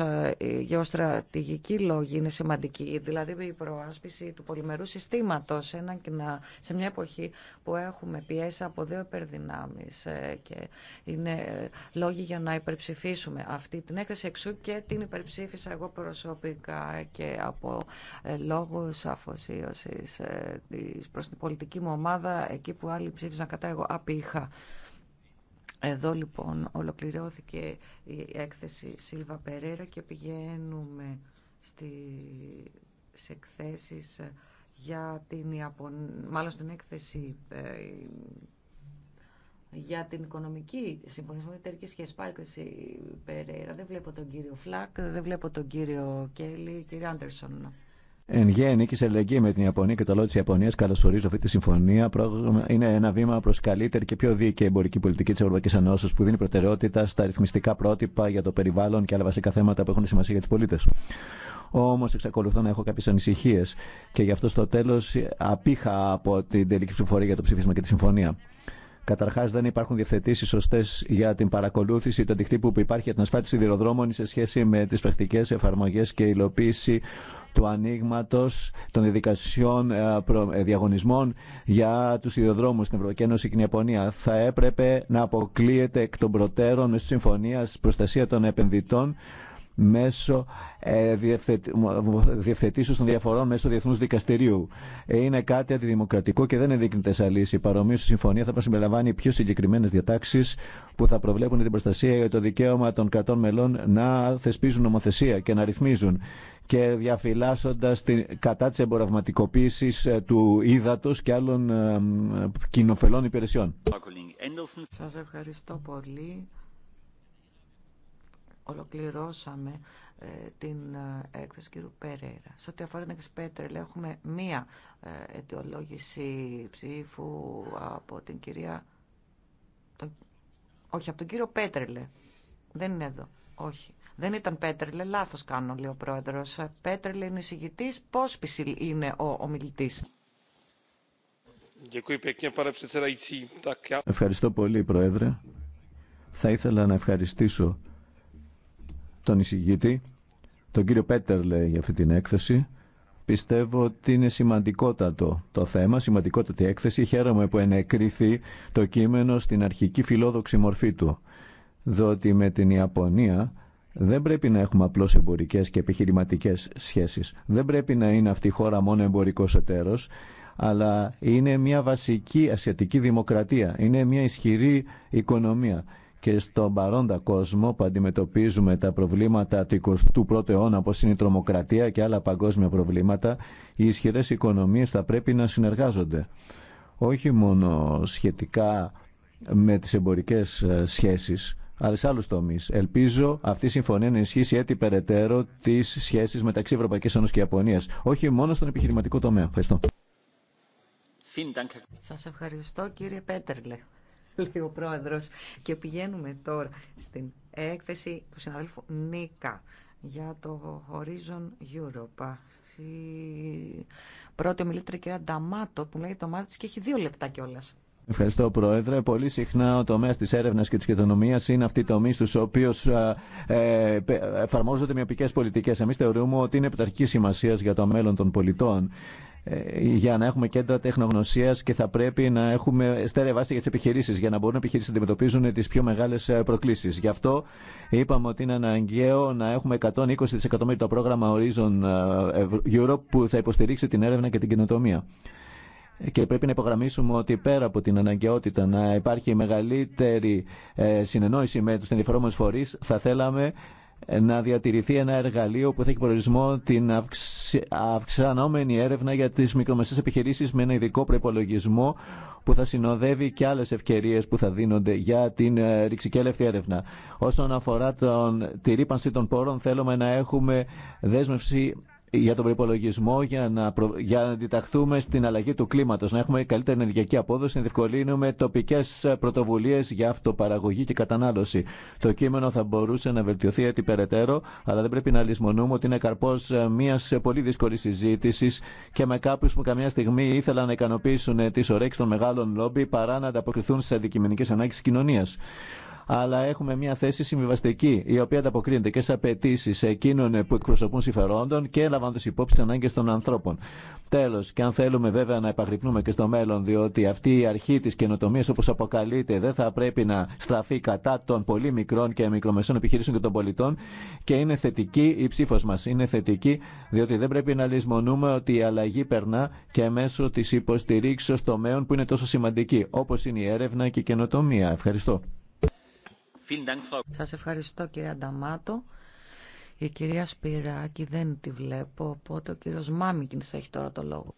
οι στρατηγική λόγοι είναι σημαντική, δηλαδή η προάσπιση του πολυμερού συστήματος σε μια εποχή που έχουμε πιέσει από δύο υπερδυνάμεις ε, και είναι ε, λόγοι για να υπερψηφίσουμε αυτή την έκθεση εξού και την υπερψήφισα εγώ προσωπικά και από ε, λόγους αφοσίωσης προς την πολιτική μου ομάδα εκεί που άλλοι ψήφισαν κατά εγώ απήχα. Εδώ λοιπόν ολοκληρώθηκε η έκθεση Σίλβα Περέρα και πηγαίνουμε στι εκθέσεις για την μάλλον στην έκθεση ε, για την οικονομική συμφωνισμό και εταιρική σχέση. Πάλι Περέρα. Δεν βλέπω τον κύριο Φλακ, δεν βλέπω τον κύριο Κέλλη, κύριο Άντερσον. Εν γέννη και σε ελεγγύη με την Ιαπωνία και το λόγο τη Ιαπωνία καλωσορίζω αυτή τη συμφωνία. Είναι ένα βήμα προ καλύτερη και πιο δίκαιη εμπορική πολιτική τη Ευρωπαϊκή Ενώση που δίνει προτεραιότητα στα ρυθμιστικά πρότυπα για το περιβάλλον και άλλα βασικά θέματα που έχουν σημασία για του πολίτε. Όμω εξακολουθώ να έχω κάποιε ανησυχίε και γι' αυτό στο τέλο απήχα από την τελική ψηφοφορία για το ψήφισμα και τη συμφωνία. Καταρχά, δεν υπάρχουν διευθετήσει σωστέ για την παρακολούθηση του αντιχτύπου που υπάρχει για την ασφάλιση των σιδηροδρόμων σε σχέση με τι πρακτικέ εφαρμογέ και υλοποίηση του ανοίγματο των διαδικασιών ε, ε, διαγωνισμών για του σιδηροδρόμου στην Ευρωπαϊκή Ένωση και την Ιαπωνία. Θα έπρεπε να αποκλείεται εκ των προτέρων με συμφωνία προστασία των επενδυτών μέσω ε, διευθετήσεως των διαφορών μέσω διεθνούς δικαστηρίου. Ε, είναι κάτι αντιδημοκρατικό και δεν ενδείκνυται σαν λύση. Παρομοίω, η συμφωνία θα πρέπει πιο συγκεκριμένε διατάξει που θα προβλέπουν την προστασία για το δικαίωμα των κρατών μελών να θεσπίζουν νομοθεσία και να ρυθμίζουν και διαφυλάσσοντας κατά τη εμπορευματικοποίηση ε, του ύδατο και άλλων ε, κοινοφελών υπηρεσιών. ευχαριστώ πολύ ολοκληρώσαμε ε, την ε, έκθεση κ. Περέρα. Σε ό,τι αφορά την έκθεση Πέτρελ, έχουμε μία ε, αιτιολόγηση ψήφου από την κυρία... Τον... Όχι, από τον κύριο Πέτρελε. Δεν είναι εδώ. Όχι. Δεν ήταν Πέτρελε. Λάθος κάνω, λέει ο πρόεδρος. Πέτρελε είναι εισηγητής. Πόσπισιλ είναι ο ομιλητής. Ευχαριστώ πολύ, Πρόεδρε. Θα ήθελα να ευχαριστήσω τον εισηγητή, τον κύριο λέει, για αυτή την έκθεση. Πιστεύω ότι είναι σημαντικότατο το θέμα, σημαντικότατη έκθεση. Χαίρομαι που ενεκρίθη το κείμενο στην αρχική φιλόδοξη μορφή του. Διότι με την Ιαπωνία δεν πρέπει να έχουμε απλώ εμπορικέ και επιχειρηματικέ σχέσει. Δεν πρέπει να είναι αυτή η χώρα μόνο εμπορικό εταίρο, αλλά είναι μια βασική ασιατική δημοκρατία. Είναι μια ισχυρή οικονομία και στον παρόντα κόσμο που αντιμετωπίζουμε τα προβλήματα του 21ου αιώνα όπως είναι η τρομοκρατία και άλλα παγκόσμια προβλήματα, οι ισχυρές οικονομίες θα πρέπει να συνεργάζονται. Όχι μόνο σχετικά με τις εμπορικές ε, σχέσεις, αλλά σε άλλου τομεί. Ελπίζω αυτή η συμφωνία να ενισχύσει έτσι περαιτέρω τι σχέσει μεταξύ Ευρωπαϊκή Ένωση και Ιαπωνία. Όχι μόνο στον επιχειρηματικό τομέα. Ευχαριστώ. Σα ευχαριστώ κύριε Πέτερλε λέει ο πρόεδρος. Και πηγαίνουμε τώρα στην έκθεση του συναδέλφου Νίκα για το Horizon Europe. Η πρώτη ομιλήτρια κυρία Νταμάτο που λέει το μάτι και έχει δύο λεπτά κιόλα. Ευχαριστώ, Πρόεδρε. Πολύ συχνά ο τομέα τη έρευνα και τη καινοτομία είναι αυτή η τομή στου οποίου ε, εφαρμόζονται μειοπικέ πολιτικέ. Εμεί θεωρούμε ότι είναι επιταρχική σημασία για το μέλλον των πολιτών. Ε, για να έχουμε κέντρα τεχνογνωσίας και θα πρέπει να έχουμε στέρεα βάση για τις επιχειρήσεις για να μπορούν οι επιχειρήσεις να αντιμετωπίζουν τις πιο μεγάλες ε, προκλήσεις. Γι' αυτό είπαμε ότι είναι αναγκαίο να έχουμε 120 δισεκατομμύρια το πρόγραμμα Horizon ε, Europe που θα υποστηρίξει την έρευνα και την κοινοτομία. Και πρέπει να υπογραμμίσουμε ότι πέρα από την αναγκαιότητα να υπάρχει μεγαλύτερη συνεννόηση με τους ενδιαφερόμενους φορείς, θα θέλαμε να διατηρηθεί ένα εργαλείο που θα έχει προορισμό την αυξανόμενη έρευνα για τις μικρομεσαίες επιχειρήσεις με ένα ειδικό προπολογισμό που θα συνοδεύει και άλλες ευκαιρίες που θα δίνονται για την ε, ρηξικέλευτη έρευνα. Όσον αφορά τον, τη ρήπανση των πόρων θέλουμε να έχουμε δέσμευση για τον προπολογισμό, για να, για να αντιταχθούμε στην αλλαγή του κλίματο, να έχουμε καλύτερη ενεργειακή απόδοση, να διευκολύνουμε τοπικέ πρωτοβουλίε για αυτοπαραγωγή και κατανάλωση. Το κείμενο θα μπορούσε να βελτιωθεί έτσι περαιτέρω, αλλά δεν πρέπει να λησμονούμε ότι είναι καρπό μια πολύ δύσκολη συζήτηση και με κάποιου που καμιά στιγμή ήθελαν να ικανοποιήσουν τι ωρέξει των μεγάλων λόμπι παρά να ανταποκριθούν στι αντικειμενικέ ανάγκε τη κοινωνία αλλά έχουμε μια θέση συμβιβαστική, η οποία ανταποκρίνεται και σε απαιτήσει εκείνων που εκπροσωπούν συμφερόντων και λαμβάνοντα υπόψη τι ανάγκε των ανθρώπων. Τέλο, και αν θέλουμε βέβαια να επαγρυπνούμε και στο μέλλον, διότι αυτή η αρχή τη καινοτομία, όπω αποκαλείται, δεν θα πρέπει να στραφεί κατά των πολύ μικρών και μικρομεσών επιχειρήσεων και των πολιτών. Και είναι θετική η ψήφο μα. Είναι θετική, διότι δεν πρέπει να λησμονούμε ότι η αλλαγή περνά και μέσω τη υποστηρίξεω τομέων που είναι τόσο σημαντική, όπω είναι η έρευνα και η καινοτομία. Ευχαριστώ. Σας ευχαριστώ κύριε Ανταμάτο Η κυρία Σπυράκη δεν τη βλέπω, οπότε ο κύριος Μάμικινς έχει τώρα το λόγο.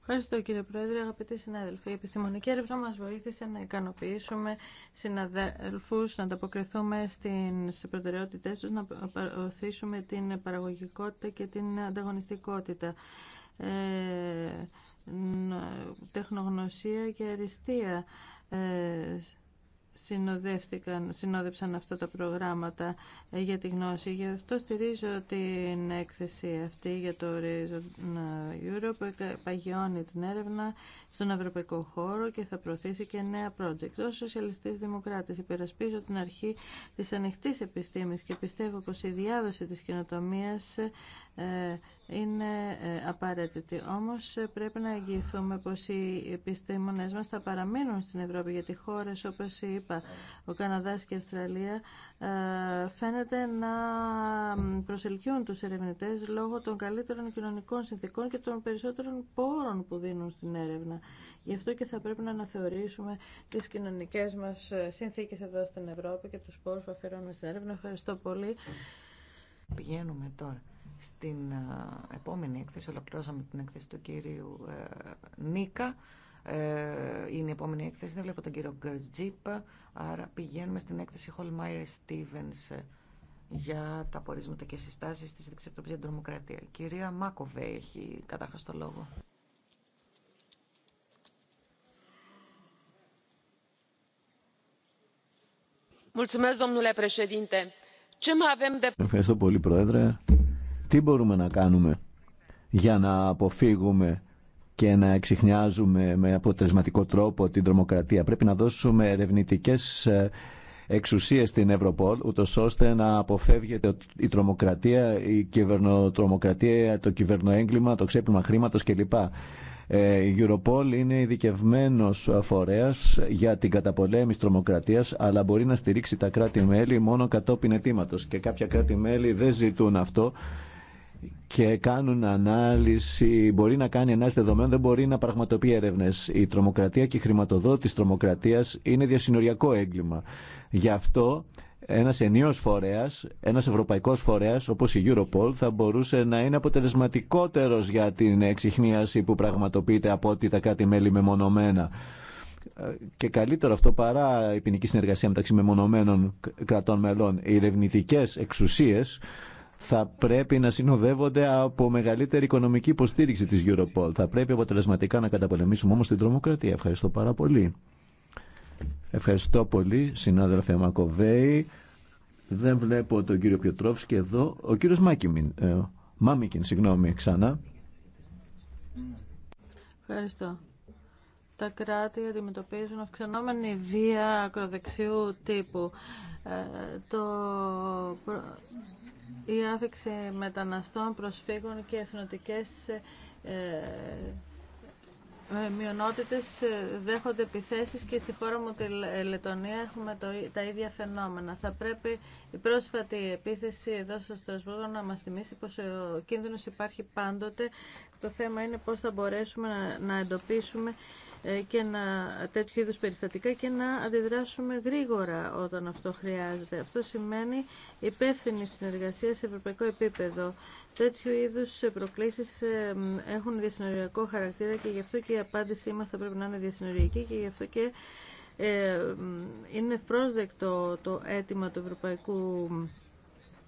Ευχαριστώ κύριε Πρόεδρε, αγαπητοί συνάδελφοι. Η επιστημονική έρευνα μας βοήθησε να ικανοποιήσουμε συναδέλφους, να ανταποκριθούμε σε προτεραιότητές τους, να προωθήσουμε την παραγωγικότητα και την ανταγωνιστικότητα. Ε, τεχνογνωσία και αριστεία ε, συνοδεύτηκαν, συνόδεψαν αυτά τα προγράμματα ε, για τη γνώση. Γι' αυτό στηρίζω την έκθεση αυτή για το Horizon ε, Europe που παγιώνει την έρευνα στον ευρωπαϊκό χώρο και θα προωθήσει και νέα projects. Ως σοσιαλιστής δημοκράτης υπερασπίζω την αρχή της ανοιχτής επιστήμης και πιστεύω πως η διάδοση της καινοτομίας ε, είναι ε, απαραίτητη. Όμως ε, πρέπει να εγγυηθούμε πως οι επιστήμονες μας θα παραμείνουν στην Ευρώπη γιατί χώρες όπως είπα ο Καναδάς και η Αυστραλία φαίνεται να προσελκύουν τους ερευνητές λόγω των καλύτερων κοινωνικών συνθήκων και των περισσότερων πόρων που δίνουν στην έρευνα. Γι' αυτό και θα πρέπει να αναθεωρήσουμε τις κοινωνικές μας συνθήκες εδώ στην Ευρώπη και τους πόρους που αφιερώνουμε στην έρευνα. Ευχαριστώ πολύ. Πηγαίνουμε τώρα στην επόμενη έκθεση, ολοκληρώσαμε την έκθεση του κύριου ε, Νίκα. Ε, είναι η επόμενη έκθεση, δεν βλέπω τον κύριο Γκρτζίπ, άρα πηγαίνουμε στην έκθεση Χολμάιρ Στίβενς ε, για τα πορίσματα και συστάσεις της Επιτροπής για την κυρία Μάκοβε έχει καταρχά το λόγο. Ευχαριστώ πολύ, Πρόεδρε. Τι μπορούμε να κάνουμε για να αποφύγουμε και να εξηχνιάζουμε με αποτελεσματικό τρόπο την τρομοκρατία. Πρέπει να δώσουμε ερευνητικέ ε, εξουσίες στην Ευρωπόλ, ούτως ώστε να αποφεύγεται η τρομοκρατία, η κυβερνοτρομοκρατία, το κυβερνοέγκλημα, το ξέπλυμα χρήματος κλπ. Ε, η Europol είναι ειδικευμένο φορέα για την καταπολέμηση τρομοκρατία, αλλά μπορεί να στηρίξει τα κράτη-μέλη μόνο κατόπιν αιτήματο. Και κάποια κράτη-μέλη δεν ζητούν αυτό και κάνουν ανάλυση, μπορεί να κάνει ανάλυση δεδομένων, δεν μπορεί να πραγματοποιεί έρευνε. Η τρομοκρατία και η χρηματοδότηση τρομοκρατία είναι διασυνοριακό έγκλημα. Γι' αυτό ένα ενίο φορέα, ένα ευρωπαϊκό φορέα όπω η Europol θα μπορούσε να είναι αποτελεσματικότερο για την εξυχνίαση που πραγματοποιείται από ότι τα κράτη-μέλη μεμονωμένα. Και καλύτερο αυτό παρά η ποινική συνεργασία μεταξύ μεμονωμένων κρατών μελών. Οι ερευνητικέ εξουσίε θα πρέπει να συνοδεύονται από μεγαλύτερη οικονομική υποστήριξη της Europol. Θα πρέπει αποτελεσματικά να καταπολεμήσουμε όμως την τρομοκρατία. Ευχαριστώ πάρα πολύ. Ευχαριστώ πολύ, συνάδελφε Μακοβέη. Δεν βλέπω τον κύριο και εδώ. Ο κύριος Μάκιμιν, ε, Μάμικιν, συγγνώμη, ξανά. Ευχαριστώ. Τα κράτη αντιμετωπίζουν αυξανόμενη βία ακροδεξιού τύπου. Ε, το η άφηξη μεταναστών, προσφύγων και εθνοτικές ε, ε, μειονότητες ε, δέχονται επιθέσεις και στη χώρα μου τη Λετωνία έχουμε το, τα ίδια φαινόμενα. Θα πρέπει η πρόσφατη επίθεση εδώ στο Στρασβούργο να μας θυμίσει πως ο κίνδυνος υπάρχει πάντοτε. Το θέμα είναι πώς θα μπορέσουμε να, να εντοπίσουμε ε, και να, τέτοιου είδους περιστατικά και να αντιδράσουμε γρήγορα όταν αυτό χρειάζεται. Αυτό σημαίνει υπεύθυνη συνεργασία σε ευρωπαϊκό επίπεδο. Τέτοιου είδους προκλήσεις ε, έχουν διασυνοριακό χαρακτήρα και γι' αυτό και η απάντησή μας θα πρέπει να είναι διασυνοριακή και γι' αυτό και ε, είναι πρόσδεκτο το αίτημα του Ευρωπαϊκού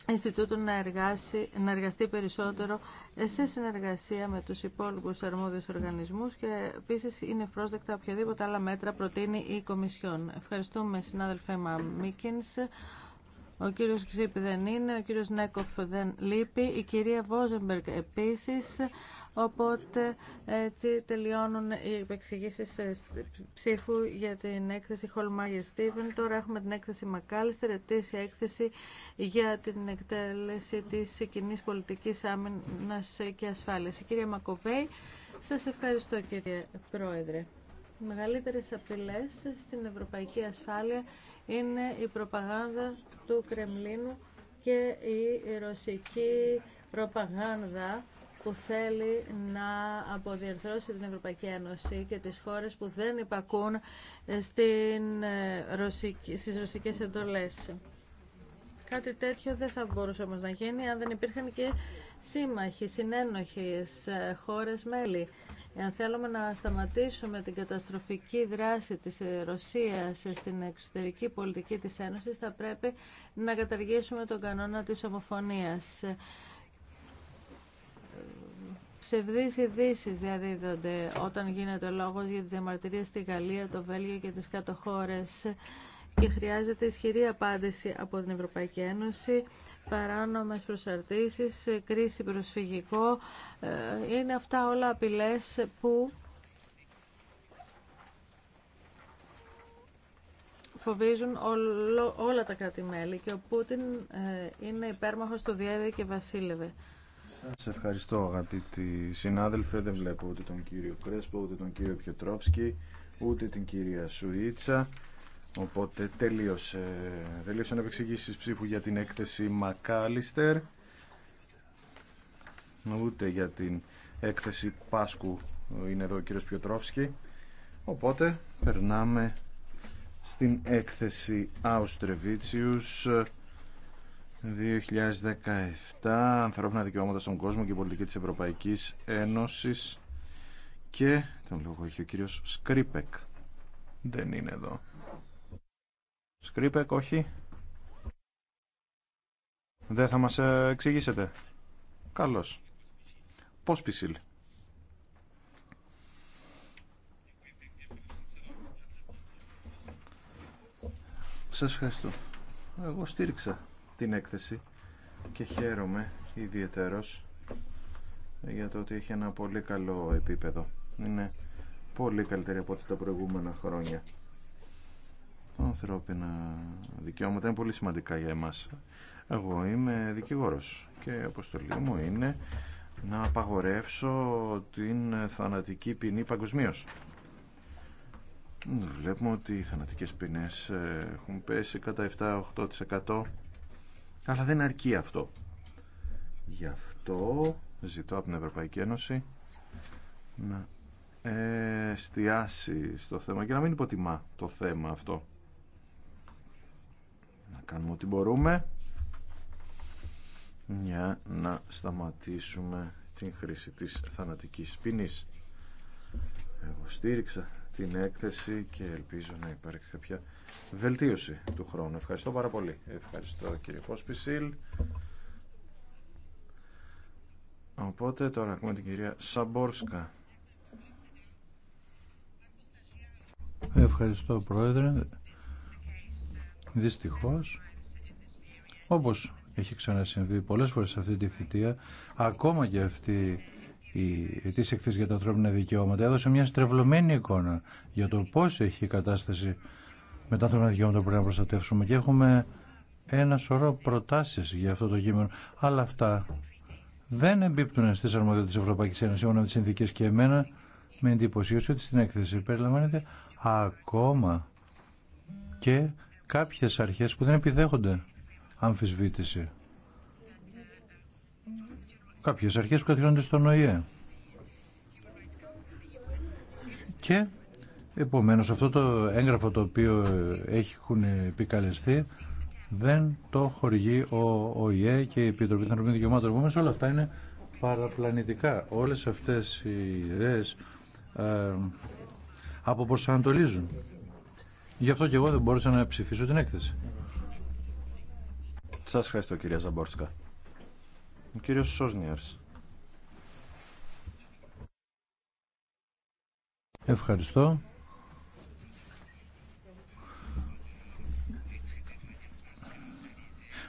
Ινστιτούτου να, να εργαστεί περισσότερο σε συνεργασία με τους υπόλοιπους αρμόδιους οργανισμούς και επίσης είναι πρόσδεκτα οποιαδήποτε άλλα μέτρα προτείνει η Κομισιόν. Ευχαριστούμε συνάδελφέ Μαμίκινς. Ο κύριος Ξύπη δεν είναι, ο κύριος Νέκοφ δεν λείπει, η κυρία Βόζεμπεργκ επίσης, οπότε έτσι τελειώνουν οι επεξηγήσεις ψήφου για την έκθεση Χολμάγερ Στίβεν. Τώρα έχουμε την έκθεση Μακάλιστερ, ετήσια έκθεση για την εκτέλεση της κοινή πολιτικής άμυνας και ασφάλειας. Η κυρία Μακοβέη, σας ευχαριστώ κύριε Πρόεδρε. μεγαλύτερες απειλές στην ευρωπαϊκή ασφάλεια είναι η προπαγάνδα του Κρεμλίνου και η ρωσική προπαγάνδα που θέλει να αποδιερθρώσει την Ευρωπαϊκή Ένωση και τις χώρες που δεν υπακούν στην ε, ρωσική, στις ρωσικές εντολές. Κάτι τέτοιο δεν θα μπορούσε όμως να γίνει αν δεν υπήρχαν και σύμμαχοι, συνένοχοι χώρες μέλη. Εάν θέλουμε να σταματήσουμε την καταστροφική δράση της Ρωσίας στην εξωτερική πολιτική της Ένωσης, θα πρέπει να καταργήσουμε τον κανόνα της ομοφωνίας. Ψευδείς ειδήσει διαδίδονται όταν γίνεται λόγος για τις διαμαρτυρίες στη Γαλλία, το Βέλγιο και τις κατοχώρες. χώρες και χρειάζεται ισχυρή απάντηση από την Ευρωπαϊκή Ένωση. Παράνομες προσαρτήσεις, κρίση προσφυγικό, ε, είναι αυτά όλα απειλές που φοβίζουν όλο, όλα τα κράτη-μέλη και ο Πούτιν ε, είναι υπέρμαχος του διέρευε και βασίλευε. Σας ευχαριστώ αγαπητοί συνάδελφοι. Δεν βλέπω ούτε τον κύριο Κρέσπο, ούτε τον κύριο Πιοτρόφσκι, ούτε την κυρία Σουίτσα. Οπότε τελείωσε. να επεξηγήσει ψήφου για την έκθεση Μακάλιστερ. Ούτε για την έκθεση Πάσκου είναι εδώ ο κύριος Πιοτρόφσκι. Οπότε περνάμε στην έκθεση Αουστρεβίτσιους 2017 Ανθρώπινα δικαιώματα στον κόσμο και πολιτική της Ευρωπαϊκής Ένωσης και τον λόγο έχει ο κύριος Σκρίπεκ. Δεν είναι εδώ. Σκρίπεκ, όχι. Δεν θα μας ε, εξηγήσετε. Καλώς. Πώς πισίλ. Σας ευχαριστώ. Εγώ στήριξα την έκθεση και χαίρομαι ιδιαίτερος για το ότι έχει ένα πολύ καλό επίπεδο. Είναι πολύ καλύτερη από ό,τι τα προηγούμενα χρόνια ανθρώπινα δικαιώματα είναι πολύ σημαντικά για εμάς. Εγώ είμαι δικηγόρος και η αποστολή μου είναι να απαγορεύσω την θανατική ποινή παγκοσμίω. Βλέπουμε ότι οι θανατικές ποινές ε, έχουν πέσει κατά 7-8% αλλά δεν αρκεί αυτό. Γι' αυτό ζητώ από την Ευρωπαϊκή Ένωση να εστιάσει στο θέμα και να μην υποτιμά το θέμα αυτό κάνουμε ό,τι μπορούμε για να σταματήσουμε την χρήση της θανατικής ποινής. Εγώ στήριξα την έκθεση και ελπίζω να υπάρξει κάποια βελτίωση του χρόνου. Ευχαριστώ πάρα πολύ. Ευχαριστώ κύριε Πόσπισιλ. Οπότε τώρα έχουμε την κυρία Σαμπόρσκα. Ευχαριστώ πρόεδρε. Δυστυχώς, όπως έχει ξανασυμβεί πολλές φορές σε αυτή τη θητεία, ακόμα και αυτή η ετήσια εκθέση για τα ανθρώπινα δικαιώματα έδωσε μια στρεβλωμένη εικόνα για το πώς έχει η κατάσταση με τα ανθρώπινα δικαιώματα που πρέπει να προστατεύσουμε και έχουμε ένα σωρό προτάσεις για αυτό το κείμενο. Αλλά αυτά δεν εμπίπτουν στις αρμοδίες της Ευρωπαϊκής Ένωσης μόνο με τις συνθήκες και εμένα με εντυπωσίωση ότι στην έκθεση περιλαμβάνεται ακόμα και κάποιες αρχές που δεν επιδέχονται αμφισβήτηση. Κάποιες αρχές που καθιλώνται στον ΟΗΕ. Και επομένως αυτό το έγγραφο το οποίο έχουν επικαλεστεί δεν το χορηγεί ο ΟΗΕ και η Επιτροπή των Ευρωπαϊκών Δικαιωμάτων. όλα αυτά είναι παραπλανητικά. Όλες αυτές οι ιδέες ε, αποπροσανατολίζουν Γι' αυτό και εγώ δεν μπορούσα να ψηφίσω την έκθεση. Σα ευχαριστώ κυρία Ζαμπόρσκα. Ο κύριο Σόσνιερ. Ευχαριστώ.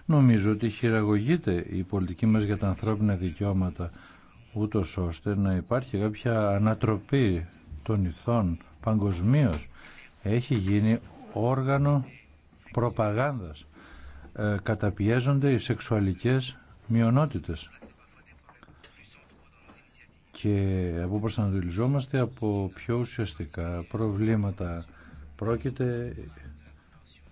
Νομίζω ότι χειραγωγείται η πολιτική μας για τα ανθρώπινα δικαιώματα ούτω ώστε να υπάρχει κάποια ανατροπή των ηθών παγκοσμίω έχει γίνει όργανο προπαγάνδας. Ε, καταπιέζονται οι σεξουαλικές μειονότητες. Και από προσανατολιζόμαστε από πιο ουσιαστικά προβλήματα. Πρόκειται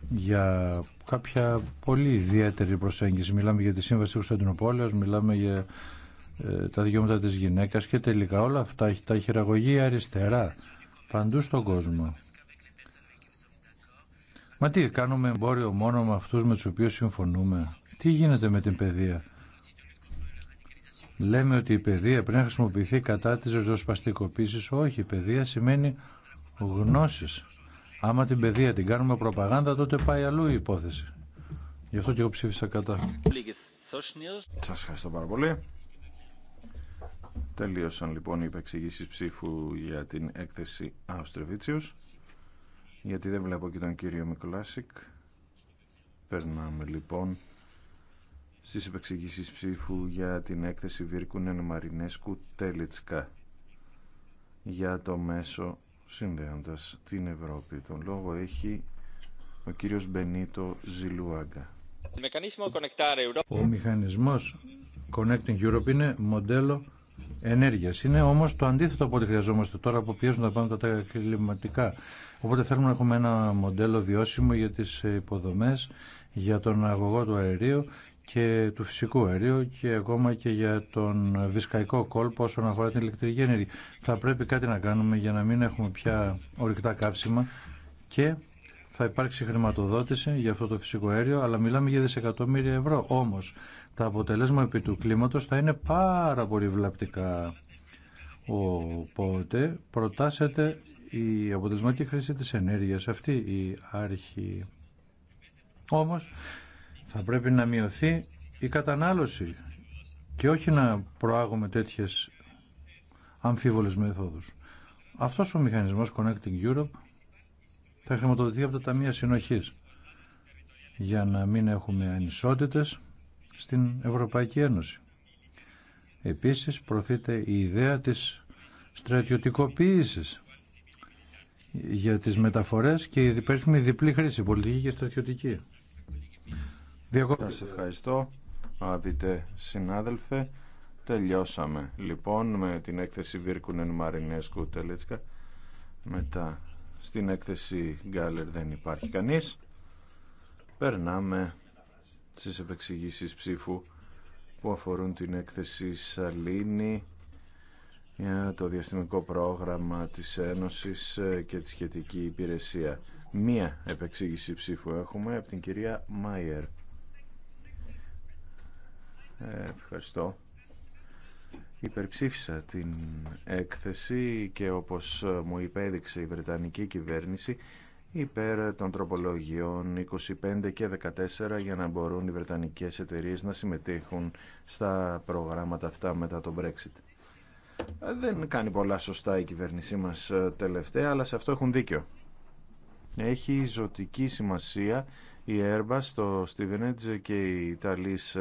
για κάποια πολύ ιδιαίτερη προσέγγιση. Μιλάμε για τη Σύμβαση Κωνσταντινούπολεως, μιλάμε για ε, τα δικαιώματα της γυναίκας και τελικά όλα αυτά τα χειραγωγεί αριστερά παντού στον κόσμο. Μα τι, κάνουμε εμπόριο μόνο με αυτούς με τους οποίους συμφωνούμε. Τι γίνεται με την παιδεία. Λέμε ότι η παιδεία πρέπει να χρησιμοποιηθεί κατά της ριζοσπαστικοποίησης. Όχι, η παιδεία σημαίνει γνώσεις. Άμα την παιδεία την κάνουμε προπαγάνδα, τότε πάει αλλού η υπόθεση. Γι' αυτό και εγώ ψήφισα κατά. Σας ευχαριστώ πάρα πολύ. Τελείωσαν λοιπόν οι υπεξηγήσεις ψήφου για την έκθεση Αουστρεβίτσιους γιατί δεν βλέπω και τον κύριο Μικολάσικ. Περνάμε λοιπόν στις επεξηγήσεις ψήφου για την έκθεση Βίρκουνεν Μαρινέσκου Τέλιτσκα για το μέσο συνδέοντας την Ευρώπη. Τον λόγο έχει ο κύριος Μπενίτο Ζιλουάγκα. Ο μηχανισμός Connecting Europe είναι μοντέλο είναι όμω το αντίθετο από ό,τι χρειαζόμαστε τώρα που πιέζουν τα πάντα τα κλιματικά. Οπότε θέλουμε να έχουμε ένα μοντέλο βιώσιμο για τι υποδομέ, για τον αγωγό του αερίου και του φυσικού αερίου και ακόμα και για τον βυσκαϊκό κόλπο όσον αφορά την ηλεκτρική ενέργεια. Θα πρέπει κάτι να κάνουμε για να μην έχουμε πια ορυκτά καύσιμα και θα υπάρξει χρηματοδότηση για αυτό το φυσικό αέριο, αλλά μιλάμε για δισεκατομμύρια ευρώ. Όμως τα αποτελέσματα επί του κλίματος θα είναι πάρα πολύ βλαπτικά. Οπότε προτάσετε η αποτελεσματική χρήση της ενέργειας, αυτή η άρχη. Όμως θα πρέπει να μειωθεί η κατανάλωση και όχι να προάγουμε τέτοιες αμφίβολες μεθόδους. Αυτός ο μηχανισμός Connecting Europe θα χρηματοδοτηθεί από τα Ταμεία Συνοχής για να μην έχουμε ανισότητες στην Ευρωπαϊκή Ένωση. Επίσης προωθείται η ιδέα της στρατιωτικοποίησης για τις μεταφορές και η διπλή χρήση, πολιτική και στρατιωτική. Σας ευχαριστώ, αγαπητέ συνάδελφε. Τελειώσαμε λοιπόν με την έκθεση Βίρκουνεν Μαρινέσκου Τελέτσκα. Μετά στην έκθεση Γκάλερ δεν υπάρχει κανείς. Περνάμε στις επεξηγήσεις ψήφου που αφορούν την έκθεση Σαλίνη για το διαστημικό πρόγραμμα της Ένωσης και τη σχετική υπηρεσία. Μία επεξήγηση ψήφου έχουμε από την κυρία Μάιερ. Ε, ευχαριστώ. Υπερψήφισα την έκθεση και όπως μου υπέδειξε η Βρετανική κυβέρνηση υπέρ των τροπολογιών 25 και 14 για να μπορούν οι Βρετανικές εταιρείες να συμμετέχουν στα προγράμματα αυτά μετά το Brexit. Δεν κάνει πολλά σωστά η κυβέρνησή μας ε, τελευταία, αλλά σε αυτό έχουν δίκιο. Έχει ζωτική σημασία η Airbus, το Stevenage και η Ιταλείς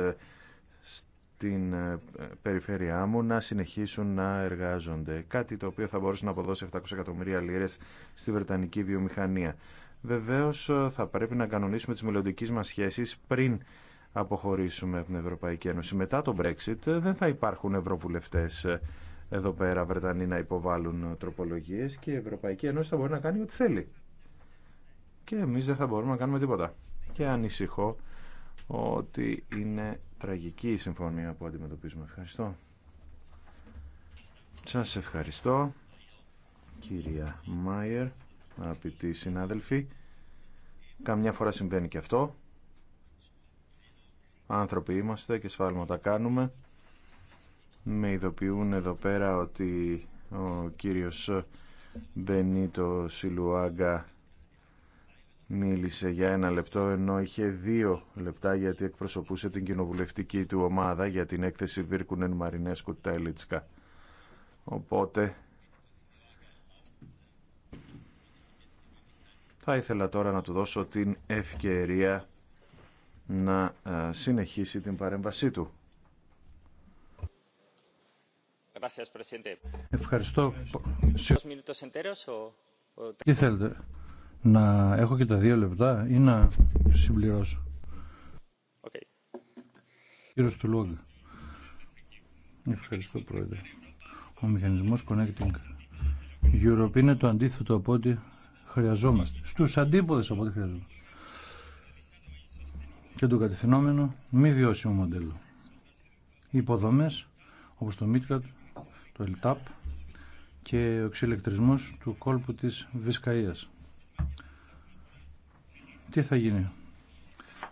την ε, περιφέρειά μου να συνεχίσουν να εργάζονται. Κάτι το οποίο θα μπορούσε να αποδώσει 700 εκατομμύρια λίρες στη Βρετανική βιομηχανία. Βεβαίως ε, θα πρέπει να κανονίσουμε τις μελλοντικέ μα σχέσεις πριν αποχωρήσουμε από την Ευρωπαϊκή Ένωση. Μετά το Brexit ε, δεν θα υπάρχουν ευρωβουλευτέ εδώ πέρα Βρετανοί να υποβάλουν τροπολογίε και η Ευρωπαϊκή Ένωση θα μπορεί να κάνει ό,τι θέλει. Και εμεί δεν θα μπορούμε να κάνουμε τίποτα. Και ανησυχώ ότι είναι τραγική συμφωνία που αντιμετωπίζουμε. Ευχαριστώ. Σας ευχαριστώ, κυρία Μάιερ, αγαπητοί συνάδελφοι. Καμιά φορά συμβαίνει και αυτό. Άνθρωποι είμαστε και σφάλματα κάνουμε. Με ειδοποιούν εδώ πέρα ότι ο κύριος Μπενίτο Σιλουάγκα μίλησε για ένα λεπτό ενώ είχε δύο λεπτά γιατί εκπροσωπούσε την κοινοβουλευτική του ομάδα για την έκθεση Βίρκουνεν Μαρινέσκου Τέλιτσκα. Οπότε θα ήθελα τώρα να του δώσω την ευκαιρία να ε, συνεχίσει την παρέμβασή του. Ευχαριστώ. Τι να έχω και τα δύο λεπτά ή να συμπληρώσω. Okay. Κύριος του Ευχαριστώ πρόεδρε. Ο μηχανισμός Connecting Europe είναι το αντίθετο από ό,τι χρειαζόμαστε. Στους αντίποδες από ό,τι χρειαζόμαστε. Και το κατευθυνόμενο μη βιώσιμο μοντέλο. Οι υποδομές όπως το MidCat, το ELTAP και ο εξηλεκτρισμός του κόλπου της Βισκαΐας. Τι θα γίνει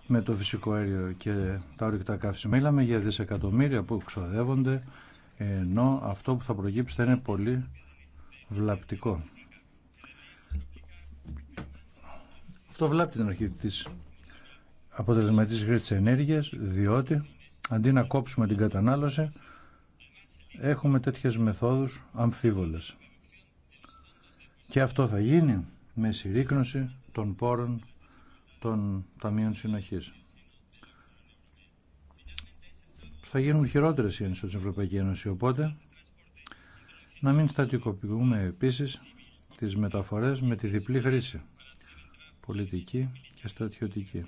με το φυσικό αέριο και τα ορυκτά καύσιμα. Μιλάμε για δισεκατομμύρια που ξοδεύονται, ενώ αυτό που θα προκύψει θα είναι πολύ βλαπτικό. Αυτό βλάπτει την αρχή της αποτελεσματικής χρήσης ενέργειας, διότι αντί να κόψουμε την κατανάλωση, έχουμε τέτοιες μεθόδους αμφίβολες. Και αυτό θα γίνει με συρρήκνωση των πόρων των Ταμείων Συνοχής. Θα γίνουν χειρότερες οι ένωσες της Ευρωπαϊκή Ένωση, οπότε να μην στατικοποιούμε επίσης τις μεταφορές με τη διπλή χρήση, πολιτική και στρατιωτική.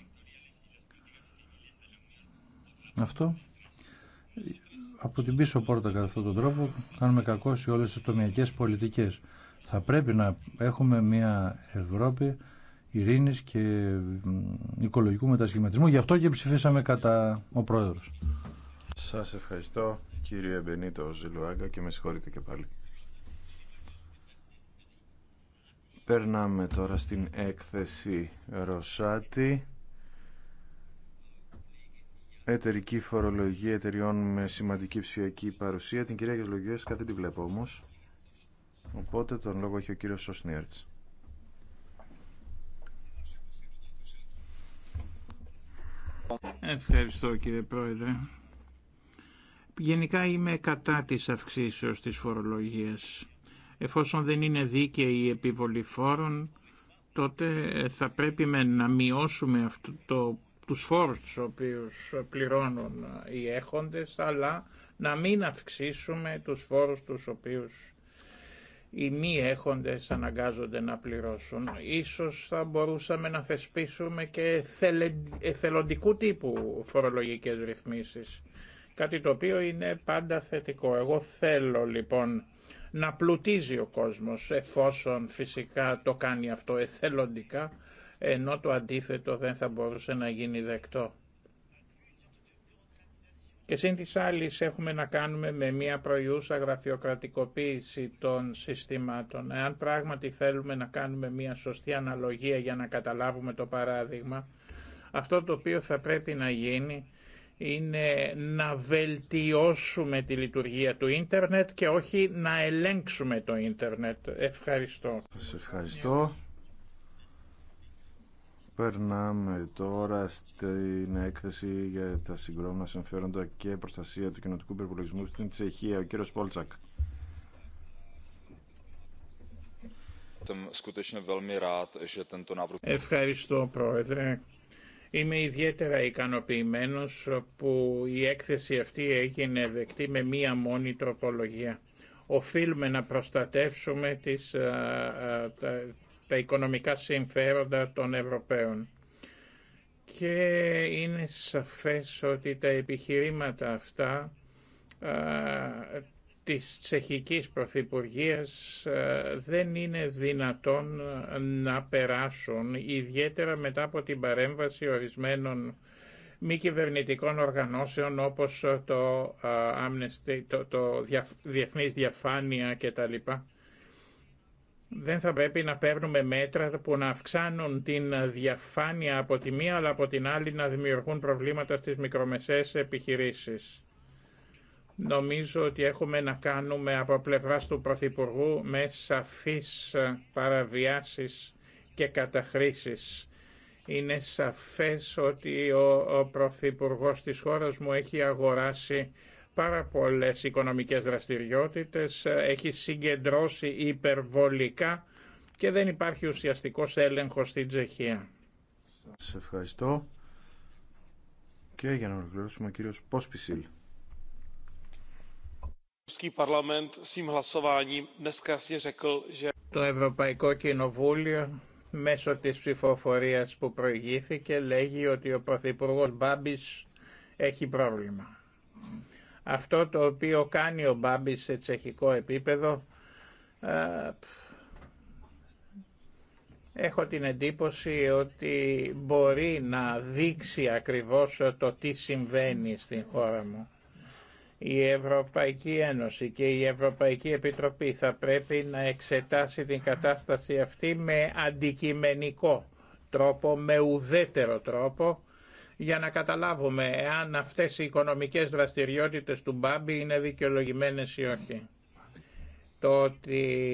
Αυτό από την πίσω πόρτα κατά αυτόν τον τρόπο κάνουμε κακό σε όλες τις τομιακές πολιτικές. Θα πρέπει να έχουμε μια Ευρώπη ειρήνης και οικολογικού μετασχηματισμού. Γι' αυτό και ψηφίσαμε κατά ο Πρόεδρος. Σας ευχαριστώ κύριε Μπενίτο Ζιλουάγκα και με συγχωρείτε και πάλι. Περνάμε τώρα στην έκθεση Ροσάτη. Εταιρική φορολογία εταιριών με σημαντική ψηφιακή παρουσία. Την κυρία Γεσλογιέσκα δεν τη βλέπω όμως. Οπότε τον λόγο έχει ο κύριος Σοσνιέρτς. Ευχαριστώ κύριε Πρόεδρε. Γενικά είμαι κατά της αυξήσεως της φορολογίας. Εφόσον δεν είναι δίκαιη η επιβολή φόρων, τότε θα πρέπει να μειώσουμε αυτό το, τους φόρους τους οποίους πληρώνουν οι έχοντες, αλλά να μην αυξήσουμε τους φόρους τους οποίους οι μη έχοντες αναγκάζονται να πληρώσουν. Ίσως θα μπορούσαμε να θεσπίσουμε και εθελοντικού τύπου φορολογικές ρυθμίσεις. Κάτι το οποίο είναι πάντα θετικό. Εγώ θέλω λοιπόν να πλουτίζει ο κόσμος εφόσον φυσικά το κάνει αυτό εθελοντικά, ενώ το αντίθετο δεν θα μπορούσε να γίνει δεκτό. Και σύν της άλλης έχουμε να κάνουμε με μια προϊούσα γραφειοκρατικοποίηση των συστημάτων. Εάν πράγματι θέλουμε να κάνουμε μια σωστή αναλογία για να καταλάβουμε το παράδειγμα, αυτό το οποίο θα πρέπει να γίνει είναι να βελτιώσουμε τη λειτουργία του ίντερνετ και όχι να ελέγξουμε το ίντερνετ. Ευχαριστώ. Σας ευχαριστώ. Περνάμε τώρα στην έκθεση για τα συγκρόμενα συμφέροντα και προστασία του κοινοτικού περιπολογισμού στην Τσεχία. Ο κύριος Πόλτσακ. Ευχαριστώ, Πρόεδρε. Είμαι ιδιαίτερα ικανοποιημένος που η έκθεση αυτή έγινε δεκτή με μία μόνη τροπολογία. Οφείλουμε να προστατεύσουμε τις, ε, ε, τα οικονομικά συμφέροντα των Ευρωπαίων. Και είναι σαφές ότι τα επιχειρήματα αυτά α, της τσεχικής πρωθυπουργίας δεν είναι δυνατόν να περάσουν, ιδιαίτερα μετά από την παρέμβαση ορισμένων μη κυβερνητικών οργανώσεων όπως το, Amnesty, το, το Διεθνής Διαφάνεια κτλ δεν θα πρέπει να παίρνουμε μέτρα που να αυξάνουν την διαφάνεια από τη μία αλλά από την άλλη να δημιουργούν προβλήματα στις μικρομεσαίες επιχειρήσεις. Νομίζω ότι έχουμε να κάνουμε από πλευρά του Πρωθυπουργού με σαφείς παραβιάσεις και καταχρήσεις. Είναι σαφές ότι ο, ο Πρωθυπουργός της χώρας μου έχει αγοράσει πάρα πολλές οικονομικές δραστηριότητες, ε, έχει συγκεντρώσει υπερβολικά και δεν υπάρχει ουσιαστικός έλεγχος στην Τσεχία. Σας ευχαριστώ. Και για να ολοκληρώσουμε ο κύριος Πόσπισιλ. Το Ευρωπαϊκό Κοινοβούλιο μέσω της ψηφοφορίας που προηγήθηκε λέγει ότι ο Πρωθυπουργός Μπάμπης έχει πρόβλημα. Αυτό το οποίο κάνει ο Μπάμπης σε τσεχικό επίπεδο ε, έχω την εντύπωση ότι μπορεί να δείξει ακριβώς το τι συμβαίνει στην χώρα μου. Η Ευρωπαϊκή Ένωση και η Ευρωπαϊκή Επιτροπή θα πρέπει να εξετάσει την κατάσταση αυτή με αντικειμενικό τρόπο, με ουδέτερο τρόπο για να καταλάβουμε εάν αυτές οι οικονομικές δραστηριότητες του Μπάμπη είναι δικαιολογημένες ή όχι. Το ότι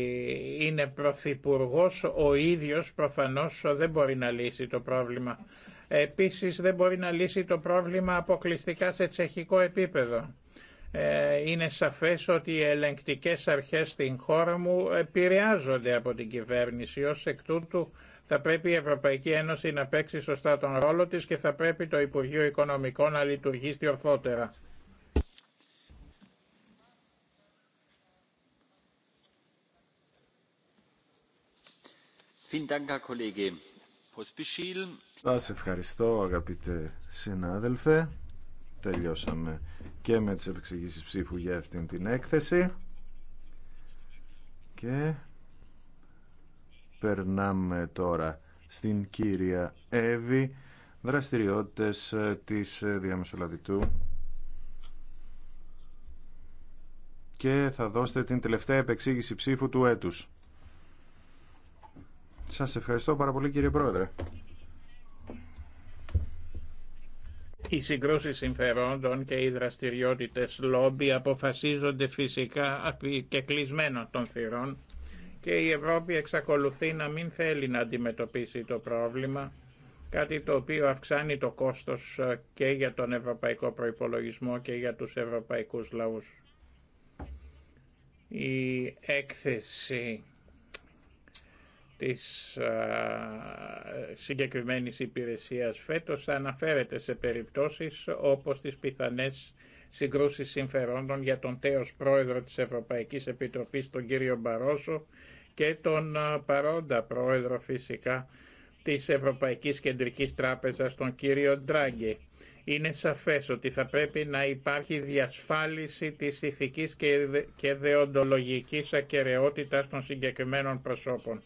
είναι πρωθυπουργό ο ίδιος προφανώς δεν μπορεί να λύσει το πρόβλημα. Επίσης δεν μπορεί να λύσει το πρόβλημα αποκλειστικά σε τσεχικό επίπεδο. Ε, είναι σαφές ότι οι ελεγκτικές αρχές στην χώρα μου επηρεάζονται από την κυβέρνηση. Ως εκ τούτου θα πρέπει η Ευρωπαϊκή Ένωση να παίξει σωστά τον ρόλο της και θα πρέπει το Υπουργείο Οικονομικών να λειτουργεί ορθότερα. Σας ευχαριστώ αγαπητέ συνάδελφε. Τελειώσαμε και με τις επεξηγήσεις ψήφου για αυτήν την έκθεση. Και Περνάμε τώρα στην κύρια Εύη, δραστηριότητες ε, της ε, διαμεσολαβητού και θα δώσετε την τελευταία επεξήγηση ψήφου του έτους. Σας ευχαριστώ πάρα πολύ κύριε Πρόεδρε. Οι συγκρούσεις συμφερόντων και οι δραστηριότητες λόμπι αποφασίζονται φυσικά και κλεισμένο των θυρών και η Ευρώπη εξακολουθεί να μην θέλει να αντιμετωπίσει το πρόβλημα, κάτι το οποίο αυξάνει το κόστος ε, και για τον ευρωπαϊκό προϋπολογισμό και για τους ευρωπαϊκούς λαούς. Η έκθεση της ε, συγκεκριμένης υπηρεσίας φέτος αναφέρεται σε περιπτώσεις όπως τις πιθανές Συγκρούσει συμφερόντων για τον τέος πρόεδρο της Ευρωπαϊκής Επιτροπής, τον κύριο Μπαρόσο, και τον παρόντα πρόεδρο φυσικά της Ευρωπαϊκής Κεντρικής Τράπεζας, τον κύριο Ντράγκη. Είναι σαφές ότι θα πρέπει να υπάρχει διασφάλιση της ηθικής και δεοντολογικής ακεραιότητας των συγκεκριμένων προσώπων.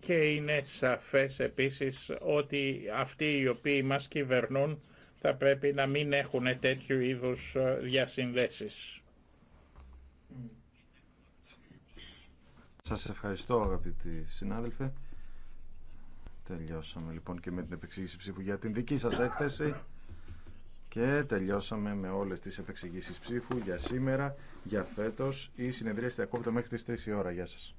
Και είναι σαφές επίσης ότι αυτοί οι οποίοι μας κυβερνούν θα πρέπει να μην έχουν τέτοιου είδους ε, διασυνδέσεις. Σας ευχαριστώ αγαπητοί συνάδελφοι. Τελειώσαμε λοιπόν και με την επεξήγηση ψήφου για την δική σας έκθεση και τελειώσαμε με όλες τις επεξηγήσεις ψήφου για σήμερα, για φέτος. Η συνεδρία θα μέχρι τις 3 η ώρα. Γεια σας.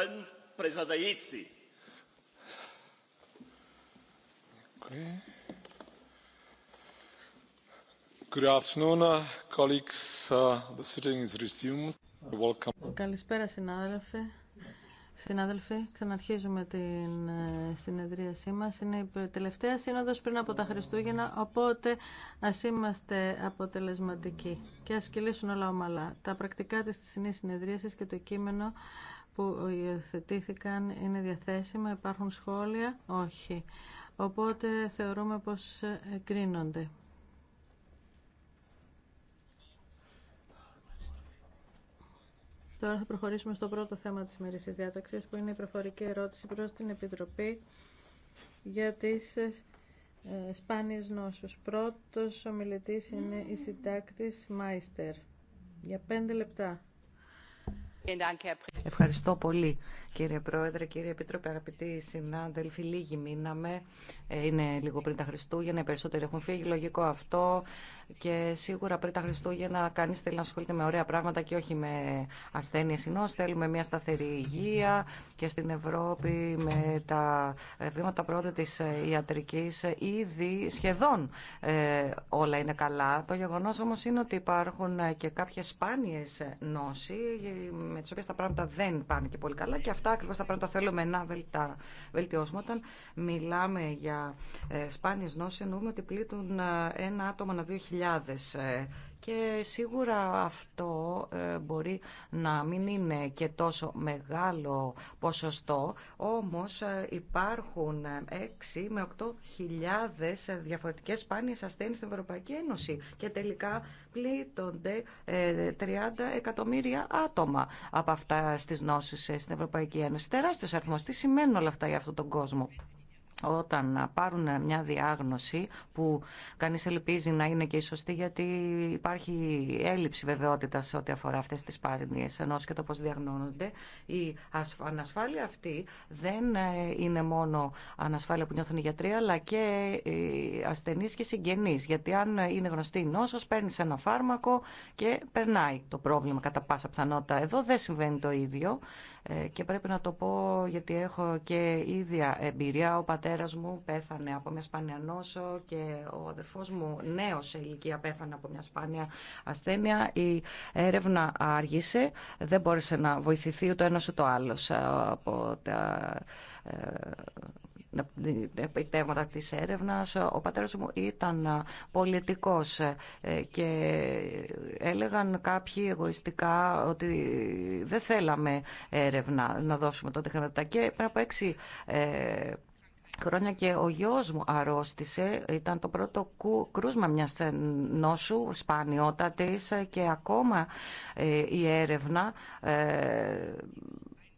Uh, uh, καλησπέρα συνάδελφοι. Συνάδελφοι, ξαναρχίζουμε την ε, συνεδρίασή μας. Είναι η τελευταία σύνοδος πριν από τα Χριστούγεννα, οπότε ας είμαστε αποτελεσματικοί και ας κυλήσουν όλα ομαλά. Τα πρακτικά της της συνεδρίασης και το κείμενο που υιοθετήθηκαν είναι διαθέσιμα, υπάρχουν σχόλια, όχι. Οπότε θεωρούμε πως κρίνονται. Τώρα θα προχωρήσουμε στο πρώτο θέμα της ημερήσιας διάταξης που είναι η προφορική ερώτηση προς την Επιτροπή για τις ε, σπάνιες νόσους. Πρώτος ομιλητής είναι η συντάκτης Μάιστερ για πέντε λεπτά. Ευχαριστώ πολύ κύριε Πρόεδρε, κύριε Επίτροπε, αγαπητοί συνάδελφοι. Λίγοι μείναμε, ε, είναι λίγο πριν τα Χριστούγεννα, οι περισσότεροι έχουν φύγει, λογικό αυτό και σίγουρα πριν τα Χριστούγεννα κανεί θέλει να ασχολείται με ωραία πράγματα και όχι με ασθένειε συνό. Θέλουμε μια σταθερή υγεία και στην Ευρώπη με τα ε, βήματα πρώτα τη ε, ιατρική ε, ήδη σχεδόν όλα είναι καλά. Το γεγονό όμω είναι ότι υπάρχουν και κάποιε σπάνιε νόσοι με τι οποίε τα πράγματα δεν πάνε και πολύ καλά και αυτά ακριβώ τα πράγματα θέλουμε να βελτιώσουμε. Όταν μιλάμε για σπάνιε νόσοι εννοούμε ότι πλήττουν ένα άτομο να 2.000 2000 ε, και σίγουρα αυτό ε, μπορεί να μην είναι και τόσο μεγάλο ποσοστό, όμως ε, υπάρχουν 6 με 8 χιλιάδες διαφορετικές σπάνιες ασθένειες στην Ευρωπαϊκή Ένωση και τελικά πλήττονται 30 εκατομμύρια άτομα από αυτά στις νόσους στην Ευρωπαϊκή Ένωση. Τεράστιος αριθμός. Τι σημαίνουν όλα αυτά για αυτόν τον κόσμο όταν πάρουν μια διάγνωση που κανείς ελπίζει να είναι και η σωστή γιατί υπάρχει έλλειψη βεβαιότητας σε ό,τι αφορά αυτές τις παρνίες ενώ και το πώς διαγνώνονται η ανασφάλεια αυτή δεν ε, είναι μόνο ανασφάλεια που νιώθουν οι γιατροί αλλά και οι ασθενείς και συγγενείς γιατί αν είναι γνωστή η νόσος παίρνει ένα φάρμακο και περνάει το πρόβλημα κατά πάσα πιθανότητα εδώ δεν συμβαίνει το ίδιο ε, και πρέπει να το πω γιατί έχω και ίδια εμπειρία. Ο πατέρας μου πέθανε από μια σπάνια νόσο και ο αδερφός μου νέος σε ηλικία πέθανε από μια σπάνια ασθένεια. Η έρευνα άργησε, δεν μπόρεσε να βοηθηθεί ούτε ένας ούτε ο άλλος από τα ε, επιτεύγματα της έρευνας. Ο πατέρας μου ήταν πολιτικός ε, και έλεγαν κάποιοι εγωιστικά ότι δεν θέλαμε έρευνα να δώσουμε τότε χρήματα. Και πριν από έξι ε, χρόνια και ο γιος μου αρρώστησε. Ήταν το πρώτο κρούσμα μιας ε, νόσου σπανιότατης και ακόμα η έρευνα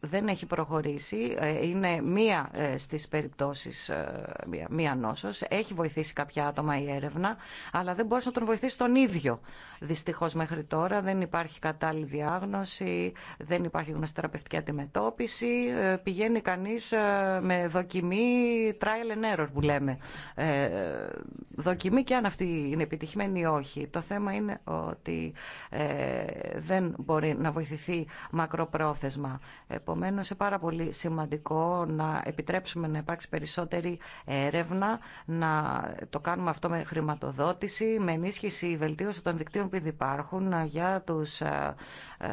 δεν έχει προχωρήσει. Ε, είναι μία ε, στις περιπτώσεις, ε, μία, μία νόσος. Έχει βοηθήσει κάποια άτομα η έρευνα, αλλά δεν μπορεί να τον βοηθήσει τον ίδιο. Δυστυχώς μέχρι τώρα δεν υπάρχει κατάλληλη διάγνωση, δεν υπάρχει γνωστή θεραπευτική αντιμετώπιση. Πηγαίνει κανείς με δοκιμή trial and error που λέμε. Δοκιμή και αν αυτή είναι επιτυχημένη ή όχι. Το θέμα είναι ότι δεν μπορεί να βοηθηθεί μακροπρόθεσμα Επομένω, είναι πάρα πολύ σημαντικό να επιτρέψουμε να υπάρξει περισσότερη έρευνα, να το κάνουμε αυτό με χρηματοδότηση, με ενίσχυση η βελτίωση των δικτύων που ήδη υπάρχουν ε, για τους ε, ε,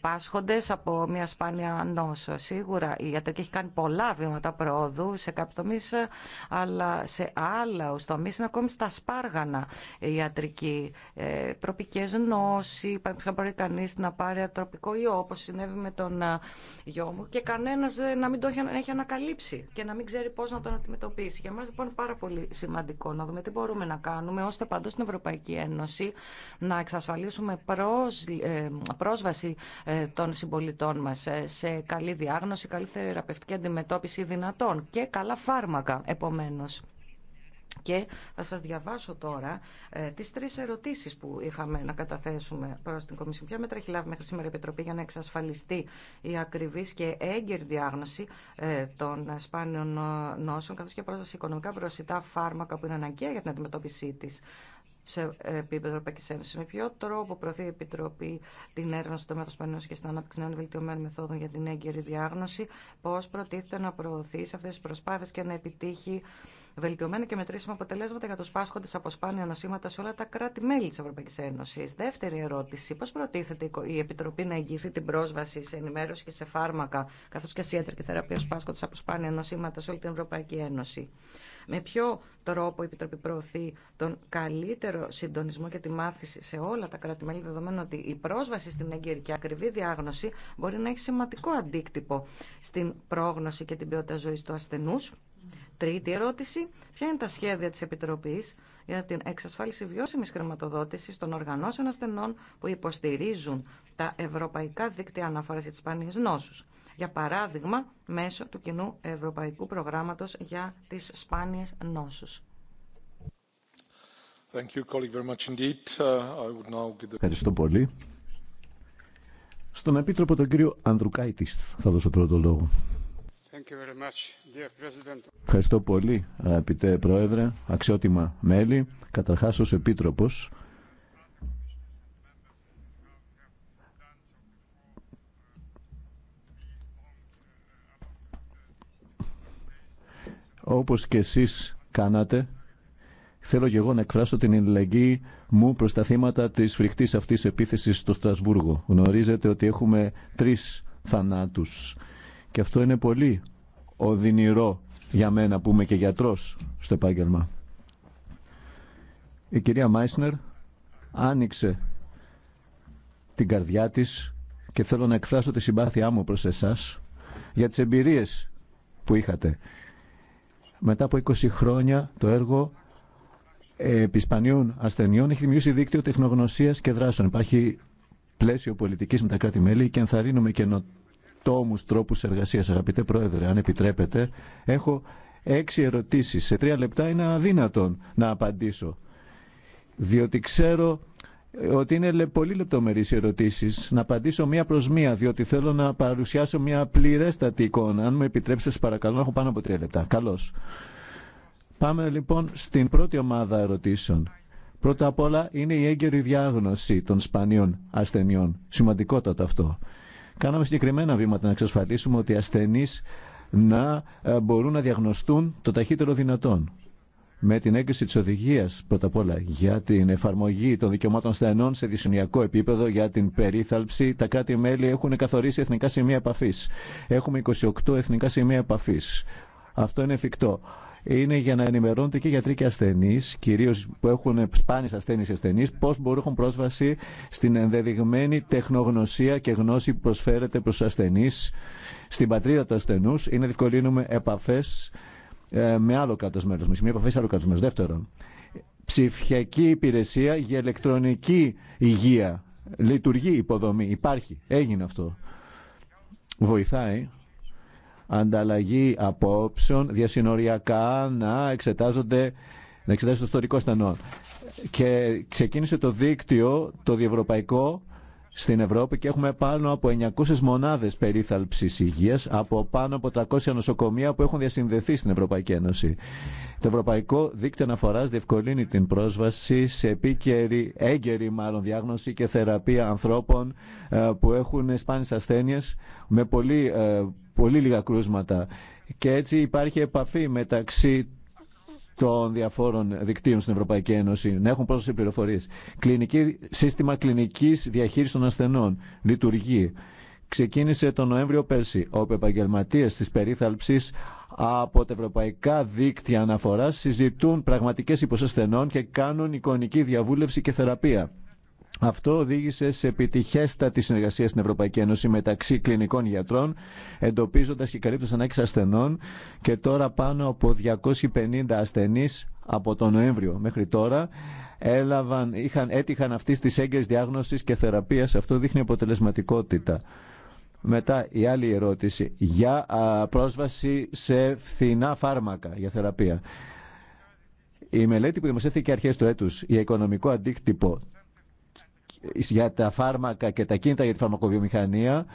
πάσχοντες από μια σπάνια νόσο. Σίγουρα η ιατρική έχει κάνει πολλά βήματα προόδου σε κάποιους τομείς, αλλά σε άλλα τομεί, είναι ακόμη στα σπάργανα η ιατρική. τροπικές νόσοι, υπάρχει να μπορεί κανείς να πάρει ατροπικό ιό, όπως συνέβη με τον μου και κανένας να μην το έχει ανακαλύψει και να μην ξέρει πώς να τον αντιμετωπίσει. Για μας λοιπόν είναι πάρα πολύ σημαντικό να δούμε τι μπορούμε να κάνουμε ώστε παντού στην Ευρωπαϊκή Ένωση να εξασφαλίσουμε ε, πρόσβαση ε, των συμπολιτών μας ε, σε καλή διάγνωση, καλή θεραπευτική αντιμετώπιση δυνατών και καλά φάρμακα επομένως. Και θα σα διαβάσω τώρα ε, τις τρεις ερωτήσεις που είχαμε να καταθέσουμε προ την Κομισιόν. Ποια μέτρα έχει λάβει μέχρι σήμερα η Επιτροπή για να εξασφαλιστεί η ακριβή και έγκαιρη διάγνωση ε, των σπάνιων ε, νόσων, καθώ και πρόσβαση οικονομικά προσιτά φάρμακα που είναι αναγκαία για την αντιμετώπιση τη σε επίπεδο Ευρωπαϊκή Ένωση. Με ποιο τρόπο προωθεί η Επιτροπή την έρευνα στο τομέα των σπανιών και στην ανάπτυξη νέων βελτιωμένων μεθόδων για την έγκαιρη διάγνωση, πώ προτίθεται να σε αυτέ τι προσπάθειε και να επιτύχει βελτιωμένα και μετρήσιμα αποτελέσματα για τους πάσχοντε από σπάνια νοσήματα σε όλα τα κράτη-μέλη τη Ευρωπαϊκή Ένωση. Δεύτερη ερώτηση. Πώ προτίθεται η Επιτροπή να εγγυηθεί την πρόσβαση σε ενημέρωση και σε φάρμακα, καθώ και σε ιατρική θεραπεία στου τη από σπάνια νοσήματα σε όλη την Ευρωπαϊκή Ένωση. Με ποιο τρόπο η Επιτροπή προωθεί τον καλύτερο συντονισμό και τη μάθηση σε όλα τα κράτη-μέλη, δεδομένου ότι η πρόσβαση στην έγκαιρη και ακριβή διάγνωση μπορεί να έχει σημαντικό αντίκτυπο στην πρόγνωση και την ποιότητα ζωή του ασθενού Τρίτη ερώτηση, ποια είναι τα σχέδια της Επιτροπής για την εξασφάλιση βιώσιμης χρηματοδότησης των οργανώσεων ασθενών που υποστηρίζουν τα ευρωπαϊκά δίκτυα αναφοράς για τις σπάνιες νόσους. Για παράδειγμα, μέσω του κοινού Ευρωπαϊκού Προγράμματος για τις σπάνιες νόσους. Ευχαριστώ πολύ. Στον Επίτροπο τον κύριο Ανδρουκάητης θα δώσω τώρα το λόγο. Ευχαριστώ πολύ, αγαπητέ Πρόεδρε, αξιότιμα μέλη. Καταρχάς, ως Επίτροπος, όπως και εσείς κάνατε, θέλω και εγώ να εκφράσω την ελληνική μου προς τα θύματα της φρικτής αυτής επίθεσης στο Στρασβούργο. Γνωρίζετε ότι έχουμε τρεις θανάτους και αυτό είναι πολύ οδυνηρό για μένα που είμαι και γιατρός στο επάγγελμα. Η κυρία Μάισνερ άνοιξε την καρδιά της και θέλω να εκφράσω τη συμπάθειά μου προς εσάς για τις εμπειρίες που είχατε. Μετά από 20 χρόνια το έργο επισπανίων ασθενειών έχει δημιουργήσει δίκτυο τεχνογνωσίας και δράσεων. Υπάρχει πλαίσιο πολιτικής με τα κράτη-μέλη και ενθαρρύνουμε καινοτομία Τόμους, τρόπους εργασίας. Αγαπητέ Πρόεδρε, αν επιτρέπετε, έχω έξι ερωτήσεις. Σε τρία λεπτά είναι αδύνατον να απαντήσω. Διότι ξέρω ε, ότι είναι πολύ λεπτομερείς οι ερωτήσεις. Να απαντήσω μία προς μία, διότι θέλω να παρουσιάσω μία πληρέστατη εικόνα. Αν μου επιτρέψετε, σας παρακαλώ, έχω πάνω από τρία λεπτά. Καλώς. Πάμε λοιπόν στην πρώτη ομάδα ερωτήσεων. Πρώτα απ' όλα είναι η έγκαιρη διάγνωση των σπανίων ασθενειών. Σημαντικότατο αυτό. Κάναμε συγκεκριμένα βήματα να εξασφαλίσουμε ότι οι ασθενείς να ε, μπορούν να διαγνωστούν το ταχύτερο δυνατόν. Με την έγκριση τη οδηγία, πρώτα απ' όλα, για την εφαρμογή των δικαιωμάτων ασθενών σε δυσυνιακό επίπεδο, για την περίθαλψη, τα κράτη-μέλη έχουν καθορίσει εθνικά σημεία επαφή. Έχουμε 28 εθνικά σημεία επαφή. Αυτό είναι εφικτό είναι για να ενημερώνονται και γιατροί και ασθενεί, κυρίω που έχουν σπάνιε ασθένειε και ασθενεί, πώ μπορούν έχουν πρόσβαση στην ενδεδειγμένη τεχνογνωσία και γνώση που προσφέρεται προ του ασθενεί στην πατρίδα του ασθενού. Είναι διευκολύνουμε επαφέ ε, με άλλο κράτο μερο με σημεία επαφή άλλο κράτο μέρο. Δεύτερον, ψηφιακή υπηρεσία για ηλεκτρονική υγεία. Λειτουργεί υποδομή, υπάρχει, έγινε αυτό. Βοηθάει ανταλλαγή απόψεων διασυνοριακά να εξετάζονται να εξετάζει το ιστορικό στενό. Και ξεκίνησε το δίκτυο, το διευρωπαϊκό, στην Ευρώπη και έχουμε πάνω από 900 μονάδες περίθαλψης υγείας από πάνω από 300 νοσοκομεία που έχουν διασυνδεθεί στην Ευρωπαϊκή Ένωση. Το Ευρωπαϊκό Δίκτυο Αναφορά διευκολύνει την πρόσβαση σε επίκαιρη, έγκαιρη μάλλον διάγνωση και θεραπεία ανθρώπων ε, που έχουν σπάνιες ασθένειες με πολύ, ε, πολύ λίγα κρούσματα. Και έτσι υπάρχει επαφή μεταξύ των διαφόρων δικτύων στην Ευρωπαϊκή Ένωση, να έχουν πρόσβαση πληροφορίε. Σύστημα κλινική διαχείριση των ασθενών λειτουργεί. Ξεκίνησε τον Νοέμβριο πέρσι, όπου επαγγελματίε τη περίθαλψη από τα ευρωπαϊκά δίκτυα αναφοράς συζητούν πραγματικές υποστασθενών και κάνουν εικονική διαβούλευση και θεραπεία. Αυτό οδήγησε σε επιτυχέστατη συνεργασία στην Ευρωπαϊκή Ένωση μεταξύ κλινικών γιατρών, εντοπίζοντα και καλύπτοντα ανάγκε ασθενών και τώρα πάνω από 250 ασθενεί από τον Νοέμβριο μέχρι τώρα έλαβαν, είχαν, έτυχαν αυτή τη έγκαιρη διάγνωση και θεραπεία. Αυτό δείχνει αποτελεσματικότητα. Μετά η άλλη ερώτηση για πρόσβαση σε φθηνά φάρμακα για θεραπεία. Η μελέτη που δημοσιεύθηκε αρχές του έτους για οικονομικό αντίκτυπο για τα φάρμακα και τα κίνητα για τη φαρμακοβιομηχανία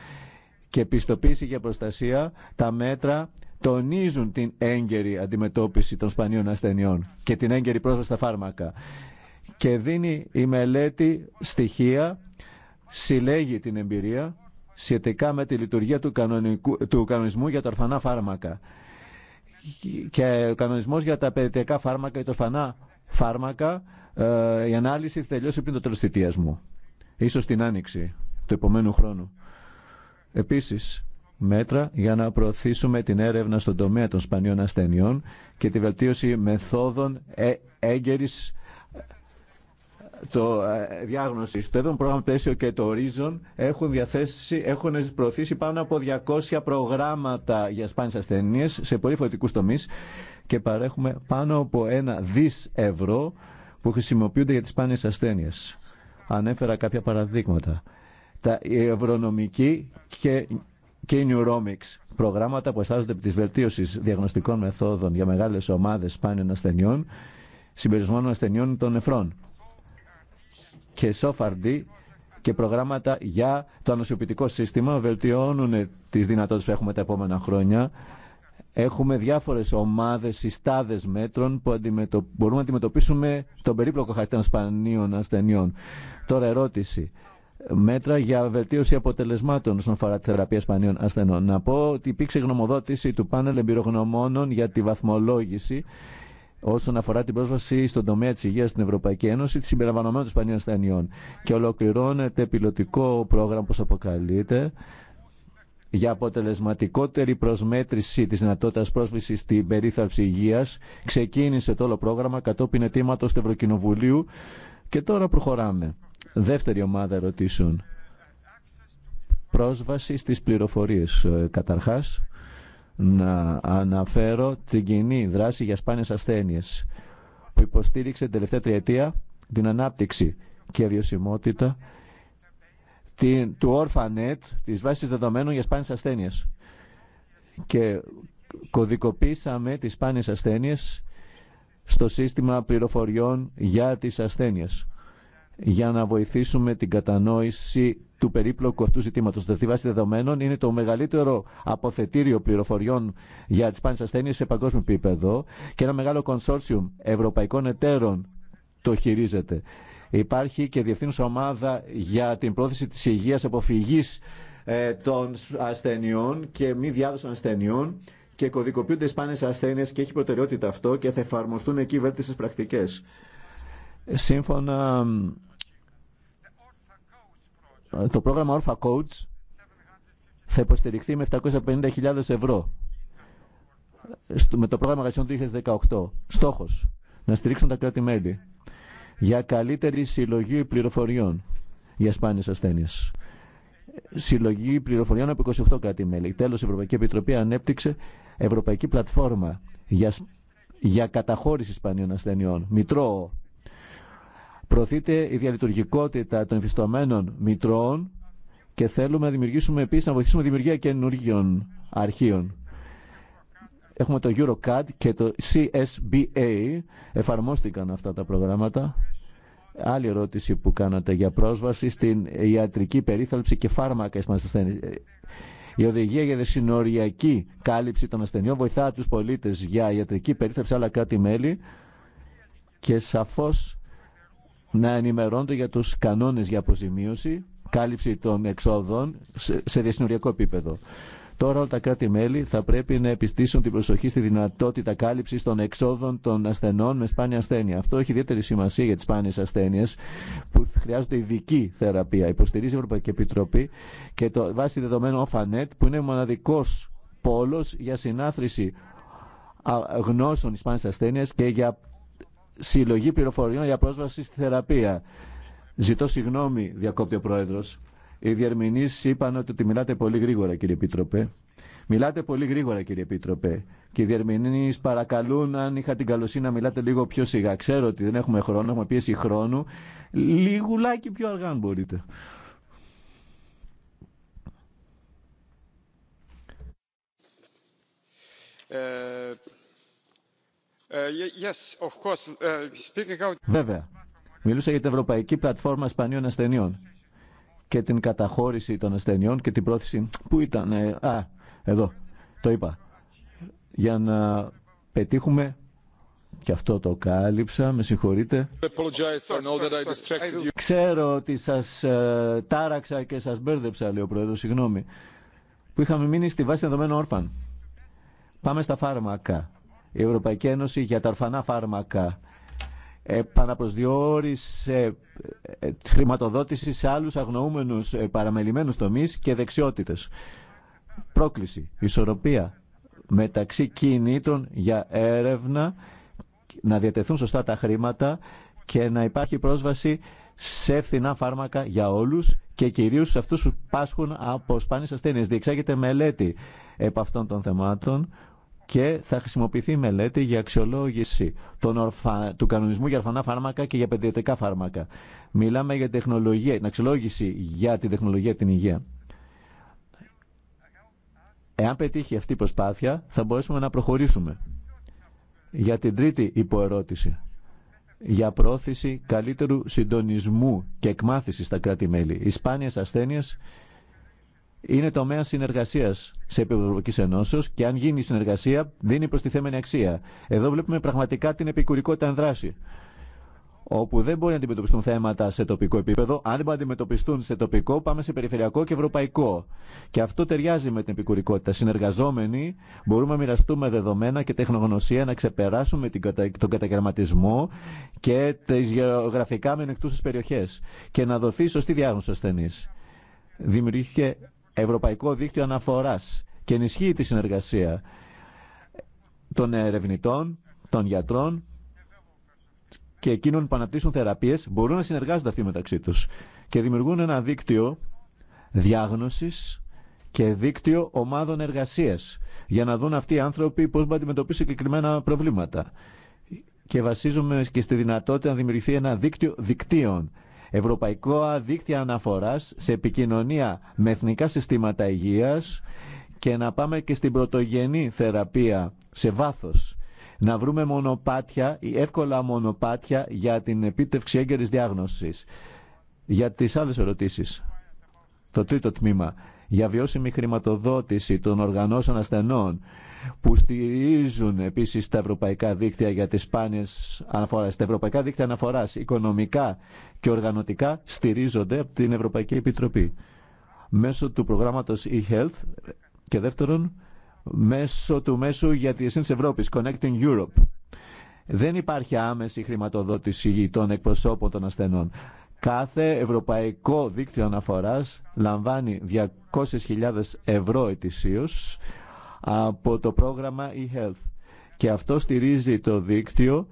και πιστοποίηση για προστασία, τα μέτρα τονίζουν την έγκαιρη αντιμετώπιση των σπανίων ασθενειών και την έγκαιρη πρόσβαση στα φάρμακα. Και δίνει η μελέτη στοιχεία, συλλέγει την εμπειρία σχετικά με τη λειτουργία του, κανονικού, του κανονισμού για τα ορφανά φάρμακα. Και ο κανονισμός για τα παιδιακά φάρμακα ή τα ορφανά φάρμακα, ε, η ανάλυση θα τελειώσει πριν το τέλο θητεία μου. Ίσως την άνοιξη του επομένου χρόνου. Επίσης, μέτρα για να προωθήσουμε την έρευνα στον τομέα των σπανίων ασθενειών και τη βελτίωση μεθόδων ε, έγκαιρης το ε, διάγνωση, στο έδωμα πρόγραμμα πλαίσιο και το Horizon έχουν, έχουν προωθήσει πάνω από 200 προγράμματα για σπάνιες ασθένειε σε πολύ φορητικούς τομεί και παρέχουμε πάνω από ένα δις ευρώ που χρησιμοποιούνται για τις σπάνιες ασθένειε. Ανέφερα κάποια παραδείγματα. Τα ευρωνομική και, και η Neuromics, προγράμματα που εστάζονται από της βελτίωσης διαγνωστικών μεθόδων για μεγάλες ομάδες σπάνιων ασθενειών, συμπερισμένων ασθενειών των νεφρών και σοφαρντή και προγράμματα για το ανοσιοποιητικό σύστημα βελτιώνουν τις δυνατότητες που έχουμε τα επόμενα χρόνια. Έχουμε διάφορες ομάδες, συστάδες μέτρων που μπορούμε να αντιμετωπίσουμε τον περίπλοκο χαρακτήρα των σπανίων ασθενειών. Τώρα ερώτηση. Μέτρα για βελτίωση αποτελεσμάτων στον αφορά τη θεραπεία σπανίων ασθενών. Να πω ότι υπήρξε γνωμοδότηση του πάνελ εμπειρογνωμόνων για τη βαθμολόγηση όσον αφορά την πρόσβαση στον τομέα τη υγεία στην Ευρωπαϊκή Ένωση, τη συμπεριλαμβανομένων των Ισπανίων ασθενειών. Και ολοκληρώνεται πιλωτικό πρόγραμμα, όπω αποκαλείται, για αποτελεσματικότερη προσμέτρηση της δυνατότητα πρόσβαση στην περίθαλψη υγείας ξεκίνησε το όλο πρόγραμμα κατόπιν ετήματος του Ευρωκοινοβουλίου και τώρα προχωράμε. Δεύτερη ομάδα ερωτήσεων. Πρόσβαση στις πληροφορίες ε, καταρχάς να αναφέρω την κοινή δράση για σπάνιες ασθένειες που υποστήριξε την τελευταία τριετία την ανάπτυξη και βιωσιμότητα την, του Orphanet, της βάσης δεδομένων για σπάνιες ασθένειες. Και κωδικοποίησαμε τις σπάνιες ασθένειες στο σύστημα πληροφοριών για τις ασθένειες για να βοηθήσουμε την κατανόηση του περίπλοκου αυτού ζητήματο. Το δηλαδή, βάση δεδομένων είναι το μεγαλύτερο αποθετήριο πληροφοριών για τι πάνε ασθένειε σε παγκόσμιο επίπεδο και ένα μεγάλο κονσόρσιουμ ευρωπαϊκών εταίρων το χειρίζεται. Υπάρχει και διευθύνουσα ομάδα για την πρόθεση τη υγεία αποφυγή ε, των ασθενειών και μη διάδοση ασθενειών και κωδικοποιούνται σπάνιες ασθένειε και έχει προτεραιότητα αυτό και θα εφαρμοστούν εκεί βέλτιστες πρακτικέ. Σύμφωνα το πρόγραμμα Όρφα Coach θα υποστηριχθεί με 750.000 ευρώ με το πρόγραμμα εργασιών του 2018. Στόχος, να στηρίξουν τα κράτη-μέλη για καλύτερη συλλογή πληροφοριών για σπάνιες ασθένειες. Συλλογή πληροφοριών από 28 κράτη-μέλη. Τέλος, η Ευρωπαϊκή Επιτροπή ανέπτυξε Ευρωπαϊκή Πλατφόρμα για, για καταχώρηση σπανίων ασθενειών. Μητρό Προωθείται η διαλειτουργικότητα των εμφιστωμένων μητρώων και θέλουμε να δημιουργήσουμε επίσης, να βοηθήσουμε δημιουργία καινούργιων αρχείων. Έχουμε το EuroCAD και το CSBA. Εφαρμόστηκαν αυτά τα προγράμματα. Άλλη ερώτηση που κάνατε για πρόσβαση στην ιατρική περίθαλψη και φάρμακα μας Η οδηγία για δεσυνοριακή κάλυψη των ασθενειών βοηθά τους πολίτες για ιατρική περίθαλψη άλλα κράτη-μέλη και σαφώς να ενημερώνονται για τους κανόνες για αποζημίωση, κάλυψη των εξόδων σε διασυνοριακό επίπεδο. Τώρα όλα τα κράτη-μέλη θα πρέπει να επιστήσουν την προσοχή στη δυνατότητα κάλυψη των εξόδων των ασθενών με σπάνια ασθένεια. Αυτό έχει ιδιαίτερη σημασία για τι σπάνιε ασθένειε που χρειάζονται ειδική θεραπεία. Υποστηρίζει η Ευρωπαϊκή Επιτροπή και το βάση δεδομένο OFANET που είναι μοναδικό πόλο για συνάθρηση γνώσεων τη ασθένειε και για συλλογή πληροφοριών για πρόσβαση στη θεραπεία. Ζητώ συγγνώμη, διακόπτει ο Πρόεδρο. Οι διερμηνεί είπαν ότι μιλάτε πολύ γρήγορα, κύριε Επίτροπε. Μιλάτε πολύ γρήγορα, κύριε Επίτροπε. Και οι διερμηνεί παρακαλούν, αν είχα την καλοσύνη να μιλάτε λίγο πιο σιγά. Ξέρω ότι δεν έχουμε χρόνο, έχουμε πίεση χρόνου. Λίγουλάκι πιο αργά, αν μπορείτε. Ε... Uh, Βέβαια, μιλούσα για την Ευρωπαϊκή Πλατφόρμα Ισπανίων Ασθενειών και την καταχώρηση των ασθενειών και την πρόθεση που ήταν. Ε, α, εδώ, το είπα. Για να πετύχουμε και αυτό το κάλυψα, με συγχωρείτε. Ξέρω ότι σας ε, τάραξα και σας μπέρδεψα, λέει ο Πρόεδρος, συγγνώμη. Που είχαμε μείνει στη βάση δεδομένων όρφαν. Πάμε στα φάρμακα η Ευρωπαϊκή Ένωση για τα ορφανά φάρμακα επαναπροσδιορίσε ε, χρηματοδότηση σε άλλους αγνοούμενους ε, παραμελημένους τομείς και δεξιότητες. Πρόκληση, ισορροπία μεταξύ κινήτων για έρευνα, να διατεθούν σωστά τα χρήματα και να υπάρχει πρόσβαση σε φθηνά φάρμακα για όλους και κυρίως σε αυτούς που πάσχουν από σπάνιες ασθένειες. Διεξάγεται μελέτη επ' αυτών των θεμάτων και θα χρησιμοποιηθεί μελέτη για αξιολόγηση των του κανονισμού για ορφανά φάρμακα και για παιδιατρικά φάρμακα. Μιλάμε για τεχνολογία, την αξιολόγηση για την τεχνολογία την υγεία. Εάν πετύχει αυτή η προσπάθεια, θα μπορέσουμε να προχωρήσουμε. Για την τρίτη υποερώτηση, για πρόθεση καλύτερου συντονισμού και εκμάθηση στα κράτη-μέλη. Οι σπάνιες ασθένειες είναι τομέα συνεργασία σε επίπεδο Ευρωπαϊκή Ενώσεω και αν γίνει συνεργασία, δίνει προστιθέμενη αξία. Εδώ βλέπουμε πραγματικά την επικουρικότητα εν Όπου δεν μπορεί να αντιμετωπιστούν θέματα σε τοπικό επίπεδο, αν δεν αντιμετωπιστούν σε τοπικό, πάμε σε περιφερειακό και ευρωπαϊκό. Και αυτό ταιριάζει με την επικουρικότητα. Συνεργαζόμενοι μπορούμε να μοιραστούμε δεδομένα και τεχνογνωσία, να ξεπεράσουμε τον καταγραμματισμό και τι γεωγραφικά μενεκτούσε περιοχέ και να δοθεί σωστή διάγνωση ασθενή δημιουργήθηκε Ευρωπαϊκό Δίκτυο Αναφοράς και ενισχύει τη συνεργασία των ερευνητών, των γιατρών και εκείνων που αναπτύσσουν θεραπείες μπορούν να συνεργάζονται αυτοί μεταξύ τους και δημιουργούν ένα δίκτυο διάγνωσης και δίκτυο ομάδων εργασίας για να δουν αυτοί οι άνθρωποι πώς να αντιμετωπίσουν συγκεκριμένα προβλήματα. Και βασίζουμε και στη δυνατότητα να δημιουργηθεί ένα δίκτυο δικτύων Ευρωπαϊκό Δίκτυο Αναφοράς σε επικοινωνία με εθνικά συστήματα υγείας και να πάμε και στην πρωτογενή θεραπεία σε βάθος. Να βρούμε μονοπάτια, ή εύκολα μονοπάτια για την επίτευξη έγκαιρης διάγνωσης. Για τις άλλες ερωτήσεις. Το τρίτο τμήμα. Για βιώσιμη χρηματοδότηση των οργανώσεων ασθενών που στηρίζουν επίση τα ευρωπαϊκά δίκτυα για τις σπάνιε αναφοράς. Τα ευρωπαϊκά δίκτυα αναφοράς οικονομικά και οργανωτικά στηρίζονται από την Ευρωπαϊκή Επιτροπή μέσω του προγράμματος e-health και δεύτερον μέσω του μέσου για τη της Ευρώπης, Connecting Europe. Δεν υπάρχει άμεση χρηματοδότηση των εκπροσώπων των ασθενών. Κάθε ευρωπαϊκό δίκτυο αναφοράς λαμβάνει 200.000 ευρώ ετησίως από το πρόγραμμα eHealth. Και αυτό στηρίζει το δίκτυο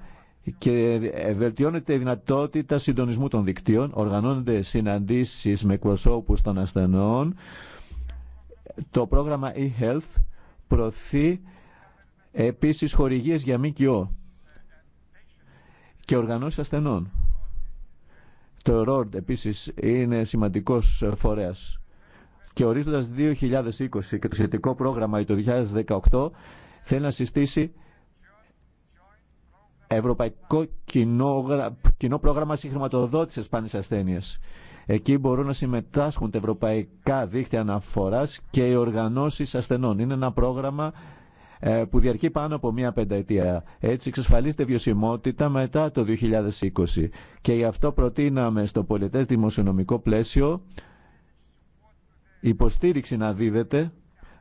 και βελτιώνεται η δυνατότητα συντονισμού των δικτύων, οργανώνονται συναντήσεις με εκπροσώπους των ασθενών. Το πρόγραμμα eHealth προωθεί επίσης χορηγίες για ΜΚΟ και οργανώσεις ασθενών. Το ΡΟΡΤ επίσης είναι σημαντικός φορέας και ορίζοντας 2020 και το σχετικό πρόγραμμα για το 2018 θέλει να συστήσει ευρωπαϊκό κοινό, κοινό πρόγραμμα συγχρηματοδότησης πάνης ασθένειας. Εκεί μπορούν να συμμετάσχουν τα ευρωπαϊκά δίχτυα αναφοράς και οι οργανώσεις ασθενών. Είναι ένα πρόγραμμα ε, που διαρκεί πάνω από μία πενταετία. Έτσι εξασφαλίζεται βιωσιμότητα μετά το 2020. Και γι' αυτό προτείναμε στο πολιτές δημοσιονομικό πλαίσιο υποστήριξη να δίδεται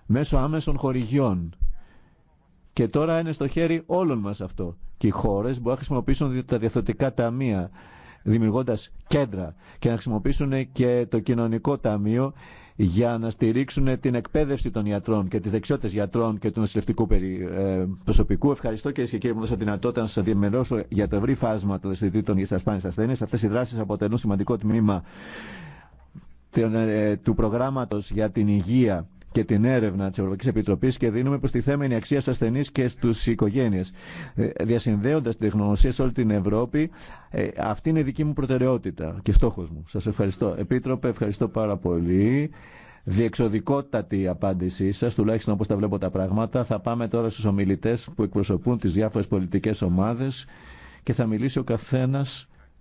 μέσω άμεσων χορηγιών. Και τώρα είναι στο χέρι όλων μας αυτό. Και οι χώρες μπορούν να χρησιμοποιήσουν τα διαθωτικά ταμεία, δημιουργώντας κέντρα και να χρησιμοποιήσουν και το κοινωνικό ταμείο για να στηρίξουν την εκπαίδευση των ιατρών και τις δεξιότητες γιατρών και του νοσηλευτικού ε, προσωπικού. Ευχαριστώ κύριε και κύριοι που μου δώσατε δυνατότητα να σας διαμερώσω για το ευρύ φάσμα των δραστηριοτήτων για τις ασθένειε. Αυτές οι δράσεις αποτελούν σημαντικό τμήμα ε, του προγράμματο για την υγεία και την έρευνα τη Ευρωπαϊκή Επιτροπή και δίνουμε η αξία στου ασθενεί και στου οικογένειε. Διασυνδέοντα την τεχνογνωσία σε όλη την Ευρώπη, ε, αυτή είναι η δική μου προτεραιότητα και στόχο μου. Σα ευχαριστώ. Επίτροπε, ευχαριστώ πάρα πολύ. Διεξοδικότατη η απάντησή σα, τουλάχιστον όπω τα βλέπω τα πράγματα. Θα πάμε τώρα στου ομιλητέ που εκπροσωπούν τι διάφορε πολιτικέ ομάδε και θα μιλήσει ο καθένα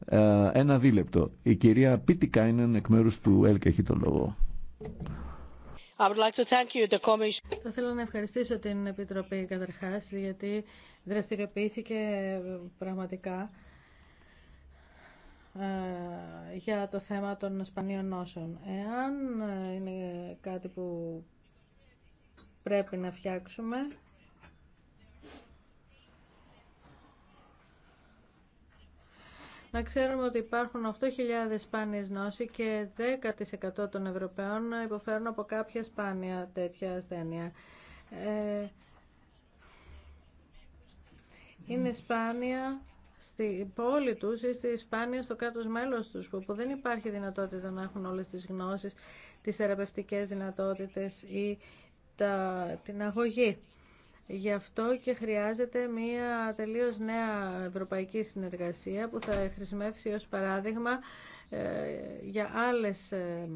ε, ένα δίλεπτο. Η κυρία Πίτικα είναι εκ μέρους του ΕΛΚ έχει το λόγο. Θα ήθελα να ευχαριστήσω την Επιτροπή καταρχάς γιατί δραστηριοποιήθηκε ε, πραγματικά ε, για το θέμα των σπανίων νόσων. Εάν είναι κάτι που πρέπει να φτιάξουμε, Να ξέρουμε ότι υπάρχουν 8.000 σπάνιες νόσοι και 10% των Ευρωπαίων υποφέρουν από κάποια σπάνια τέτοια ασθένεια. Ε, είναι σπάνια στη πόλη του ή στη σπάνια στο κράτο μέλο του, που δεν υπάρχει δυνατότητα να έχουν όλε τι γνώσει, τι θεραπευτικέ δυνατότητε ή τα, την αγωγή. Γι' αυτό και χρειάζεται μια τελείως νέα ευρωπαϊκή συνεργασία που θα χρησιμεύσει ως παράδειγμα ε, για άλλες ε,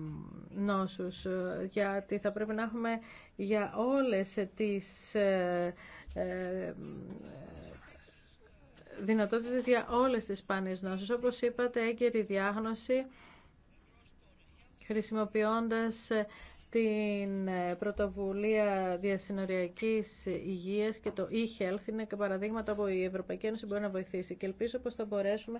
νόσους, ε, γιατί θα πρέπει να έχουμε για όλες τις δυνατότητες για όλες τις σπάνιες νόσους. Όπως είπατε, έγκαιρη διάγνωση χρησιμοποιώντας την ε, πρωτοβουλία διασυνοριακής υγείας και το e-health είναι και παραδείγματα που η Ευρωπαϊκή Ένωση μπορεί να βοηθήσει και ελπίζω πως θα μπορέσουμε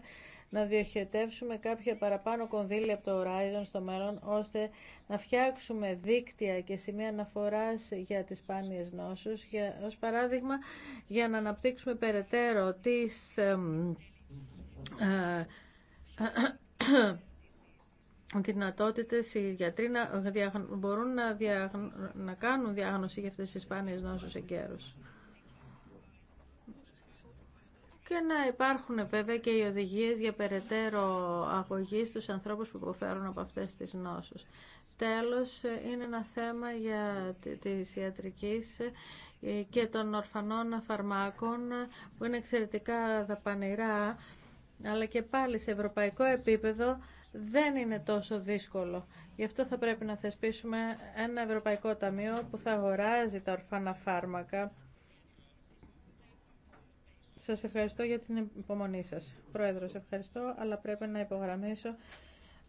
να διοχετεύσουμε κάποια παραπάνω κονδύλια από το Horizon στο μέλλον ώστε να φτιάξουμε δίκτυα και σημεία αναφοράς για τις σπάνιες νόσους για, ως παράδειγμα για να αναπτύξουμε περαιτέρω τις ε, Δυνατότητε οι γιατροί να μπορούν να, να κάνουν διάγνωση για αυτές τις σπάνιες νόσους εγκαίρως. Και να υπάρχουν βέβαια και οι οδηγίες για περαιτέρω αγωγή στους ανθρώπους που υποφέρουν από αυτές τις νόσους. Τέλος, είναι ένα θέμα για τη ιατρική ε, και των ορφανών φαρμάκων που είναι εξαιρετικά δαπανηρά, αλλά και πάλι σε ευρωπαϊκό επίπεδο δεν είναι τόσο δύσκολο. Γι' αυτό θα πρέπει να θεσπίσουμε ένα ευρωπαϊκό ταμείο που θα αγοράζει τα ορφάνα φάρμακα. Σας ευχαριστώ για την υπομονή σας. Πρόεδρος, ευχαριστώ, αλλά πρέπει να υπογραμμίσω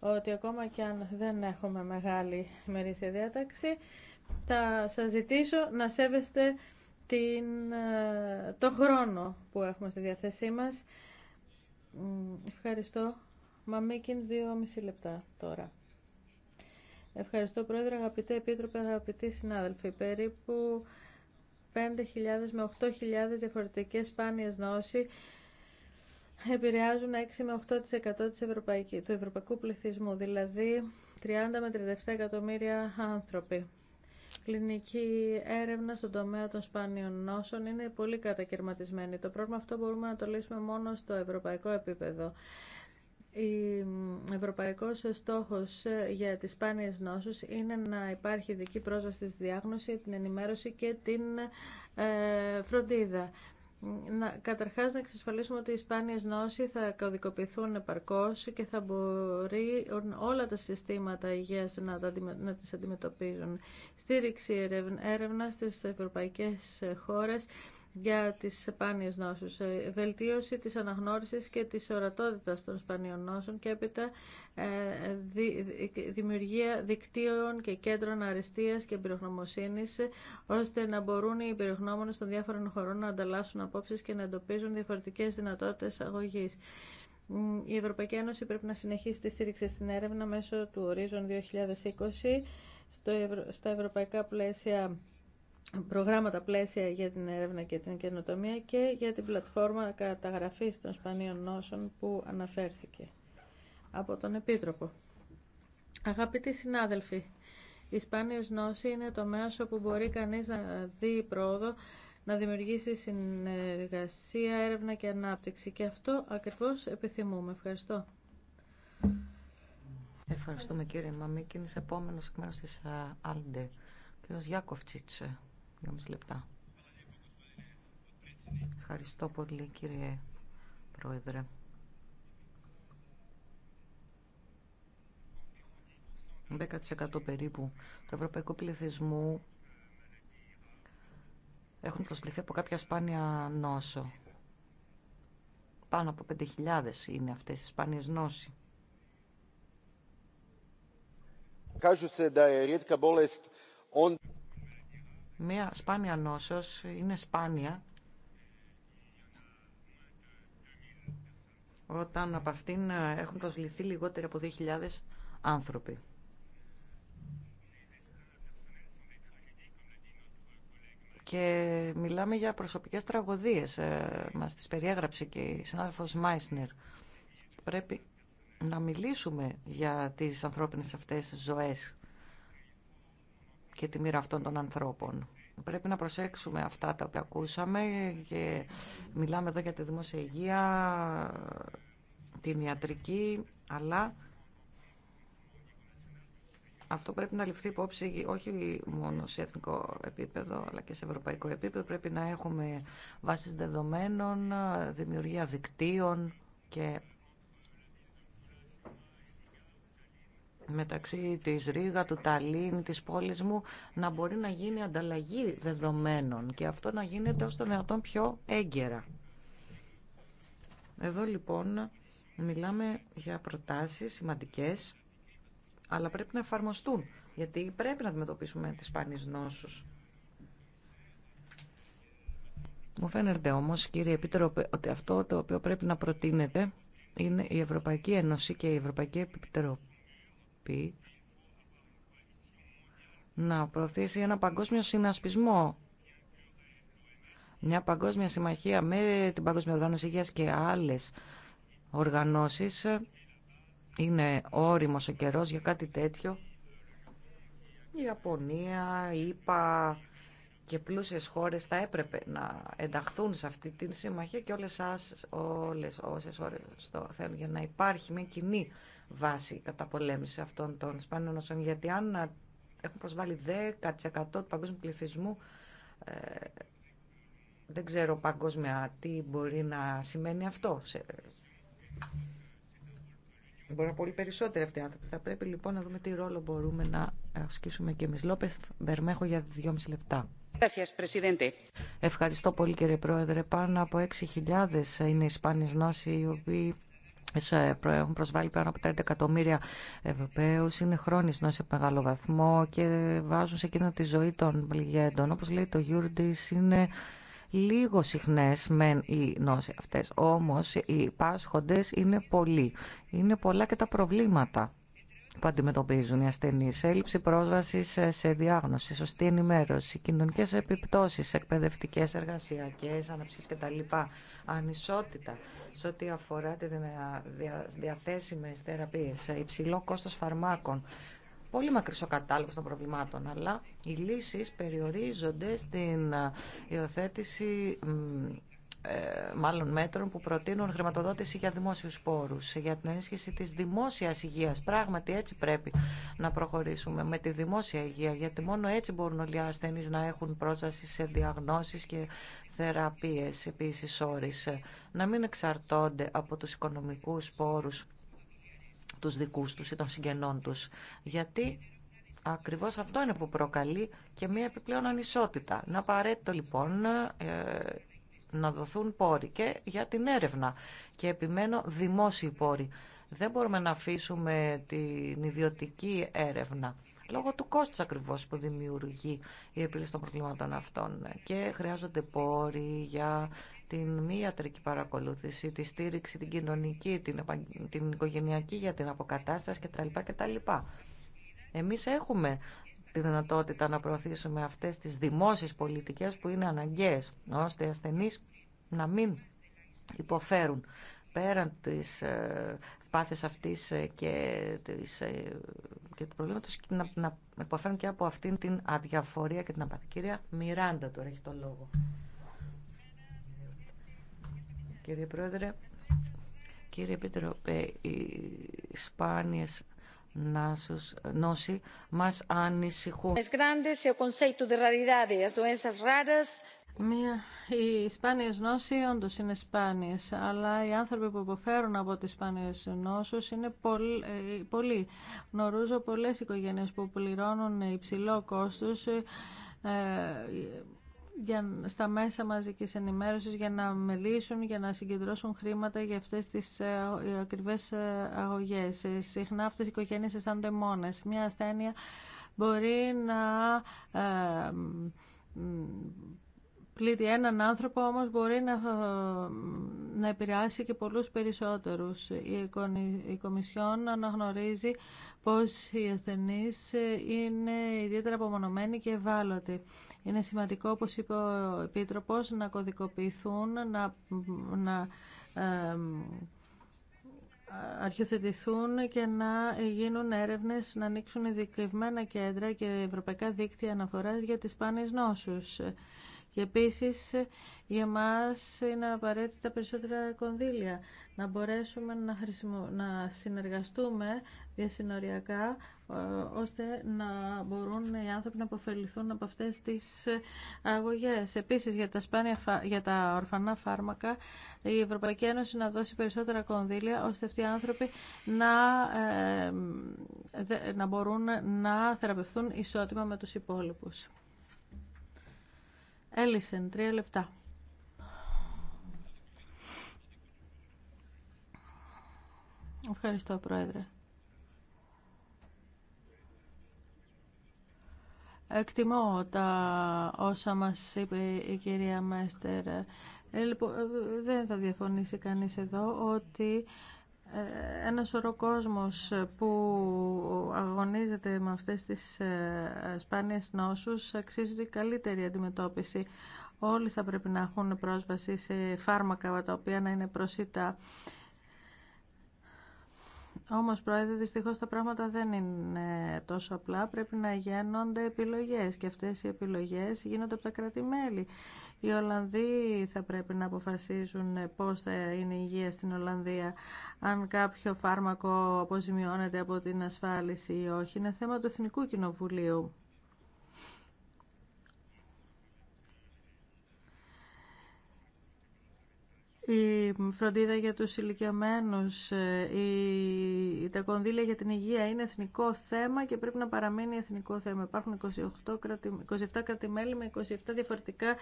ότι ακόμα και αν δεν έχουμε μεγάλη ημερήσια διάταξη, θα σας ζητήσω να σέβεστε την, ε, το χρόνο που έχουμε στη διάθεσή μας. Ευχαριστώ Μαμίκινς, δύο μισή λεπτά τώρα. Ευχαριστώ Πρόεδρε, αγαπητέ Επίτροπε, αγαπητοί συνάδελφοι. Περίπου 5.000 με 8.000 διαφορετικές σπάνιες νόσοι επηρεάζουν 6 με 8% του ευρωπαϊκού πληθυσμού, δηλαδή 30 με 37 εκατομμύρια άνθρωποι. Κλινική έρευνα στον τομέα των σπάνιων νόσων είναι πολύ κατακαιρματισμένη. Το πρόβλημα αυτό μπορούμε να το λύσουμε μόνο στο ευρωπαϊκό επίπεδο. Ο ευρωπαϊκός στόχος ε, για τις σπάνιες νόσους είναι να υπάρχει ειδική πρόσβαση στη διάγνωση, την ενημέρωση και την ε, φροντίδα. Να, καταρχάς να εξασφαλίσουμε ότι οι σπάνιες νόσοι θα κωδικοποιηθούν επαρκώς και θα μπορεί όλα τα συστήματα υγείας να, τα, να τις αντιμετωπίζουν. Στήριξη έρευνα στις ευρωπαϊκές ε, χώρες για τις σπάνιες νόσους, ε, βελτίωση της αναγνώρισης και της ορατότητας των σπανίων νόσων και έπειτα ε, δημιουργία δικτύων και κέντρων αριστείας και εμπειρογνωμοσύνης ώστε να μπορούν οι εμπειρογνώμονες των διάφορων χωρών να ανταλλάσσουν απόψεις και να εντοπίζουν διαφορετικές δυνατότητες αγωγής. Η Ευρωπαϊκή Ένωση πρέπει να συνεχίσει τη στήριξη στην έρευνα μέσω του Horizon 2020 στα ευρωπαϊκά πλαίσια προγράμματα πλαίσια για την έρευνα και την καινοτομία και για την πλατφόρμα καταγραφής των σπανίων νόσων που αναφέρθηκε από τον Επίτροπο. Αγαπητοί συνάδελφοι, η σπάνιες νόση είναι το μέσο που μπορεί κανείς να δει πρόοδο να δημιουργήσει συνεργασία, έρευνα και ανάπτυξη. Και αυτό ακριβώς επιθυμούμε. Ευχαριστώ. Ευχαριστούμε κύριε σε Επόμενος εκ μέρους της Άλντε, κύριος Γιάκοφτσίτσε λεπτά. Ευχαριστώ πολύ κύριε Πρόεδρε. ...10% περίπου του ευρωπαϊκού πληθυσμού έχουν προσβληθεί από κάποια σπάνια νόσο. Πάνω από 5.000 είναι αυτές οι σπάνιες νόσοι. Μία σπάνια νόσος, είναι σπάνια, όταν από αυτήν ε, έχουν προσληθεί λιγότεροι από 2.000 άνθρωποι. Και μιλάμε για προσωπικές τραγωδίες. Ε, μας τις περιέγραψε και η συνάδελφος Μάισνερ. Πρέπει να μιλήσουμε για τις ανθρώπινες αυτές ζωές και τη μοίρα αυτών των ανθρώπων. Πρέπει να προσέξουμε αυτά τα οποία ακούσαμε και μιλάμε εδώ για τη δημόσια υγεία, την ιατρική, αλλά αυτό πρέπει να ληφθεί υπόψη όχι μόνο σε εθνικό επίπεδο, αλλά και σε ευρωπαϊκό επίπεδο. Πρέπει να έχουμε βάσεις δεδομένων, δημιουργία δικτύων και μεταξύ της Ρήγα, του Ταλίν, της πόλης μου, να μπορεί να γίνει ανταλλαγή δεδομένων και αυτό να γίνεται ως το δυνατόν πιο έγκαιρα. Εδώ λοιπόν μιλάμε για προτάσεις σημαντικές, αλλά πρέπει να εφαρμοστούν, γιατί πρέπει να αντιμετωπίσουμε τις σπάνιες νόσους. Μου φαίνεται όμως, κύριε Επίτροπε, ότι αυτό το οποίο πρέπει να προτείνεται είναι η Ευρωπαϊκή Ένωση και η Ευρωπαϊκή Επιτροπή να προωθήσει ένα παγκόσμιο συνασπισμό. Μια παγκόσμια συμμαχία με την Παγκόσμια Οργάνωση Υγείας και άλλες οργανώσεις. Είναι όριμος ο καιρός για κάτι τέτοιο. Η Ιαπωνία, η και πλούσιες χώρες θα έπρεπε να ενταχθούν σε αυτή τη συμμαχία και όλες, σας, όλες όσες χώρες το θέλουν για να υπάρχει μια κοινή βάση καταπολέμηση αυτών των σπάνιων νοσών. Γιατί αν ε, έχουν προσβάλει 10% του παγκόσμιου πληθυσμού, ε, δεν ξέρω παγκόσμια τι μπορεί να σημαίνει αυτό. Μπορεί να πολύ περισσότεροι αυτοί οι άνθρωποι. Θα πρέπει λοιπόν να δούμε τι ρόλο μπορούμε να ασκήσουμε και εμεί. Λόπε Μπερμέχο για 2,5 λεπτά. Ευχαριστώ πολύ κύριε Πρόεδρε. Πάνω από 6.000 είναι οι σπάνιες νόσοι οι οποίοι ε, έχουν προσβάλει πάνω από 30 εκατομμύρια Ευρωπαίου, είναι χρόνιες νόση σε μεγάλο βαθμό και βάζουν σε κίνδυνο τη ζωή των πληγέντων. Όπω λέει το Γιούρντι, είναι λίγο συχνέ μεν οι νόσοι αυτέ. Όμω οι πάσχοντε είναι πολλοί. Είναι πολλά και τα προβλήματα που αντιμετωπίζουν οι ασθενεί. Έλλειψη πρόσβαση σε διάγνωση, σωστή ενημέρωση, κοινωνικέ επιπτώσει, εκπαιδευτικέ, εργασιακέ, αναψυχέ κτλ. Ανισότητα σε ό,τι αφορά τι διαθέσιμε θεραπείε, υψηλό κόστο φαρμάκων. Πολύ μακρύς ο κατάλογος των προβλημάτων, αλλά οι λύσεις περιορίζονται στην ε, υιοθέτηση ε, μάλλον μέτρων που προτείνουν χρηματοδότηση για δημόσιους πόρους, για την ενίσχυση της δημόσιας υγείας. Πράγματι έτσι πρέπει να προχωρήσουμε με τη δημόσια υγεία, γιατί μόνο έτσι μπορούν όλοι οι ασθενείς να έχουν πρόσβαση σε διαγνώσεις και θεραπείες επίσης όρις, να μην εξαρτώνται από τους οικονομικούς πόρους τους δικούς τους ή των συγγενών τους, γιατί Ακριβώς αυτό είναι που προκαλεί και μια επιπλέον ανισότητα. Να απαραίτητο λοιπόν ε, να δοθούν πόροι και για την έρευνα και επιμένω δημόσιοι πόροι. Δεν μπορούμε να αφήσουμε την ιδιωτική έρευνα λόγω του κόστους ακριβώς που δημιουργεί η επίλυση των προβλήματων αυτών και χρειάζονται πόροι για την μη ιατρική παρακολούθηση, τη στήριξη, την κοινωνική, την, την οικογενειακή για την αποκατάσταση κτλ. κτλ. Εμείς έχουμε τη δυνατότητα να προωθήσουμε αυτές τις δημόσιες πολιτικές που είναι αναγκαίες, ώστε οι ασθενείς να μην υποφέρουν πέραν της ε, πάθης αυτής ε, ε, και, του προβλήματος να, να υποφέρουν και από αυτήν την αδιαφορία και την απαθή. Κυρία Μιράντα τώρα έχει το λόγο. Κύριε Πρόεδρε, κύριε Επίτροπε, οι σπάνιες νόση μας ανησυχούν. Μία, οι σπάνιε νόσοι όντω είναι σπάνιε, αλλά οι άνθρωποι που υποφέρουν από τι σπάνιε νόσου είναι ε, πολλοί. Γνωρίζω πολλέ οικογένειε που πληρώνουν υψηλό κόστο. Ε, για, στα μέσα μαζικής ενημέρωσης για να μελήσουν, για να συγκεντρώσουν χρήματα για αυτές τις ε, ε, ακριβές ε, αγωγές. Συχνά αυτές οι οικογένειες αισθάνονται μόνες. Μια ασθένεια μπορεί να πλήττει έναν άνθρωπο, όμως μπορεί να, να επηρεάσει και πολλούς περισσότερους. Η, Κομισιόν αναγνωρίζει πως οι ασθενείς ε, είναι ιδιαίτερα απομονωμένοι και ευάλωτοι. Είναι σημαντικό, όπως είπε ο Επίτροπος, να κωδικοποιηθούν, να, να αρχιοθετηθούν και να γίνουν έρευνες, να ανοίξουν ειδικευμένα κέντρα και ευρωπαϊκά δίκτυα αναφοράς για τις πάνες νόσους. Και επίσης για μας είναι απαραίτητα περισσότερα κονδύλια να μπορέσουμε να, χρησιμο... να συνεργαστούμε διασυνοριακά ε, ώστε να μπορούν οι άνθρωποι να αποφεληθούν από αυτές τις αγωγές. Επίσης για τα, σπάνια, για τα ορφανά φάρμακα η Ευρωπαϊκή Ένωση να δώσει περισσότερα κονδύλια ώστε αυτοί οι άνθρωποι να, ε, να μπορούν να θεραπευθούν ισότιμα με τους υπόλοιπους. Έλισεν, τρία λεπτά. Ευχαριστώ, Πρόεδρε. Εκτιμώ τα όσα μας είπε η κυρία Μέστερ. Ε, λοιπόν, ε δεν θα διαφωνήσει κανείς εδώ ότι ε, ένα σωρό κόσμος που αγωνίζεται με αυτές τις ε, σπάνιες νόσους αξίζει καλύτερη αντιμετώπιση. Όλοι θα πρέπει να έχουν πρόσβαση σε φάρμακα τα οποία να είναι προσιτά. Όμως, Πρόεδρε, δυστυχώς τα πράγματα δεν είναι τόσο απλά. Πρέπει να γίνονται επιλογές και αυτές οι επιλογές γίνονται από τα κρατημέλη. Οι Ολλανδοί θα πρέπει να αποφασίζουν πώς θα είναι η υγεία στην Ολλανδία, αν κάποιο φάρμακο αποζημιώνεται από την ασφάλιση ή όχι. Είναι θέμα του Εθνικού Κοινοβουλίου. η φροντίδα για τους ηλικιωμένους, ε, η... τα κονδύλια για την υγεία είναι εθνικό θέμα και πρέπει να παραμείνει εθνικό θέμα. Υπάρχουν 28 27 κρατημέλη με 27 διαφορετικά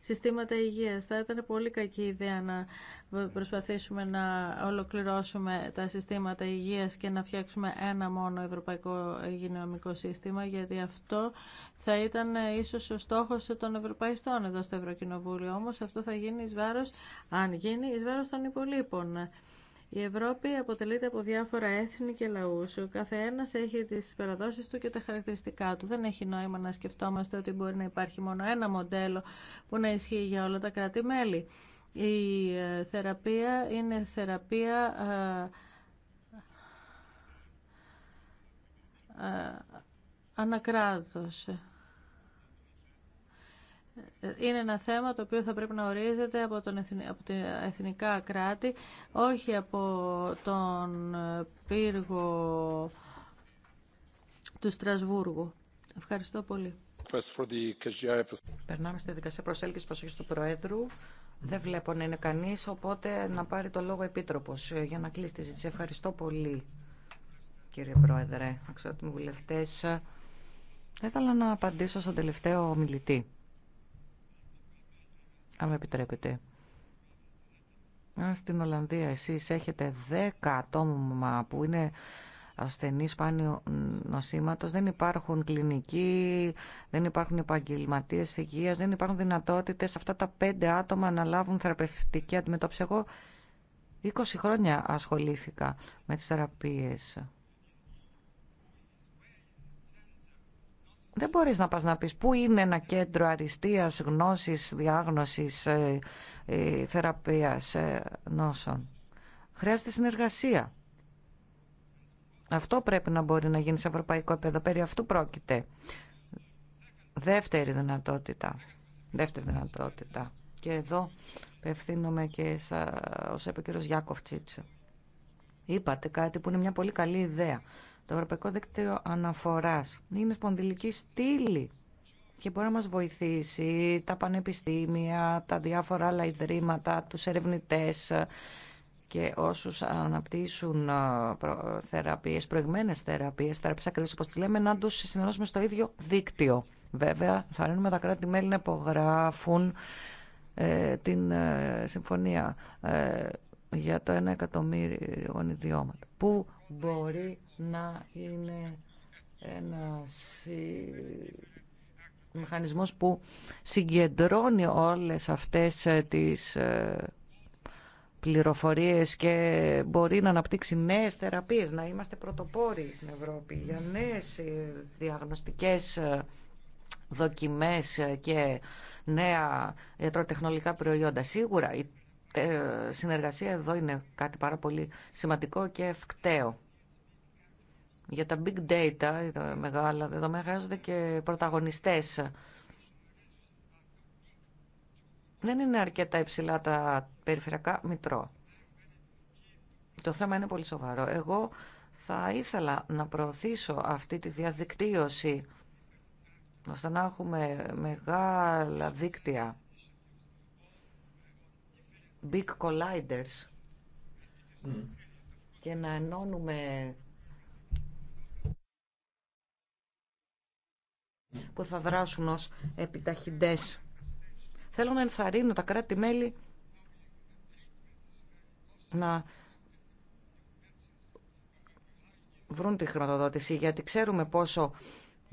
συστήματα υγείας. Θα ήταν πολύ κακή ιδέα να προσπαθήσουμε να ολοκληρώσουμε τα συστήματα υγείας και να φτιάξουμε ένα μόνο ευρωπαϊκό υγειονομικό σύστημα, γιατί αυτό θα ήταν ίσως ο στόχος των ευρωπαϊστών εδώ στο Ευρωκοινοβούλιο. Όμως αυτό θα γίνει εις βάρος, αν γίνει εις βάρος των υπολείπων. Η Ευρώπη αποτελείται από διάφορα έθνη και λαούς. Ο καθένα έχει τις παραδόσει του και τα χαρακτηριστικά του. Δεν έχει νόημα να σκεφτόμαστε ότι μπορεί να υπάρχει μόνο ένα μοντέλο που να ισχύει για όλα τα κράτη-μέλη. Η ε, θεραπεία είναι θεραπεία ε, ε, ανακράτωση είναι ένα θέμα το οποίο θα πρέπει να ορίζεται από, τον από τα εθνικά κράτη, όχι από τον πύργο του Στρασβούργου. Ευχαριστώ πολύ. Περνάμε στη δικασία προσέλκυσης προσοχής του Προέδρου. Δεν βλέπω να είναι κανείς, οπότε να πάρει το λόγο επίτροπος ε, για να κλείσει τη ζήτηση. Ευχαριστώ πολύ, κύριε Πρόεδρε, αξιότιμοι βουλευτές. Θα ήθελα να απαντήσω στον τελευταίο ομιλητή αν με επιτρέπετε. Αν στην Ολλανδία εσείς έχετε 10 άτομα που είναι ασθενείς σπάνιο νοσήματος, δεν υπάρχουν κλινικοί, δεν υπάρχουν επαγγελματίες υγείας, δεν υπάρχουν δυνατότητες αυτά τα 5 άτομα να λάβουν θεραπευτική αντιμετώπιση. Εγώ 20 χρόνια ασχολήθηκα με τις θεραπείες δεν μπορείς να πας να πεις πού είναι ένα κέντρο αριστείας, γνώσης, διάγνωσης, ε, ε, θεραπείας ε, νόσων. Χρειάζεται συνεργασία. Αυτό πρέπει να μπορεί να γίνει σε ευρωπαϊκό επίπεδο. Περί αυτού πρόκειται. Δεύτερη δυνατότητα. Δεύτερη δυνατότητα. Και εδώ απευθύνομαι και σα, ως ο Γιάκοφ Τσίτσε. Είπατε κάτι που είναι μια πολύ καλή ιδέα το Ευρωπαϊκό Δίκτυο αναφορά είναι σπονδυλική στήλη και μπορεί να μας βοηθήσει τα πανεπιστήμια, τα διάφορα άλλα ιδρύματα, του ερευνητέ και όσους αναπτύσσουν ε, θεραπείε, προηγμένες θεραπείες, θεραπείε ακριβώς όπως τις λέμε, να του συνενώσουμε στο ίδιο δίκτυο. Βέβαια, θα λύνουμε τα κράτη-μέλη να υπογράφουν ε, την ε, συμφωνία για το 1 εκατομμύριο γονιδιώματα. που μπορεί να είναι ένας ε, μηχανισμός που συγκεντρώνει όλες αυτές ε, τις ε, πληροφορίες και μπορεί να αναπτύξει νέες θεραπείες, να είμαστε πρωτοπόροι στην Ευρώπη για νέες διαγνωστικές δοκιμές και νέα ιατροτεχνολογικά προϊόντα. Σίγουρα η συνεργασία εδώ είναι κάτι πάρα πολύ σημαντικό και ευκταίο. Για τα big data, τα μεγάλα δεδομένα, χρειάζονται και πρωταγωνιστές. Δεν είναι αρκετά υψηλά τα περιφερειακά μητρό. Το θέμα είναι πολύ σοβαρό. Εγώ θα ήθελα να προωθήσω αυτή τη διαδικτύωση ώστε να έχουμε μεγάλα δίκτυα big colliders και να ενώνουμε που θα δράσουν ως επιταχυντές. Θέλω να ενθαρρύνω τα κράτη-μέλη να βρουν τη χρηματοδότηση, γιατί ξέρουμε πόσο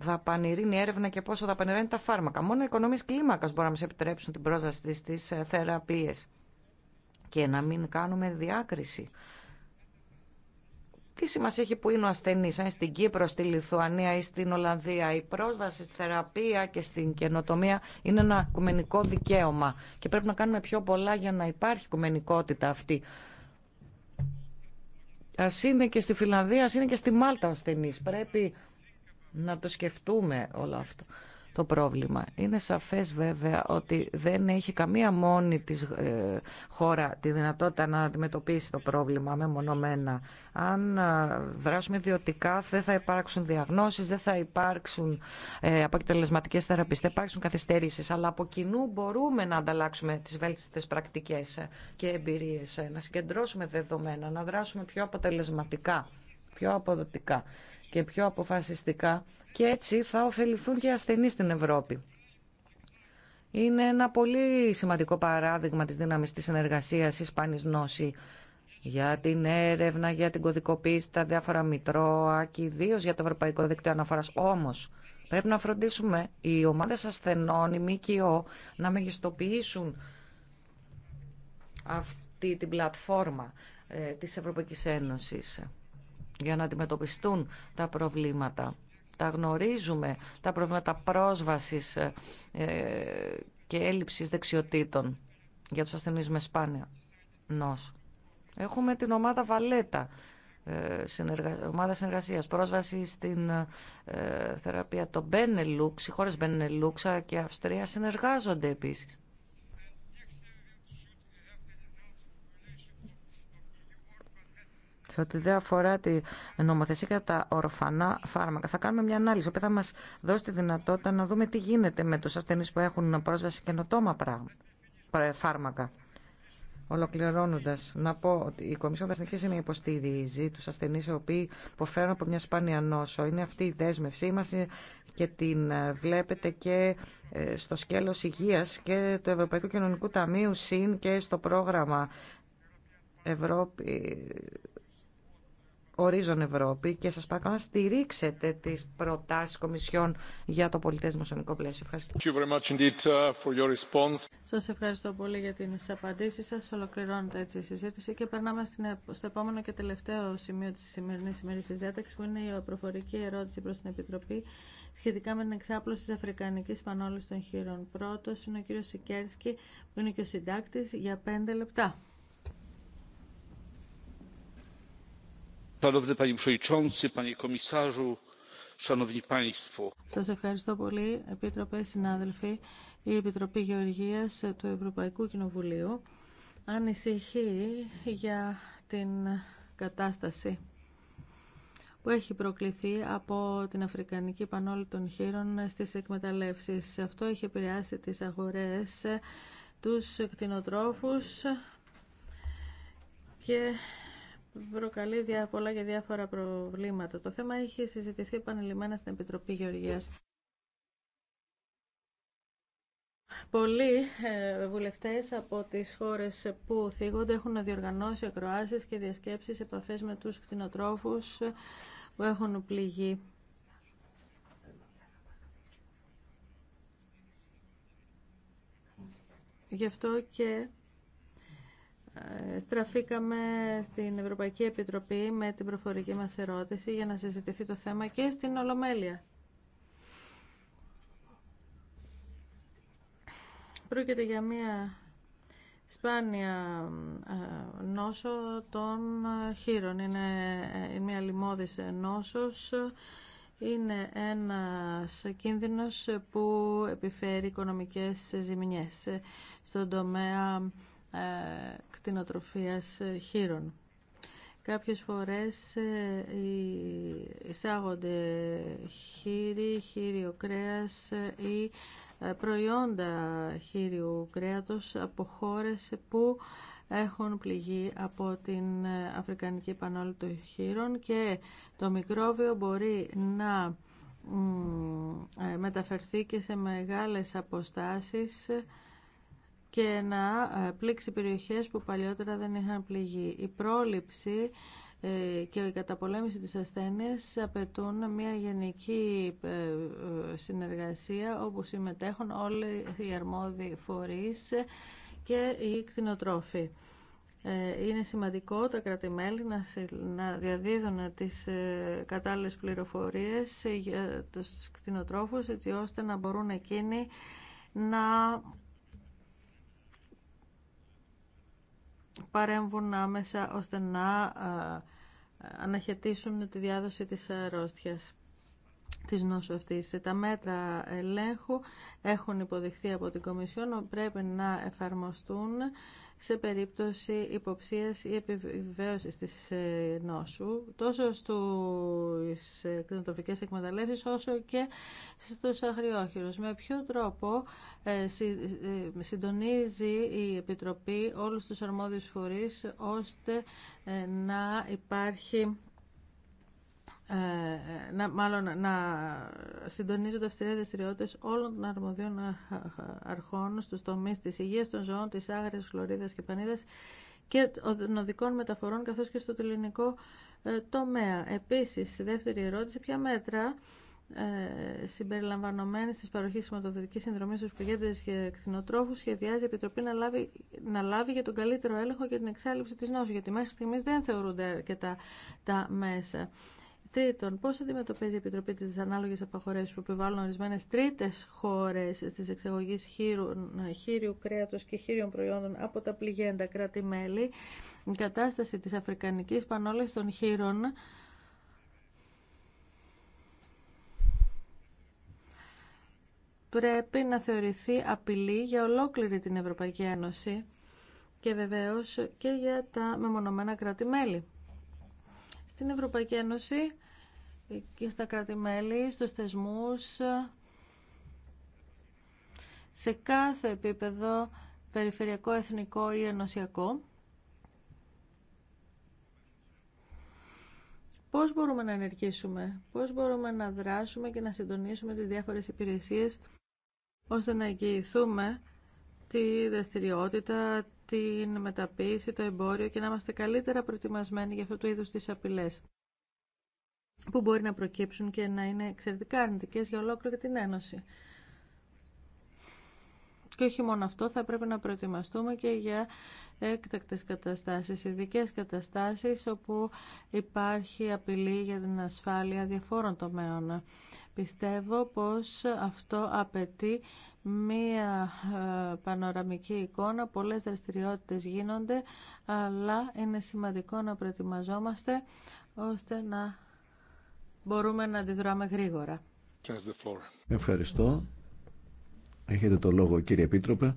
θα η έρευνα και πόσο θα τα φάρμακα. Μόνο οι οικονομίες κλίμακας μπορούν να μας επιτρέψουν την πρόσβαση στις ε, θεραπείες και να μην κάνουμε διάκριση τι σημασία έχει που είναι ο ασθενή, αν στην Κύπρο, στη Λιθουανία ή στην Ολλανδία. Η πρόσβαση στη θεραπεία και στην καινοτομία είναι ένα οικουμενικό δικαίωμα και πρέπει να κάνουμε πιο πολλά για να υπάρχει οικουμενικότητα αυτή. Α είναι και στη Φιλανδία, α είναι και στη Μάλτα ο ασθενή. Πρέπει να το σκεφτούμε όλο αυτό το πρόβλημα. Είναι σαφές βέβαια ότι δεν έχει καμία μόνη της ε, χώρα τη δυνατότητα να αντιμετωπίσει το πρόβλημα μεμονωμένα. Αν ε, δράσουμε ιδιωτικά δεν θα υπάρξουν διαγνώσεις, δεν θα υπάρξουν ε, αποτελεσματικές θεραπείες, θα υπάρξουν καθυστερήσεις, αλλά από κοινού μπορούμε να ανταλλάξουμε τις βέλτιστες πρακτικές και εμπειρίες, να συγκεντρώσουμε δεδομένα, να δράσουμε πιο αποτελεσματικά, πιο αποδοτικά και πιο αποφασιστικά και έτσι θα ωφεληθούν και οι ασθενείς στην Ευρώπη. Είναι ένα πολύ σημαντικό παράδειγμα της δύναμης της συνεργασίας Ισπανής Νόση για την έρευνα, για την κωδικοποίηση τα διάφορα μητρώα και ιδίω για το Ευρωπαϊκό Δίκτυο Αναφοράς. Όμως, πρέπει να φροντίσουμε οι ομάδες ασθενών, οι ΜΚΟ, να μεγιστοποιήσουν αυτή την πλατφόρμα ε, της Ευρωπαϊκής Ένωσης για να αντιμετωπιστούν τα προβλήματα. Τα γνωρίζουμε, τα προβλήματα πρόσβασης ε, και έλλειψης δεξιοτήτων για τους ασθενείς με σπάνια νόσο. Έχουμε την ομάδα Βαλέτα, ε, ομάδα συνεργασίας, πρόσβαση στην ε, θεραπεία. των Μπένελουξ, οι χώρες Μπένελουξα και Αυστρία συνεργάζονται επίσης. σε ό,τι δεν αφορά τη νομοθεσία για τα ορφανά φάρμακα. Θα κάνουμε μια ανάλυση που θα μα δώσει τη δυνατότητα να δούμε τι γίνεται με του ασθενεί που έχουν πρόσβαση σε καινοτόμα φάρμακα. Ολοκληρώνοντα, να πω ότι η Κομισιόν θα συνεχίσει να υποστηρίζει του ασθενεί οι οποίοι υποφέρουν από μια σπάνια νόσο. Είναι αυτή η δέσμευσή μα και την βλέπετε και ε, στο σκέλο υγεία και του Ευρωπαϊκού Κοινωνικού Ταμείου ΣΥΝ και στο πρόγραμμα Ευρώπη Ορίζον Ευρώπη και σας παρακαλώ να στηρίξετε τις προτάσεις Κομισιόν για το πολιτές δημοσιονομικό πλαίσιο. Ευχαριστώ. Uh, σας ευχαριστώ πολύ για την απαντήσεις σας. Ολοκληρώνεται έτσι η συζήτηση και περνάμε στο επόμενο και τελευταίο σημείο της σημερινής σημερινής διάταξης που είναι η προφορική ερώτηση προς την Επιτροπή σχετικά με την εξάπλωση της Αφρικανικής Πανόλης των Χείρων. Πρώτος είναι ο κύριος Σικέρσκι που είναι και ο συντάκτης για πέντε λεπτά. Σας ευχαριστώ πολύ, Επίτροπε, συνάδελφοι. Η Επιτροπή Γεωργίας του Ευρωπαϊκού Κοινοβουλίου ανησυχεί για την κατάσταση που έχει προκληθεί από την Αφρικανική Πανόλη των Χείρων στις εκμεταλλεύσεις. Αυτό έχει επηρεάσει τις αγορές, τους κτηνοτρόφους και προκαλεί πολλά και διάφορα προβλήματα. Το θέμα έχει συζητηθεί επανειλημμένα στην Επιτροπή Γεωργίας. Πολλοί ε, βουλευτές από τις χώρες που θίγονται έχουν διοργανώσει ακροάσεις και διασκέψεις επαφές με τους κτηνοτρόφους που έχουν πληγεί. Γι' αυτό και ε, στραφήκαμε στην Ευρωπαϊκή Επιτροπή με την προφορική μας ερώτηση για να συζητηθεί το θέμα και στην Ολομέλεια. Πρόκειται για μια σπάνια ε, νόσο των χείρων. Είναι ε, μια λιμώδης νόσος. Είναι ένας κίνδυνος που επιφέρει οικονομικές ζημιές στον τομέα ε, κτηνοτροφίας ε, χείρων. Κάποιες φορές ε, εισάγονται χείρι, χείριο κρέας ή προϊόντα χείριου κρέατος από χώρες που έχουν πληγή από την Αφρικανική Πανόλη των Χείρων και το μικρόβιο μπορεί να μεταφερθεί και σε μεγάλες αποστάσεις και να ε, πλήξει περιοχές που παλιότερα δεν είχαν πληγεί. Η πρόληψη ε, και η καταπολέμηση της ασθένειας απαιτούν μια γενική ε, συνεργασία όπου συμμετέχουν όλοι οι αρμόδιοι φορείς και οι κτηνοτρόφοι. Είναι σημαντικό τα κράτη-μέλη να διαδίδουν τις κατάλληλες πληροφορίες για τους κτηνοτρόφους έτσι ώστε να μπορούν εκείνοι να παρέμβουν άμεσα ώστε να ε, ε, αναχαιτήσουν τη διάδοση της αρρώστιας. Ε, της νόσου Τα μέτρα ελέγχου έχουν υποδειχθεί από την Κομισιόν, πρέπει να εφαρμοστούν σε περίπτωση υποψίας ή επιβεβαίωσης της ε, νόσου, τόσο στις ε, κτηνοτροφικές εκμεταλλεύσεις, όσο και στους αγριόχειρους. Με ποιο τρόπο ε, συντονίζει η Επιτροπή όλους τους αρμόδιους φορείς, ώστε να υπάρχει ε, να, μάλλον να συντονίζονται αυστηρές δραστηριότητε όλων των αρμοδίων ε, αρχών στους τομείς της υγείας των ζώων, της άγρια, χλωρίδας και πανίδας και των οδικών μεταφορών καθώς και στο τελεινικό ε, τομέα. Επίσης, δεύτερη ερώτηση, ποια μέτρα ε, συμπεριλαμβανομένης της παροχής συνδρομή συνδρομής στους πηγέντε και κτηνοτρόφου, σχεδιάζει η Επιτροπή να λάβει, για τον καλύτερο έλεγχο και την εξάλληψη τη νόσου, γιατί μέχρι στιγμή δεν θεωρούνται αρκετά τα μέσα. Τρίτον, πώς αντιμετωπίζει η Επιτροπή της δυσανάλογε απαγορεύσει που επιβάλλουν ορισμένε τρίτε χώρε στι εξαγωγή χείριου κρέατος και χείριων προϊόντων από τα πληγέντα κράτη-μέλη, η κατάσταση της αφρικανικής πανόλης των χείρων πρέπει να θεωρηθεί απειλή για ολόκληρη την Ευρωπαϊκή Ένωση και βεβαίως και για τα μεμονωμένα κράτη-μέλη. Στην Ευρωπαϊκή Ένωση και στα κράτη-μέλη, στους θεσμούς, σε κάθε επίπεδο, περιφερειακό, εθνικό ή ενωσιακό. Πώς μπορούμε να ενεργήσουμε, πώς μπορούμε να δράσουμε και να συντονίσουμε τις διάφορες υπηρεσίες ώστε να εγγυηθούμε τη δραστηριότητα, την μεταποίηση, το εμπόριο και να είμαστε καλύτερα προετοιμασμένοι για αυτού του είδους τις απειλές που μπορεί να προκύψουν και να είναι εξαιρετικά αρνητικές για ολόκληρη την Ένωση. Και όχι μόνο αυτό, θα πρέπει να προετοιμαστούμε και για έκτακτες καταστάσεις, ειδικέ καταστάσεις όπου υπάρχει απειλή για την ασφάλεια διαφόρων τομέων. Πιστεύω πως αυτό απαιτεί μία ε, πανοραμική εικόνα, πολλές δραστηριότητες γίνονται, αλλά είναι σημαντικό να προετοιμαζόμαστε ώστε να μπορούμε να αντιδράμε γρήγορα. Ευχαριστώ. Έχετε το λόγο κύριε Επίτροπε.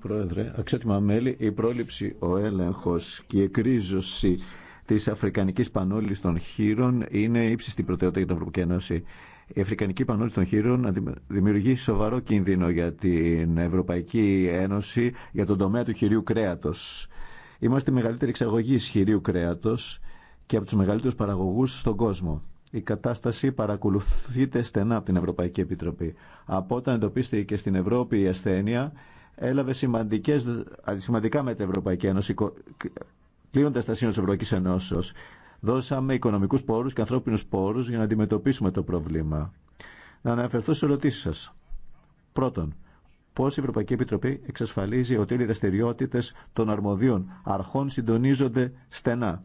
Πρόεδρε, αξιότιμα μέλη, η πρόληψη, ο έλεγχος και η εκρίζωση της Αφρικανικής Πανόλης των Χείρων είναι ύψιστη προτεραιότητα για την Ευρωπαϊκή Ένωση. Η Αφρικανική Πανόλη των Χείρων δημιουργεί σοβαρό κίνδυνο για την Ευρωπαϊκή Ένωση για τον τομέα του χειρίου κρέατος. Είμαστε η μεγαλύτερη εξαγωγή χειρίου κρέατος και από τους μεγαλύτερου παραγωγούς στον κόσμο. Η κατάσταση παρακολουθείται στενά από την Ευρωπαϊκή Επιτροπή. Από όταν εντοπίστηκε στην Ευρώπη η ασθένεια, έλαβε σημαντικές, σημαντικά με την Ευρωπαϊκή Ένωση, κλείνοντα τα σύνορα τη Ευρωπαϊκή Ενώσεω. Δώσαμε οικονομικού πόρου και ανθρώπινου πόρου για να αντιμετωπίσουμε το πρόβλημα. Να αναφερθώ στι ερωτήσει σα. Πρώτον, πώ η Ευρωπαϊκή Επιτροπή εξασφαλίζει ότι οι δραστηριότητε των αρμοδίων αρχών συντονίζονται στενά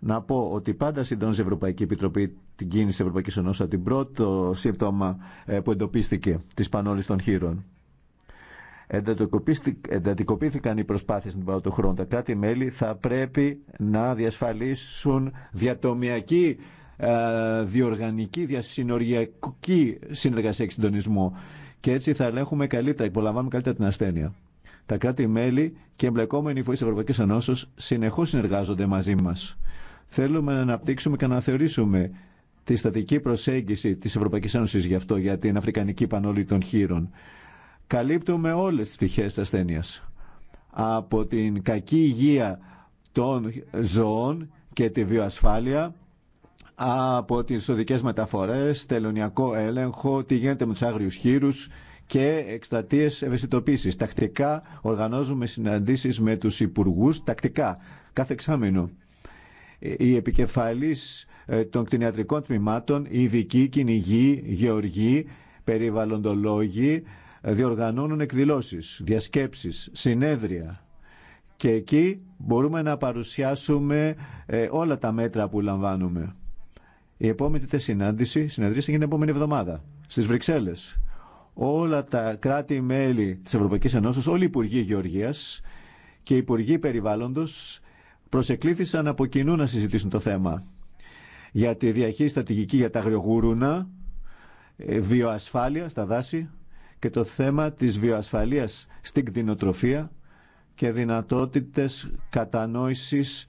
να πω ότι πάντα συντώνησε η Ευρωπαϊκή Επιτροπή την κίνηση Ευρωπαϊκή Ενώση από την πρώτο σύμπτωμα ε, που εντοπίστηκε τη πανόλη των χείρων. Εντατικοποιήθηκαν οι προσπάθειες την τον του χρόνου. Τα κράτη-μέλη θα πρέπει να διασφαλίσουν διατομιακή, ε, διοργανική, διασυνοριακή συνεργασία και συντονισμό. Και έτσι θα ελέγχουμε καλύτερα, υπολαμβάνουμε καλύτερα την ασθένεια. Τα κράτη-μέλη και εμπλεκόμενοι φορεί τη Ευρωπαϊκή Ενώσεω συνεχώ συνεργάζονται μαζί μας Θέλουμε να αναπτύξουμε και να θεωρήσουμε τη στατική προσέγγιση της Ευρωπαϊκής Ένωσης γι' αυτό, για την Αφρικανική Πανόλη των Χείρων. Καλύπτουμε όλες τις πτυχές της ασθένειας. Από την κακή υγεία των ζώων και τη βιοασφάλεια, από τις οδικές μεταφορές, τελωνιακό έλεγχο, τι γίνεται με τους άγριους χείρους και εκστατείε ευαισθητοποίησης. Τακτικά οργανώζουμε συναντήσεις με τους υπουργούς, τακτικά, κάθε εξάμεινο οι επικεφαλής ε, των κτηνιατρικών τμήματων, οι ειδικοί, κυνηγοί, γεωργοί, περιβαλλοντολόγοι, ε, διοργανώνουν εκδηλώσεις, διασκέψεις, συνέδρια. Και εκεί μπορούμε να παρουσιάσουμε ε, όλα τα μέτρα που λαμβάνουμε. Η επόμενη συνάντηση, συνεδρίαση γίνεται την επόμενη εβδομάδα στις Βρυξέλλες. Όλα τα κράτη-μέλη της Ευρωπαϊκής Ενώσης, όλοι οι Υπουργοί Γεωργίας και οι Υπουργοί Περιβάλλοντος προσεκλήθησαν από κοινού να συζητήσουν το θέμα για τη διαχείριση στρατηγική για τα αγριογούρουνα, ε, βιοασφάλεια στα δάση και το θέμα της βιοασφαλείας στην κτηνοτροφία και δυνατότητες κατανόησης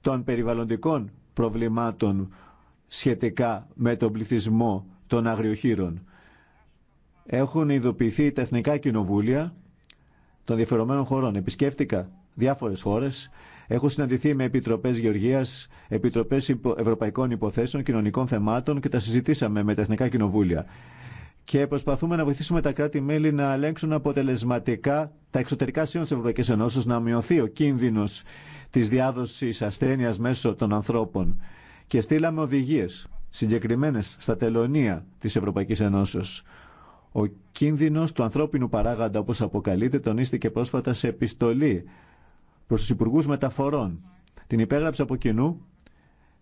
των περιβαλλοντικών προβλημάτων σχετικά με τον πληθυσμό των αγριοχείρων. Έχουν ειδοποιηθεί τα Εθνικά Κοινοβούλια των διαφερομένων χωρών. Επισκέφτηκα Διάφορε χώρε Έχω συναντηθεί με επιτροπέ γεωργία, επιτροπέ ευρωπαϊκών υποθέσεων, κοινωνικών θεμάτων και τα συζητήσαμε με τα εθνικά κοινοβούλια. Και προσπαθούμε να βοηθήσουμε τα κράτη-μέλη να ελέγξουν αποτελεσματικά τα εξωτερικά σύνορα τη Ευρωπαϊκή Ένωση, να μειωθεί ο κίνδυνο τη διάδοση ασθένεια μέσω των ανθρώπων. Και στείλαμε οδηγίε συγκεκριμένε στα τελωνία τη Ευρωπαϊκή Ένωση. Ο κίνδυνο του ανθρώπινου παράγοντα, όπω αποκαλείται, τονίστηκε πρόσφατα σε επιστολή προς τους Υπουργούς Μεταφορών. Την υπέγραψα από κοινού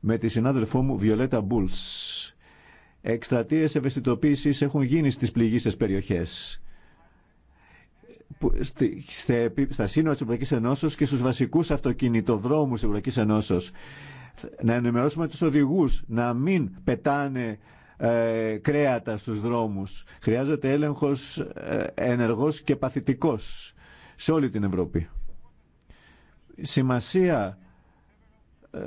με τη συνάδελφό μου Βιολέτα Μπούλς. Εκστρατείες ευαισθητοποίησης έχουν γίνει στις πληγήσεις περιοχές. Στα σύνορα της Ευρωπαϊκής Ενώσεως και στους βασικούς αυτοκινητοδρόμους της Ευρωπαϊκής Ενώσεως. Να ενημερώσουμε τους οδηγούς να μην πετάνε ε, κρέατα στους δρόμους. Χρειάζεται έλεγχος ε, ενεργός και παθητικός σε όλη την Ευρώπη σημασία ε,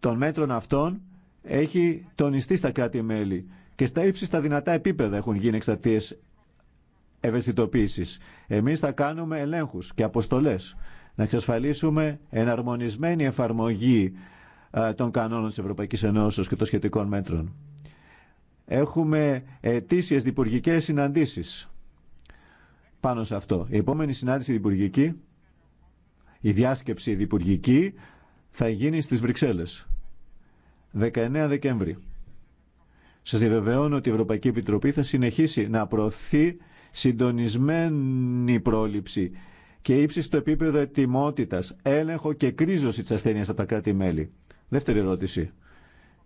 των μέτρων αυτών έχει τονιστεί στα κράτη-μέλη και στα στα δυνατά επίπεδα έχουν γίνει εξτατείε ευαισθητοποίηση. Εμεί θα κάνουμε ελέγχου και αποστολέ να εξασφαλίσουμε εναρμονισμένη εφαρμογή ε, των κανόνων της Ευρωπαϊκής Ενώσεως και των σχετικών μέτρων. Έχουμε ετήσιες διπουργικές συναντήσεις πάνω σε αυτό. Η επόμενη συνάντηση διπουργική η διάσκεψη διπουργική θα γίνει στις Βρυξέλλες. 19 Δεκέμβρη. Σας διαβεβαιώνω ότι η Ευρωπαϊκή Επιτροπή θα συνεχίσει να προωθεί συντονισμένη πρόληψη και ύψη στο επίπεδο ετοιμότητας, έλεγχο και κρίζωση τη ασθένειας από τα κράτη-μέλη. Δεύτερη ερώτηση.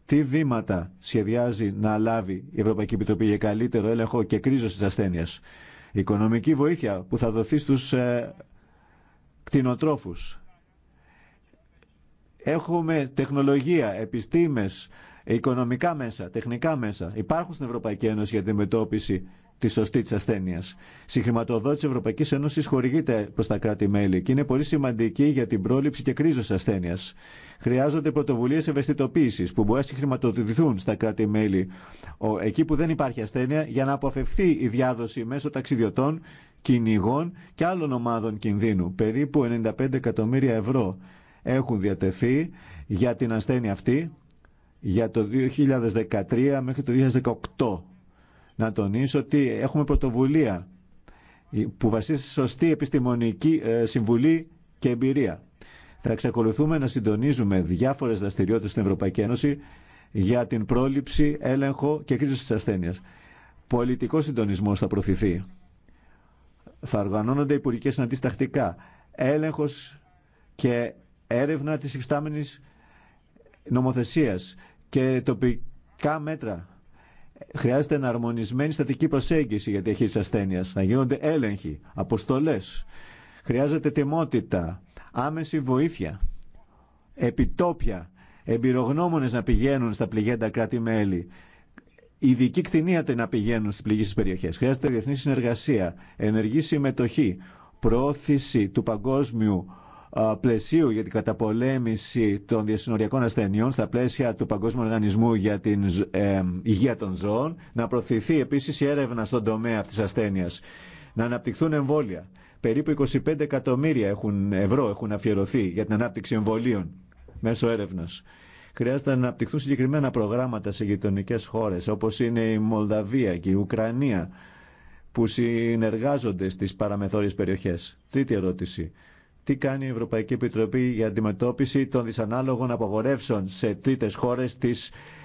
Τι βήματα σχεδιάζει να λάβει η Ευρωπαϊκή Επιτροπή για καλύτερο έλεγχο και κρίζωση τη ασθένειας. οικονομική βοήθεια που θα δοθεί στους ε, κτηνοτρόφους. Έχουμε τεχνολογία, επιστήμες, οικονομικά μέσα, τεχνικά μέσα. Υπάρχουν στην Ευρωπαϊκή Ένωση για την αντιμετώπιση τη σωστή τη ασθένεια. Συγχρηματοδότηση τη Ευρωπαϊκή Ένωση χορηγείται προ τα κράτη-μέλη και είναι πολύ σημαντική για την πρόληψη και κρίζωση ασθένεια. Χρειάζονται πρωτοβουλίε ευαισθητοποίηση που μπορεί να συγχρηματοδοτηθούν στα κράτη-μέλη εκεί που δεν υπάρχει ασθένεια για να αποφευχθεί η διάδοση μέσω ταξιδιωτών κυνηγών και άλλων ομάδων κινδύνου. Περίπου 95 εκατομμύρια ευρώ έχουν διατεθεί για την ασθένεια αυτή για το 2013 μέχρι το 2018. Να τονίσω ότι έχουμε πρωτοβουλία που βασίζεται σε σωστή επιστημονική ε, συμβουλή και εμπειρία. Θα εξακολουθούμε να συντονίζουμε διάφορες δραστηριότητες στην Ευρωπαϊκή Ένωση για την πρόληψη, έλεγχο και κρίση της ασθένειας. Πολιτικός συντονισμός θα προωθηθεί. Θα οργανώνονται υπουργικέ συναντήσει τακτικά. Έλεγχο και έρευνα τη υφιστάμενη νομοθεσία και τοπικά μέτρα. Χρειάζεται εναρμονισμένη στατική προσέγγιση για τη διαχείριση ασθένεια. Να γίνονται έλεγχοι, αποστολέ. Χρειάζεται τιμότητα, άμεση βοήθεια, επιτόπια, εμπειρογνώμονες να πηγαίνουν στα πληγέντα κράτη-μέλη ειδικοί κτηνίαται να πηγαίνουν στι πληγήσει περιοχέ. Χρειάζεται διεθνή συνεργασία, ενεργή συμμετοχή, προώθηση του παγκόσμιου πλαισίου για την καταπολέμηση των διασυνοριακών ασθενειών στα πλαίσια του Παγκόσμιου Οργανισμού για την Υγεία των Ζώων, να προωθηθεί επίση η έρευνα στον τομέα αυτή τη ασθένεια, να αναπτυχθούν εμβόλια. Περίπου 25 εκατομμύρια έχουν, ευρώ έχουν αφιερωθεί για την ανάπτυξη εμβολίων μέσω έρευνας. Χρειάζεται να αναπτυχθούν συγκεκριμένα προγράμματα σε γειτονικέ χώρε, όπω είναι η Μολδαβία και η Ουκρανία, που συνεργάζονται στι παραμεθόριε περιοχέ. Τρίτη ερώτηση. Τι κάνει η Ευρωπαϊκή Επιτροπή για αντιμετώπιση των δυσανάλογων απογορεύσεων σε τρίτε χώρε τη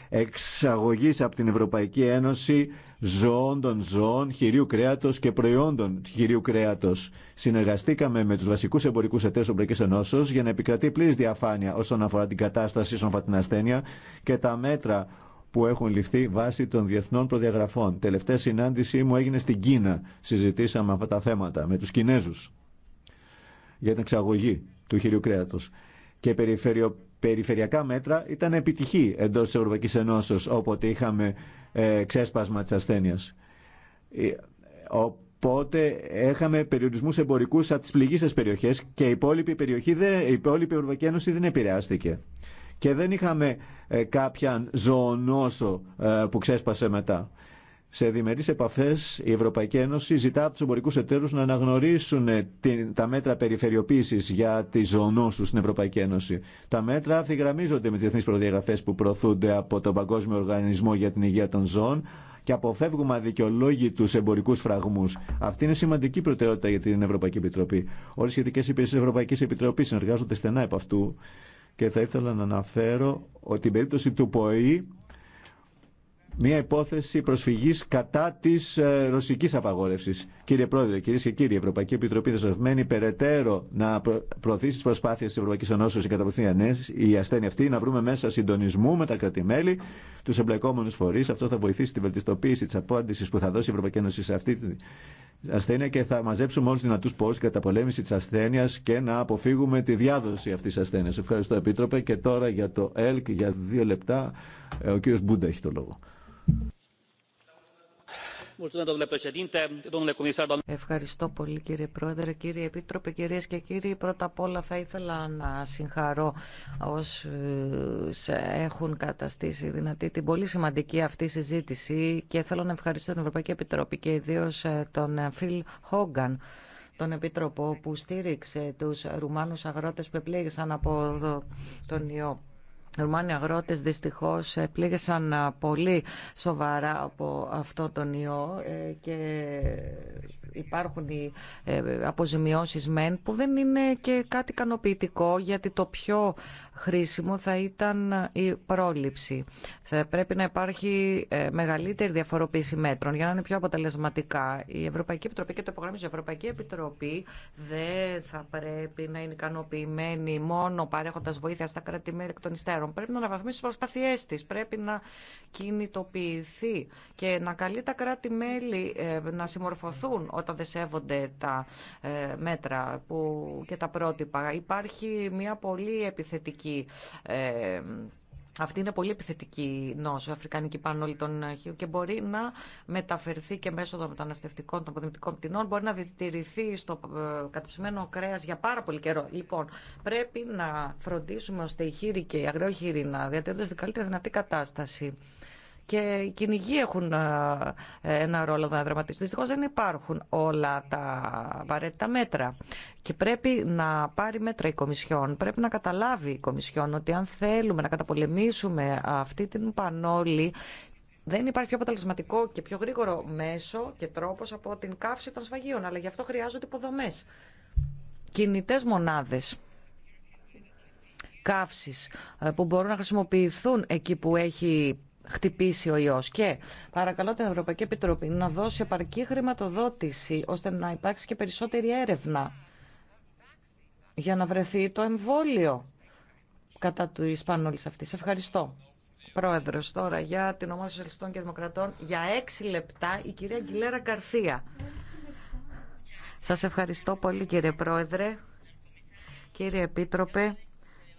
εξαγωγής από την Ευρωπαϊκή Ένωση ζωών των ζώων, χειρίου κρέατος και προϊόντων χειρίου κρέατος. Συνεργαστήκαμε με τους βασικούς εμπορικούς εταίρους των Ευρωπαϊκής Ενώσεως για να επικρατεί πλήρης διαφάνεια όσον αφορά την κατάσταση στον την ασθένεια και τα μέτρα που έχουν ληφθεί βάσει των διεθνών προδιαγραφών. Τελευταία συνάντησή μου έγινε στην Κίνα. Συζητήσαμε αυτά τα θέματα με τους Κινέζους για την εξαγωγή του χειρίου κρέατος. Και περιφερειο περιφερειακά μέτρα ήταν επιτυχή εντός της Ευρωπαϊκής Ενώσεως όποτε είχαμε ε, ξέσπασμα της ασθένειας. Ε, οπότε είχαμε περιορισμούς εμπορικούς από τις πληγήσεις περιοχές και η υπόλοιπη, περιοχή η υπόλοιπη Ευρωπαϊκή Ένωση δεν επηρεάστηκε. Και δεν είχαμε ε, κάποια ζωονόσο ε, που ξέσπασε μετά. Σε διμερεί επαφέ, η Ευρωπαϊκή Ένωση ζητά από του εμπορικού εταίρου να αναγνωρίσουν ε, τα μέτρα περιφερειοποίηση για τι του στην Ευρωπαϊκή Ένωση. Τα μέτρα αυθυγραμμίζονται με τι διεθνεί προδιαγραφέ που προωθούνται από τον Παγκόσμιο Οργανισμό για την Υγεία των Ζώων και αποφεύγουμε αδικαιολόγητου εμπορικού φραγμού. Αυτή είναι σημαντική προτεραιότητα για την Ευρωπαϊκή Επιτροπή. Όλε οι σχετικέ υπηρεσίε Ευρωπαϊκή Επιτροπή συνεργάζονται στενά επ' αυτού και θα ήθελα να αναφέρω ότι την περίπτωση του ΠΟΗ μια υπόθεση προσφυγή κατά της ε, ρωσική απαγόρευση. Κύριε Πρόεδρε, κύριε και κύριοι, η Ευρωπαϊκή Επιτροπή δεσμευμένη περαιτέρω να προωθήσει τι προσπάθειε τη Ευρωπαϊκή Ενώσεω για καταπολεμική η ασθένεια αυτή, να βρούμε μέσα συντονισμού με τα κρατημέλη, του εμπλεκόμενου φορεί. Αυτό θα βοηθήσει τη βελτιστοποίηση τη απάντησης που θα δώσει η Ευρωπαϊκή Ένωση σε αυτή την ασθένεια και θα μαζέψουμε όλου του δυνατού πόρου κατά πολέμηση τη ασθένεια και να αποφύγουμε τη διάδοση αυτή τη ασθένεια. Ευχαριστώ, Επίτροπε. Και τώρα για το ΕΛΚ, για δύο λεπτά, ε, ο κύριο Μπούντα έχει το λόγο. Ευχαριστώ πολύ κύριε Πρόεδρε, κύριε Επίτροπε, κυρίες και κύριοι. Πρώτα απ' όλα θα ήθελα να συγχαρώ όσους ε, έχουν καταστήσει δυνατή την πολύ σημαντική αυτή συζήτηση και θέλω να ευχαριστήσω την Ευρωπαϊκή Επιτροπή και ιδίω ε, τον Φιλ ε, Χόγκαν τον Επίτροπο που στήριξε τους Ρουμάνους αγρότες που επλήγησαν από τον ιό. Ρουμάνοι αγρότες δυστυχώς ε, πλήγησαν ε, πολύ σοβαρά από αυτό τον ιό ε, και υπάρχουν οι αποζημιώσεις μεν που δεν είναι και κάτι ικανοποιητικό γιατί το πιο χρήσιμο θα ήταν η πρόληψη. Θα πρέπει να υπάρχει ε, μεγαλύτερη διαφοροποίηση μέτρων για να είναι πιο αποτελεσματικά. Η Ευρωπαϊκή Επιτροπή και το υπογράμμιση η Ευρωπαϊκή Επιτροπή δεν θα πρέπει να είναι ικανοποιημένη μόνο παρέχοντα βοήθεια στα κρατη μελη εκ των υστέρων. Πρέπει να αναβαθμίσει τι προσπαθίε τη. Πρέπει να κινητοποιηθεί και να καλεί τα κράτη-μέλη ε, να συμμορφωθούν όταν δεν σέβονται τα ε, μέτρα που και τα πρότυπα. Υπάρχει μια πολύ επιθετική ε, αυτή είναι πολύ επιθετική νόσο, αφρικανική πανόλη των αρχείων και μπορεί να μεταφερθεί και μέσω των μεταναστευτικών, των αποδημητικών πτηνών, μπορεί να διτηρηθεί στο ε, κατεψημένο κρέα για πάρα πολύ καιρό. Λοιπόν, πρέπει να φροντίσουμε ώστε οι χείροι και οι αγριόχειροι να διατηρούνται στην καλύτερη δυνατή κατάσταση και οι κυνηγοί έχουν ένα ρόλο να δραματίσουν. Δυστυχώ δεν υπάρχουν όλα τα απαραίτητα μέτρα. Και πρέπει να πάρει μέτρα η Κομισιόν. Πρέπει να καταλάβει η Κομισιόν ότι αν θέλουμε να καταπολεμήσουμε αυτή την πανόλη, δεν υπάρχει πιο αποτελεσματικό και πιο γρήγορο μέσο και τρόπο από την καύση των σφαγείων. Αλλά γι' αυτό χρειάζονται υποδομέ. Κινητέ μονάδε καύση ε, που μπορούν να χρησιμοποιηθούν εκεί που έχει χτυπήσει ο ιός. Και παρακαλώ την Ευρωπαϊκή Επιτροπή να δώσει επαρκή χρηματοδότηση ώστε να υπάρξει και περισσότερη έρευνα για να βρεθεί το εμβόλιο κατά του Ισπανόλης αυτής. Ευχαριστώ. Πρόεδρος τώρα για την Ομάδα Σοσιαλιστών και Δημοκρατών για έξι λεπτά η κυρία Γκυλέρα Καρθία. Σας ευχαριστώ πολύ κύριε Πρόεδρε, κύριε Επίτροπε.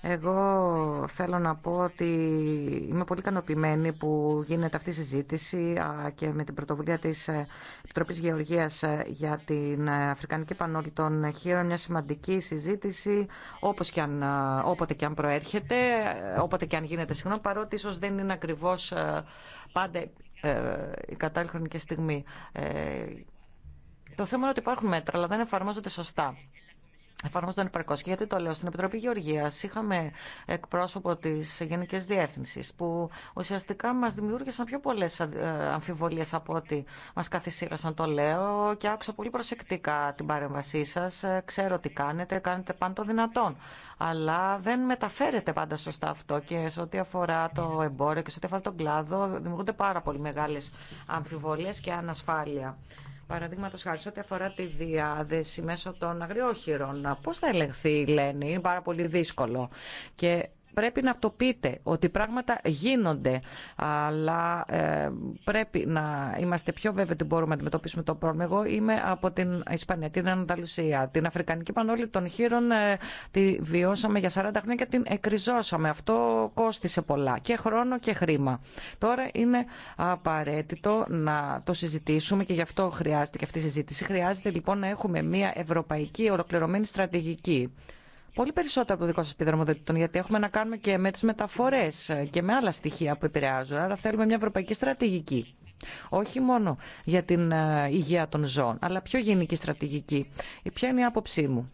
Εγώ θέλω να πω ότι είμαι πολύ ικανοποιημένη που γίνεται αυτή η συζήτηση και με την πρωτοβουλία της ε, Επιτροπής Γεωργίας ε, για την ε, Αφρικανική Πανόλη των Χείρων μια σημαντική συζήτηση όπως και αν, όποτε και αν προέρχεται, όποτε και αν γίνεται συγγνώμη παρότι ίσως δεν είναι ακριβώς πάντα η κατάλληλη χρονική στιγμή. Το θέμα είναι ότι υπάρχουν μέτρα αλλά δεν εφαρμόζονται σωστά εφαρμόζονταν υπαρκώ. Και γιατί το λέω, στην Επιτροπή Γεωργία είχαμε εκπρόσωπο τη Γενική Διεύθυνση που ουσιαστικά μα δημιούργησαν πιο πολλέ ε, αμφιβολίε από ό,τι μα καθυσίρασαν. το λέω. Και άκουσα πολύ προσεκτικά την παρέμβασή σα. Ε, ξέρω τι κάνετε, κάνετε πάντα δυνατόν. Αλλά δεν μεταφέρεται πάντα σωστά αυτό και σε ό,τι αφορά το εμπόριο και σε ό,τι αφορά τον κλάδο δημιουργούνται πάρα πολύ μεγάλε αμφιβολίε και ανασφάλεια. Παραδείγματο χάρη, ό,τι αφορά τη διάδεση μέσω των αγριόχειρων, πώ θα ελεγχθεί, λένε, είναι πάρα πολύ δύσκολο. Και πρέπει να το πείτε ότι πράγματα γίνονται, αλλά ε, πρέπει να είμαστε πιο βέβαιοι ότι μπορούμε να αντιμετωπίσουμε το πρόβλημα. Εγώ είμαι από την Ισπανία, την Ανταλουσία, την Αφρικανική Πανόλη των Χείρων. Ε, τη βιώσαμε για 40 χρόνια και την εκριζώσαμε. Αυτό κόστησε πολλά και χρόνο και χρήμα. Τώρα είναι απαραίτητο να το συζητήσουμε και γι' αυτό χρειάζεται και αυτή η συζήτηση. Χρειάζεται λοιπόν να έχουμε μια ευρωπαϊκή ολοκληρωμένη στρατηγική πολύ περισσότερο από το δικό σα επιδρομοδοτήτων, γιατί έχουμε να κάνουμε και με τι μεταφορέ και με άλλα στοιχεία που επηρεάζουν. Άρα θέλουμε μια ευρωπαϊκή στρατηγική. Όχι μόνο για την ε, υγεία των ζώων, αλλά πιο γενική στρατηγική. Ποια είναι η άποψή μου.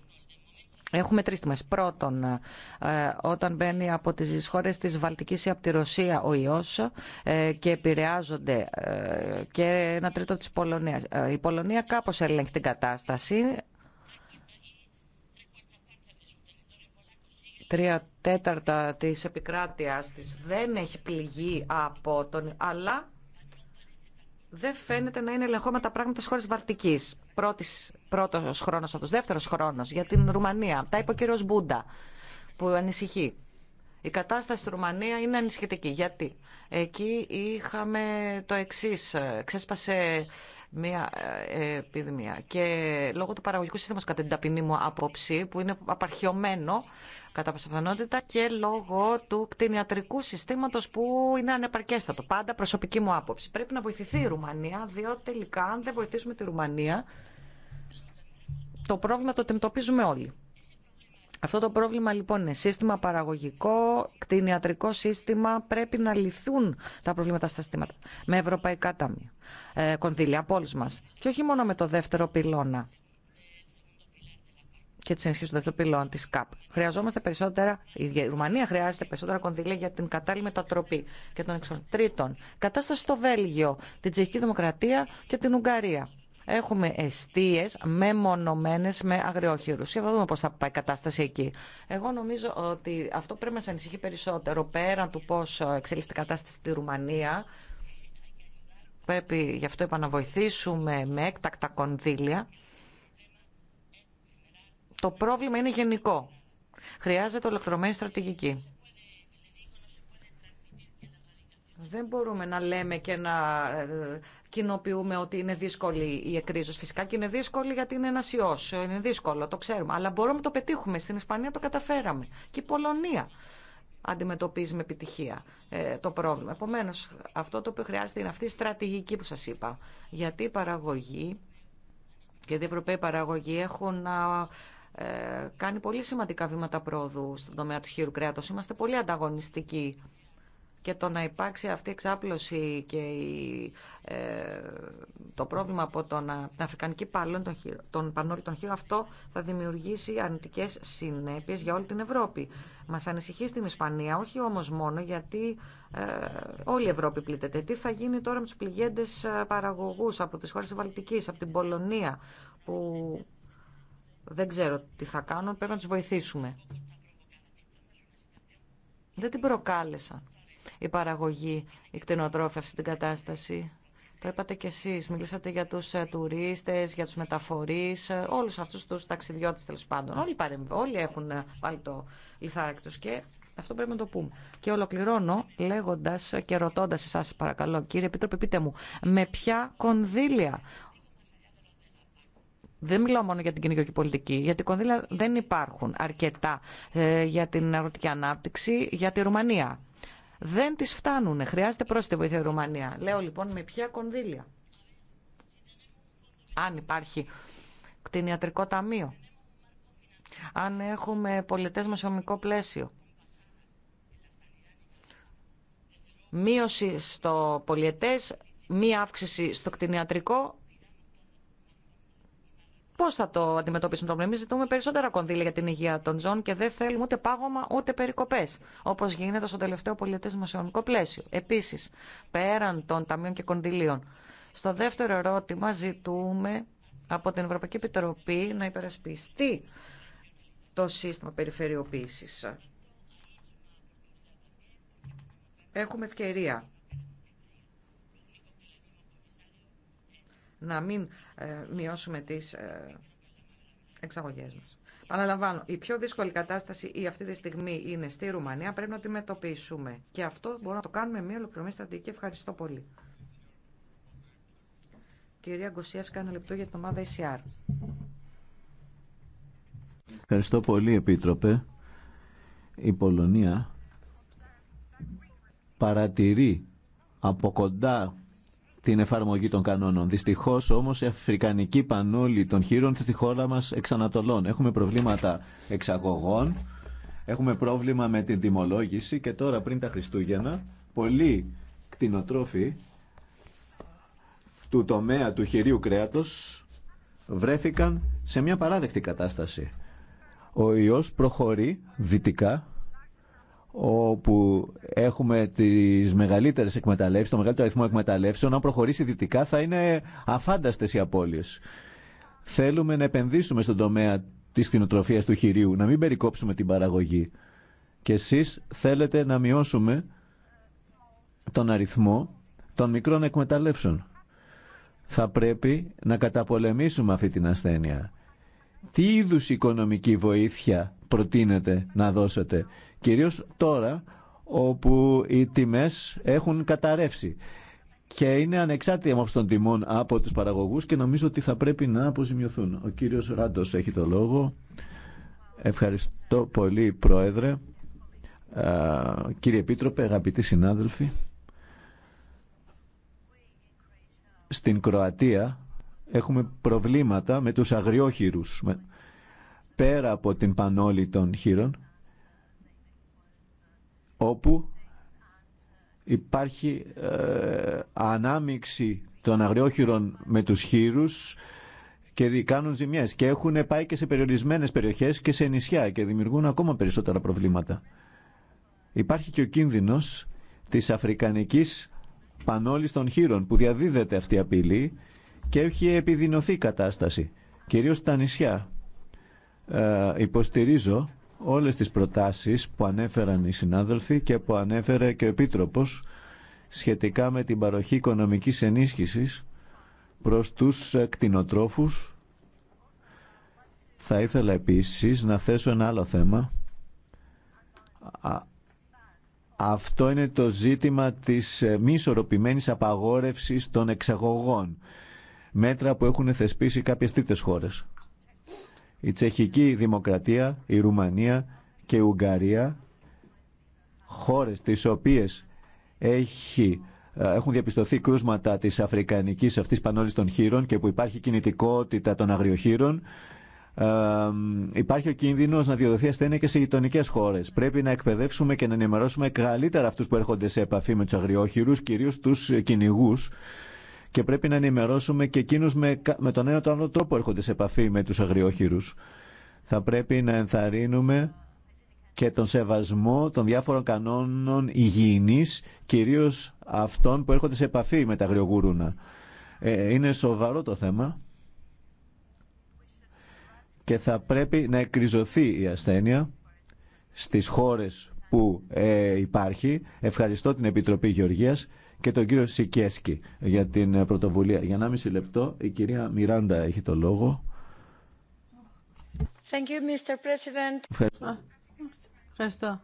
Έχουμε τρεις τιμές. Πρώτον, ε, όταν μπαίνει από τις χώρες της Βαλτικής ή από τη Ρωσία ο ιός ε, και επηρεάζονται και ένα τρίτο της Πολωνίας. η Πολωνία κάπως πολωνια η πολωνια καπως ελεγχει την κατάσταση, τρία τέταρτα της επικράτειας της δεν έχει πληγεί από τον... αλλά δεν φαίνεται να είναι ελεγχόμενα τα πράγματα στις χώρες Βαρτικής. Πρώτης, πρώτος χρόνος αυτός, δεύτερος χρόνος για την Ρουμανία. Τα είπε ο κύριος Μπούντα που ανησυχεί. Η κατάσταση στη Ρουμανία είναι ανησυχητική. Γιατί εκεί είχαμε το εξή. Ξέσπασε μια ε, επιδημία. Και λόγω του παραγωγικού σύστηματος, κατά την ταπεινή μου άποψη, που είναι απαρχιωμένο, κατά πιθανότητα και λόγω του κτηνιατρικού συστήματος που είναι ανεπαρκέστατο. Πάντα προσωπική μου άποψη. Πρέπει να βοηθηθεί η Ρουμανία, διότι τελικά αν δεν βοηθήσουμε τη Ρουμανία, το πρόβλημα το αντιμετωπίζουμε όλοι. Αυτό το πρόβλημα λοιπόν είναι σύστημα παραγωγικό, κτηνιατρικό σύστημα. Πρέπει να λυθούν τα προβλήματα στα συστήματα με ευρωπαϊκά ταμεία, ε, κονδύλια από όλου μα. Και όχι μόνο με το δεύτερο πυλώνα και τη ενίσχυση των δεύτερων πυλών τη ΚΑΠ. Χρειαζόμαστε περισσότερα, η Ρουμανία χρειάζεται περισσότερα κονδύλια για την κατάλληλη μετατροπή και των εξωτρίτων. Κατάσταση στο Βέλγιο, την Τσεχική Δημοκρατία και την Ουγγαρία. Έχουμε αιστείε μεμονωμένε με αγριόχειρου. Για να δούμε πώ θα πάει η κατάσταση εκεί. Εγώ νομίζω ότι αυτό πρέπει να μα ανησυχεί περισσότερο πέραν του πώ εξελίσσεται η κατάσταση στη Ρουμανία. Πρέπει γι' αυτό είπα με έκτακτα κονδύλια το πρόβλημα είναι γενικό. Χρειάζεται ολοκληρωμένη στρατηγική. Δεν μπορούμε να λέμε και να ε, κοινοποιούμε ότι είναι δύσκολη η εκρίζωση. Φυσικά και είναι δύσκολη γιατί είναι ένα ιό. Είναι δύσκολο, το ξέρουμε. Αλλά μπορούμε να το πετύχουμε. Στην Ισπανία το καταφέραμε. Και η Πολωνία αντιμετωπίζει με επιτυχία ε, το πρόβλημα. Επομένω, αυτό το οποίο χρειάζεται είναι αυτή η στρατηγική που σα είπα. Γιατί η παραγωγή και οι Ευρωπαίοι παραγωγοί έχουν ε, κάνει πολύ σημαντικά βήματα πρόοδου στον τομέα του χείρου κρέατος. Είμαστε πολύ ανταγωνιστικοί και το να υπάρξει αυτή η εξάπλωση και η, ε, το πρόβλημα από τον, την αφρικανική παλόν των, των των χείρων, αυτό θα δημιουργήσει αρνητικές συνέπειες για όλη την Ευρώπη. Μας ανησυχεί στην Ισπανία, όχι όμως μόνο γιατί ε, όλη η Ευρώπη πλήττεται. Τι θα γίνει τώρα με τους πληγέντες παραγωγούς από τις χώρες της Βαλτικής, από την Πολωνία, που δεν ξέρω τι θα κάνουν, πρέπει να τους βοηθήσουμε. Δεν την προκάλεσαν η παραγωγή, η κτηνοτρόφια αυτή την κατάσταση. Το είπατε κι εσείς, μιλήσατε για τους ε, τουρίστες, για τους μεταφορείς, ε, όλους αυτούς τους ταξιδιώτες τέλο πάντων. Όλοι, όλοι έχουν ε, πάλι το λιθάρακι τους και αυτό πρέπει να το πούμε. Και ολοκληρώνω λέγοντας και ρωτώντα εσά, παρακαλώ, κύριε Επίτροπε, πείτε μου, με ποια κονδύλια δεν μιλάω μόνο για την κοινωνική πολιτική, γιατί κονδύλια δεν υπάρχουν αρκετά ε, για την αγροτική ανάπτυξη, για τη Ρουμανία. Δεν τις φτάνουν. Χρειάζεται πρόσθετη βοήθεια η Ρουμανία. Λέω λοιπόν με ποια κονδύλια. Αν υπάρχει κτηνιατρικό ταμείο. Αν έχουμε πολιτές μεσομικό πλαίσιο. Μείωση στο πολιετές, μία αύξηση στο κτηνιατρικό Πώ θα το αντιμετωπίσουμε το πρόβλημα. Εμεί ζητούμε περισσότερα κονδύλια για την υγεία των ζών και δεν θέλουμε ούτε πάγωμα ούτε περικοπέ, όπω γίνεται στο τελευταίο πολιτέ δημοσιονομικό πλαίσιο. Επίση, πέραν των ταμείων και κονδυλίων, στο δεύτερο ερώτημα ζητούμε από την Ευρωπαϊκή Επιτροπή να υπερασπιστεί το σύστημα περιφερειοποίησης. Έχουμε ευκαιρία να μην ε, μειώσουμε τις ε, εξαγωγές μας. Παναλαμβάνω, η πιο δύσκολη κατάσταση η αυτή τη στιγμή είναι στη Ρουμανία, πρέπει να τη μετωπίσουμε. Και αυτό μπορούμε να το κάνουμε μια ολοκληρωμένη στρατηγική. Ευχαριστώ πολύ. Κυρία Γκοσιεύσκα, ένα λεπτό για την ομάδα ECR. Ευχαριστώ πολύ, Επίτροπε. Η Πολωνία παρατηρεί από κοντά την εφαρμογή των κανόνων. Δυστυχώ όμω η αφρικανική πανόλη των χείρων στη χώρα μα εξανατολών. Έχουμε προβλήματα εξαγωγών, έχουμε πρόβλημα με την τιμολόγηση και τώρα πριν τα Χριστούγεννα πολλοί κτηνοτρόφοι του τομέα του χειρίου κρέατος βρέθηκαν σε μια παράδεκτη κατάσταση. Ο ιός προχωρεί δυτικά όπου έχουμε τις μεγαλύτερες εκμεταλλεύσεις, το μεγαλύτερο αριθμό εκμεταλλεύσεων, αν προχωρήσει δυτικά θα είναι αφάνταστες οι απώλειες. Θέλουμε να επενδύσουμε στον τομέα της κτηνοτροφίας του χειρίου, να μην περικόψουμε την παραγωγή. Και εσείς θέλετε να μειώσουμε τον αριθμό των μικρών εκμεταλλεύσεων. Θα πρέπει να καταπολεμήσουμε αυτή την ασθένεια τι είδους οικονομική βοήθεια προτείνετε να δώσετε. Κυρίως τώρα όπου οι τιμές έχουν καταρρεύσει και είναι ανεξάρτητα των τιμών από τους παραγωγούς και νομίζω ότι θα πρέπει να αποζημιωθούν. Ο κύριος Ράντος έχει το λόγο. Ευχαριστώ πολύ Πρόεδρε. Κύριε Επίτροπε, αγαπητοί συνάδελφοι. Στην Κροατία έχουμε προβλήματα με τους αγριόχειρους πέρα από την πανόλη των χείρων όπου υπάρχει ε, ανάμιξη των αγριόχειρων με τους χείρους και κάνουν ζημιές και έχουν πάει και σε περιορισμένες περιοχές και σε νησιά και δημιουργούν ακόμα περισσότερα προβλήματα. Υπάρχει και ο κίνδυνος της αφρικανικής πανόλης των χείρων που διαδίδεται αυτή η απειλή και έχει επιδεινωθεί η κατάσταση, κυρίως στα νησιά. Ε, υποστηρίζω όλες τις προτάσεις που ανέφεραν οι συνάδελφοι και που ανέφερε και ο Επίτροπος σχετικά με την παροχή οικονομικής ενίσχυσης προς τους ε, κτηνοτρόφους. Θα ήθελα επίσης να θέσω ένα άλλο θέμα. Αυτό είναι το ζήτημα της ε, μη ισορροπημένης απαγόρευσης των εξαγωγών μέτρα που έχουν θεσπίσει κάποιες τρίτες χώρες. Η Τσεχική Δημοκρατία, η Ρουμανία και η Ουγγαρία, χώρες τις οποίες έχει ε, έχουν διαπιστωθεί κρούσματα της αφρικανικής αυτής πανόλης των χείρων και που υπάρχει κινητικότητα των αγριοχείρων. υπάρχει ο κίνδυνο να διοδοθεί ασθένεια και σε γειτονικέ χώρε. Πρέπει να εκπαιδεύσουμε και να ενημερώσουμε καλύτερα αυτού που έρχονται σε επαφή με του αγριόχειρου, κυρίω του κυνηγού, και πρέπει να ενημερώσουμε και εκείνους με, τον ένα τον άλλο τρόπο έρχονται σε επαφή με τους αγριόχειρους. Θα πρέπει να ενθαρρύνουμε και τον σεβασμό των διάφορων κανόνων υγιεινής, κυρίως αυτών που έρχονται σε επαφή με τα αγριογούρουνα. Ε, είναι σοβαρό το θέμα και θα πρέπει να εκκριζωθεί η ασθένεια στις χώρες που ε, υπάρχει. Ευχαριστώ την Επιτροπή Γεωργίας και τον κύριο Σικέσκι για την ε, πρωτοβουλία. Για 1,5 λεπτό η κυρία Μιράντα έχει το λόγο. Thank you, Mr. President. Ευχαριστώ. Ευχαριστώ.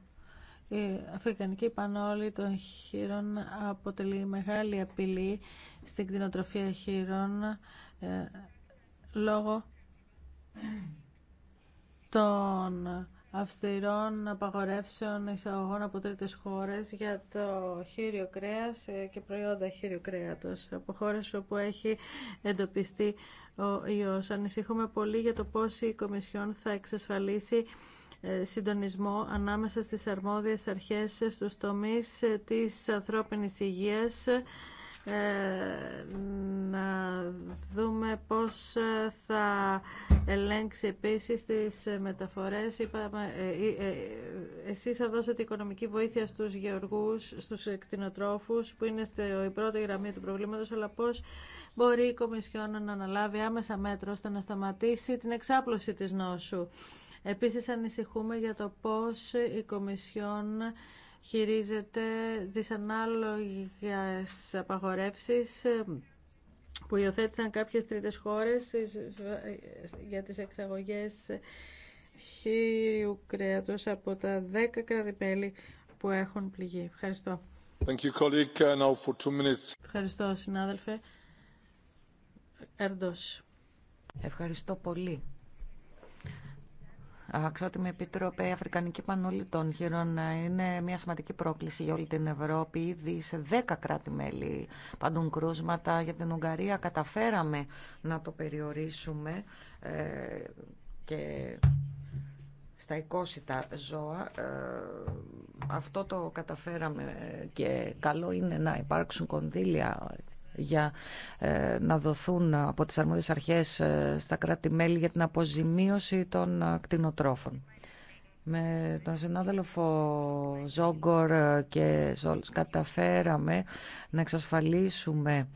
Η αφρικανική πανόλη των χείρων αποτελεί μεγάλη απειλή στην κτηνοτροφία χείρων ε, λόγω των αυστηρών απαγορεύσεων εισαγωγών από τρίτες χώρες για το χείριο κρέας ε, και προϊόντα χείριου κρέατος από χώρες όπου έχει εντοπιστεί ο ιός. Ανησυχούμε πολύ για το πώς η Κομισιόν θα εξασφαλίσει ε, συντονισμό ανάμεσα στις αρμόδιες αρχές στους τομείς ε, της ανθρώπινης υγείας ε, να δούμε πώς θα ελέγξει επίσης τις μεταφορές. Είπαμε, ε, ε, εσείς θα δώσετε οικονομική βοήθεια στους γεωργούς, στους εκτινοτρόφους, που είναι στη η πρώτη γραμμή του προβλήματος, αλλά πώς μπορεί η Κομισιόν να αναλάβει άμεσα μέτρα ώστε να σταματήσει την εξάπλωση της νόσου. Επίσης ανησυχούμε για το πώς η Κομισιόν χειρίζεται δυσανάλογες απαγορεύσεις ε, που υιοθέτησαν κάποιες τρίτες χώρες για τις εξαγωγές χείριου κρέατος από τα δέκα κρατη που έχουν πληγεί. Ευχαριστώ. Uh, Ευχαριστώ, συνάδελφε. Ερντός. Ευχαριστώ πολύ. Αξιότιμη Επίτροπε, η Αφρικανική Πανόλη των Χειρών ε, είναι μια σημαντική πρόκληση για όλη την Ευρώπη. Ήδη σε 10 κράτη-μέλη παντούν κρούσματα. Για την Ουγγαρία καταφέραμε να το περιορίσουμε ε, και στα 20 τα ζώα. Ε, αυτό το καταφέραμε και καλό είναι να υπάρξουν κονδύλια για ε, να δοθούν από τις αρμόδιες αρχές ε, στα κράτη-μέλη για την αποζημίωση των ε, κτηνοτρόφων. Με τον συνάδελφο Ζόγκορ και Ζόλς καταφέραμε να εξασφαλίσουμε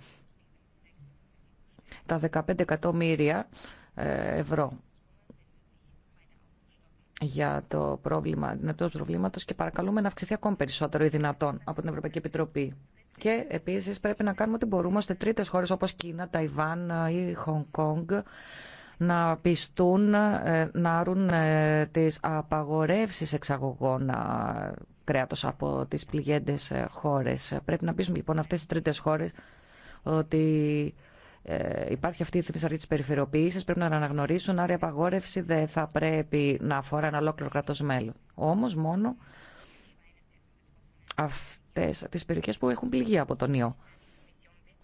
τα 15 εκατομμύρια ευρώ για το πρόβλημα, του προβλήματος και παρακαλούμε να αυξηθεί ακόμη περισσότερο ή δυνατόν από την Ευρωπαϊκή Επιτροπή. Και επίσης πρέπει να κάνουμε ό,τι μπορούμε ώστε τρίτες χώρες όπως Κίνα, Ταϊβάν ε, ή Χονγκ Κόνγκ να πιστούν ε, να άρουν ε, τις απαγορεύσεις εξαγωγών κρέατος από τις πληγέντες χώρες. Πρέπει να πείσουμε λοιπόν αυτές τις τρίτες χώρες ότι υπάρχει αυτή η θρησαρχή της περιφερειοποίησης, πρέπει να αναγνωρίσουν, άρα η θρησαρχη της περιφεροποιησης πρεπει να αναγνωρισουν αρα η απαγορευση δεν θα πρέπει να αφορά ένα ολόκληρο κρατός μέλλον. Όμως μόνο αυτή τις περιοχές που έχουν πληγεί από τον ιό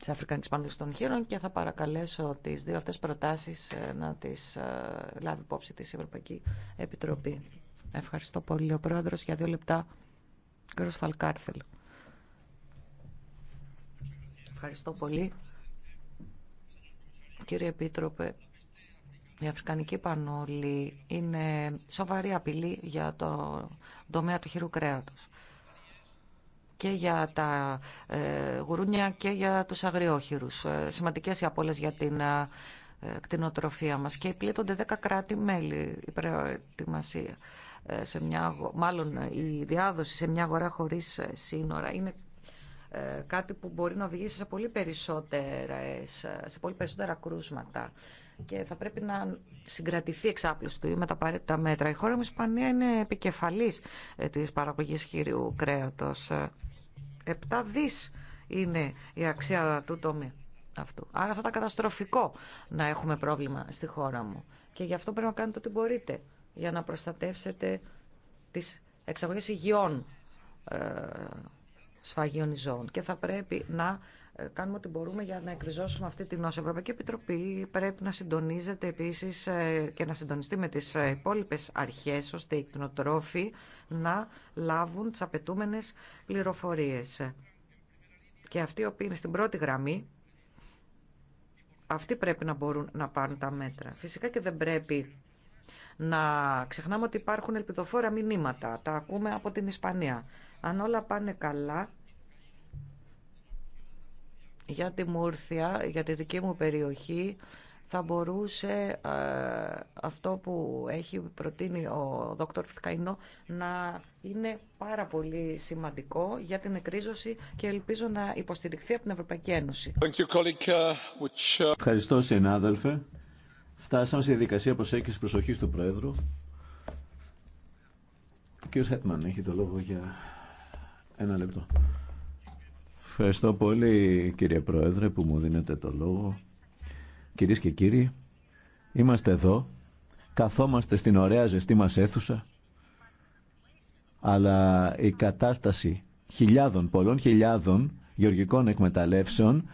τη Αφρικανική Πανδημία των Χείρων και θα παρακαλέσω τι δύο αυτέ προτάσει ε, να τι ε, λάβει υπόψη τη Ευρωπαϊκή Επιτροπή. Ευχαριστώ πολύ. Ο πρόεδρο για δύο λεπτά, κ. Φαλκάρθελ. Ευχαριστώ πολύ. Κύριε Επίτροπε, η Αφρικανική Πανόλη είναι σοβαρή απειλή για το τομέα του χειρού κρέατος και για τα ε, γουρούνια και για τους αγριόχειρους. Ε, σημαντικές οι απώλες για την ε, κτηνοτροφία μας και πλήττονται 10 κράτη-μέλη η προετοιμασία. Σε μια, μάλλον η διάδοση σε μια αγορά χωρίς σύνορα είναι κάτι που μπορεί να οδηγήσει σε πολύ, περισσότερες, σε πολύ περισσότερα κρούσματα και θα πρέπει να συγκρατηθεί εξάπλωση του με τα απαραίτητα μέτρα. Η χώρα μου Ισπανία είναι επικεφαλής της παραγωγής χείριου κρέατος. Επτά δις είναι η αξία του τομέα αυτού. Άρα θα ήταν καταστροφικό να έχουμε πρόβλημα στη χώρα μου. Και γι' αυτό πρέπει να κάνετε ό,τι μπορείτε για να προστατεύσετε τις εξαγωγές υγιών ε, σφαγίων ζώων. Και θα πρέπει να ε, κάνουμε ό,τι μπορούμε για να εκριζώσουμε αυτή την νόση. Η Ευρωπαϊκή Επιτροπή πρέπει να συντονίζεται επίση ε, και να συντονιστεί με τι ε, υπόλοιπε αρχέ, ώστε οι κτηνοτρόφοι να λάβουν τι απαιτούμενε πληροφορίε. Και αυτοί οι οποίοι είναι στην πρώτη γραμμή, αυτοί πρέπει να μπορούν να πάρουν τα μέτρα. Φυσικά και δεν πρέπει να ξεχνάμε ότι υπάρχουν ελπιδοφόρα μηνύματα. Τα ακούμε από την Ισπανία. Αν όλα πάνε καλά, για τη Μούρθια, για τη δική μου περιοχή, θα μπορούσε ε, αυτό που έχει προτείνει ο δόκτωρ Φθκαϊνό να είναι πάρα πολύ σημαντικό για την εκρίζωση και ελπίζω να υποστηριχθεί από την Ευρωπαϊκή Ένωση. Uh, uh, Ευχαριστώ συνάδελφε. Φτάσαμε στη διαδικασία προσέγγισης προσοχής του Πρόεδρου. Ο κ. Χέτμαν έχει το λόγο για ένα λεπτό. Ευχαριστώ πολύ κύριε Πρόεδρε που μου δίνετε το λόγο. Κυρίες και κύριοι, είμαστε εδώ, καθόμαστε στην ωραία ζεστή μας αίθουσα, αλλά η κατάσταση χιλιάδων, πολλών χιλιάδων γεωργικών εκμεταλλεύσεων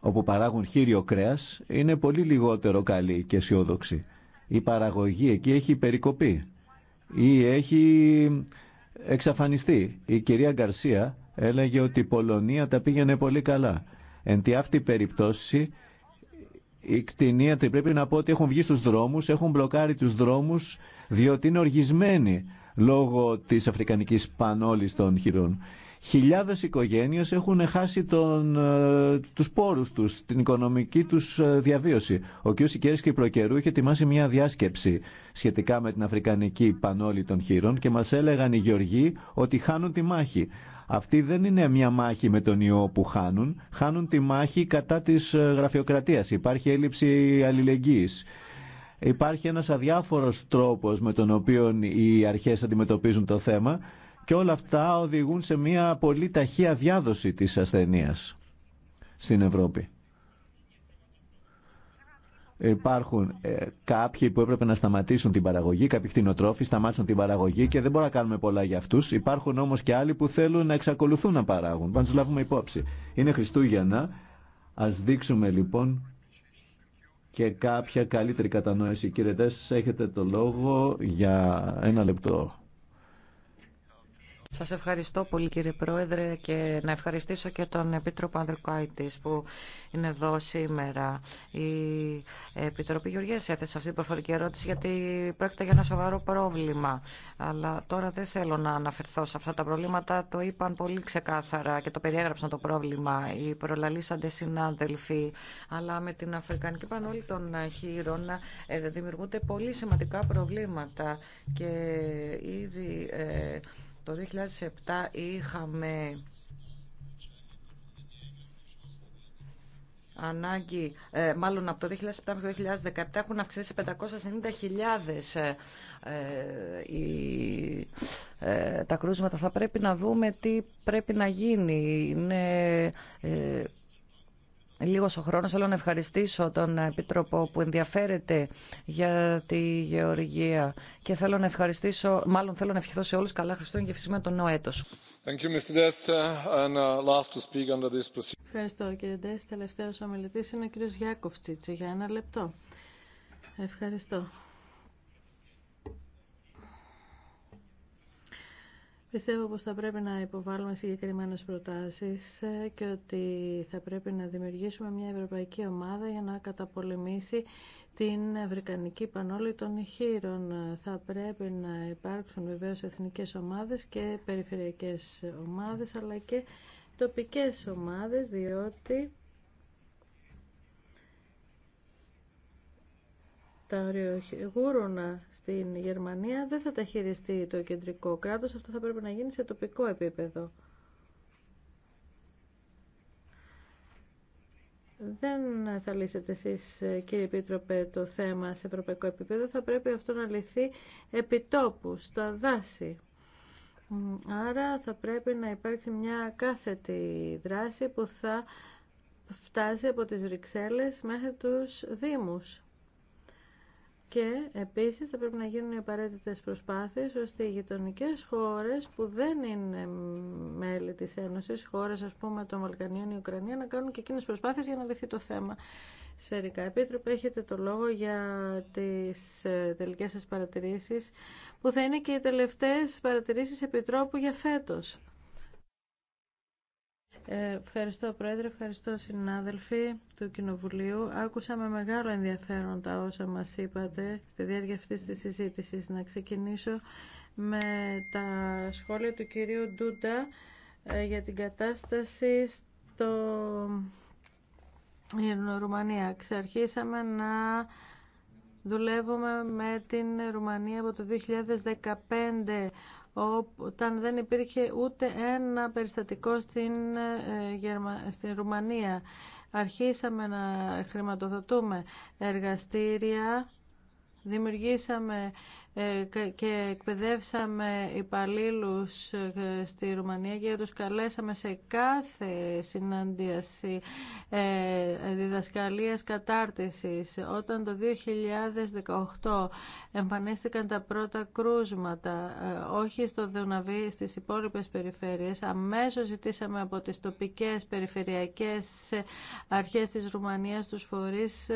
όπου παράγουν χείριο κρέας είναι πολύ λιγότερο καλή και αισιόδοξη. Η παραγωγή εκεί έχει περικοπεί ή έχει εξαφανιστεί. Η κυρία Γκαρσία έλεγε ότι η Πολωνία τα πήγαινε πολύ καλά. Εν τη αυτή περίπτωση οι κτηνίατροι πρέπει να πω ότι έχουν βγει στους δρόμους, έχουν μπλοκάρει τους δρόμους διότι είναι οργισμένοι λόγω της αφρικανικής πανόλης των χειρών. Χιλιάδες οικογένειες έχουν χάσει τον, ε, τους πόρους τους, την οικονομική τους ε, διαβίωση. Ο κ. Σικέρης Προκερού είχε ετοιμάσει μια διάσκεψη σχετικά με την αφρικανική πανόλη των χείρων και μας έλεγαν οι Γεωργοί ότι χάνουν τη μάχη. Αυτή δεν είναι μια μάχη με τον ιό που χάνουν. Χάνουν τη μάχη κατά της ε, γραφειοκρατίας. Υπάρχει έλλειψη αλληλεγγύης. Υπάρχει ένας αδιάφορος τρόπος με τον οποίο οι αρχές αντιμετωπίζουν το θέμα και όλα αυτά οδηγούν σε μια πολύ ταχεία διάδοση της ασθενείας στην Ευρώπη. Υπάρχουν ε, κάποιοι που έπρεπε να σταματήσουν την παραγωγή, κάποιοι κτηνοτρόφοι σταμάτησαν την παραγωγή και δεν μπορούμε να κάνουμε πολλά για αυτού. Υπάρχουν όμω και άλλοι που θέλουν να εξακολουθούν να παράγουν. Πάντω λάβουμε υπόψη. Είναι Χριστούγεννα. Α δείξουμε λοιπόν και κάποια καλύτερη κατανόηση. Κύριε Τέσσερι, έχετε το λόγο για ένα λεπτό. Σας ευχαριστώ πολύ κύριε Πρόεδρε και να ευχαριστήσω και τον Επίτροπο Ανδρουκάητης που είναι εδώ σήμερα. Η Επιτροπή Γεωργία έθεσε αυτή την προφορική ερώτηση γιατί πρόκειται για ένα σοβαρό πρόβλημα. Αλλά τώρα δεν θέλω να αναφερθώ σε αυτά τα προβλήματα. Το είπαν πολύ ξεκάθαρα και το περιέγραψαν το πρόβλημα οι προλαλήσαντε συνάδελφοι. Αλλά με την Αφρικανική Πανόλη των Χείρων ε, δημιουργούνται πολύ σημαντικά προβλήματα και ήδη ε, το 2007 είχαμε ανάγκη, ε, μάλλον από το 2007 μέχρι το 2017 έχουν αυξήσει σε 590.000 ε, ε, τα κρούσματα. Θα πρέπει να δούμε τι πρέπει να γίνει. Είναι λίγο ο χρόνο, θέλω να ευχαριστήσω τον Επίτροπο που ενδιαφέρεται για τη Γεωργία και θέλω να ευχαριστήσω, μάλλον θέλω να ευχηθώ σε όλου καλά Χριστούγεννα και φυσικά τον νέο έτο. Uh, Ευχαριστώ κύριε Ντέ. Τελευταίο ομιλητή είναι ο κύριο Γιάκοφτσίτση. για ένα λεπτό. Ευχαριστώ. Πιστεύω πως θα πρέπει να υποβάλουμε συγκεκριμένες προτάσεις ε, και ότι θα πρέπει να δημιουργήσουμε μια ευρωπαϊκή ομάδα για να καταπολεμήσει την βρικανική Πανόλη των Χείρων. Θα πρέπει να υπάρξουν βεβαίως εθνικές ομάδες και περιφερειακές ομάδες αλλά και τοπικές ομάδες διότι τα οριοχηγούρουνα στην Γερμανία δεν θα τα χειριστεί το κεντρικό κράτος, αυτό θα πρέπει να γίνει σε τοπικό επίπεδο. Δεν θα λύσετε εσείς κύριε Επίτροπε το θέμα σε ευρωπαϊκό επίπεδο, θα πρέπει αυτό να λυθεί επιτόπου, στα δάση. Άρα θα πρέπει να υπάρξει μια κάθετη δράση που θα φτάσει από τις Βρυξέλλες μέχρι τους Δήμους. Και επίσης θα πρέπει να γίνουν οι απαραίτητες προσπάθειες ώστε οι γειτονικέ χώρες που δεν είναι μέλη της Ένωσης, χώρες ας πούμε των Βαλκανίων, η Ουκρανία, να κάνουν και εκείνες προσπάθειες για να λυθεί το θέμα. Σφαιρικά Επίτροπε, έχετε το λόγο για τις ε, τελικές σας παρατηρήσεις που θα είναι και οι τελευταίες παρατηρήσεις Επιτρόπου για φέτος. Ε, ευχαριστώ Πρόεδρε, ευχαριστώ συνάδελφοι του Κοινοβουλίου. Άκουσα με μεγάλο ενδιαφέρον τα όσα μας είπατε στη διάρκεια αυτής της συζήτησης. Να ξεκινήσω με τα σχόλια του κυρίου Ντούντα ε, για την κατάσταση στο Ρουμανία. Ξαρχίσαμε να δουλεύουμε με την Ρουμανία από το 2015 όταν δεν υπήρχε ούτε ένα περιστατικό στην, ε, στην Ρουμανία. Αρχίσαμε να χρηματοδοτούμε εργαστήρια, δημιουργήσαμε ε, και εκπαιδεύσαμε υπαλλήλου ε, στη Ρουμανία και τους καλέσαμε σε κάθε συνάντηση ε, διδασκαλίας κατάρτισης. Όταν το 2018 εμφανίστηκαν τα πρώτα κρούσματα, όχι στο Δουναβί, στις υπόλοιπες περιφέρειες, αμέσως ζητήσαμε από τις τοπικές περιφερειακές αρχές της Ρουμανίας τους φορείς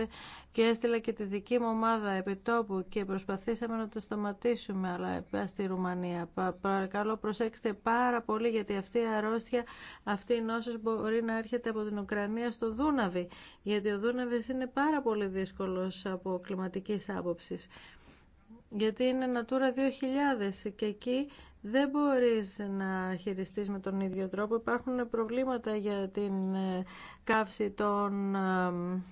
και έστειλα και τη δική μου ομάδα επιτόπου και προσπαθήσαμε να σταματήσουμε αλλά στη Ρουμανία. Παρακαλώ προσέξτε πάρα πολύ γιατί αυτή η αρρώστια, αυτή η νόσος μπορεί να έρχεται από την Ουκρανία στο Δούναβι. Γιατί ο Δούναβης είναι πάρα πολύ δύσκολος από κλιματικής άποψης. Γιατί είναι Natura 2000 και εκεί δεν μπορείς να χειριστείς με τον ίδιο τρόπο. Υπάρχουν προβλήματα για την ε, καύση των ε,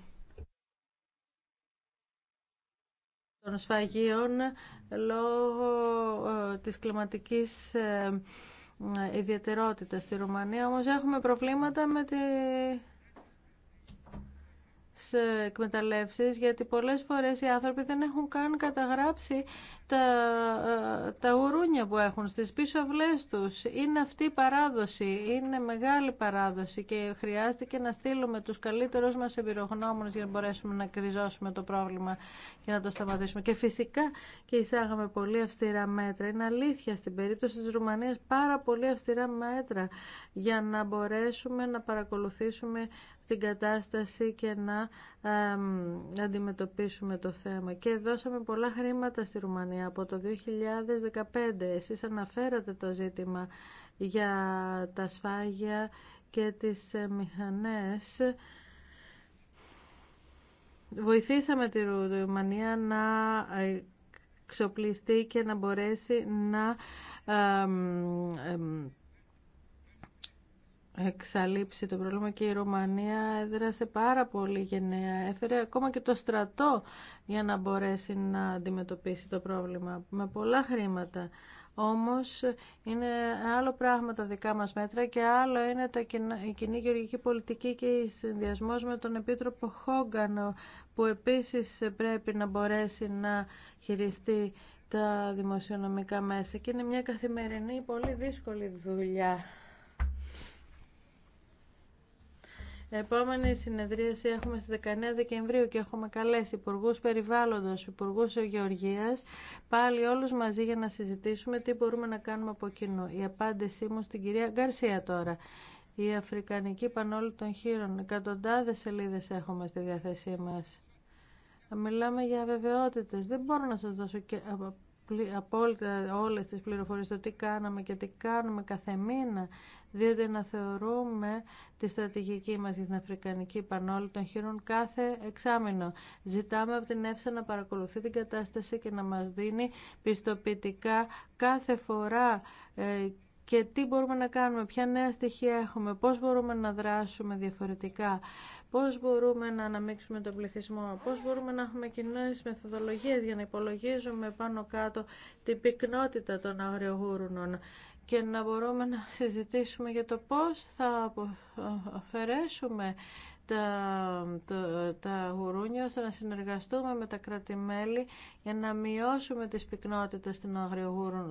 των σφαγίων λόγω ε, της κλιματικής ε, ε, ιδιαιτερότητας στη Ρουμανία. Όμως έχουμε προβλήματα με τη εκμεταλλεύσεις γιατί πολλές φορές οι άνθρωποι δεν έχουν καν καταγράψει τα, ε, τα ουρούνια που έχουν στις πίσω αυλές τους. Είναι αυτή η παράδοση, είναι μεγάλη παράδοση και χρειάστηκε να στείλουμε τους καλύτερους μας εμπειρογνώμονες για να μπορέσουμε να κρυζώσουμε το πρόβλημα και να το σταματήσουμε. Και φυσικά και εισάγαμε πολύ αυστηρά μέτρα. Είναι αλήθεια στην περίπτωση της Ρουμανίας πάρα πολύ αυστηρά μέτρα για να μπορέσουμε να παρακολουθήσουμε την κατάσταση και να αντιμετωπίσουμε το θέμα. Και δώσαμε πολλά χρήματα στη Ρουμανία από το 2015. Εσείς αναφέρατε το ζήτημα για τα σφάγια και τις ε, μηχανές. Βοηθήσαμε τη Ρουμανία να εξοπλιστεί και να μπορέσει να εξαλείψει το πρόβλημα και η Ρουμανία έδρασε πάρα πολύ γενναία. Έφερε ακόμα και το στρατό για να μπορέσει να αντιμετωπίσει το πρόβλημα με πολλά χρήματα. Όμως είναι άλλο πράγμα τα δικά μας μέτρα και άλλο είναι τα η κοινή γεωργική πολιτική και η συνδυασμό με τον Επίτροπο Χόγκανο που επίσης πρέπει να μπορέσει να χειριστεί τα δημοσιονομικά μέσα και είναι μια καθημερινή πολύ δύσκολη δουλειά. Επόμενη συνεδρίαση έχουμε στις 19 Δεκεμβρίου και έχουμε καλέσει υπουργού Περιβάλλοντος, υπουργού Γεωργίας, πάλι όλους μαζί για να συζητήσουμε τι μπορούμε να κάνουμε από κοινού. Η απάντησή μου στην κυρία Γκαρσία τώρα. Η Αφρικανική Πανόλη των Χείρων. Εκατοντάδες σελίδες έχουμε στη διάθεσή μας. Μιλάμε για αβεβαιότητες. Δεν μπορώ να σας δώσω απόλυτα όλες τις πληροφορίες το τι κάναμε και τι κάνουμε κάθε μήνα, διότι να θεωρούμε τη στρατηγική μας για την Αφρικανική Πανόλη των χειρών κάθε εξάμεινο. Ζητάμε από την ΕΦΣΑ να παρακολουθεί την κατάσταση και να μας δίνει πιστοποιητικά κάθε φορά ε, και τι μπορούμε να κάνουμε, ποια νέα στοιχεία έχουμε, πώς μπορούμε να δράσουμε διαφορετικά πώς μπορούμε να αναμίξουμε τον πληθυσμό, πώς μπορούμε να έχουμε κοινέ μεθοδολογίες για να υπολογίζουμε πάνω κάτω την πυκνότητα των αγριογούρνων και να μπορούμε να συζητήσουμε για το πώς θα αφαιρέσουμε τα, τα, τα γουρούνια ώστε να συνεργαστούμε με τα κρατημέλη για να μειώσουμε τις πυκνότητες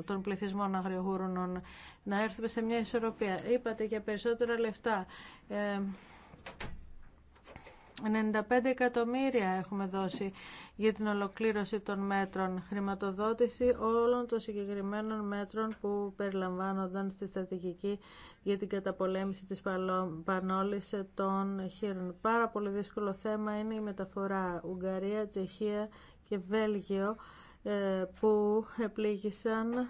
των πληθυσμών αγριογούρνων, να έρθουμε σε μια ισορροπία. Είπατε για περισσότερα λεφτά. Ε, 95 εκατομμύρια έχουμε δώσει για την ολοκλήρωση των μέτρων, χρηματοδότηση όλων των συγκεκριμένων μέτρων που περιλαμβάνονταν στη στρατηγική για την καταπολέμηση της πανόλης των χείρων. Πάρα πολύ δύσκολο θέμα είναι η μεταφορά Ουγγαρία, Τσεχία και Βέλγιο ε, που επλήγησαν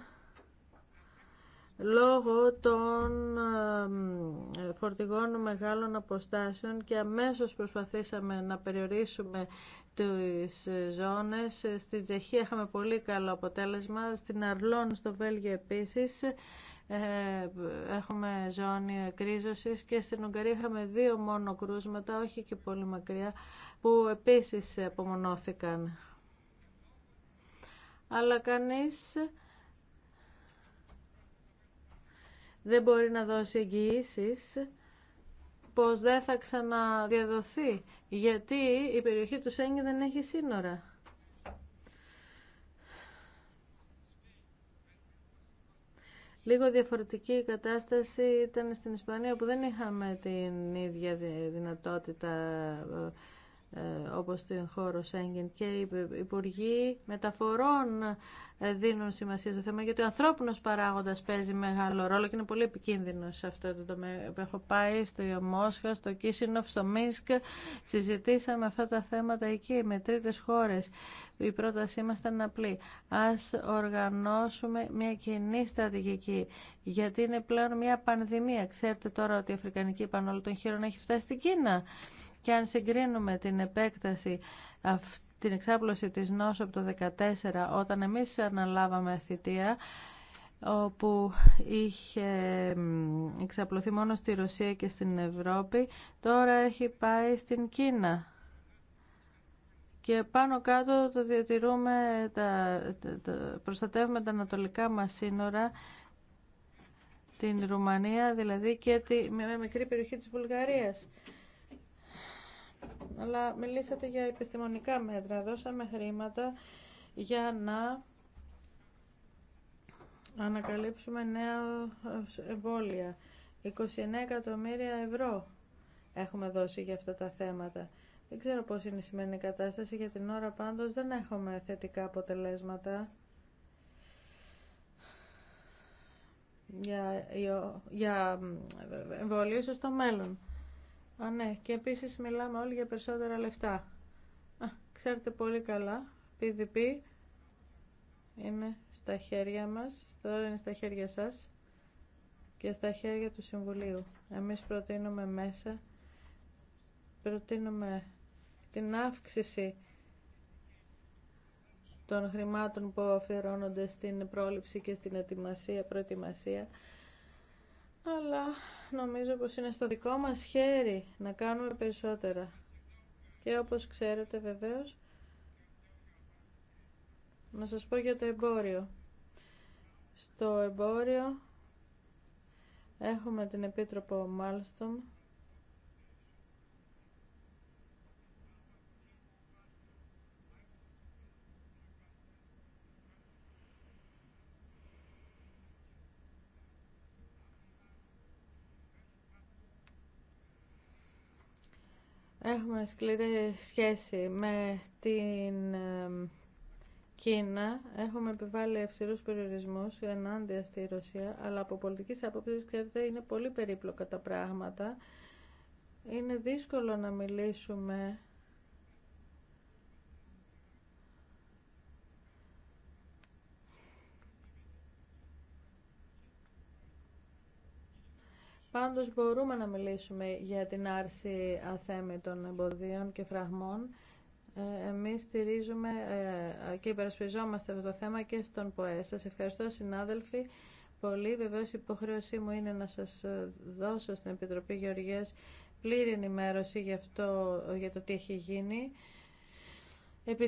λόγω των ε, φορτηγών μεγάλων αποστάσεων και αμέσως προσπαθήσαμε να περιορίσουμε τις ζώνες. Στην Τσεχία είχαμε πολύ καλό αποτέλεσμα, στην Αρλόν στο Βέλγιο επίσης ε, έχουμε ζώνη κρίζωσης και στην Ουγγαρία είχαμε δύο μόνο κρούσματα, όχι και πολύ μακριά, που επίσης απομονώθηκαν. Αλλά κανείς δεν μπορεί να δώσει εγγυήσει πως δεν θα ξαναδιαδοθεί, γιατί η περιοχή του Σέγγι δεν έχει σύνορα. Λίγο διαφορετική η κατάσταση ήταν στην Ισπανία που δεν είχαμε την ίδια δυνατότητα ε, ε, όπως το χώρο Σέγγεν και οι Υπουργοί Μεταφορών ε, δίνουν σημασία στο θέμα γιατί ο ανθρώπινος παράγοντας παίζει μεγάλο ρόλο και είναι πολύ επικίνδυνο σε αυτό το τομέα. Έχω πάει στο Μόσχα, στο Κίσινοφ, στο Μίνσκ, συζητήσαμε αυτά τα θέματα εκεί με τρίτες χώρες. Η πρότασή μας ήταν απλή. Ας οργανώσουμε μια κοινή στρατηγική γιατί είναι πλέον μια πανδημία. Ξέρετε τώρα ότι η Αφρικανική Πανόλη των Χείρων έχει φτάσει στην Κίνα. Και αν συγκρίνουμε την επέκταση την εξάπλωση της νόσου από το 2014 όταν εμείς αναλάβαμε θητεία όπου είχε εξαπλωθεί μόνο στη Ρωσία και στην Ευρώπη τώρα έχει πάει στην Κίνα και πάνω κάτω το διατηρούμε τα, τα προστατεύουμε τα ανατολικά μας σύνορα την Ρουμανία δηλαδή και τη, μια μικρή περιοχή της Βουλγαρίας αλλά μιλήσατε για επιστημονικά μέτρα. Δώσαμε χρήματα για να ανακαλύψουμε νέα εμβόλια. 29 εκατομμύρια ευρώ έχουμε δώσει για αυτά τα θέματα. Δεν ξέρω πώς είναι η σημερινή κατάσταση, για την ώρα πάντως δεν έχουμε θετικά αποτελέσματα για, για εμβολίωση στο μέλλον. Α, ναι, και επίσης μιλάμε όλοι για περισσότερα λεφτά. ξέρετε πολύ καλά, PDP είναι στα χέρια μας, τώρα είναι στα χέρια σας και στα χέρια του Συμβουλίου. Εμείς προτείνουμε μέσα, προτείνουμε την αύξηση των χρημάτων που αφιερώνονται στην πρόληψη και στην ετοιμασία, προετοιμασία αλλά νομίζω πως είναι στο δικό μας χέρι να κάνουμε περισσότερα. Και όπως ξέρετε βεβαίως, να σας πω για το εμπόριο. Στο εμπόριο έχουμε την Επίτροπο Μάλστον, Έχουμε σκληρή σχέση με την Κίνα. Έχουμε επιβάλει αυστηρούς περιορισμούς ενάντια στη Ρωσία, αλλά από πολιτικής άποψης, ξέρετε, είναι πολύ περίπλοκα τα πράγματα. Είναι δύσκολο να μιλήσουμε Πάντως μπορούμε να μιλήσουμε για την άρση των εμποδίων και φραγμών. Ε, εμείς στηρίζουμε ε, και υπερασπιζόμαστε αυτό το θέμα και στον ΠΟΕ. Σας ευχαριστώ συνάδελφοι πολύ. Βεβαίως η υποχρέωσή μου είναι να σας ε, δώσω στην Επιτροπή Γεωργίας πλήρη ενημέρωση για, αυτό, για το τι έχει γίνει επί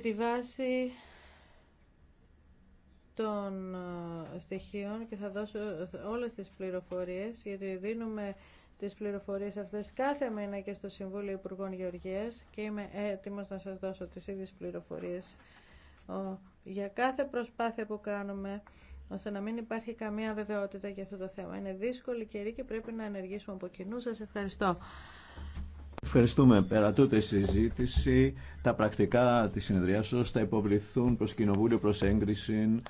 των ε, στοιχείων και θα δώσω όλες τις πληροφορίες γιατί δίνουμε τις πληροφορίες αυτές κάθε μήνα και στο Συμβούλιο Υπουργών Γεωργίας και είμαι έτοιμος να σας δώσω τις ίδιες πληροφορίες για κάθε προσπάθεια που κάνουμε ώστε να μην υπάρχει καμία βεβαιότητα για αυτό το θέμα. Είναι δύσκολη καιρή και πρέπει να ενεργήσουμε από κοινού. Σας ευχαριστώ. Ευχαριστούμε. Περατούτε συζήτηση. Τα πρακτικά της συνεδριάσεως θα υποβληθούν προς Κοινοβούλιο προς έγκριση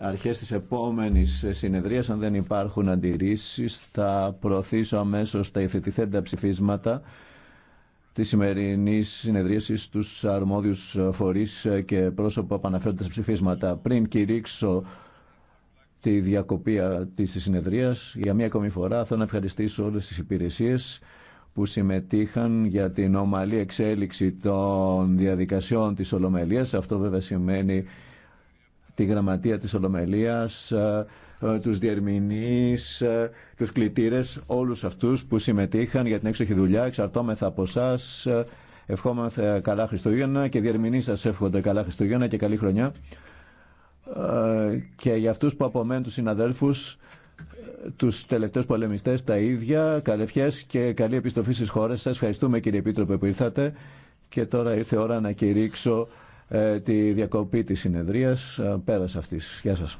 αρχές της επόμενης συνεδρίας, αν δεν υπάρχουν αντιρρήσεις, θα προωθήσω αμέσως τα υφετηθέντα ψηφίσματα τη σημερινής συνεδρίασης στους αρμόδιους φορείς και πρόσωπα που αναφέρονται σε ψηφίσματα. Πριν κηρύξω τη διακοπή της συνεδρίας, για μία ακόμη φορά θέλω να ευχαριστήσω όλες τις υπηρεσίες που συμμετείχαν για την ομαλή εξέλιξη των διαδικασιών της Ολομελίας. Αυτό βέβαια σημαίνει τη γραμματεία της Ολομελίας, ε, ε, τους διερμηνείς, ε, τους κλητήρες, όλους αυτούς που συμμετείχαν για την έξοχη δουλειά. Εξαρτώμεθα από εσά. Ευχόμαστε καλά Χριστούγεννα και διερμηνείς σας εύχονται καλά Χριστούγεννα και καλή χρονιά. Και για αυτούς που απομένουν τους συναδέλφους, τους τελευταίους πολεμιστές τα ίδια, καλευχές και καλή επιστροφή στις χώρες σας. Ευχαριστούμε κύριε Επίτροπε που ήρθατε και τώρα ήρθε η ώρα να κηρύξω ε, τη διακοπή της συνεδρίας. Ε, Πέρας αυτής. Γεια σας.